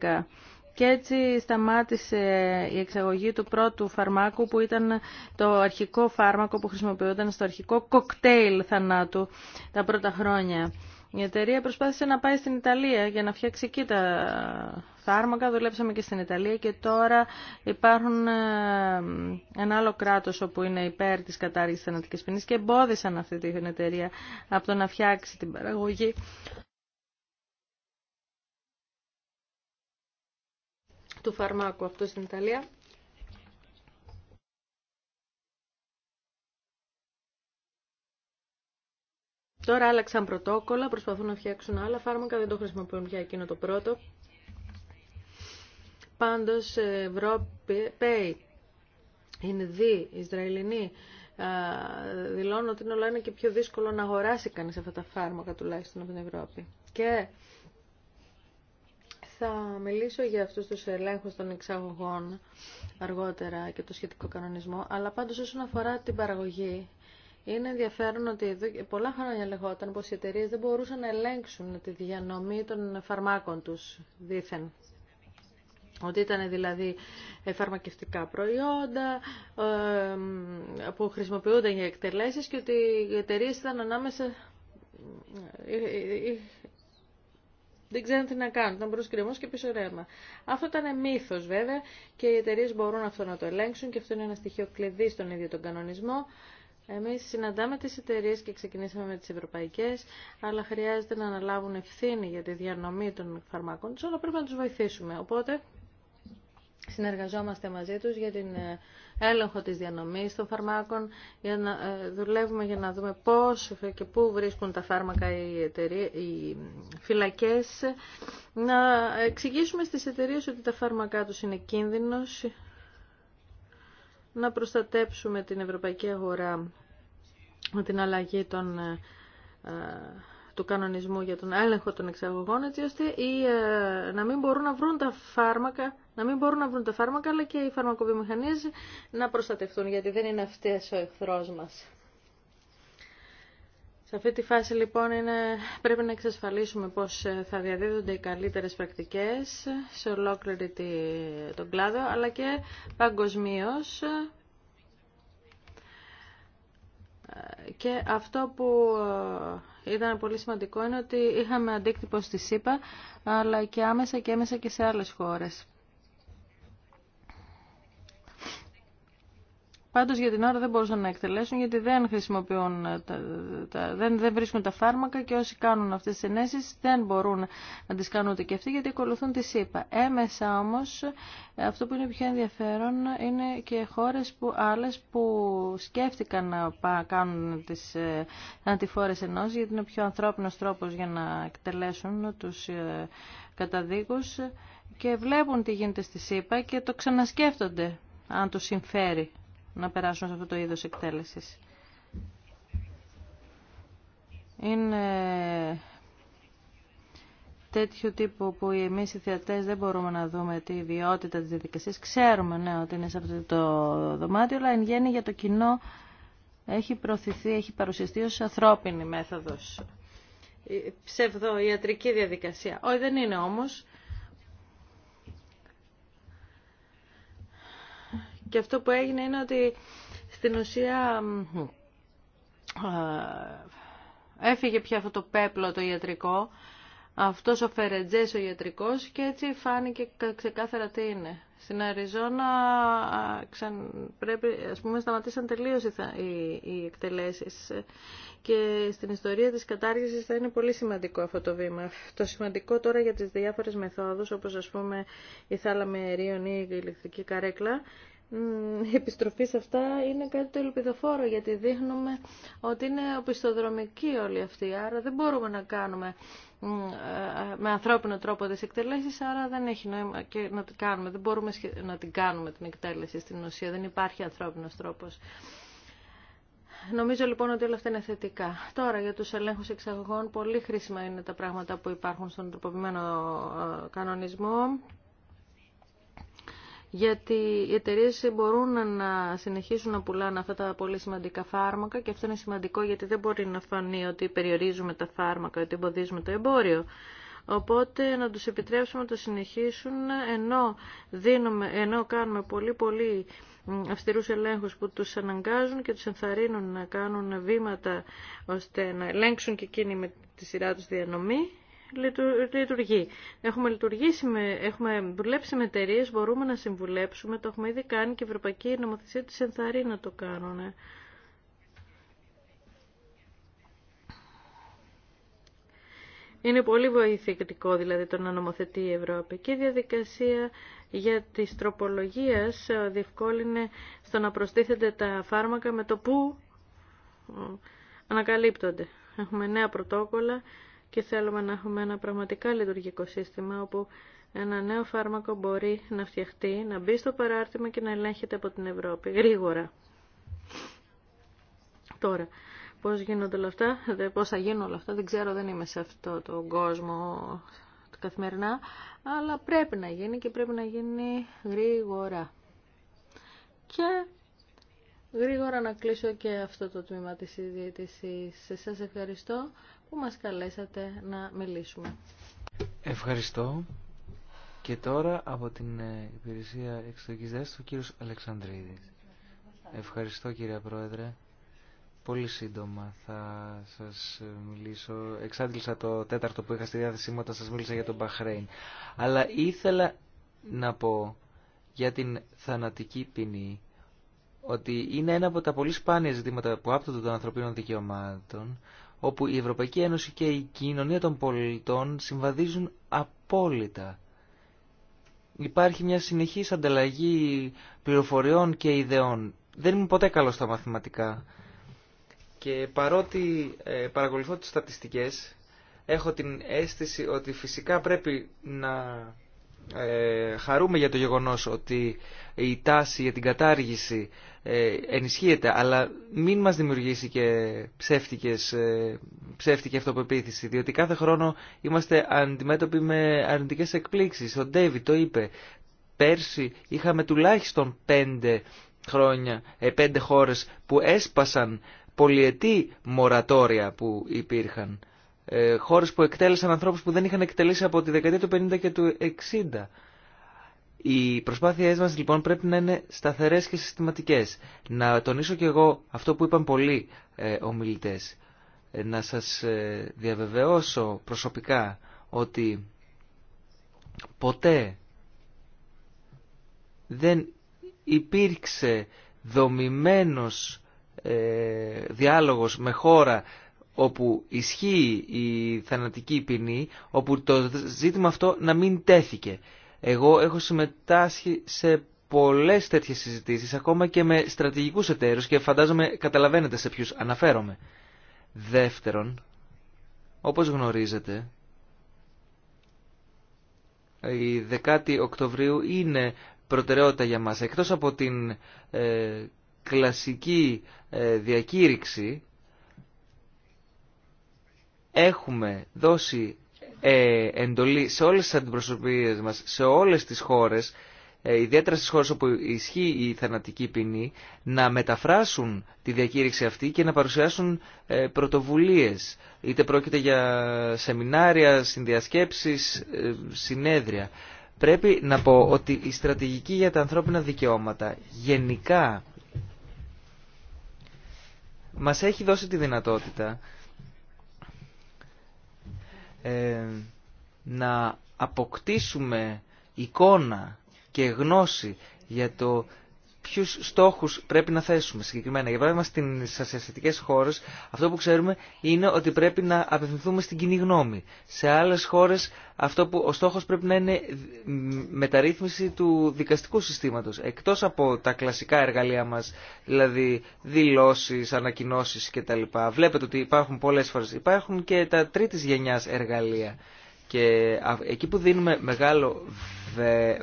2010. Και έτσι σταμάτησε η εξαγωγή του πρώτου φαρμάκου που ήταν το αρχικό φάρμακο που χρησιμοποιούνταν στο αρχικό κοκτέιλ θανάτου τα πρώτα χρόνια. Η εταιρεία προσπάθησε να πάει στην Ιταλία για να φτιάξει εκεί τα φάρμακα. Δουλέψαμε και στην Ιταλία και τώρα υπάρχουν ε, ένα άλλο κράτος όπου είναι υπέρ της κατάργησης θανατικής ποινής και εμπόδισαν αυτή την εταιρεία από το να φτιάξει την παραγωγή του φαρμάκου αυτό στην Ιταλία. Τώρα άλλαξαν πρωτόκολλα, προσπαθούν να φτιάξουν άλλα φάρμακα, δεν το χρησιμοποιούν πια εκείνο το πρώτο. Πάντως, ε, Πέι, Ινδί, Ισραηλινοί, δηλώνουν ότι είναι όλα ένα και πιο δύσκολο να αγοράσει κανείς αυτά τα φάρμακα τουλάχιστον από την Ευρώπη. Και θα μιλήσω για αυτούς τους ελέγχους των εξαγωγών αργότερα και το σχετικό κανονισμό, αλλά πάντως όσον αφορά την παραγωγή, είναι ενδιαφέρον ότι εδώ πολλά χρόνια λεγόταν πως οι εταιρείε δεν μπορούσαν να ελέγξουν τη διανομή των φαρμάκων τους δήθεν. Ότι ήταν δηλαδή φαρμακευτικά προϊόντα που χρησιμοποιούνταν για εκτελέσεις και ότι οι εταιρείε ήταν ανάμεσα ε, ε, ε, δεν ξέρουν τι να κάνουν. Ήταν μπρος και πίσω Αυτό ήταν μύθο βέβαια και οι εταιρείε μπορούν αυτό να το ελέγξουν και αυτό είναι ένα στοιχείο κλειδί στον ίδιο τον κανονισμό. Εμεί συναντάμε τι εταιρείε και ξεκινήσαμε με τι ευρωπαϊκέ, αλλά χρειάζεται να αναλάβουν ευθύνη για τη διανομή των φαρμάκων του, αλλά πρέπει να του βοηθήσουμε. Οπότε συνεργαζόμαστε μαζί τους για την ε, έλεγχο της διανομής των φαρμάκων, για να ε, δουλεύουμε για να δούμε πώς και πού βρίσκουν τα φάρμακα οι, οι φυλακές, να εξηγήσουμε στις εταιρείες ότι τα φάρμακά τους είναι κίνδυνος, να προστατέψουμε την ευρωπαϊκή αγορά με την αλλαγή των ε, του κανονισμού για τον έλεγχο των εξαγωγών, έτσι ώστε να μην μπορούν να βρουν τα φάρμακα να μην μπορούν να βρουν τα φάρμακα, αλλά και οι φαρμακοβιομηχανίες να προστατευτούν, γιατί δεν είναι αυτές ο εχθρός μας. Σε αυτή τη φάση λοιπόν πρέπει να εξασφαλίσουμε πώς ε, θα διαδίδονται οι καλύτερες πρακτικές σε ολόκληρη τον κλάδο, αλλά και παγκοσμίω. Ε, και αυτό που ε, ήταν πολύ σημαντικό είναι ότι είχαμε αντίκτυπο στη ΣΥΠΑ, αλλά και άμεσα και έμεσα και σε άλλες χώρες. Πάντω για την ώρα δεν μπορούσαν να εκτελέσουν γιατί δεν χρησιμοποιούν, δεν, δεν βρίσκουν τα φάρμακα και όσοι κάνουν αυτέ τι ενέσει δεν μπορούν να τις κάνουν ούτε και αυτοί γιατί ακολουθούν τη ΣΥΠΑ. Έμεσα όμω, αυτό που είναι πιο ενδιαφέρον είναι και χώρε που, άλλε που σκέφτηκαν να κάνουν τις ε, αντιφόρες ενός γιατί είναι ο πιο ανθρώπινο τρόπο για να εκτελέσουν τους ε, καταδίκου και βλέπουν τι γίνεται στη ΣΥΠΑ και το ξανασκέφτονται αν τους συμφέρει να περάσουν σε αυτό το είδος εκτέλεσης. Είναι τέτοιο τύπο που εμείς οι θεατές δεν μπορούμε να δούμε τη βιότητα της διαδικασίας. Ξέρουμε ναι, ότι είναι σε αυτό το δωμάτιο, αλλά εν γέννη για το κοινό έχει προωθηθεί, έχει παρουσιαστεί ως ανθρώπινη μέθοδος. Ψευδοϊατρική διαδικασία. Όχι, δεν είναι όμως. Και αυτό που έγινε είναι ότι στην ουσία έφυγε πια αυτό το πέπλο το ιατρικό, αυτός ο Φερετζές ο ιατρικός και έτσι φάνηκε ξεκάθαρα τι είναι. Στην Αριζόνα ξαν, πρέπει, ας πούμε, σταματήσαν τελείως οι, οι, εκτελέσεις και στην ιστορία της κατάργησης θα είναι πολύ σημαντικό αυτό το βήμα. Το σημαντικό τώρα για τις διάφορες μεθόδους όπως ας πούμε η θάλαμη αερίων ή η ηλεκτρική καρέκλα η επιστροφή σε αυτά είναι κάτι το ελπιδοφόρο γιατί δείχνουμε ότι είναι οπισθοδρομική όλοι αυτοί άρα δεν μπορούμε να κάνουμε ε, με ανθρώπινο τρόπο τις εκτελέσεις άρα δεν έχει νόημα και να την κάνουμε δεν μπορούμε να την κάνουμε την εκτέλεση στην ουσία δεν υπάρχει ανθρώπινος τρόπος Νομίζω λοιπόν ότι όλα αυτά είναι θετικά. Τώρα για τους ελέγχους εξαγωγών πολύ χρήσιμα είναι τα πράγματα που υπάρχουν στον τροποποιημένο ε, κανονισμό γιατί οι εταιρείε μπορούν να συνεχίσουν να πουλάνε αυτά τα πολύ σημαντικά φάρμακα και αυτό είναι σημαντικό γιατί δεν μπορεί να φανεί ότι περιορίζουμε τα φάρμακα, ότι εμποδίζουμε το εμπόριο. Οπότε να τους επιτρέψουμε να το συνεχίσουν ενώ, δίνουμε, ενώ κάνουμε πολύ πολύ αυστηρούς ελέγχους που τους αναγκάζουν και τους ενθαρρύνουν να κάνουν βήματα ώστε να ελέγξουν και εκείνοι με τη σειρά τους διανομή λειτουργεί. Έχουμε λειτουργήσει, έχουμε δουλέψει με εταιρείε, μπορούμε να συμβουλέψουμε, το έχουμε ήδη κάνει και η Ευρωπαϊκή Νομοθεσία τη ενθαρρύνει να το κάνουν. Είναι πολύ βοηθητικό δηλαδή το να νομοθετεί η Ευρώπη και η διαδικασία για τη τροπολογία ε, διευκόλυνε στο να προστίθενται τα φάρμακα με το που ε, ανακαλύπτονται. Έχουμε νέα πρωτόκολλα και θέλουμε να έχουμε ένα πραγματικά λειτουργικό σύστημα όπου ένα νέο φάρμακο μπορεί να φτιαχτεί, να μπει στο παράρτημα και να ελέγχεται από την Ευρώπη γρήγορα. Τώρα, πώς γίνονται όλα αυτά, πώς θα γίνουν όλα αυτά, δεν ξέρω, δεν είμαι σε αυτό το κόσμο καθημερινά, αλλά πρέπει να γίνει και πρέπει να γίνει γρήγορα. Και γρήγορα να κλείσω και αυτό το τμήμα της συζήτησης. Σας ευχαριστώ που μας καλέσατε να μιλήσουμε. Ευχαριστώ. Και τώρα από την ε, Υπηρεσία Εξωτερικής Δράσης ο κύριος Αλεξανδρίδης. Ευχαριστώ κύριε Πρόεδρε. Πολύ σύντομα θα σας ε, μιλήσω. Εξάντλησα το τέταρτο που είχα στη διάθεσή μου όταν σας μίλησα για τον Μπαχρέιν. Αλλά ήθελα να πω για την θανατική ποινή ότι είναι ένα από τα πολύ σπάνια ζητήματα που άπτονται των ανθρωπίνων δικαιωμάτων όπου η Ευρωπαϊκή Ένωση και η κοινωνία των πολιτών συμβαδίζουν απόλυτα. Υπάρχει μια συνεχής ανταλλαγή πληροφοριών και ιδεών. Δεν είμαι ποτέ καλό στα μαθηματικά. Και παρότι ε, παρακολουθώ τις στατιστικές, έχω την αίσθηση ότι φυσικά πρέπει να ε, χαρούμε για το γεγονός ότι η τάση για την κατάργηση ε, ενισχύεται, αλλά μην μας δημιουργήσει και ψεύτικες, ε, ψεύτικη αυτοπεποίθηση, διότι κάθε χρόνο είμαστε αντιμέτωποι με αρνητικές εκπλήξεις. Ο Ντέβι το είπε, πέρσι είχαμε τουλάχιστον πέντε, χρόνια, πέντε χώρες που έσπασαν πολυετή μορατόρια που υπήρχαν. Ε, χώρες που εκτέλεσαν ανθρώπους που δεν είχαν εκτελήσει από τη δεκαετία του 50 και του 60. Οι προσπάθειές μας λοιπόν πρέπει να είναι σταθερές και συστηματικές. Να τονίσω και εγώ αυτό που είπαν πολλοί ε, ομιλητές. Ε, να σας διαβεβαιώσω προσωπικά ότι ποτέ δεν υπήρξε δομημένος διάλογος με χώρα όπου ισχύει η θανατική ποινή, όπου το ζήτημα αυτό να μην τέθηκε. Εγώ έχω συμμετάσχει σε πολλές τέτοιες συζητήσεις, ακόμα και με στρατηγικούς εταίρους και φαντάζομαι καταλαβαίνετε σε ποιους αναφέρομαι. Δεύτερον, όπως γνωρίζετε, η 10η Οκτωβρίου είναι προτεραιότητα για μας. Εκτός από την ε, κλασική ε, διακήρυξη έχουμε δώσει ε, εντολή σε όλες τις αντιπροσωπείες μας, σε όλες τις χώρες, ε, ιδιαίτερα στις χώρες όπου ισχύει η θανατική ποινή, να μεταφράσουν τη διακήρυξη αυτή και να παρουσιάσουν ε, πρωτοβουλίες. Είτε πρόκειται για σεμινάρια, συνδιασκέψεις, ε, συνέδρια. Πρέπει να πω ότι η στρατηγική για τα ανθρώπινα δικαιώματα γενικά μας έχει δώσει τη δυνατότητα ε, να αποκτήσουμε εικόνα και γνώση για το ποιου στόχου πρέπει να θέσουμε συγκεκριμένα. Για παράδειγμα, στι ασιαστικέ χώρε αυτό που ξέρουμε είναι ότι πρέπει να απευθυνθούμε στην κοινή γνώμη. Σε άλλε χώρε ο στόχο πρέπει να είναι μεταρρύθμιση του δικαστικού συστήματο. Εκτό από τα κλασικά εργαλεία μα, δηλαδή δηλώσει, ανακοινώσει κτλ. Βλέπετε ότι υπάρχουν πολλέ φορέ. Υπάρχουν και τα τρίτη γενιά εργαλεία. Και εκεί που δίνουμε μεγάλο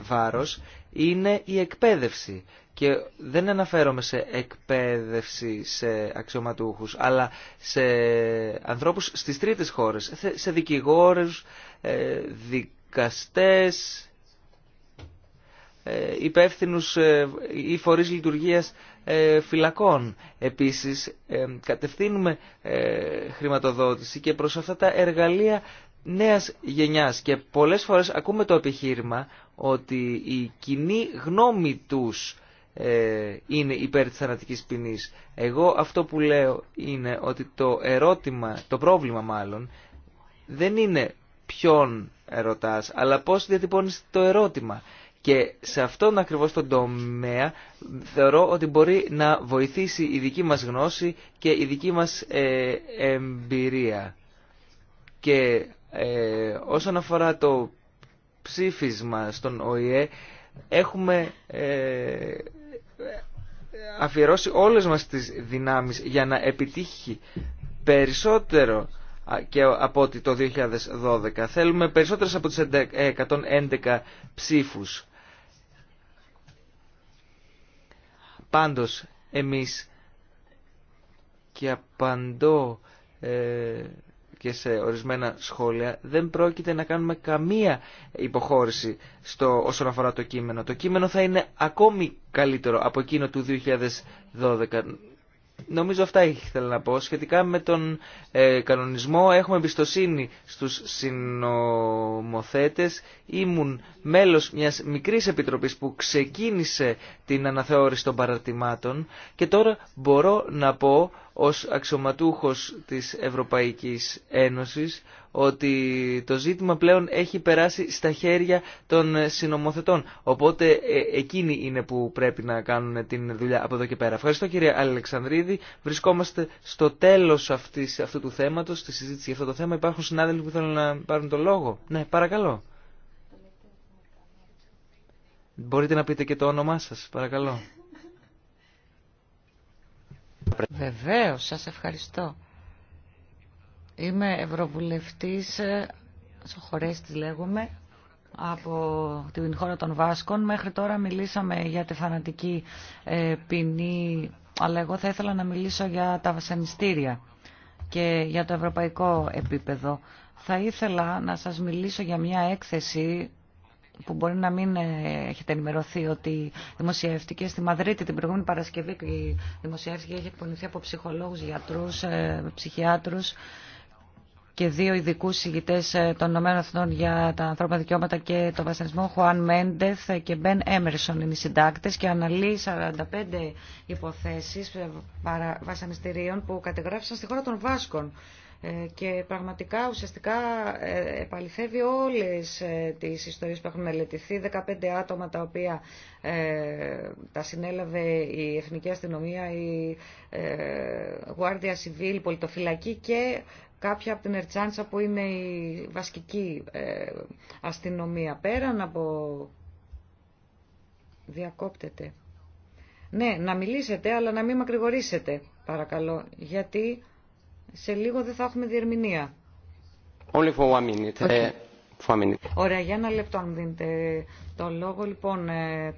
βάρο είναι η εκπαίδευση και δεν αναφέρομαι σε εκπαίδευση σε αξιωματούχους, αλλά σε ανθρώπους στις τρίτες χώρες, σε δικηγόρους, ε, δικαστές, ε, υπεύθυνους ε, ή φορείς λειτουργίας φυλακών. Επίσης, κατευθύνουμε χρηματοδότηση και προς αυτά τα εργαλεία νέας γενιάς και πολλές φορές ακούμε το επιχείρημα ότι η κοινή γνώμη τους ε, είναι υπέρ της θανατικής ποινής. Εγώ αυτό που λέω είναι ότι το ερώτημα, το πρόβλημα μάλλον, δεν είναι ποιον ερωτάς, αλλά πώς διατυπώνεις το ερώτημα. Και σε αυτόν ακριβώς τον τομέα θεωρώ ότι μπορεί να βοηθήσει η δική μας γνώση και η δική μας ε, εμπειρία. Και ε, όσον αφορά το ψήφισμα στον ΟΗΕ, έχουμε ε, αφιερώσει όλες μας τις δυνάμεις για να επιτύχει περισσότερο και από ότι το 2012. Θέλουμε περισσότερες από τις 111 ε, ψήφους. Πάντως, εμείς και απαντώ ε, και σε ορισμένα σχόλια, δεν πρόκειται να κάνουμε καμία υποχώρηση στο, όσον αφορά το κείμενο. Το κείμενο θα είναι ακόμη καλύτερο από εκείνο του 2012. Νομίζω αυτά ήθελα να πω. Σχετικά με τον ε, κανονισμό έχουμε εμπιστοσύνη στους συνομοθέτες. Ήμουν μέλος μιας μικρής επιτροπής που ξεκίνησε την αναθεώρηση των παρατημάτων και τώρα μπορώ να πω ως αξιωματούχος της Ευρωπαϊκής Ένωσης ότι το ζήτημα πλέον έχει περάσει στα χέρια των συνομοθετών. Οπότε ε, εκείνοι είναι που πρέπει να κάνουν την δουλειά από εδώ και πέρα. Ευχαριστώ κύριε Αλεξανδρίδη. Βρισκόμαστε στο τέλος αυτού του θέματος, στη συζήτηση για αυτό το θέμα. Υπάρχουν συνάδελφοι που θέλουν να πάρουν το λόγο. Ναι, παρακαλώ. Μπορείτε να πείτε και το όνομά σας, παρακαλώ. Βεβαίως, σας ευχαριστώ. Είμαι ευρωβουλευτής, ε, τις λέγουμε από την χώρα των Βάσκων. Μέχρι τώρα μιλήσαμε για τη θανατική ε, ποινή, αλλά εγώ θα ήθελα να μιλήσω για τα βασανιστήρια και για το ευρωπαϊκό επίπεδο. Θα ήθελα να σας μιλήσω για μια έκθεση που μπορεί να μην ε, έχετε ενημερωθεί ότι δημοσιεύτηκε στη Μαδρίτη την προηγούμενη Παρασκευή δημοσιεύτηκε και έχει εκπονηθεί από ψυχολόγους, γιατρούς, ψυχιάτρους και δύο ειδικού ηγητέ ε, των ΗΠΑ για τα ανθρώπινα δικαιώματα και το βασανισμό, Χουάν Μέντεθ και Μπεν Έμερσον είναι οι συντάκτε και αναλύει 45 υποθέσει ε, βασανιστήριων που κατεγράφησαν στη χώρα των Βάσκων ε, και πραγματικά ουσιαστικά επαληθεύει όλες τις ιστορίες που έχουν μελετηθεί. 15 άτομα τα οποία τα συνέλαβε η Εθνική Αστυνομία, η ε, Guardia Civil, η Πολιτοφυλακή και κάποια από την Ερτσάντσα που είναι η βασική ε, αστυνομία πέραν από... Διακόπτεται. Ναι, να μιλήσετε, αλλά να μην μακρηγορήσετε, παρακαλώ, γιατί σε λίγο δεν θα έχουμε διερμηνία. Only for one minute. Okay. Ε, minute. Ωραία, για ένα λεπτό αν δίνετε το λόγο. Λοιπόν, ε,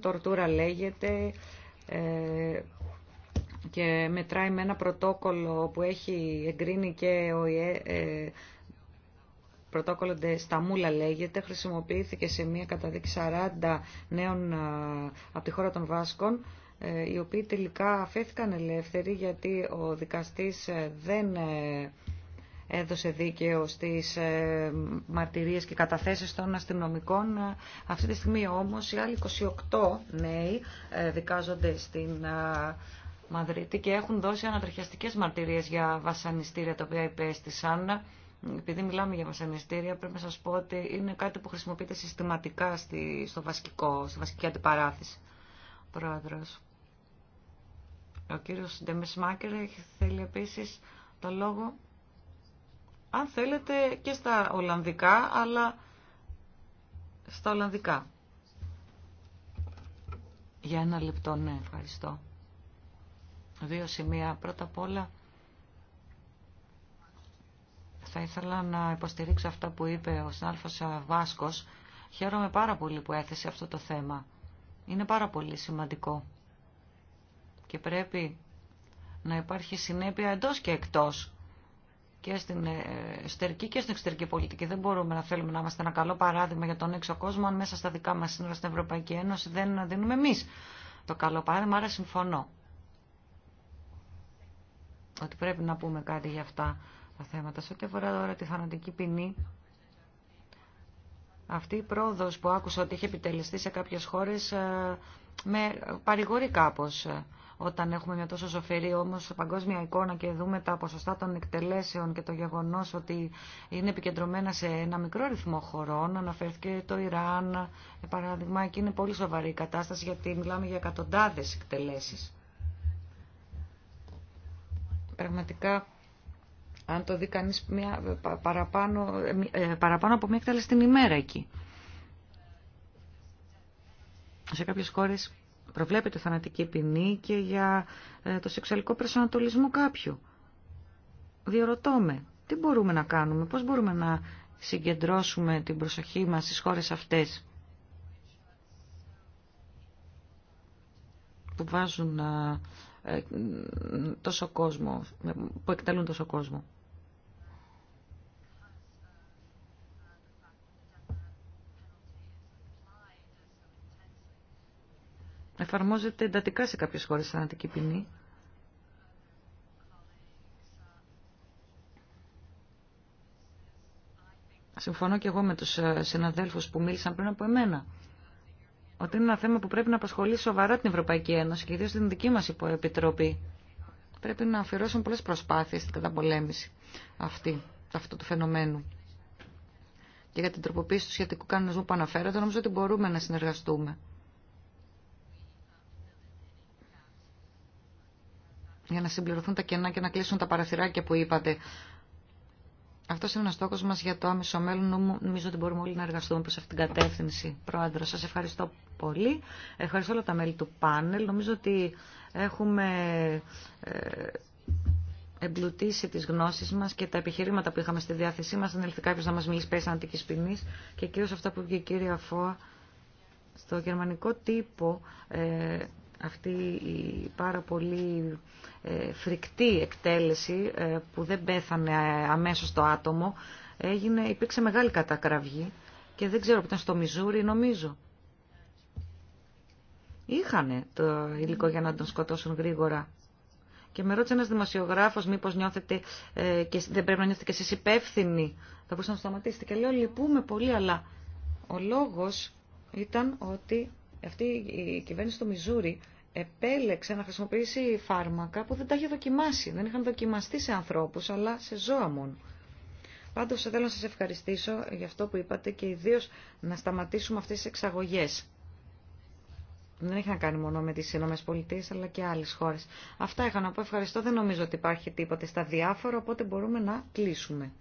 τορτούρα λέγεται. Ε, και μετράει με ένα πρωτόκολλο που έχει εγκρίνει και ο ΙΕ, ε, ε Σταμούλα λέγεται, χρησιμοποιήθηκε σε μια καταδίκη 40 νέων από τη χώρα των Βάσκων, ε, οι οποίοι τελικά αφέθηκαν ελεύθεροι γιατί ο δικαστής ε, δεν έδωσε δίκαιο στις μαρτυρίες και καταθέσεις των αστυνομικών. Αυτή τη στιγμή όμως οι άλλοι 28 νέοι δικάζονται στην Μαδρίτη και έχουν δώσει ανατριχιαστικές μαρτυρίες για βασανιστήρια τα οποία υπέστησαν. Επειδή μιλάμε για βασανιστήρια, πρέπει να σας πω ότι είναι κάτι που χρησιμοποιείται συστηματικά στη, στο βασικό, στη βασική αντιπαράθεση. Πρόεδρος. Ο κύριος Ντεμεσμάκερ θέλει επίσης το λόγο, αν θέλετε, και στα Ολλανδικά, αλλά στα Ολλανδικά. Για ένα λεπτό, ναι, ευχαριστώ. Δύο σημεία. Πρώτα απ' όλα θα ήθελα να υποστηρίξω αυτά που είπε ο Σνάλφος Βάσκος. Χαίρομαι πάρα πολύ που έθεσε αυτό το θέμα. Είναι πάρα πολύ σημαντικό. Και πρέπει να υπάρχει συνέπεια εντός και εκτός και στην ε, εσωτερική και στην εξωτερική πολιτική. Δεν μπορούμε να θέλουμε να είμαστε ένα καλό παράδειγμα για τον έξω κόσμο αν μέσα στα δικά μας σύνορα στην Ευρωπαϊκή Ένωση δεν δίνουμε εμείς το καλό παράδειγμα, άρα συμφωνώ ότι πρέπει να πούμε κάτι για αυτά τα θέματα. Σε ό,τι αφορά τώρα τη θανατική ποινή, αυτή η πρόοδος που άκουσα ότι είχε επιτελεστεί σε κάποιες χώρες ε, με παρηγορεί κάπως ε, όταν έχουμε μια τόσο σοφερή όμως παγκόσμια εικόνα και δούμε τα ποσοστά των εκτελέσεων και το γεγονός ότι είναι επικεντρωμένα σε ένα μικρό ρυθμό χωρών, αναφέρθηκε το Ιράν, ε, παράδειγμα, εκεί είναι πολύ σοβαρή η κατάσταση γιατί μιλάμε για εκατοντάδες εκτελέσεις. Πραγματικά, αν το δει κανείς παραπάνω, ε, παραπάνω από μια εκτέλεση την ημέρα εκεί. Σε κάποιες χώρες προβλέπεται θανατική ποινή και για ε, το σεξουαλικό προσανατολισμό κάποιου. Διερωτώ με, τι μπορούμε να κάνουμε, πώς μπορούμε να συγκεντρώσουμε την προσοχή μας στις χώρες αυτές που βάζουν ε, ε, τόσο κόσμο, που εκτελούν τόσο κόσμο. Εφαρμόζεται εντατικά σε κάποιες χώρες θανατική ποινή. Συμφωνώ και εγώ με τους ε, συναδέλφους που μίλησαν πριν από εμένα ότι είναι ένα θέμα που πρέπει να απασχολεί σοβαρά την Ευρωπαϊκή Ένωση και ιδίω την δική μας επιτροπή. Πρέπει να αφιερώσουν πολλέ προσπάθειες στην καταπολέμηση αυτή, αυτού του φαινομένου. Και για την τροποποίηση του σχετικού κανονισμού που αναφέρατε, νομίζω ότι μπορούμε να συνεργαστούμε. Για να συμπληρωθούν τα κενά και να κλείσουν τα παραθυράκια που είπατε αυτό είναι ο στόχο μα για το άμεσο μέλλον. Νομίζω ότι μπορούμε όλοι να εργαστούμε προ αυτήν την κατεύθυνση. Πρόεδρο, Σα ευχαριστώ πολύ. Ευχαριστώ όλα τα μέλη του πάνελ. Νομίζω ότι έχουμε ε, εμπλουτίσει τις γνώσεις μας και τα επιχειρήματα που είχαμε στη διάθεσή μα, Αν έλθει κάποιο να μας μιλήσει πέσει αντική ποινή και κυρίω αυτά που είπε η κυρία Φώα στο γερμανικό τύπο ε, αυτή η πάρα πολύ ε, φρικτή εκτέλεση ε, που δεν πέθανε ε, αμέσως το άτομο έγινε, υπήρξε μεγάλη κατακραυγή και δεν ξέρω που ήταν στο Μιζούρι νομίζω. Είχανε το υλικό για να τον σκοτώσουν γρήγορα. Και με ρώτησε ένας δημοσιογράφος μήπως νιώθετε και δεν πρέπει να νιώθετε και εσείς υπεύθυνοι. Θα μπορούσα να σταματήσετε. Και λέω λυπούμε πολύ αλλά ο λόγος ήταν ότι αυτή η κυβέρνηση του Μιζούρι επέλεξε να χρησιμοποιήσει φάρμακα που δεν τα είχε δοκιμάσει. Δεν είχαν δοκιμαστεί σε ανθρώπου, αλλά σε ζώα μόνο. Πάντως θέλω να σα ευχαριστήσω για αυτό που είπατε και ιδίω να σταματήσουμε αυτέ τι εξαγωγέ. Δεν έχει να κάνει μόνο με τι Ηνωμένε Πολιτείε, αλλά και άλλε χώρε. Αυτά είχα να πω. Ευχαριστώ. Δεν νομίζω ότι υπάρχει τίποτε στα διάφορα, οπότε μπορούμε να κλείσουμε.